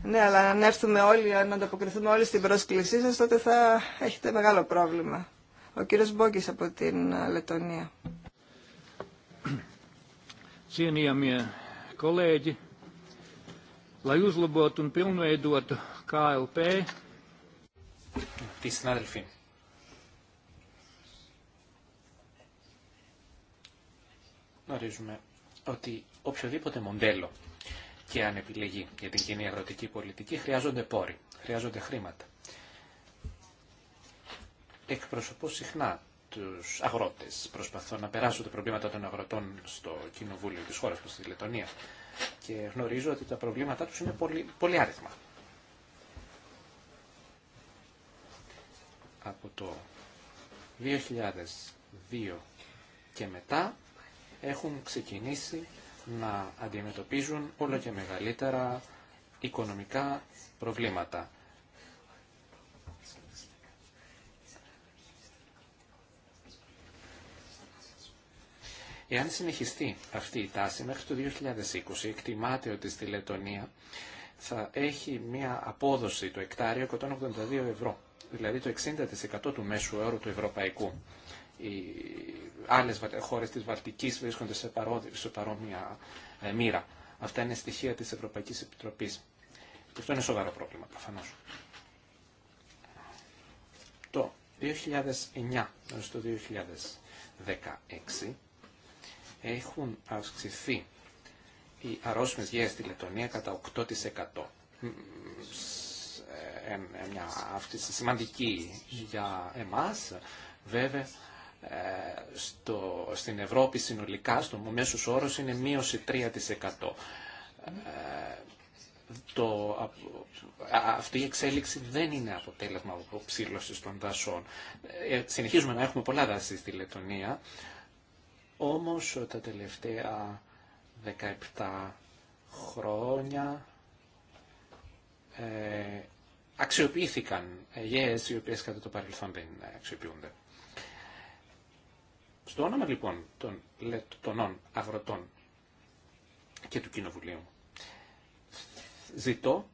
Ναι, αλλά αν έρθουμε όλοι, αν ανταποκριθούμε όλοι στην πρόσκλησή σας, τότε θα έχετε μεγάλο πρόβλημα. Ο κύριος Μπόγκης από την ε, Λετωνία. γνωρίζουμε ότι οποιοδήποτε μοντέλο και αν επιλεγεί για την κοινή αγροτική πολιτική, χρειάζονται πόροι, χρειάζονται χρήματα. Εκπροσωπώ συχνά τους αγρότες. Προσπαθώ να περάσω τα προβλήματα των αγροτών στο κοινοβούλιο της χώρας μου, στη Λετωνία. Και γνωρίζω ότι τα προβλήματά τους είναι πολύ, πολύ άριθμα. Από το 2002 και μετά έχουν ξεκινήσει να αντιμετωπίζουν όλο και μεγαλύτερα οικονομικά προβλήματα. Εάν συνεχιστεί αυτή η τάση μέχρι το 2020, εκτιμάται ότι στη Λετωνία θα έχει μια απόδοση το εκτάριο 182 ευρώ, δηλαδή το 60% του μέσου όρου του ευρωπαϊκού οι άλλες χώρες της Βαλτική βρίσκονται σε, παρόμοια ε, μοίρα. Αυτά είναι στοιχεία της Ευρωπαϊκής Επιτροπής. Και αυτό είναι σοβαρό πρόβλημα, προφανώ. Το 2009 έως το 2016 έχουν αυξηθεί οι αρρώσιμες γέες στη Λετωνία κατά 8% ε, μια αύξηση σημαντική για εμάς. Βέβαια, στο, στην Ευρώπη συνολικά, στο μέσο όρο είναι μείωση 3%. Ε, το, αυτή η εξέλιξη δεν είναι αποτέλεσμα από των δασών. Ε, συνεχίζουμε να έχουμε πολλά δάση στη Λετωνία, όμως τα τελευταία 17 χρόνια ε, αξιοποιήθηκαν γέες οι οποίες κατά το παρελθόν δεν αξιοποιούνται. Στο όνομα λοιπόν των λεπτονών αγροτών και του Κοινοβουλίου ζητώ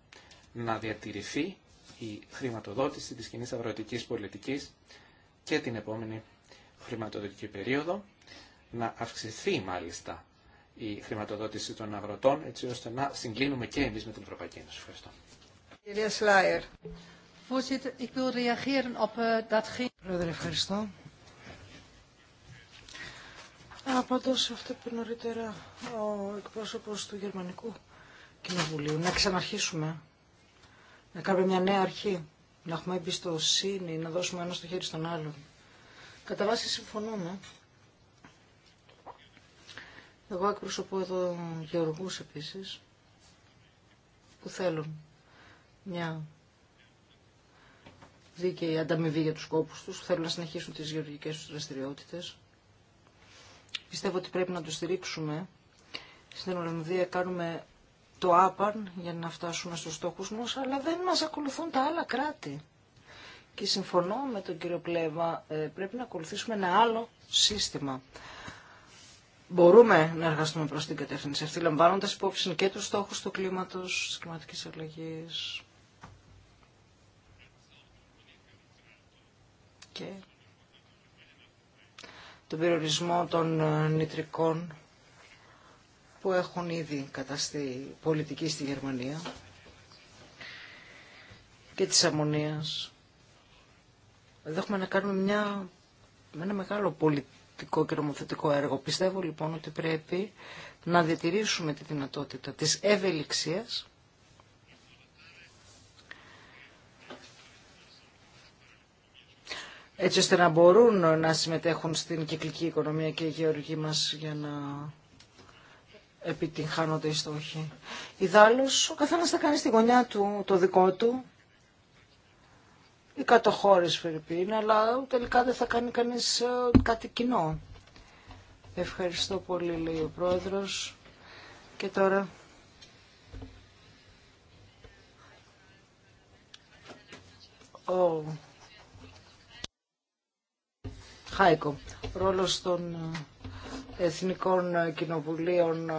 να διατηρηθεί η χρηματοδότηση της κοινή αγροτικής πολιτικής και την επόμενη χρηματοδοτική περίοδο, να αυξηθεί μάλιστα η χρηματοδότηση των αγροτών, έτσι ώστε να συγκλίνουμε και εμείς με την Ευρωπαϊκή Ένωση. Ευχαριστώ. Σλάιερ. Eh, Πρόεδρε, ευχαριστώ. Απάντω σε αυτό που νωρίτερα ο εκπρόσωπος του Γερμανικού Κοινοβουλίου. Να ξαναρχίσουμε, να κάνουμε μια νέα αρχή, να έχουμε εμπιστοσύνη, να δώσουμε ένα στο χέρι στον άλλον. Κατά βάση συμφωνούμε. Εγώ εκπροσωπώ εδώ γεωργούς επίσης, που θέλουν μια δίκαιη ανταμοιβή για τους κόπους τους, που θέλουν να συνεχίσουν τις γεωργικές τους δραστηριότητες. Πιστεύω ότι πρέπει να το στηρίξουμε. Στην Ολλανδία κάνουμε το άπαν για να φτάσουμε στους στόχους μας, αλλά δεν μας ακολουθούν τα άλλα κράτη. Και συμφωνώ με τον κύριο Πλέβα, ε, πρέπει να ακολουθήσουμε ένα άλλο σύστημα. Μπορούμε να εργαστούμε προς την κατεύθυνση αυτή, λαμβάνοντας υπόψη και τους στόχους του κλίματος, της κλιματικής αλλαγής τον περιορισμό των ε, νητρικών που έχουν ήδη καταστεί πολιτική στη Γερμανία και της αμμονίας. Εδώ έχουμε να κάνουμε μια, ένα μεγάλο πολιτικό και νομοθετικό έργο. Πιστεύω λοιπόν ότι πρέπει να διατηρήσουμε τη δυνατότητα της ευελιξίας έτσι ώστε να μπορούν να συμμετέχουν στην κυκλική οικονομία και οι γεωργοί μας για να επιτυγχάνονται οι στόχοι. Ιδάλλως, ο καθένας θα κάνει στη γωνιά του το δικό του, οι κατοχώρες Φερρυπίν, αλλά τελικά δεν θα κάνει κανείς ε, κάτι κοινό. Ευχαριστώ πολύ, λέει ο Πρόεδρος. Και τώρα... Ο Χάικο. Ρόλος των ε, εθνικών κοινοβουλίων ε,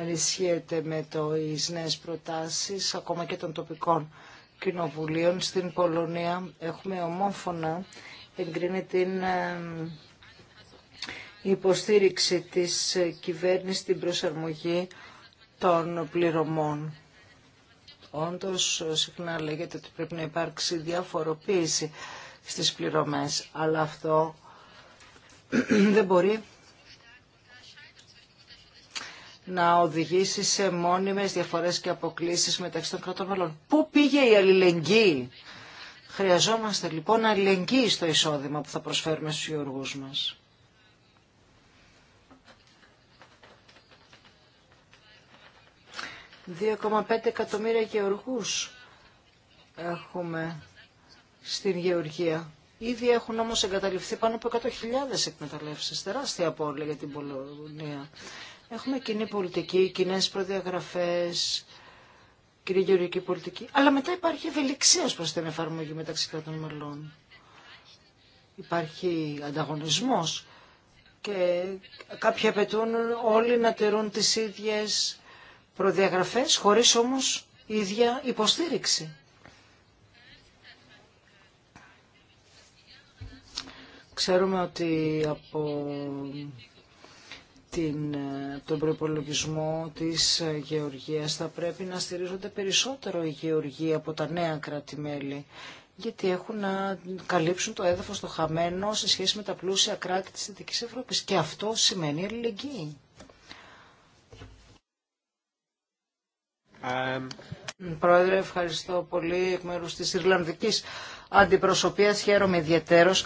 ενισχύεται με το εις νέες προτάσεις, ακόμα και των τοπικών κοινοβουλίων. Στην Πολωνία έχουμε ομόφωνα εγκρίνει την ε, υποστήριξη της κυβέρνησης στην προσαρμογή των πληρωμών. Όντως, συχνά λέγεται ότι πρέπει να υπάρξει διαφοροποίηση στις πληρωμές, αλλά αυτό δεν μπορεί να οδηγήσει σε μόνιμες διαφορές και αποκλήσεις μεταξύ των κρατών μελών. Πού πήγε η αλληλεγγύη. Χρειαζόμαστε λοιπόν αλληλεγγύη στο εισόδημα που θα προσφέρουμε στους γεωργούς μας. ...2,5 εκατομμύρια γεωργούς έχουμε στην γεωργία Ήδη έχουν όμως εγκαταλειφθεί πάνω από 100.000 εκμεταλλεύσεις, τεράστια απώλεια για την Πολωνία. Έχουμε κοινή πολιτική, κοινέ προδιαγραφές, κοινή γεωργική πολιτική, αλλά μετά υπάρχει ευελιξία προς την εφαρμογή μεταξύ κρατών μελών. Υπάρχει ανταγωνισμός και κάποιοι απαιτούν όλοι να τηρούν τις ίδιες προδιαγραφές, χωρίς όμως ίδια υποστήριξη. Ξέρουμε ότι από την, τον προπολογισμό της γεωργίας θα πρέπει να στηρίζονται περισσότερο οι γεωργοί από τα νέα κράτη-μέλη γιατί έχουν να καλύψουν το έδαφος το χαμένο σε σχέση με τα πλούσια κράτη της Δυτικής Ευρώπης και αυτό σημαίνει αλληλεγγύη. Um... Πρόεδρε, ευχαριστώ πολύ εκ μέρους της Ιρλανδικής Αντιπροσωπείας. Χαίρομαι ιδιαίτερος.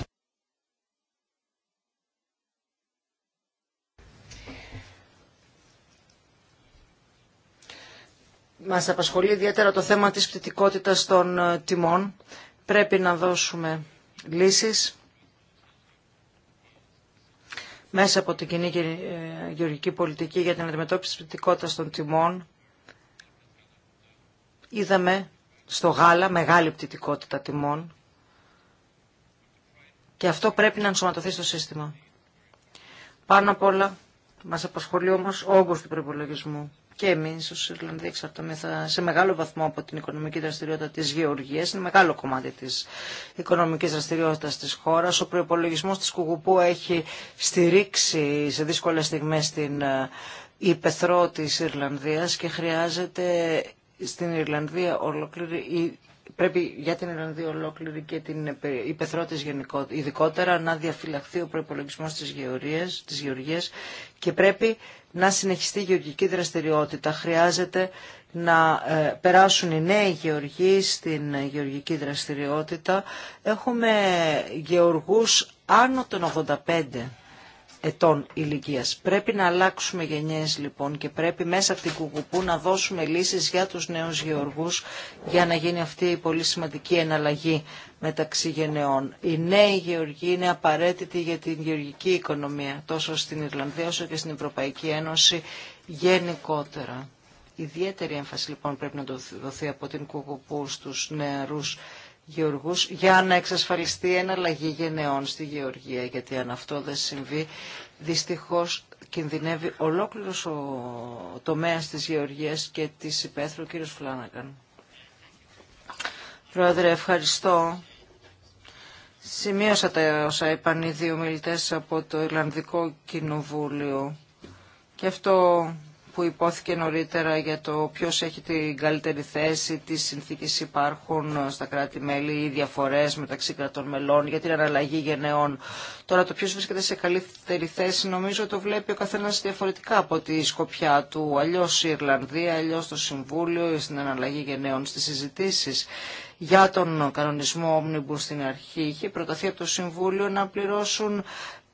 μας απασχολεί ιδιαίτερα το θέμα της πτυτικότητας των ε, τιμών. Πρέπει να δώσουμε λύσεις μέσα από την κοινή ε, γεωργική πολιτική για την αντιμετώπιση της πτυτικότητας των τιμών. Είδαμε στο γάλα μεγάλη πτυτικότητα τιμών και αυτό πρέπει να ενσωματωθεί στο σύστημα. Πάνω απ' όλα μας απασχολεί όμως ο όγκος του προπολογισμού και εμεί, ω Ιρλανδοί εξαρτώμεθα σε μεγάλο βαθμό από την οικονομική δραστηριότητα της γεωργίας, είναι μεγάλο κομμάτι της οικονομικής δραστηριότητα της χώρας. Ο προπολογισμό της Κουγουπού έχει στηρίξει σε δύσκολες στιγμές την ε, υπεθρό τη Ιρλανδίας και χρειάζεται στην Ιρλανδία ολόκληρη πρέπει για την Ιρλανδία ολόκληρη και την υπεθρότη ειδικότερα να διαφυλαχθεί ο προπολογισμό της γεωργίας, και πρέπει να συνεχιστεί η γεωργική δραστηριότητα. Χρειάζεται να ε, περάσουν οι νέοι γεωργοί στην γεωργική δραστηριότητα. Έχουμε γεωργούς άνω των 85 ετών ηλικίας. Πρέπει να αλλάξουμε γενιές λοιπόν και πρέπει μέσα από την κουκουπού να δώσουμε λύσεις για τους νέους γεωργούς για να γίνει αυτή η πολύ σημαντική εναλλαγή μεταξύ γενεών. Η νέοι γεωργία είναι απαραίτητη για την γεωργική οικονομία τόσο στην Ιρλανδία όσο και στην Ευρωπαϊκή Ένωση γενικότερα. Ιδιαίτερη έμφαση λοιπόν πρέπει να δοθεί από την κουκουπού στους νεαρούς για να εξασφαλιστεί αλλαγή γενεών στη γεωργία. Γιατί αν αυτό δεν συμβεί, δυστυχώς κινδυνεύει ολόκληρος ο τομέας της γεωργίας και της υπαίθρου, κύριος Φλάνακαν. Πρόεδρε, ευχαριστώ. Σημείωσα τα όσα είπαν οι δύο μιλητές από το Ιρλανδικό Κοινοβούλιο. Και αυτό που υπόθηκε νωρίτερα για το ποιο έχει την καλύτερη θέση, τι συνθήκες υπάρχουν στα κράτη-μέλη, οι διαφορές μεταξύ κρατών μελών για την αναλλαγή γενναιών. Τώρα το ποιο βρίσκεται σε καλύτερη θέση νομίζω το βλέπει ο καθένα διαφορετικά από τη σκοπιά του. Αλλιώς η Ιρλανδία, αλλιώς το Συμβούλιο, στην αναλλαγή γενναιών στις συζητήσεις για τον κανονισμό Omnibus στην αρχή είχε προταθεί από το Συμβούλιο να πληρώσουν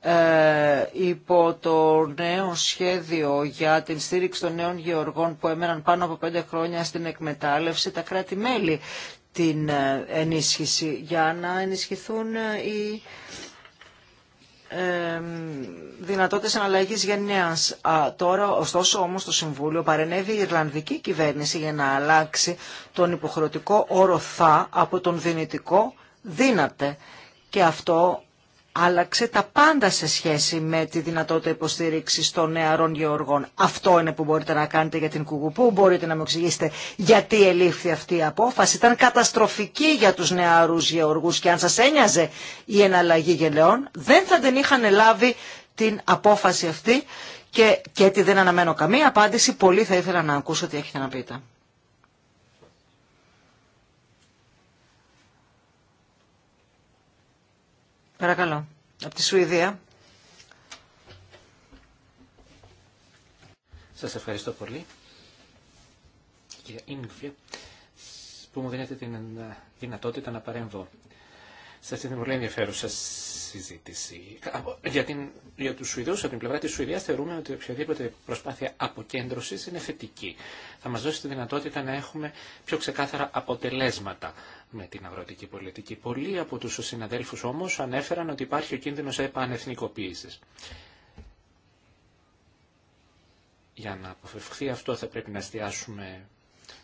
ε, υπό το νέο σχέδιο για την στήριξη των νέων γεωργών που έμεναν πάνω από πέντε χρόνια στην εκμετάλλευση τα κράτη-μέλη την ε, ενίσχυση για να ενισχυθούν ε, οι ε, δυνατότητες αναλλαγής γενναίας. τώρα, ωστόσο όμως το Συμβούλιο παρενέβη η Ιρλανδική κυβέρνηση για να αλλάξει τον υποχρεωτικό όρο θα από τον δυνητικό δύναται. Και αυτό άλλαξε τα πάντα σε σχέση με τη δυνατότητα υποστήριξης των νεαρών γεωργών. Αυτό είναι που μπορείτε να κάνετε για την Κουγουπού. Μπορείτε να μου εξηγήσετε γιατί ελήφθη αυτή η απόφαση. Ήταν καταστροφική για τους νεαρούς γεωργούς και αν σας ένοιαζε η εναλλαγή γελαιών δεν θα την είχαν λάβει την απόφαση αυτή και, και δεν αναμένω καμία απάντηση. Πολύ θα ήθελα να ακούσω τι έχετε να πείτε. Παρακαλώ. Από τη Σουηδία. Σας ευχαριστώ πολύ. Κυρία Ινγκφια, που μου δίνετε την ε, δυνατότητα να παρέμβω σε αυτή την πολύ ενδιαφέρουσα συζήτηση. Για, την, για τους Σουηδούς, από την πλευρά της Σουηδίας θεωρούμε ότι οποιαδήποτε προσπάθεια αποκέντρωσης είναι θετική. Θα μας δώσει τη δυνατότητα να έχουμε πιο ξεκάθαρα αποτελέσματα με την αγροτική πολιτική. Πολλοί από τους συναδέλφους όμως ανέφεραν ότι υπάρχει ο κίνδυνος επανεθνικοποίησης. Για να αποφευχθεί αυτό θα πρέπει να εστιάσουμε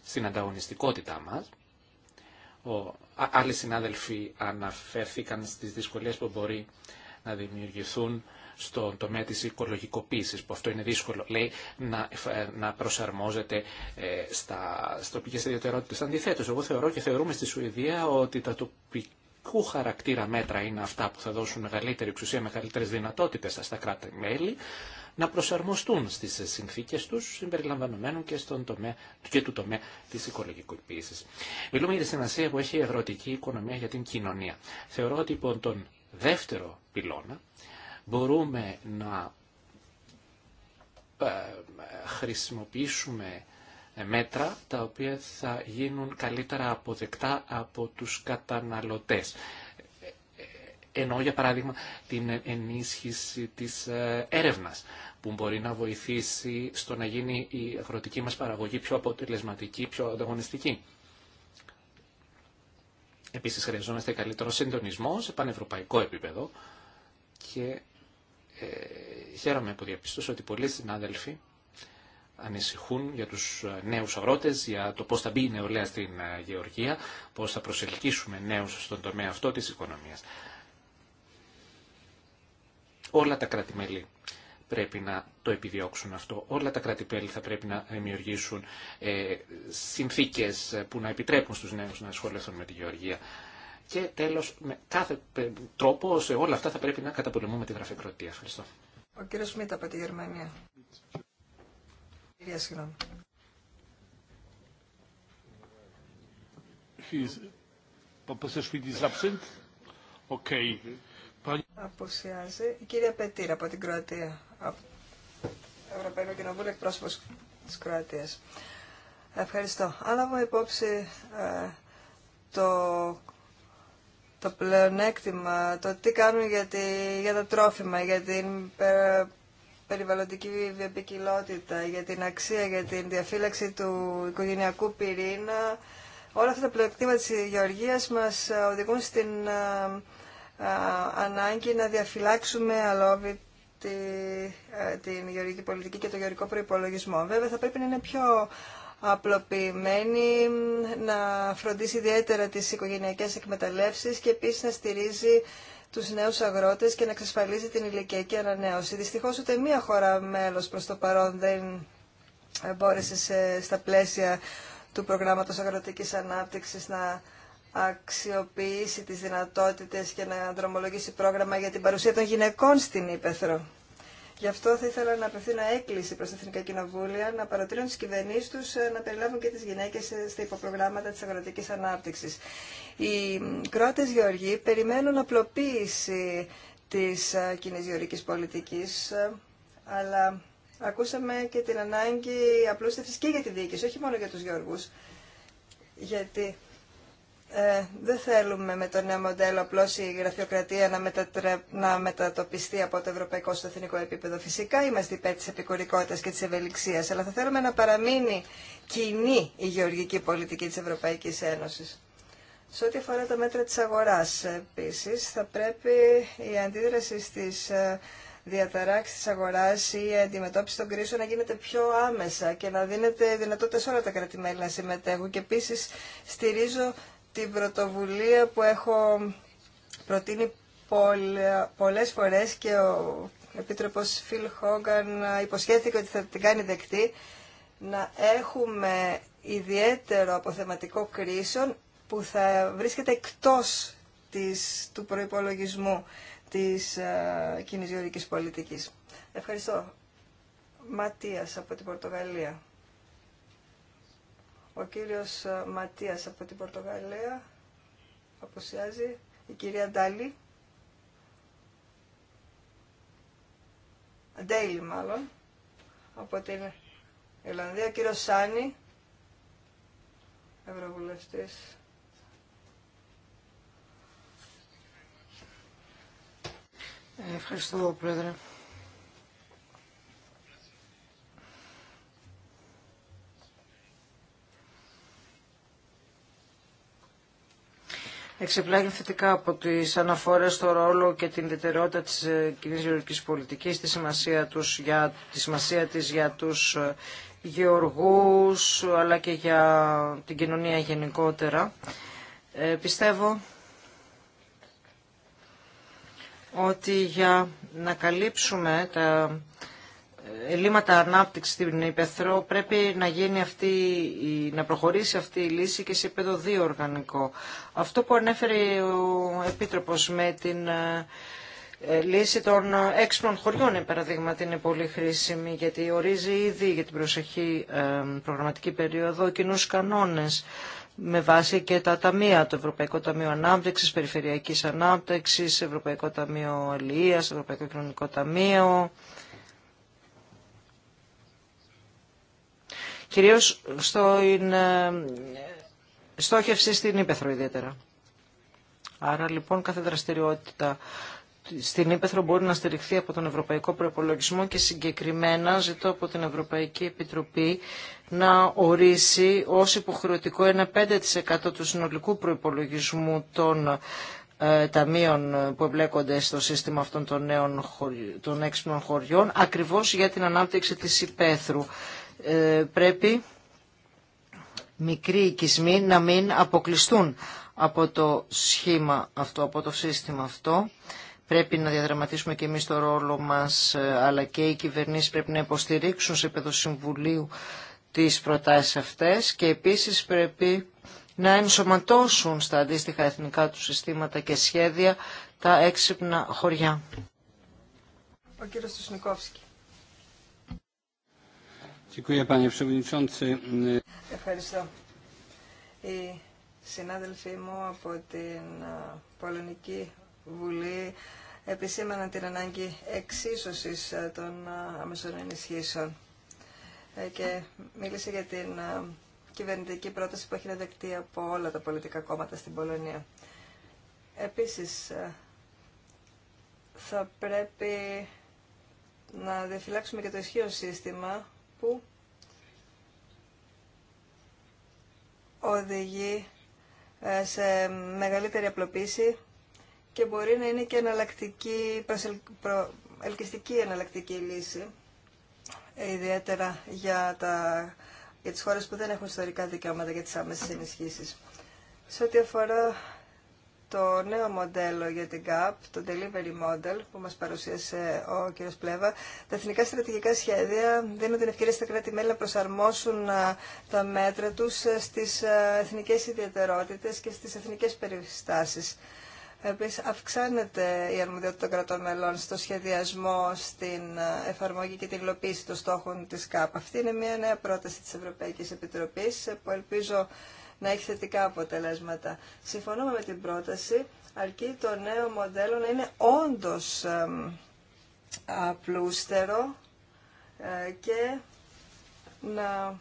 στην ανταγωνιστικότητά μας ο, άλλοι συνάδελφοι αναφέρθηκαν στις δυσκολίες που μπορεί να δημιουργηθούν στον τομέα της οικολογικοποίησης, που αυτό είναι δύσκολο, λέει, να, ε, να προσαρμόζεται ε, στα, στις τοπικές ιδιαιτερότητες. Αντιθέτως, εγώ θεωρώ και θεωρούμε στη Σουηδία ότι τα τοπικού χαρακτήρα μέτρα είναι αυτά που θα δώσουν μεγαλύτερη εξουσία, μεγαλύτερε δυνατότητε στα κράτη-μέλη, να προσαρμοστούν στις συνθήκες τους, συμπεριλαμβανομένων και, στον τομέα, και του τομέα της οικολογικοποίησης. Μιλούμε για τη σημασία που έχει η αγροτική οικονομία για την κοινωνία. Θεωρώ ότι υπό τον δεύτερο πυλώνα μπορούμε να ε, χρησιμοποιήσουμε μέτρα τα οποία θα γίνουν καλύτερα αποδεκτά από τους καταναλωτές. Ε, ε, Ενώ για παράδειγμα την ενίσχυση της έρευνας που μπορεί να βοηθήσει στο να γίνει η αγροτική μας παραγωγή πιο αποτελεσματική, πιο ανταγωνιστική. Επίσης χρειαζόμαστε καλύτερο συντονισμό σε πανευρωπαϊκό επίπεδο και ε, χαίρομαι που διαπιστώσω ότι πολλοί συνάδελφοι ανησυχούν για τους ε, νέους αγρότες, για το πώς θα μπει η νεολαία στην ε, Γεωργία, πώς θα προσελκύσουμε νέους στον τομέα αυτό της οικονομίας. Όλα τα κράτη-μέλη πρέπει να το επιδιώξουν αυτό. Όλα τα κρατη θα πρέπει να δημιουργήσουν ε, συνθήκες ε, που να επιτρέπουν στους νέους να ασχοληθούν με τη γεωργία. Και τέλος, με κάθε ε, τρόπο, σε όλα αυτά θα πρέπει να καταπολεμούμε τη γραφειοκρατία. Ευχαριστώ. Ο κύριος Σμίτα από τη Γερμανία. Κυρία συγγνώμη. Αποσιάζει. Η κυρία Πετήρα από την Κροατία. Ευρωπαϊκό Κοινοβούλιο εκπρόσωπο τη Κροατία. Ευχαριστώ. μου υπόψη ε, το, το πλεονέκτημα, το τι κάνουν για, τη, για τα τρόφιμα, για την ε, περιβαλλοντική βιοπικιλότητα, για την αξία, για την διαφύλαξη του οικογενειακού πυρήνα. Όλα αυτά τα πλεονεκτήματα της γεωργίας μας ε, οδηγούν στην ε, ανάγκη να διαφυλάξουμε αλόβητα τη, ε, την γεωργική πολιτική και το γεωργικό προϋπολογισμό. Βέβαια θα πρέπει να είναι πιο απλοποιημένη, να φροντίσει ιδιαίτερα τις οικογενειακές εκμεταλλεύσεις και επίσης να στηρίζει τους νέους αγρότες και να εξασφαλίζει την ηλικιακή ανανέωση. Δυστυχώς ούτε μία χώρα μέλος προς το παρόν δεν μπόρεσε σε, στα πλαίσια του προγράμματος αγροτικής ανάπτυξης να αξιοποιήσει τις δυνατότητες και να δρομολογήσει πρόγραμμα για την παρουσία των γυναικών στην Ήπεθρο. Γι' αυτό θα ήθελα να απευθύνω έκκληση προς τα Εθνικά Κοινοβούλια να παροτρύνουν τις κυβερνήσεις τους ε, να περιλάβουν και τις γυναίκες ε, στα υποπρογράμματα της αγροτικής ανάπτυξης. Οι κρότες γεωργοί περιμένουν απλοποίηση της ε, κοινή γεωργικής πολιτικής, αλλά ακούσαμε και την ανάγκη απλούστευσης και για τη διοίκηση, όχι μόνο για τους γεωργούς. Γιατί ε, δεν θέλουμε με το νέο μοντέλο απλώ η γραφειοκρατία να, μετατρε... να μετατοπιστεί από το ευρωπαϊκό στο εθνικό επίπεδο. Φυσικά είμαστε υπέρ τη επικουρικότητα και τη ευελιξία, αλλά θα θέλουμε να παραμείνει κοινή η γεωργική πολιτική τη Ευρωπαϊκή Ένωση. Σε ό,τι αφορά τα μέτρα τη αγορά, επίση, θα πρέπει η αντίδραση στι ε, διαταράξει τη αγορά ή η αντιμετώπιση των κρίσεων να γίνεται πιο άμεσα και να δίνεται δυνατότητα σε όλα τα κρατημέλη να συμμετέχουν. Και επίση στηρίζω την πρωτοβουλία που έχω προτείνει πολλές φορές και ο Επίτροπος Φιλ Χόγκαν υποσχέθηκε ότι θα την κάνει δεκτή να έχουμε ιδιαίτερο αποθεματικό κρίσεων που θα βρίσκεται εκτός της, του προϋπολογισμού της ε, κοινής πολιτικής. Ευχαριστώ. Ματίας από την Πορτογαλία. Ο κύριος ε, Ματίας από την Πορτογαλία αποσιάζει. Η κυρία Ντάλη. Ντέιλι μάλλον. Από την Ιρλανδία. Ο κύριος Σάνι. Ευρωβουλευτής. Ε, ευχαριστώ, Πρόεδρε. εξεπλάγει θετικά από τις αναφορές στο ρόλο και την ιδιαιτερότητα της ε, κοινή γεωργική πολιτικής, τη σημασία, τους για, τη της για τους ε, γεωργούς αλλά και για την κοινωνία γενικότερα. Ε, πιστεύω ότι για να καλύψουμε τα ελλείμματα ανάπτυξη στην Υπεθρό πρέπει να, γίνει αυτή, να προχωρήσει αυτή η λύση και σε επίπεδο δύο οργανικό. Αυτό που ανέφερε ο Επίτροπος με την ε, ε, λύση των έξυπνων χωριών, παραδείγμα, είναι πολύ χρήσιμη, γιατί ορίζει ήδη για την προσεχή ε, προγραμματική περίοδο κοινού κανόνες με βάση και τα ταμεία, το Ευρωπαϊκό Ταμείο Ανάπτυξης, Περιφερειακής Ανάπτυξης, Ευρωπαϊκό Ταμείο Αλληλείας, Ευρωπαϊκό Κοινωνικό Ταμείο, κυρίως ε, στόχευση στην Ήπεθρο ιδιαίτερα. Άρα λοιπόν κάθε δραστηριότητα στην Ήπεθρο μπορεί να στηριχθεί από τον Ευρωπαϊκό Προπολογισμό και συγκεκριμένα ζητώ από την Ευρωπαϊκή Επιτροπή να ορίσει ως υποχρεωτικό ένα 5% του συνολικού προϋπολογισμού των ε, ταμείων που εμπλέκονται στο σύστημα αυτών των, νέων των έξυπνων χωριών, ακριβώς για την ανάπτυξη της Ήπεθρου. Ε, πρέπει μικροί οικισμοί να μην αποκλειστούν από το σχήμα αυτό, από το σύστημα αυτό. Πρέπει να διαδραματίσουμε και εμείς το ρόλο μας, ε, αλλά και οι κυβερνήσεις πρέπει να υποστηρίξουν σε επίπεδο συμβουλίου τις προτάσεις αυτές και επίσης πρέπει να ενσωματώσουν στα αντίστοιχα εθνικά του συστήματα και σχέδια τα έξυπνα χωριά. Ο κύριος Ευχαριστώ. Οι συνάδελφοί μου από την Πολωνική Βουλή επισήμαναν την ανάγκη εξίσωσης των αμεσών ενισχύσεων ε, και μίλησε για την κυβερνητική πρόταση που έχει δεκτεί από όλα τα πολιτικά κόμματα στην Πολωνία. Επίσης, θα πρέπει να διαφυλάξουμε και το ισχύον σύστημα που οδηγεί ε, σε μεγαλύτερη απλοποίηση και μπορεί να είναι και εναλλακτική, ελκυστική εναλλακτική λύση, ε, ιδιαίτερα για, τα, για τις χώρες που δεν έχουν ιστορικά δικαιώματα για τις άμεσες ενισχύσεις. Σε ό,τι αφορά το νέο μοντέλο για την ΚΑΠ, το delivery model που μας παρουσίασε ο κ. Πλέβα, τα εθνικά στρατηγικά σχέδια δίνουν την ευκαιρία στα κράτη-μέλη να προσαρμόσουν τα μέτρα τους στις εθνικές ιδιαιτερότητες και στις εθνικές περιστάσεις. Επίσης, αυξάνεται η αρμοδιότητα των κρατών μελών στο σχεδιασμό, στην εφαρμογή και την υλοποίηση των στόχων της ΚΑΠ. Αυτή είναι μια νέα πρόταση της Ευρωπαϊκής Επιτροπής που ελπίζω να έχει θετικά αποτελέσματα. Συμφωνούμε με την πρόταση, αρκεί το νέο μοντέλο να είναι όντως απλούστερο ε, και να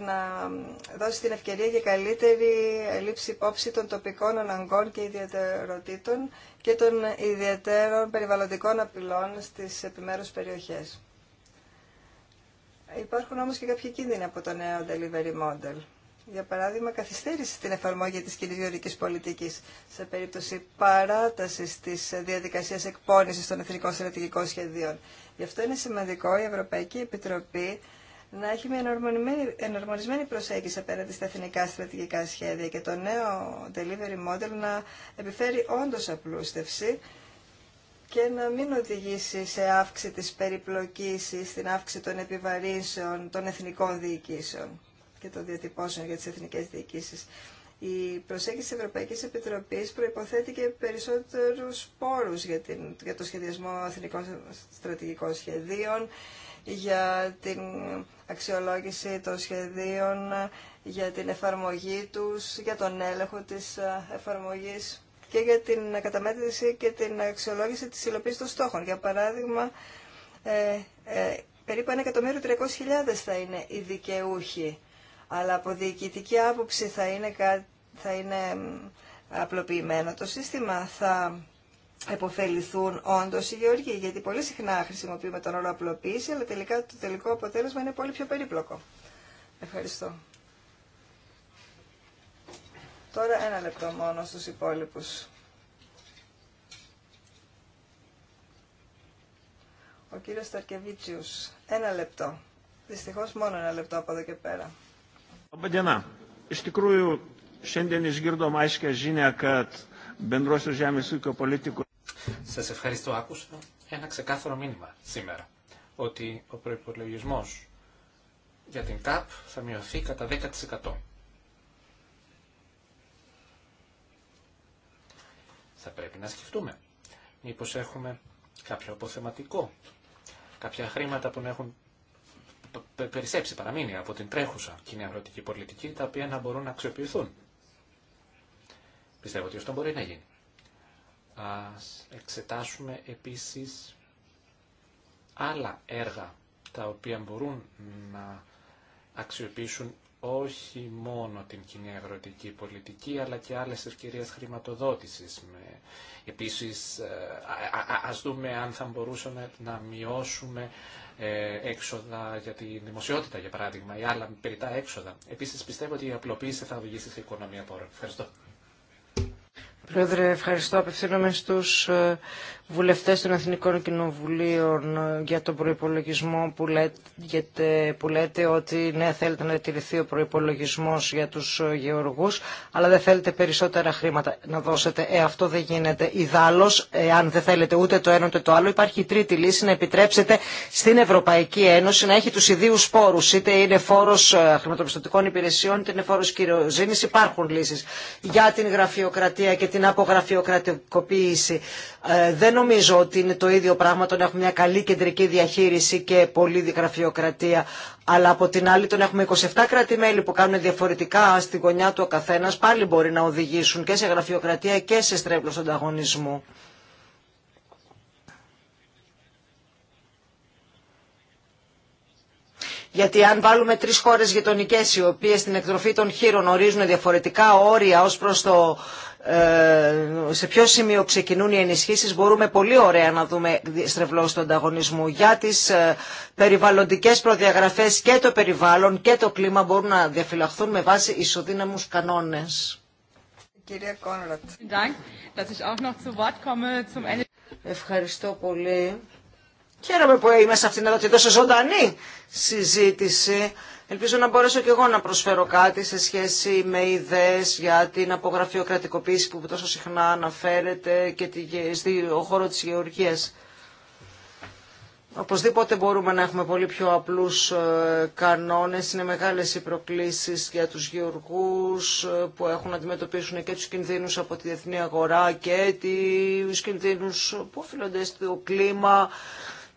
να δώσει την ευκαιρία για καλύτερη λήψη υπόψη των τοπικών αναγκών και ιδιαιτεροτήτων και των ιδιαίτερων περιβαλλοντικών απειλών στις επιμέρους περιοχές. Υπάρχουν όμως και κάποια κίνδυνα από το νέο delivery model. Για παράδειγμα, καθυστέρηση στην εφαρμόγη της κοινή πολιτικής σε περίπτωση παράτασης της διαδικασίας εκπόνησης των εθνικών στρατηγικών σχεδίων. Γι' αυτό είναι σημαντικό η Ευρωπαϊκή Επιτροπή να έχει μια ενορμονισμένη προσέγγιση απέναντι στα εθνικά στρατηγικά σχέδια και το νέο delivery model να επιφέρει όντως απλούστευση και να μην οδηγήσει σε αύξηση της περιπλοκής στην αύξηση των επιβαρύνσεων των εθνικών διοικήσεων και των διατυπώσεων για τις εθνικές διοικήσεις. Η προσέγγιση της Ευρωπαϊκής Επιτροπής προϋποθέτει και περισσότερους πόρους για, την, το σχεδιασμό εθνικών στρατηγικών σχεδίων, για την αξιολόγηση των σχεδίων, για την εφαρμογή τους, για τον έλεγχο της ε, εφαρμογής και για την καταμέτρηση και την αξιολόγηση της υλοποίησης των στόχων. Για παράδειγμα, ε, ε, περίπου 1.300.000 θα είναι οι δικαιούχοι, αλλά από διοικητική άποψη θα είναι, θα είναι απλοποιημένο το σύστημα, θα εποφεληθούν όντω οι γεωργοί, γιατί πολύ συχνά χρησιμοποιούμε τον όρο απλοποίηση, αλλά τελικά το τελικό αποτέλεσμα είναι πολύ πιο περίπλοκο. Ευχαριστώ. Τώρα ένα λεπτό μόνο στους υπόλοιπους. Ο κύριος Σταρκεβίτσιους, ένα λεπτό. Δυστυχώς μόνο ένα λεπτό από εδώ και πέρα. Σα Σας ευχαριστώ. Άκουσα ένα ξεκάθαρο μήνυμα σήμερα ότι ο προϋπολογισμός για την ΚΑΠ θα μειωθεί κατά 10%. Θα πρέπει να σκεφτούμε. Μήπως έχουμε κάποιο αποθεματικό, κάποια χρήματα που έχουν περισσέψει, παραμείνει από την τρέχουσα κοινή αγροτική πολιτική, τα οποία να μπορούν να αξιοποιηθούν. Πιστεύω ότι αυτό μπορεί να γίνει. Ας εξετάσουμε επίσης άλλα έργα τα οποία μπορούν να αξιοποιήσουν όχι μόνο την κοινή αγροτική πολιτική, αλλά και άλλες ευκαιρίες χρηματοδότησης. Με... Επίσης, ε, ας δούμε αν θα μπορούσαμε να μειώσουμε ε, έξοδα για τη δημοσιότητα, για παράδειγμα, ή άλλα περιτά έξοδα. Επίσης, πιστεύω ότι η απλοποίηση θα οδηγήσει σε οικονομία πόρων. Ευχαριστώ. Πρόεδρε, ευχαριστώ. Απευθύνομαι στους ε, βουλευτές των Εθνικών Κοινοβουλίων ε, για τον προϋπολογισμό που λέτε, που λέτε ότι ναι θέλετε να τηρηθεί ο προϋπολογισμός για τους ε, γεωργούς αλλά δεν θέλετε περισσότερα χρήματα να δώσετε. Ε, αυτό δεν γίνεται. Ιδάλλως, ε, αν δεν θέλετε ούτε το ένα ούτε το άλλο υπάρχει η τρίτη λύση να επιτρέψετε στην Ευρωπαϊκή Ένωση να έχει τους ιδίους πόρους. είτε είναι φόρος χρηματοπιστωτικών υπηρεσιών είτε είναι φόρος κυριοζήνης. Υπάρχουν λύσεις για την γραφειοκρατία και την απογραφειοκρατικοποίηση. Ε, δεν νομίζω ότι είναι το ίδιο πράγμα το να έχουμε μια καλή κεντρική διαχείριση και πολλή γραφειοκρατία. Αλλά από την άλλη, το να έχουμε 27 κράτη-μέλη που κάνουν διαφορετικά στη γωνιά του ο καθένα πάλι μπορεί να οδηγήσουν και σε γραφειοκρατία και σε στρέβλο ανταγωνισμού. Γιατί αν βάλουμε τρεις χώρες γειτονικέ οι οποίες στην εκτροφή των χείρων ορίζουν διαφορετικά όρια ως προς το ε, σε ποιο σημείο ξεκινούν οι ενισχύσεις μπορούμε πολύ ωραία να δούμε στρεβλώσει του ανταγωνισμού. Για τις ε, περιβαλλοντικές προδιαγραφές και το περιβάλλον και το κλίμα μπορούν να διαφυλαχθούν με βάση ισοδύναμους κανόνες. Κυρία Ευχαριστώ πολύ. Χαίρομαι που είμαι σε αυτήν εδώ και τόσο ζωντανή συζήτηση. Ελπίζω να μπορέσω και εγώ να προσφέρω κάτι σε σχέση με ιδέες για την απογραφειοκρατικοποίηση που τόσο συχνά αναφέρεται και ο χώρο της γεωργίας. Οπωσδήποτε μπορούμε να έχουμε πολύ πιο απλούς ε, κανόνες. Είναι μεγάλες οι προκλήσεις για τους γεωργούς ε, που έχουν να αντιμετωπίσουν και τους κινδύνους από τη διεθνή αγορά και τους κινδύνους που οφείλονται στο κλίμα,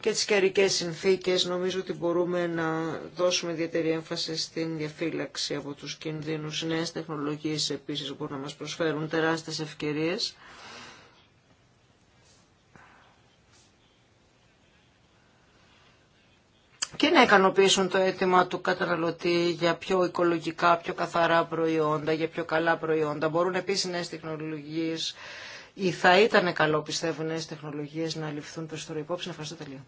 και τις καιρικές συνθήκες νομίζω ότι μπορούμε να δώσουμε ιδιαίτερη έμφαση στην διαφύλαξη από τους κινδύνους. Οι νέες τεχνολογίες επίσης μπορούν να μας προσφέρουν τεράστιες ευκαιρίες. και να ικανοποιήσουν το αίτημα του καταναλωτή για πιο οικολογικά, πιο καθαρά προϊόντα, για πιο καλά προϊόντα. Μπορούν επίσης νέες τεχνολογίες ή θα ήταν καλό, πιστεύω, νέε τεχνολογίε να ληφθούν περισσότερο υπόψη. Ευχαριστώ τελείω.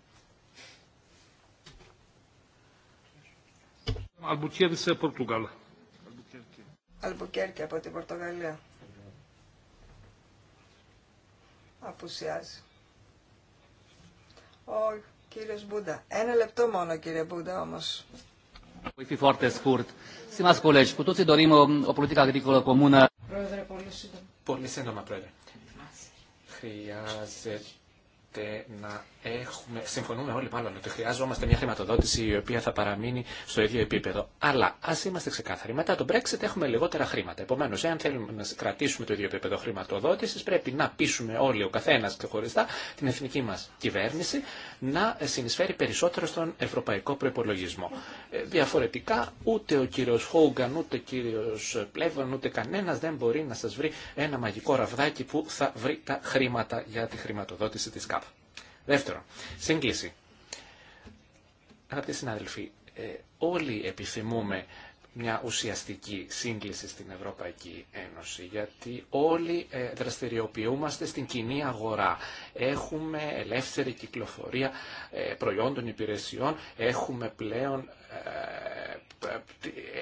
Αλμπουκέρκη από την Πορτογαλία. Απουσιάζει. Ο κύριος Μπούντα. Ένα λεπτό μόνο κύριε Μπούντα όμως. Πρόεδρε, πολύ σύντομα. Πολύ σύντομα, πρόεδρε χρειάζεται να έχουμε, συμφωνούμε όλοι πάνω ότι χρειάζομαστε μια χρηματοδότηση η οποία θα παραμείνει στο ίδιο επίπεδο. Αλλά α είμαστε ξεκάθαροι. Μετά τον Brexit έχουμε λιγότερα χρήματα. Επομένω, εάν θέλουμε να κρατήσουμε το ίδιο επίπεδο χρηματοδότηση, πρέπει να πείσουμε όλοι ο καθένα ξεχωριστά την εθνική μα κυβέρνηση να συνεισφέρει περισσότερο στον ευρωπαϊκό προπολογισμό. Ε, διαφορετικά, ούτε ο κύριο Χόγκαν, ούτε ο κύριο Πλέβαν, ούτε κανένα δεν μπορεί να σα βρει ένα μαγικό ραβδάκι που θα βρει τα χρήματα για τη χρηματοδότηση τη ΚΑΠ. Δεύτερον, σύγκληση. Αγαπητοί συνάδελφοι, ε, όλοι επιθυμούμε μια ουσιαστική σύγκληση στην Ευρωπαϊκή Ένωση, γιατί όλοι ε, δραστηριοποιούμαστε στην κοινή αγορά. Έχουμε ελεύθερη κυκλοφορία ε, προϊόντων υπηρεσιών, έχουμε πλέον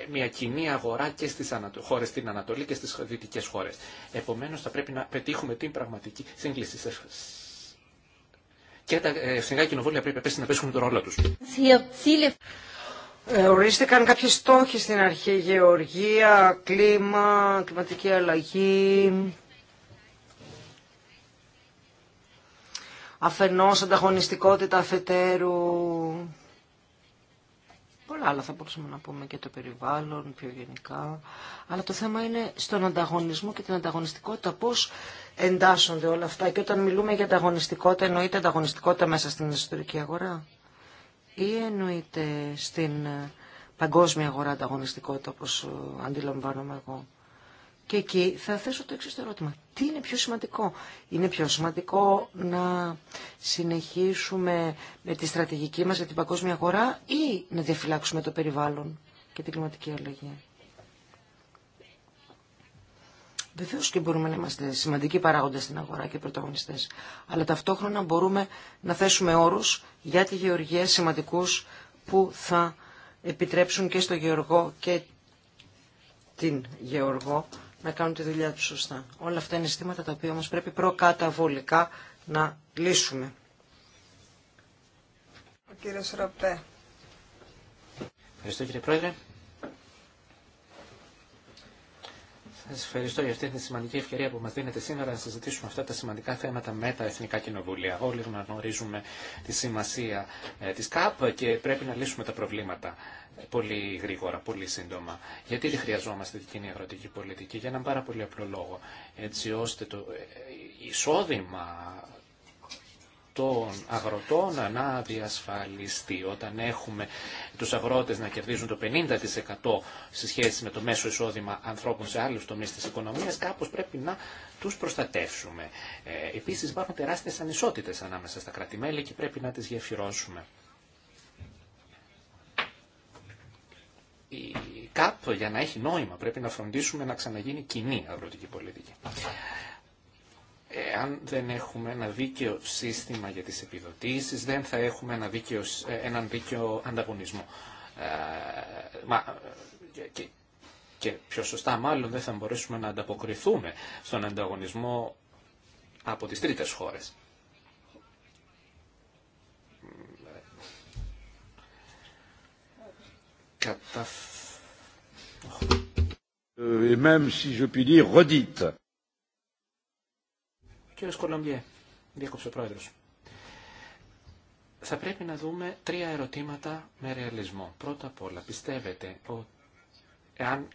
μια κοινή αγορά και στις χώρες στην Ανατολή και στις δυτικές χώρες. Επομένως θα πρέπει να πετύχουμε την πραγματική σύγκληση και τα ε, εθνικά κοινοβούλια πρέπει να πέσουν τον ρόλο τους. Ε, ορίστηκαν κάποιοι στόχοι στην αρχή, γεωργία, κλίμα, κλιματική αλλαγή, αφενός ανταγωνιστικότητα αφετέρου, πολλά άλλα θα μπορούσαμε να πούμε και το περιβάλλον πιο γενικά. Αλλά το θέμα είναι στον ανταγωνισμό και την ανταγωνιστικότητα Πώ εντάσσονται όλα αυτά. Και όταν μιλούμε για ανταγωνιστικότητα εννοείται ανταγωνιστικότητα μέσα στην ιστορική αγορά ή εννοείται στην παγκόσμια αγορά ανταγωνιστικότητα όπω αντιλαμβάνομαι εγώ. Και εκεί θα θέσω το εξή ερώτημα. Τι είναι πιο σημαντικό. Είναι πιο σημαντικό να συνεχίσουμε με τη στρατηγική μας για την παγκόσμια αγορά ή να διαφυλάξουμε το περιβάλλον και την κλιματική αλλαγή. Βεβαίω και μπορούμε να είμαστε σημαντικοί παράγοντε στην αγορά και πρωταγωνιστέ. Αλλά ταυτόχρονα μπορούμε να θέσουμε όρου για τη γεωργία σημαντικού που θα επιτρέψουν και στο γεωργό και την γεωργό να κάνουν τη δουλειά του σωστά. Όλα αυτά είναι ζητήματα τα οποία όμω πρέπει προκαταβολικά να λύσουμε. Ο κύριος Ροπέ. Ευχαριστώ κύριε Πρόεδρε. Σας ευχαριστώ για αυτή τη σημαντική ευκαιρία που μας δίνετε σήμερα να συζητήσουμε αυτά τα σημαντικά θέματα με τα Εθνικά Κοινοβούλια. Όλοι γνωρίζουμε τη σημασία ε, της ΚΑΠ και πρέπει να λύσουμε τα προβλήματα πολύ γρήγορα, πολύ σύντομα. Γιατί τη χρειαζόμαστε την κοινή αγροτική πολιτική, για έναν πάρα πολύ απλό λόγο. Έτσι ώστε το ε, ε, εισόδημα των αγροτών να διασφαλιστεί. Όταν έχουμε τους αγρότες να κερδίζουν το 50% σε σχέση με το μέσο εισόδημα ανθρώπων σε άλλους τομείς της οικονομίας, κάπως πρέπει να τους προστατεύσουμε. Ε, επίσης υπάρχουν τεράστιες ανισότητες ανάμεσα στα κρατημέλη και πρέπει να τις γεφυρώσουμε. κάτω για να έχει νόημα πρέπει να φροντίσουμε να ξαναγίνει κοινή αγροτική πολιτική. Εάν δεν έχουμε ένα δίκαιο σύστημα για τις επιδοτήσεις, δεν θα έχουμε ένα δίκαιο, ε, έναν δίκαιο ανταγωνισμό. Ε, και, και πιο σωστά μάλλον δεν θα μπορέσουμε να ανταποκριθούμε στον ανταγωνισμό από τις τρίτες χώρες. Κύριε Et même, si je puis dire, redite. Κύριος Κολομπιέ, διέκοψε ο πρόεδρος. Θα πρέπει να δούμε τρία ερωτήματα με ρεαλισμό. Πρώτα απ' όλα, πιστεύετε ότι εάν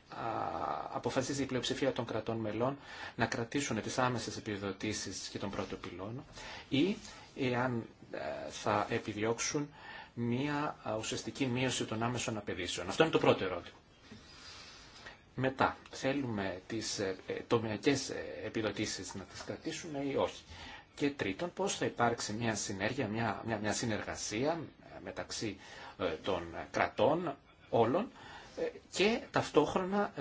αποφασίζει η πλειοψηφία των κρατών μελών να κρατήσουν τις άμεσες επιδοτήσεις και τον πρώτο πυλώνα ή εάν ε, θα επιδιώξουν μία ουσιαστική μείωση των άμεσων απαιτήσεων. Αυτό είναι το πρώτο ερώτημα. Μετά, θέλουμε τις ε, ε, τομεακές ε, επιδοτήσεις να τις κρατήσουμε ή όχι. Και τρίτον, πώς θα υπάρξει μια συνέργεια, μια, μια, συνεργασία μεταξύ των κρατών όλων και ταυτόχρονα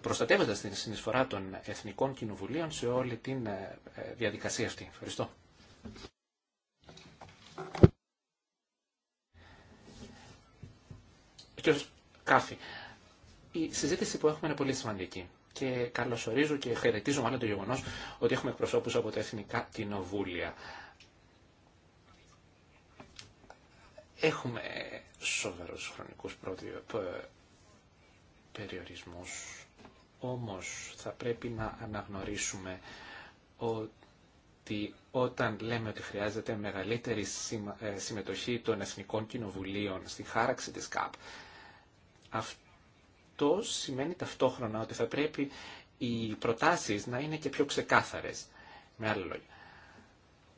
προστατεύοντας την συνεισφορά των Εθνικών Κοινοβουλίων σε όλη την διαδικασία αυτή. Ευχαριστώ. ως Κάφη, η συζήτηση που έχουμε είναι πολύ σημαντική και καλωσορίζω και χαιρετίζω μάλλον το γεγονό ότι έχουμε εκπροσώπους από τα Εθνικά Κοινοβούλια. Έχουμε σοβαρού χρονικούς περιορισμού. όμως θα πρέπει να αναγνωρίσουμε ότι όταν λέμε ότι χρειάζεται μεγαλύτερη ε, συμμετοχή των Εθνικών Κοινοβουλίων στη χάραξη της ΚΑΠ, αυτό σημαίνει ταυτόχρονα ότι θα πρέπει οι προτάσεις να είναι και πιο ξεκάθαρες. Με άλλα λόγια.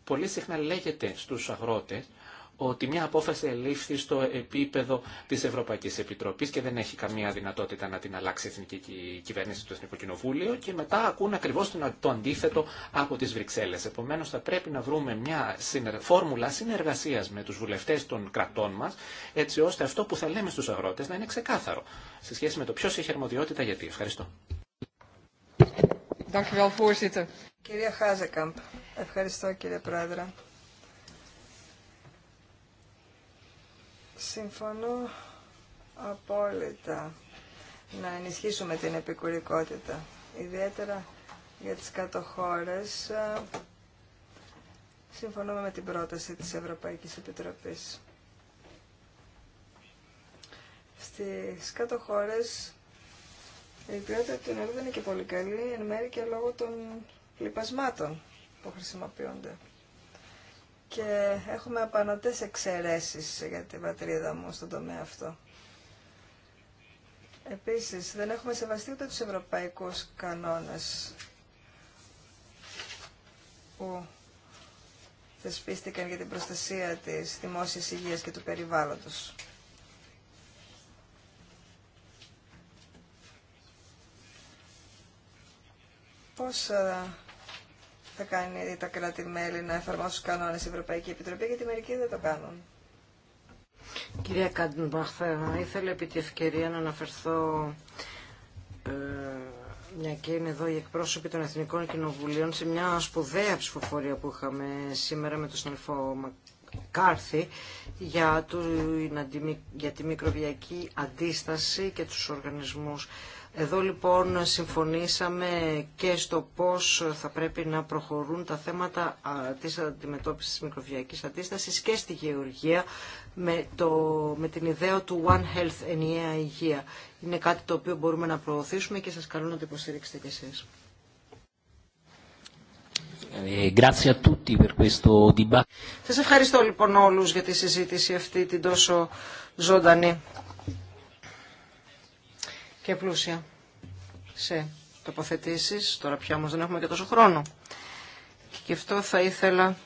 Πολύ συχνά λέγεται στους αγρότες ότι μια απόφαση ελήφθη στο επίπεδο της Ευρωπαϊκής Επιτροπής και δεν έχει καμία δυνατότητα να την αλλάξει η Εθνική Κυβέρνηση του Εθνικού Κοινοβούλιο και μετά ακούν ακριβώς το αντίθετο από τις Βρυξέλλες. Επομένως θα πρέπει να βρούμε μια φόρμουλα συνεργασίας με τους βουλευτές των κρατών μας έτσι ώστε αυτό που θα λέμε στους αγρότες να είναι ξεκάθαρο σε σχέση με το ποιο έχει αρμοδιότητα γιατί. Ευχαριστώ. Κυρία Χάζεκαμπ, ευχαριστώ κύριε Πρόεδρε. Συμφωνώ απόλυτα να ενισχύσουμε την επικουρικότητα, ιδιαίτερα για τις κατοχώρες. Συμφωνούμε με την πρόταση της Ευρωπαϊκής Επιτροπής. Στις κατοχώρες η ποιότητα του νερού δεν είναι και πολύ καλή, εν μέρει και λόγω των λοιπασμάτων που χρησιμοποιούνται και έχουμε απανοτές εξαιρέσεις για την πατρίδα μου στον τομέα αυτό. Επίσης, δεν έχουμε σεβαστεί ούτε τους ευρωπαϊκούς κανόνες που θεσπίστηκαν για την προστασία της δημόσιας υγείας και του περιβάλλοντος. Πώς ε, θα κάνει τα κράτη-μέλη να εφαρμόσουν κανόνες η Ευρωπαϊκή Επιτροπή, γιατί μερικοί δεν το κάνουν. Κυρία Κάντενμπαχ, ήθελα επί τη ευκαιρία να αναφερθώ ε, μια και είναι εδώ η εκπρόσωπη των Εθνικών Κοινοβουλίων σε μια σπουδαία ψηφοφορία που είχαμε σήμερα με τον συνελφό Μακάρθη για, για τη μικροβιακή αντίσταση και τους οργανισμούς εδώ λοιπόν συμφωνήσαμε και στο πώς θα πρέπει να προχωρούν τα θέματα της αντιμετώπισης μικροβιακής αντίστασης και στη γεωργία με, το, με την ιδέα του One Health, ενιαία υγεία. Είναι κάτι το οποίο μπορούμε να προωθήσουμε και σας καλώ να το υποστηρίξετε κι εσείς. Ε, σας ευχαριστώ λοιπόν όλους για τη συζήτηση αυτή την τόσο ζωντανή. Και πλούσια σε τοποθετήσεις. Τώρα πια όμως δεν έχουμε και τόσο χρόνο. Και γι' αυτό θα ήθελα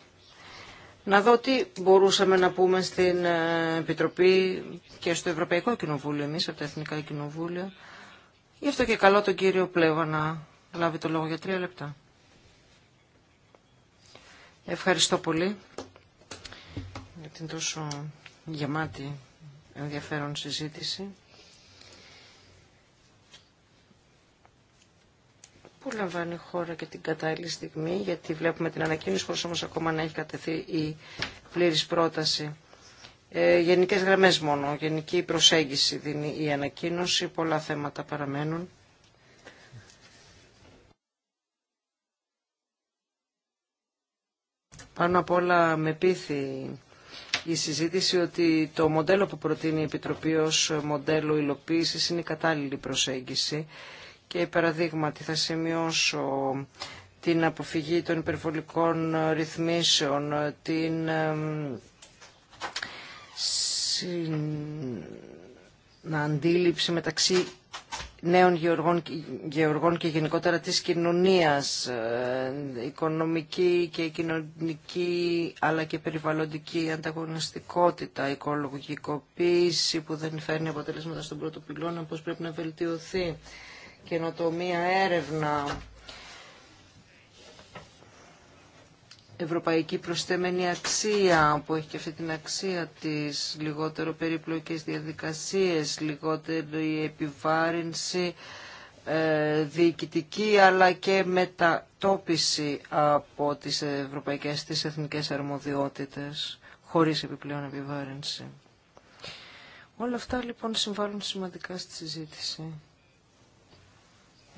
να δω τι μπορούσαμε να πούμε στην ε, Επιτροπή και στο Ευρωπαϊκό Κοινοβούλιο εμείς, από τα Εθνικά Κοινοβούλια. Γι' αυτό και καλό τον κύριο Πλέβα να λάβει το λόγο για τρία λεπτά. Ευχαριστώ πολύ για την τόσο γεμάτη ενδιαφέρον συζήτηση. που λαμβάνει η χώρα και την κατάλληλη στιγμή, γιατί βλέπουμε την ανακοίνωση χωρίς όμως ακόμα να έχει κατεθεί η πλήρης πρόταση. Ε, γενικές γραμμές μόνο, γενική προσέγγιση δίνει η ανακοίνωση, πολλά θέματα παραμένουν. Πάνω απ' όλα με πείθει η συζήτηση ότι το μοντέλο που προτείνει η Επιτροπή ως μοντέλο υλοποίησης είναι η κατάλληλη προσέγγιση και παραδείγματι θα σημειώσω την αποφυγή των υπερβολικών ρυθμίσεων, την αντίληψη μεταξύ νέων γεωργών, γεωργών και γενικότερα της κοινωνίας, ε, οικονομική και κοινωνική αλλά και περιβαλλοντική ανταγωνιστικότητα, οικολογικοποίηση που δεν φέρνει αποτελέσματα στον πρώτο πυλώνα, πώς πρέπει να βελτιωθεί καινοτομία, έρευνα, ευρωπαϊκή προσθέμενη αξία που έχει και αυτή την αξία της, λιγότερο περίπλοκες διαδικασίες, λιγότερη επιβάρυνση, ε, διοικητική αλλά και μετατόπιση από τις ευρωπαϊκές τις εθνικές αρμοδιότητες χωρίς επιπλέον επιβάρυνση. Όλα αυτά λοιπόν συμβάλλουν σημαντικά στη συζήτηση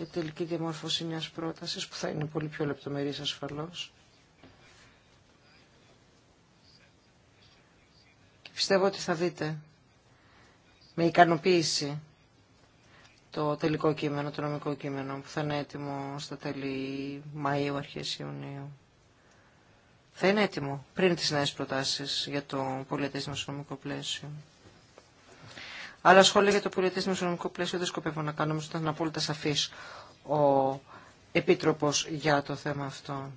η τελική διαμόρφωση μιας πρότασης που θα είναι πολύ πιο λεπτομερής ασφαλώς. Και πιστεύω ότι θα δείτε με ικανοποίηση το τελικό κείμενο, το νομικό κείμενο που θα είναι έτοιμο στα τέλη Μαΐου, αρχές Ιουνίου. Θα είναι έτοιμο πριν τις νέες προτάσεις για το πολιτισμό νομικό πλαίσιο. Αλλά σχόλια για το πολιτισμό οικονομικό πλαίσιο δεν σκοπεύω να κάνω, όμως ήταν απόλυτα σαφής ο Επίτροπος για το θέμα αυτό.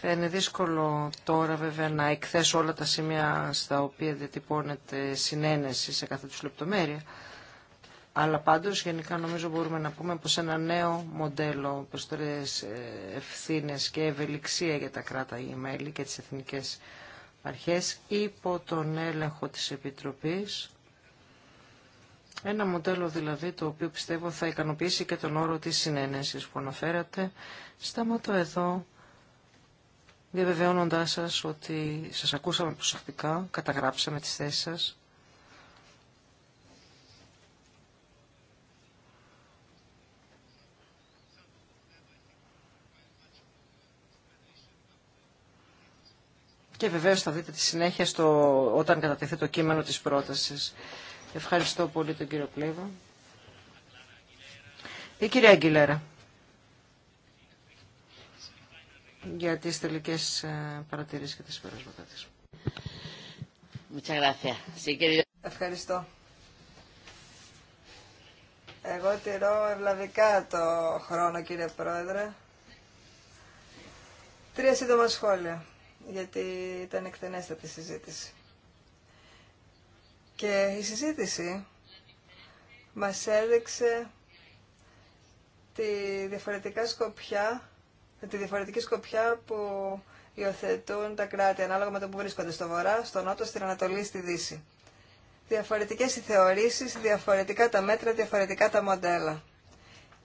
Θα είναι δύσκολο τώρα βέβαια να εκθέσω όλα τα σημεία στα οποία διατυπώνεται συνένεση σε κάθε τους λεπτομέρεια. Αλλά πάντως γενικά νομίζω μπορούμε να πούμε πως ένα νέο μοντέλο προστερές ε, ευθύνες και ευελιξία για τα κράτα ή μέλη και τις εθνικές αρχές υπό τον έλεγχο της Επιτροπής. Ένα μοντέλο δηλαδή το οποίο πιστεύω θα ικανοποιήσει και τον όρο της συνένεσης που αναφέρατε. Σταματώ εδώ διαβεβαιώνοντάς σας ότι σας ακούσαμε προσεκτικά, καταγράψαμε τις θέσεις σας Και βεβαίως θα δείτε τη συνέχεια στο, όταν κατατεθεί το κείμενο της πρότασης. Ευχαριστώ πολύ τον κύριο Πλήβο. Η κυρία Αγγιλέρα για τις τελικές ε, παρατηρήσεις και τις συμπεράσματά της. Ευχαριστώ. Εγώ τηρώ ευλαβικά το χρόνο, κύριε Πρόεδρε. Τρία σύντομα σχόλια γιατί ήταν εκτενέστατη συζήτηση. Και η συζήτηση μας έδειξε τη διαφορετικά σκοπιά, τη διαφορετική σκοπιά που υιοθετούν τα κράτη ανάλογα με το που βρίσκονται στο βορρά, στο νότο, στην Ανατολή, στη Δύση. Διαφορετικές οι θεωρήσεις, διαφορετικά τα μέτρα, διαφορετικά τα μοντέλα.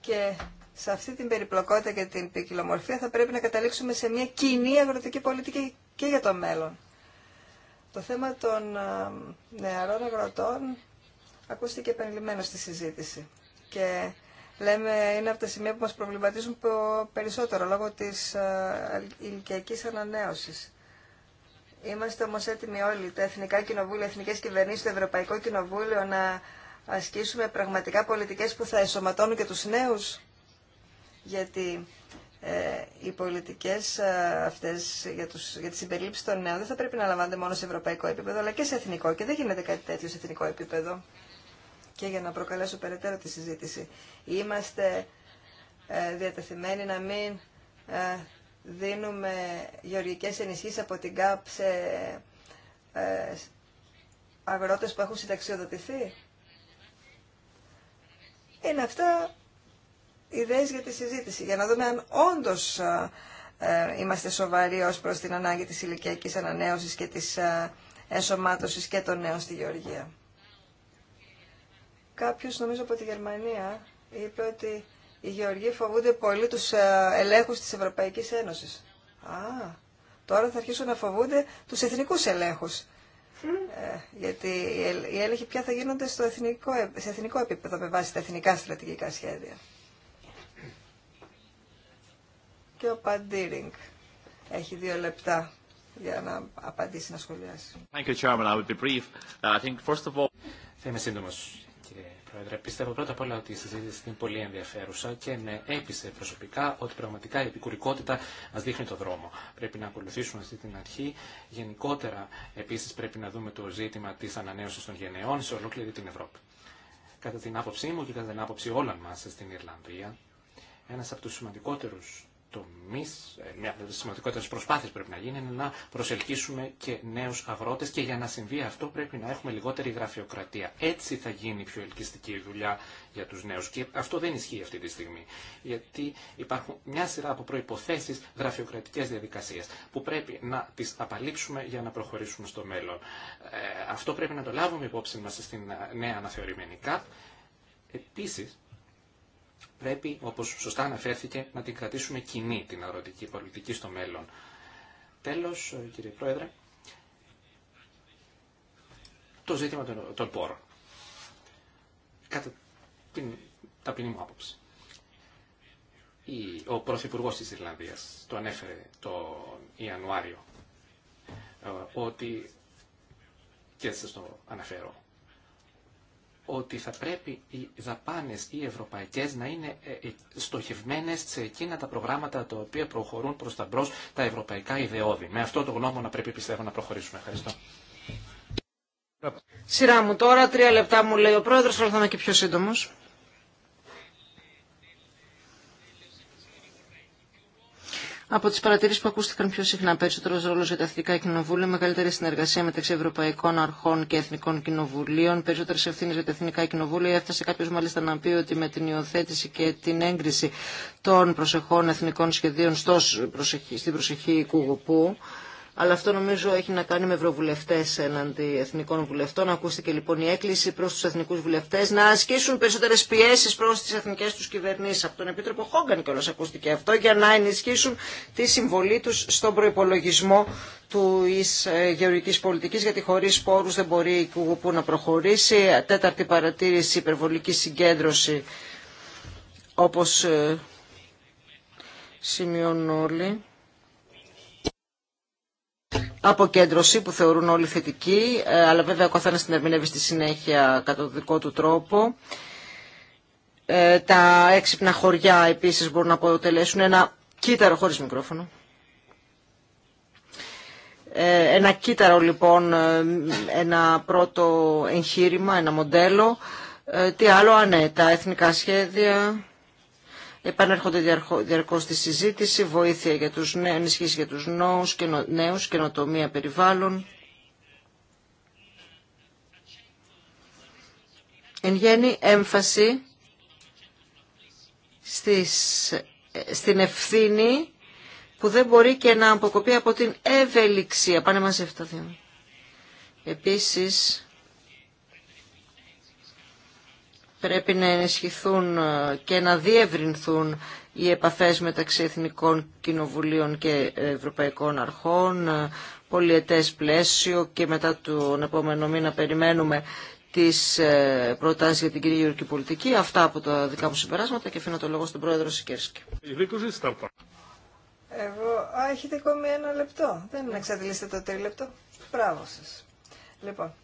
Και σε αυτή την περιπλοκότητα και την ποικιλομορφία θα πρέπει να καταλήξουμε σε μια κοινή αγροτική πολιτική και για το μέλλον. Το θέμα των νεαρών αγροτών ακούστηκε επανειλημμένο στη συζήτηση και λέμε είναι από τα σημεία που μας προβληματίζουν περισσότερο λόγω της ηλικιακή ανανέωσης. Είμαστε όμως έτοιμοι όλοι, τα Εθνικά Κοινοβούλια, Εθνικές Κυβερνήσεις, το Ευρωπαϊκό Κοινοβούλιο να ασκήσουμε πραγματικά πολιτικές που θα εσωματώνουν και τους νέους γιατί ε, οι πολιτικέ ε, αυτές για, για τη συμπερίληψη των νέων δεν θα πρέπει να λαμβάνονται μόνο σε ευρωπαϊκό επίπεδο, αλλά και σε εθνικό. Και δεν γίνεται κάτι τέτοιο σε εθνικό επίπεδο. Και για να προκαλέσω περαιτέρω τη συζήτηση, είμαστε ε, διατεθειμένοι να μην ε, δίνουμε γεωργικές ενισχύσει από την ΚΑΠ σε ε, αγρότε που έχουν συνταξιοδοτηθεί. Είναι αυτά ιδέες για τη συζήτηση, για να δούμε αν όντως ε, ε, είμαστε σοβαροί ως προς την ανάγκη της ηλικιακή ανανέωσης και της ε, ενσωμάτωσης και των νέων στη Γεωργία. Κάποιος, νομίζω από τη Γερμανία, είπε ότι οι Γεωργοί φοβούνται πολύ τους ελέγχους της Ευρωπαϊκής Ένωσης. Α, τώρα θα αρχίσουν να φοβούνται τους εθνικούς ελέγχους. Ε, γιατί οι έλεγχοι πια θα γίνονται στο εθνικό, σε εθνικό επίπεδο με βάση τα εθνικά στρατηγικά σχέδια. Και ο Παντήρινγκ έχει δύο λεπτά για να απαντήσει, να σχολιάσει. Θα είμαι σύντομο, κύριε Πρόεδρε. Πιστεύω πρώτα απ' όλα ότι η συζήτηση είναι πολύ ενδιαφέρουσα και με έπεισε προσωπικά ότι πραγματικά η επικουρικότητα μα δείχνει το δρόμο. Πρέπει να ακολουθήσουμε αυτή την αρχή. Γενικότερα, επίση, πρέπει να δούμε το ζήτημα τη ανανέωση των γενεών σε ολόκληρη την Ευρώπη. Κατά την άποψή μου και κατά την άποψη όλων μα στην Ιρλανδία, ένα από του σημαντικότερου τομείς, ε, μια από τις σημαντικότερες προσπάθειες πρέπει να γίνει είναι να προσελκύσουμε και νέους αγρότες και για να συμβεί αυτό πρέπει να έχουμε λιγότερη γραφειοκρατία. Έτσι θα γίνει πιο ελκυστική η δουλειά για τους νέους και αυτό δεν ισχύει αυτή τη στιγμή. Γιατί υπάρχουν μια σειρά από προϋποθέσεις γραφειοκρατικές διαδικασίες που πρέπει να τις απαλείψουμε για να προχωρήσουμε στο μέλλον. Ε, αυτό πρέπει να το λάβουμε υπόψη μας στην ε, νέα αναθεωρημένη ΚΑΠ πρέπει, όπως σωστά αναφέρθηκε, να την κρατήσουμε κοινή την αγροτική πολιτική στο μέλλον. Τέλος, ε, κύριε Πρόεδρε, το ζήτημα των, πόρων. Κατά την ταπεινή μου άποψη. ο Πρωθυπουργό της Ιρλανδίας το ανέφερε τον Ιανουάριο ε, ότι και σας το αναφέρω ότι θα πρέπει οι δαπάνες οι ευρωπαϊκές να είναι ε, ε, στοχευμένες σε εκείνα τα προγράμματα τα οποία προχωρούν προς τα μπρος τα ευρωπαϊκά ιδεώδη. Με αυτό το γνώμο να πρέπει πιστεύω να προχωρήσουμε. Ευχαριστώ. Σειρά μου τώρα, τρία λεπτά μου λέει ο πρόεδρος, αλλά θα είμαι και πιο σύντομος. Από τι παρατηρήσει που ακούστηκαν πιο συχνά, περισσότερο ρόλο για τα εθνικά κοινοβούλια, μεγαλύτερη συνεργασία μεταξύ Ευρωπαϊκών Αρχών και Εθνικών Κοινοβουλίων, περισσότερε ευθύνε για τα εθνικά κοινοβούλια. Έφτασε κάποιο μάλιστα να πει ότι με την υιοθέτηση και την έγκριση των προσεχών εθνικών σχεδίων προσεχή, στην προσεχή Κουγουπού, αλλά αυτό νομίζω έχει να κάνει με ευρωβουλευτέ εναντί εθνικών βουλευτών. Ακούστηκε λοιπόν η έκκληση προ του εθνικού βουλευτέ να ασκήσουν περισσότερε πιέσει προ τι εθνικέ του κυβερνήσει. Από τον Επίτροπο Χόγκαν όλο ακούστηκε αυτό για να ενισχύσουν τη συμβολή του στον προπολογισμό ε, τη γεωργική πολιτική, γιατί χωρί πόρου δεν μπορεί η Κουγουπού να προχωρήσει. Τέταρτη παρατήρηση, υπερβολική συγκέντρωση, όπω ε, σημειώνουν όλοι αποκέντρωση που θεωρούν όλοι θετική, ε, αλλά βέβαια ο καθένα την ερμηνεύει στη συνέχεια κατά το δικό του τρόπο. Ε, τα έξυπνα χωριά επίσης μπορούν να αποτελέσουν ένα κύτταρο χωρίς μικρόφωνο. Ε, ένα κύτταρο λοιπόν, ένα πρώτο εγχείρημα, ένα μοντέλο. Τι άλλο, ανέ, ναι, τα εθνικά σχέδια επανέρχονται διαρκώ στη συζήτηση, βοήθεια για τους νέους, ενισχύσει για τους νέους, καινο, νέους, καινοτομία περιβάλλον. Εν γέννη έμφαση στις, στην ευθύνη που δεν μπορεί και να αποκοπεί από την ευελιξία. Πάνε μαζί αυτά δύο. Επίσης, πρέπει να ενισχυθούν ε, και να διευρυνθούν οι επαφές μεταξύ Εθνικών Κοινοβουλίων και Ευρωπαϊκών Αρχών, ε, πολιετές πλαίσιο και μετά τον επόμενο μήνα περιμένουμε τις ε, προτάσεις για την κυρία Πολιτική. Αυτά από τα δικά μου συμπεράσματα και αφήνω το λόγο στον πρόεδρο Σικέρσκη. Εγώ, α, έχετε ακόμη ένα λεπτό. Δεν εξαντλήσετε το τρίλεπτο. Μπράβο σας. Λοιπόν,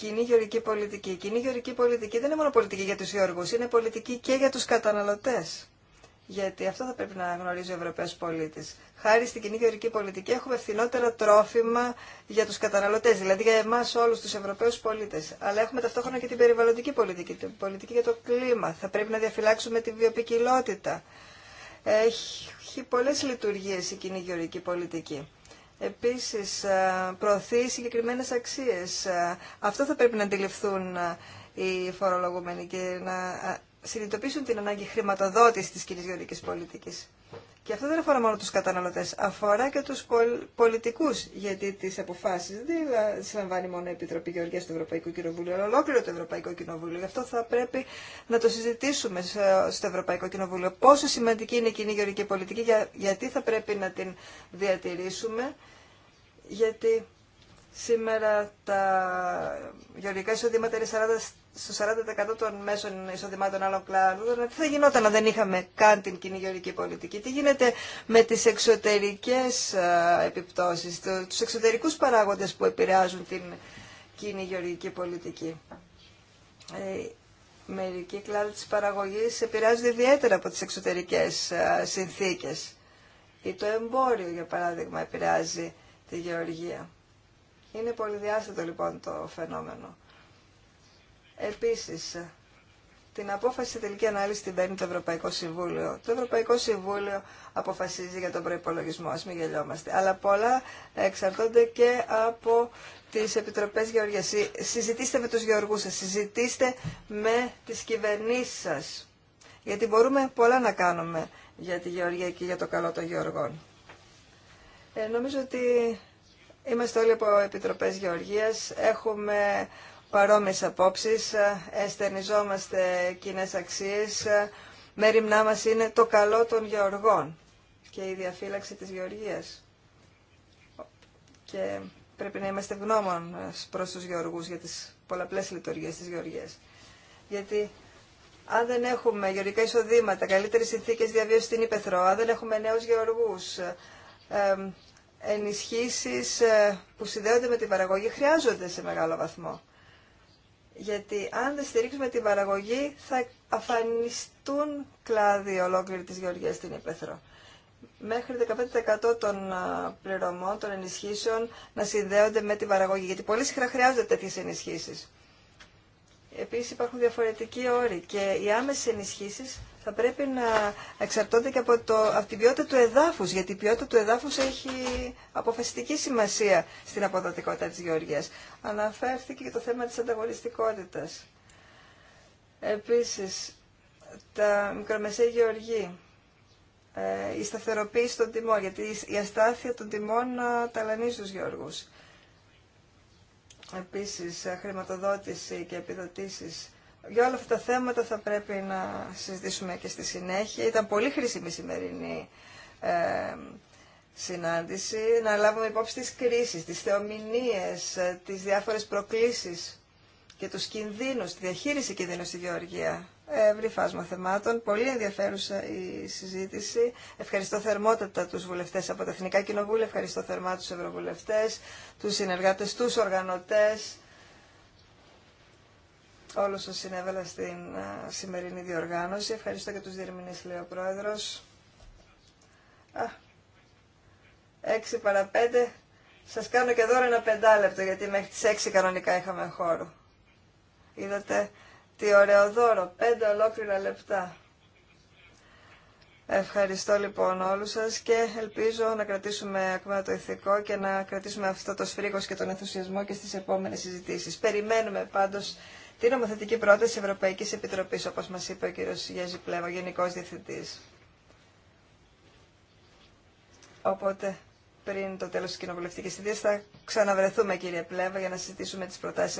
κοινή γεωρική πολιτική. Η κοινή γεωρική πολιτική δεν είναι μόνο πολιτική για τους γεωργούς, είναι πολιτική και για τους καταναλωτές. Γιατί αυτό θα πρέπει να γνωρίζει ο Ευρωπαίος πολίτης. Χάρη στην κοινή γεωρική πολιτική έχουμε φθηνότερα τρόφιμα για τους καταναλωτές, δηλαδή για εμάς όλους τους Ευρωπαίους πολίτες. Αλλά έχουμε ταυτόχρονα και την περιβαλλοντική πολιτική, την πολιτική για το κλίμα. Θα πρέπει να διαφυλάξουμε τη βιοπικιλότητα. Έχει πολλές λειτουργίες η κοινή γεωργική πολιτική επίσης ε, προωθεί συγκεκριμένες αξίες. Ε, αυτό θα πρέπει να αντιληφθούν ε, οι φορολογούμενοι και να συνειδητοποιήσουν την ανάγκη χρηματοδότησης της κοινής γεωργικής πολιτικής. Και αυτό δεν αφορά μόνο τους καταναλωτές, αφορά και τους πολιτικούς, γιατί τις αποφάσεις δεν συμβαίνει μόνο η Επιτροπή Γεωργίας του Ευρωπαϊκού Κοινοβουλίου, αλλά ολόκληρο το Ευρωπαϊκό Κοινοβούλιο. Γι' αυτό θα πρέπει να το συζητήσουμε στο Ευρωπαϊκό Κοινοβούλιο. Πόσο σημαντική είναι η κοινή γεωργική πολιτική, γιατί θα πρέπει να την διατηρήσουμε, γιατί σήμερα τα γεωργικά εισοδήματα είναι στο 40% των μέσων εισοδημάτων άλλων κλάδων, τι θα γινόταν αν δεν είχαμε καν την κοινή πολιτική, τι γίνεται με τις εξωτερικές επιπτώσεις, τους εξωτερικούς παράγοντες που επηρεάζουν την κοινή πολιτική. Ε, μερικοί κλάδοι της παραγωγής επηρεάζονται ιδιαίτερα από τις εξωτερικές συνθήκες. Ή το εμπόριο, για παράδειγμα, επηρεάζει τη γεωργία. Είναι πολυδιάστατο λοιπόν το φαινόμενο. Επίσης, την απόφαση τελική ανάλυση την παίρνει το Ευρωπαϊκό Συμβούλιο. Το Ευρωπαϊκό Συμβούλιο αποφασίζει για τον προπολογισμό, α μην γελιόμαστε. Αλλά πολλά εξαρτώνται και από τι επιτροπέ γεωργίας. Συζητήστε με του γεωργού σα, συζητήστε με τι κυβερνήσει σα. Γιατί μπορούμε πολλά να κάνουμε για τη γεωργία και για το καλό των γεωργών. Ε, νομίζω ότι είμαστε όλοι από επιτροπές γεωργίας. Έχουμε παρόμοιες απόψεις, ε, εστερνιζόμαστε κοινέ αξίες, ε, μέρημνά μας είναι το καλό των γεωργών και η διαφύλαξη της γεωργίας. Και πρέπει να είμαστε γνώμων ε, προς τους γεωργούς για τις πολλαπλές λειτουργίες της γεωργίας. Γιατί αν δεν έχουμε γεωργικά εισοδήματα, καλύτερες συνθήκες διαβίωσης στην Ήπεθρο, αν δεν έχουμε νέους γεωργούς, ενισχύσεις που συνδέονται με την παραγωγή χρειάζονται σε μεγάλο βαθμό. Γιατί αν δεν στηρίξουμε την παραγωγή θα αφανιστούν κλάδοι ολόκληρη της γεωργίας στην Ήπεθρο. Μέχρι 15% των πληρωμών, των ενισχύσεων να συνδέονται με την παραγωγή. Γιατί πολύ συχνά χρειάζονται τέτοιες ενισχύσεις. Επίσης υπάρχουν διαφορετικοί όροι και οι άμεσες ενισχύσεις θα πρέπει να εξαρτώνται και από, το, από την ποιότητα του εδάφους, γιατί η ποιότητα του εδάφους έχει αποφασιστική σημασία στην αποδοτικότητα της γεωργίας. Αναφέρθηκε και το θέμα της ανταγωνιστικότητας. Επίσης, τα μικρομεσαία γεωργή, ε, η σταθεροποίηση των τιμών, γιατί η αστάθεια των τιμών ε, ταλανίζει τους γεωργούς επίσης ε, χρηματοδότηση και επιδοτήσεις. Για όλα αυτά τα θέματα θα πρέπει να συζητήσουμε και στη συνέχεια. Ήταν πολύ χρήσιμη η σημερινή ε, συνάντηση. Να λάβουμε υπόψη τις κρίσεις, τις θεομηνίες, ε, τις διάφορες προκλήσεις και τους κινδύνους, τη διαχείριση κινδύνου στη Γεωργία ευρύ φάσμα θεμάτων. Πολύ ενδιαφέρουσα η συζήτηση. Ευχαριστώ θερμότατα τους βουλευτές από τα Εθνικά Κοινοβούλια, ευχαριστώ θερμά τους ευρωβουλευτές, τους συνεργάτες, τους οργανωτές, όλους όσοι συνέβαλα στην σημερινή διοργάνωση. Ευχαριστώ και τους διερμηνείς, λέει ο Πρόεδρος. Α, 6 παρα 5. Σας κάνω και δώρο ένα πεντάλεπτο, γιατί μέχρι τις 6 κανονικά είχαμε χώρο. Είδατε, τι ωραίο δώρο, πέντε ολόκληρα λεπτά. Ευχαριστώ λοιπόν όλους σας και ελπίζω να κρατήσουμε ακόμα το ηθικό και να κρατήσουμε αυτό το σφρίγος και τον ενθουσιασμό και στις επόμενες συζητήσεις. Περιμένουμε πάντως την νομοθετική πρόταση Ευρωπαϊκής Επιτροπής, όπως μας είπε ο κύριος Γιέζη Πλέμα, Γενικός Διευθυντής. Οπότε πριν το τέλος της κοινοβουλευτικής θα ξαναβρεθούμε κύριε Πλέβα για να συζητήσουμε τις προτάσεις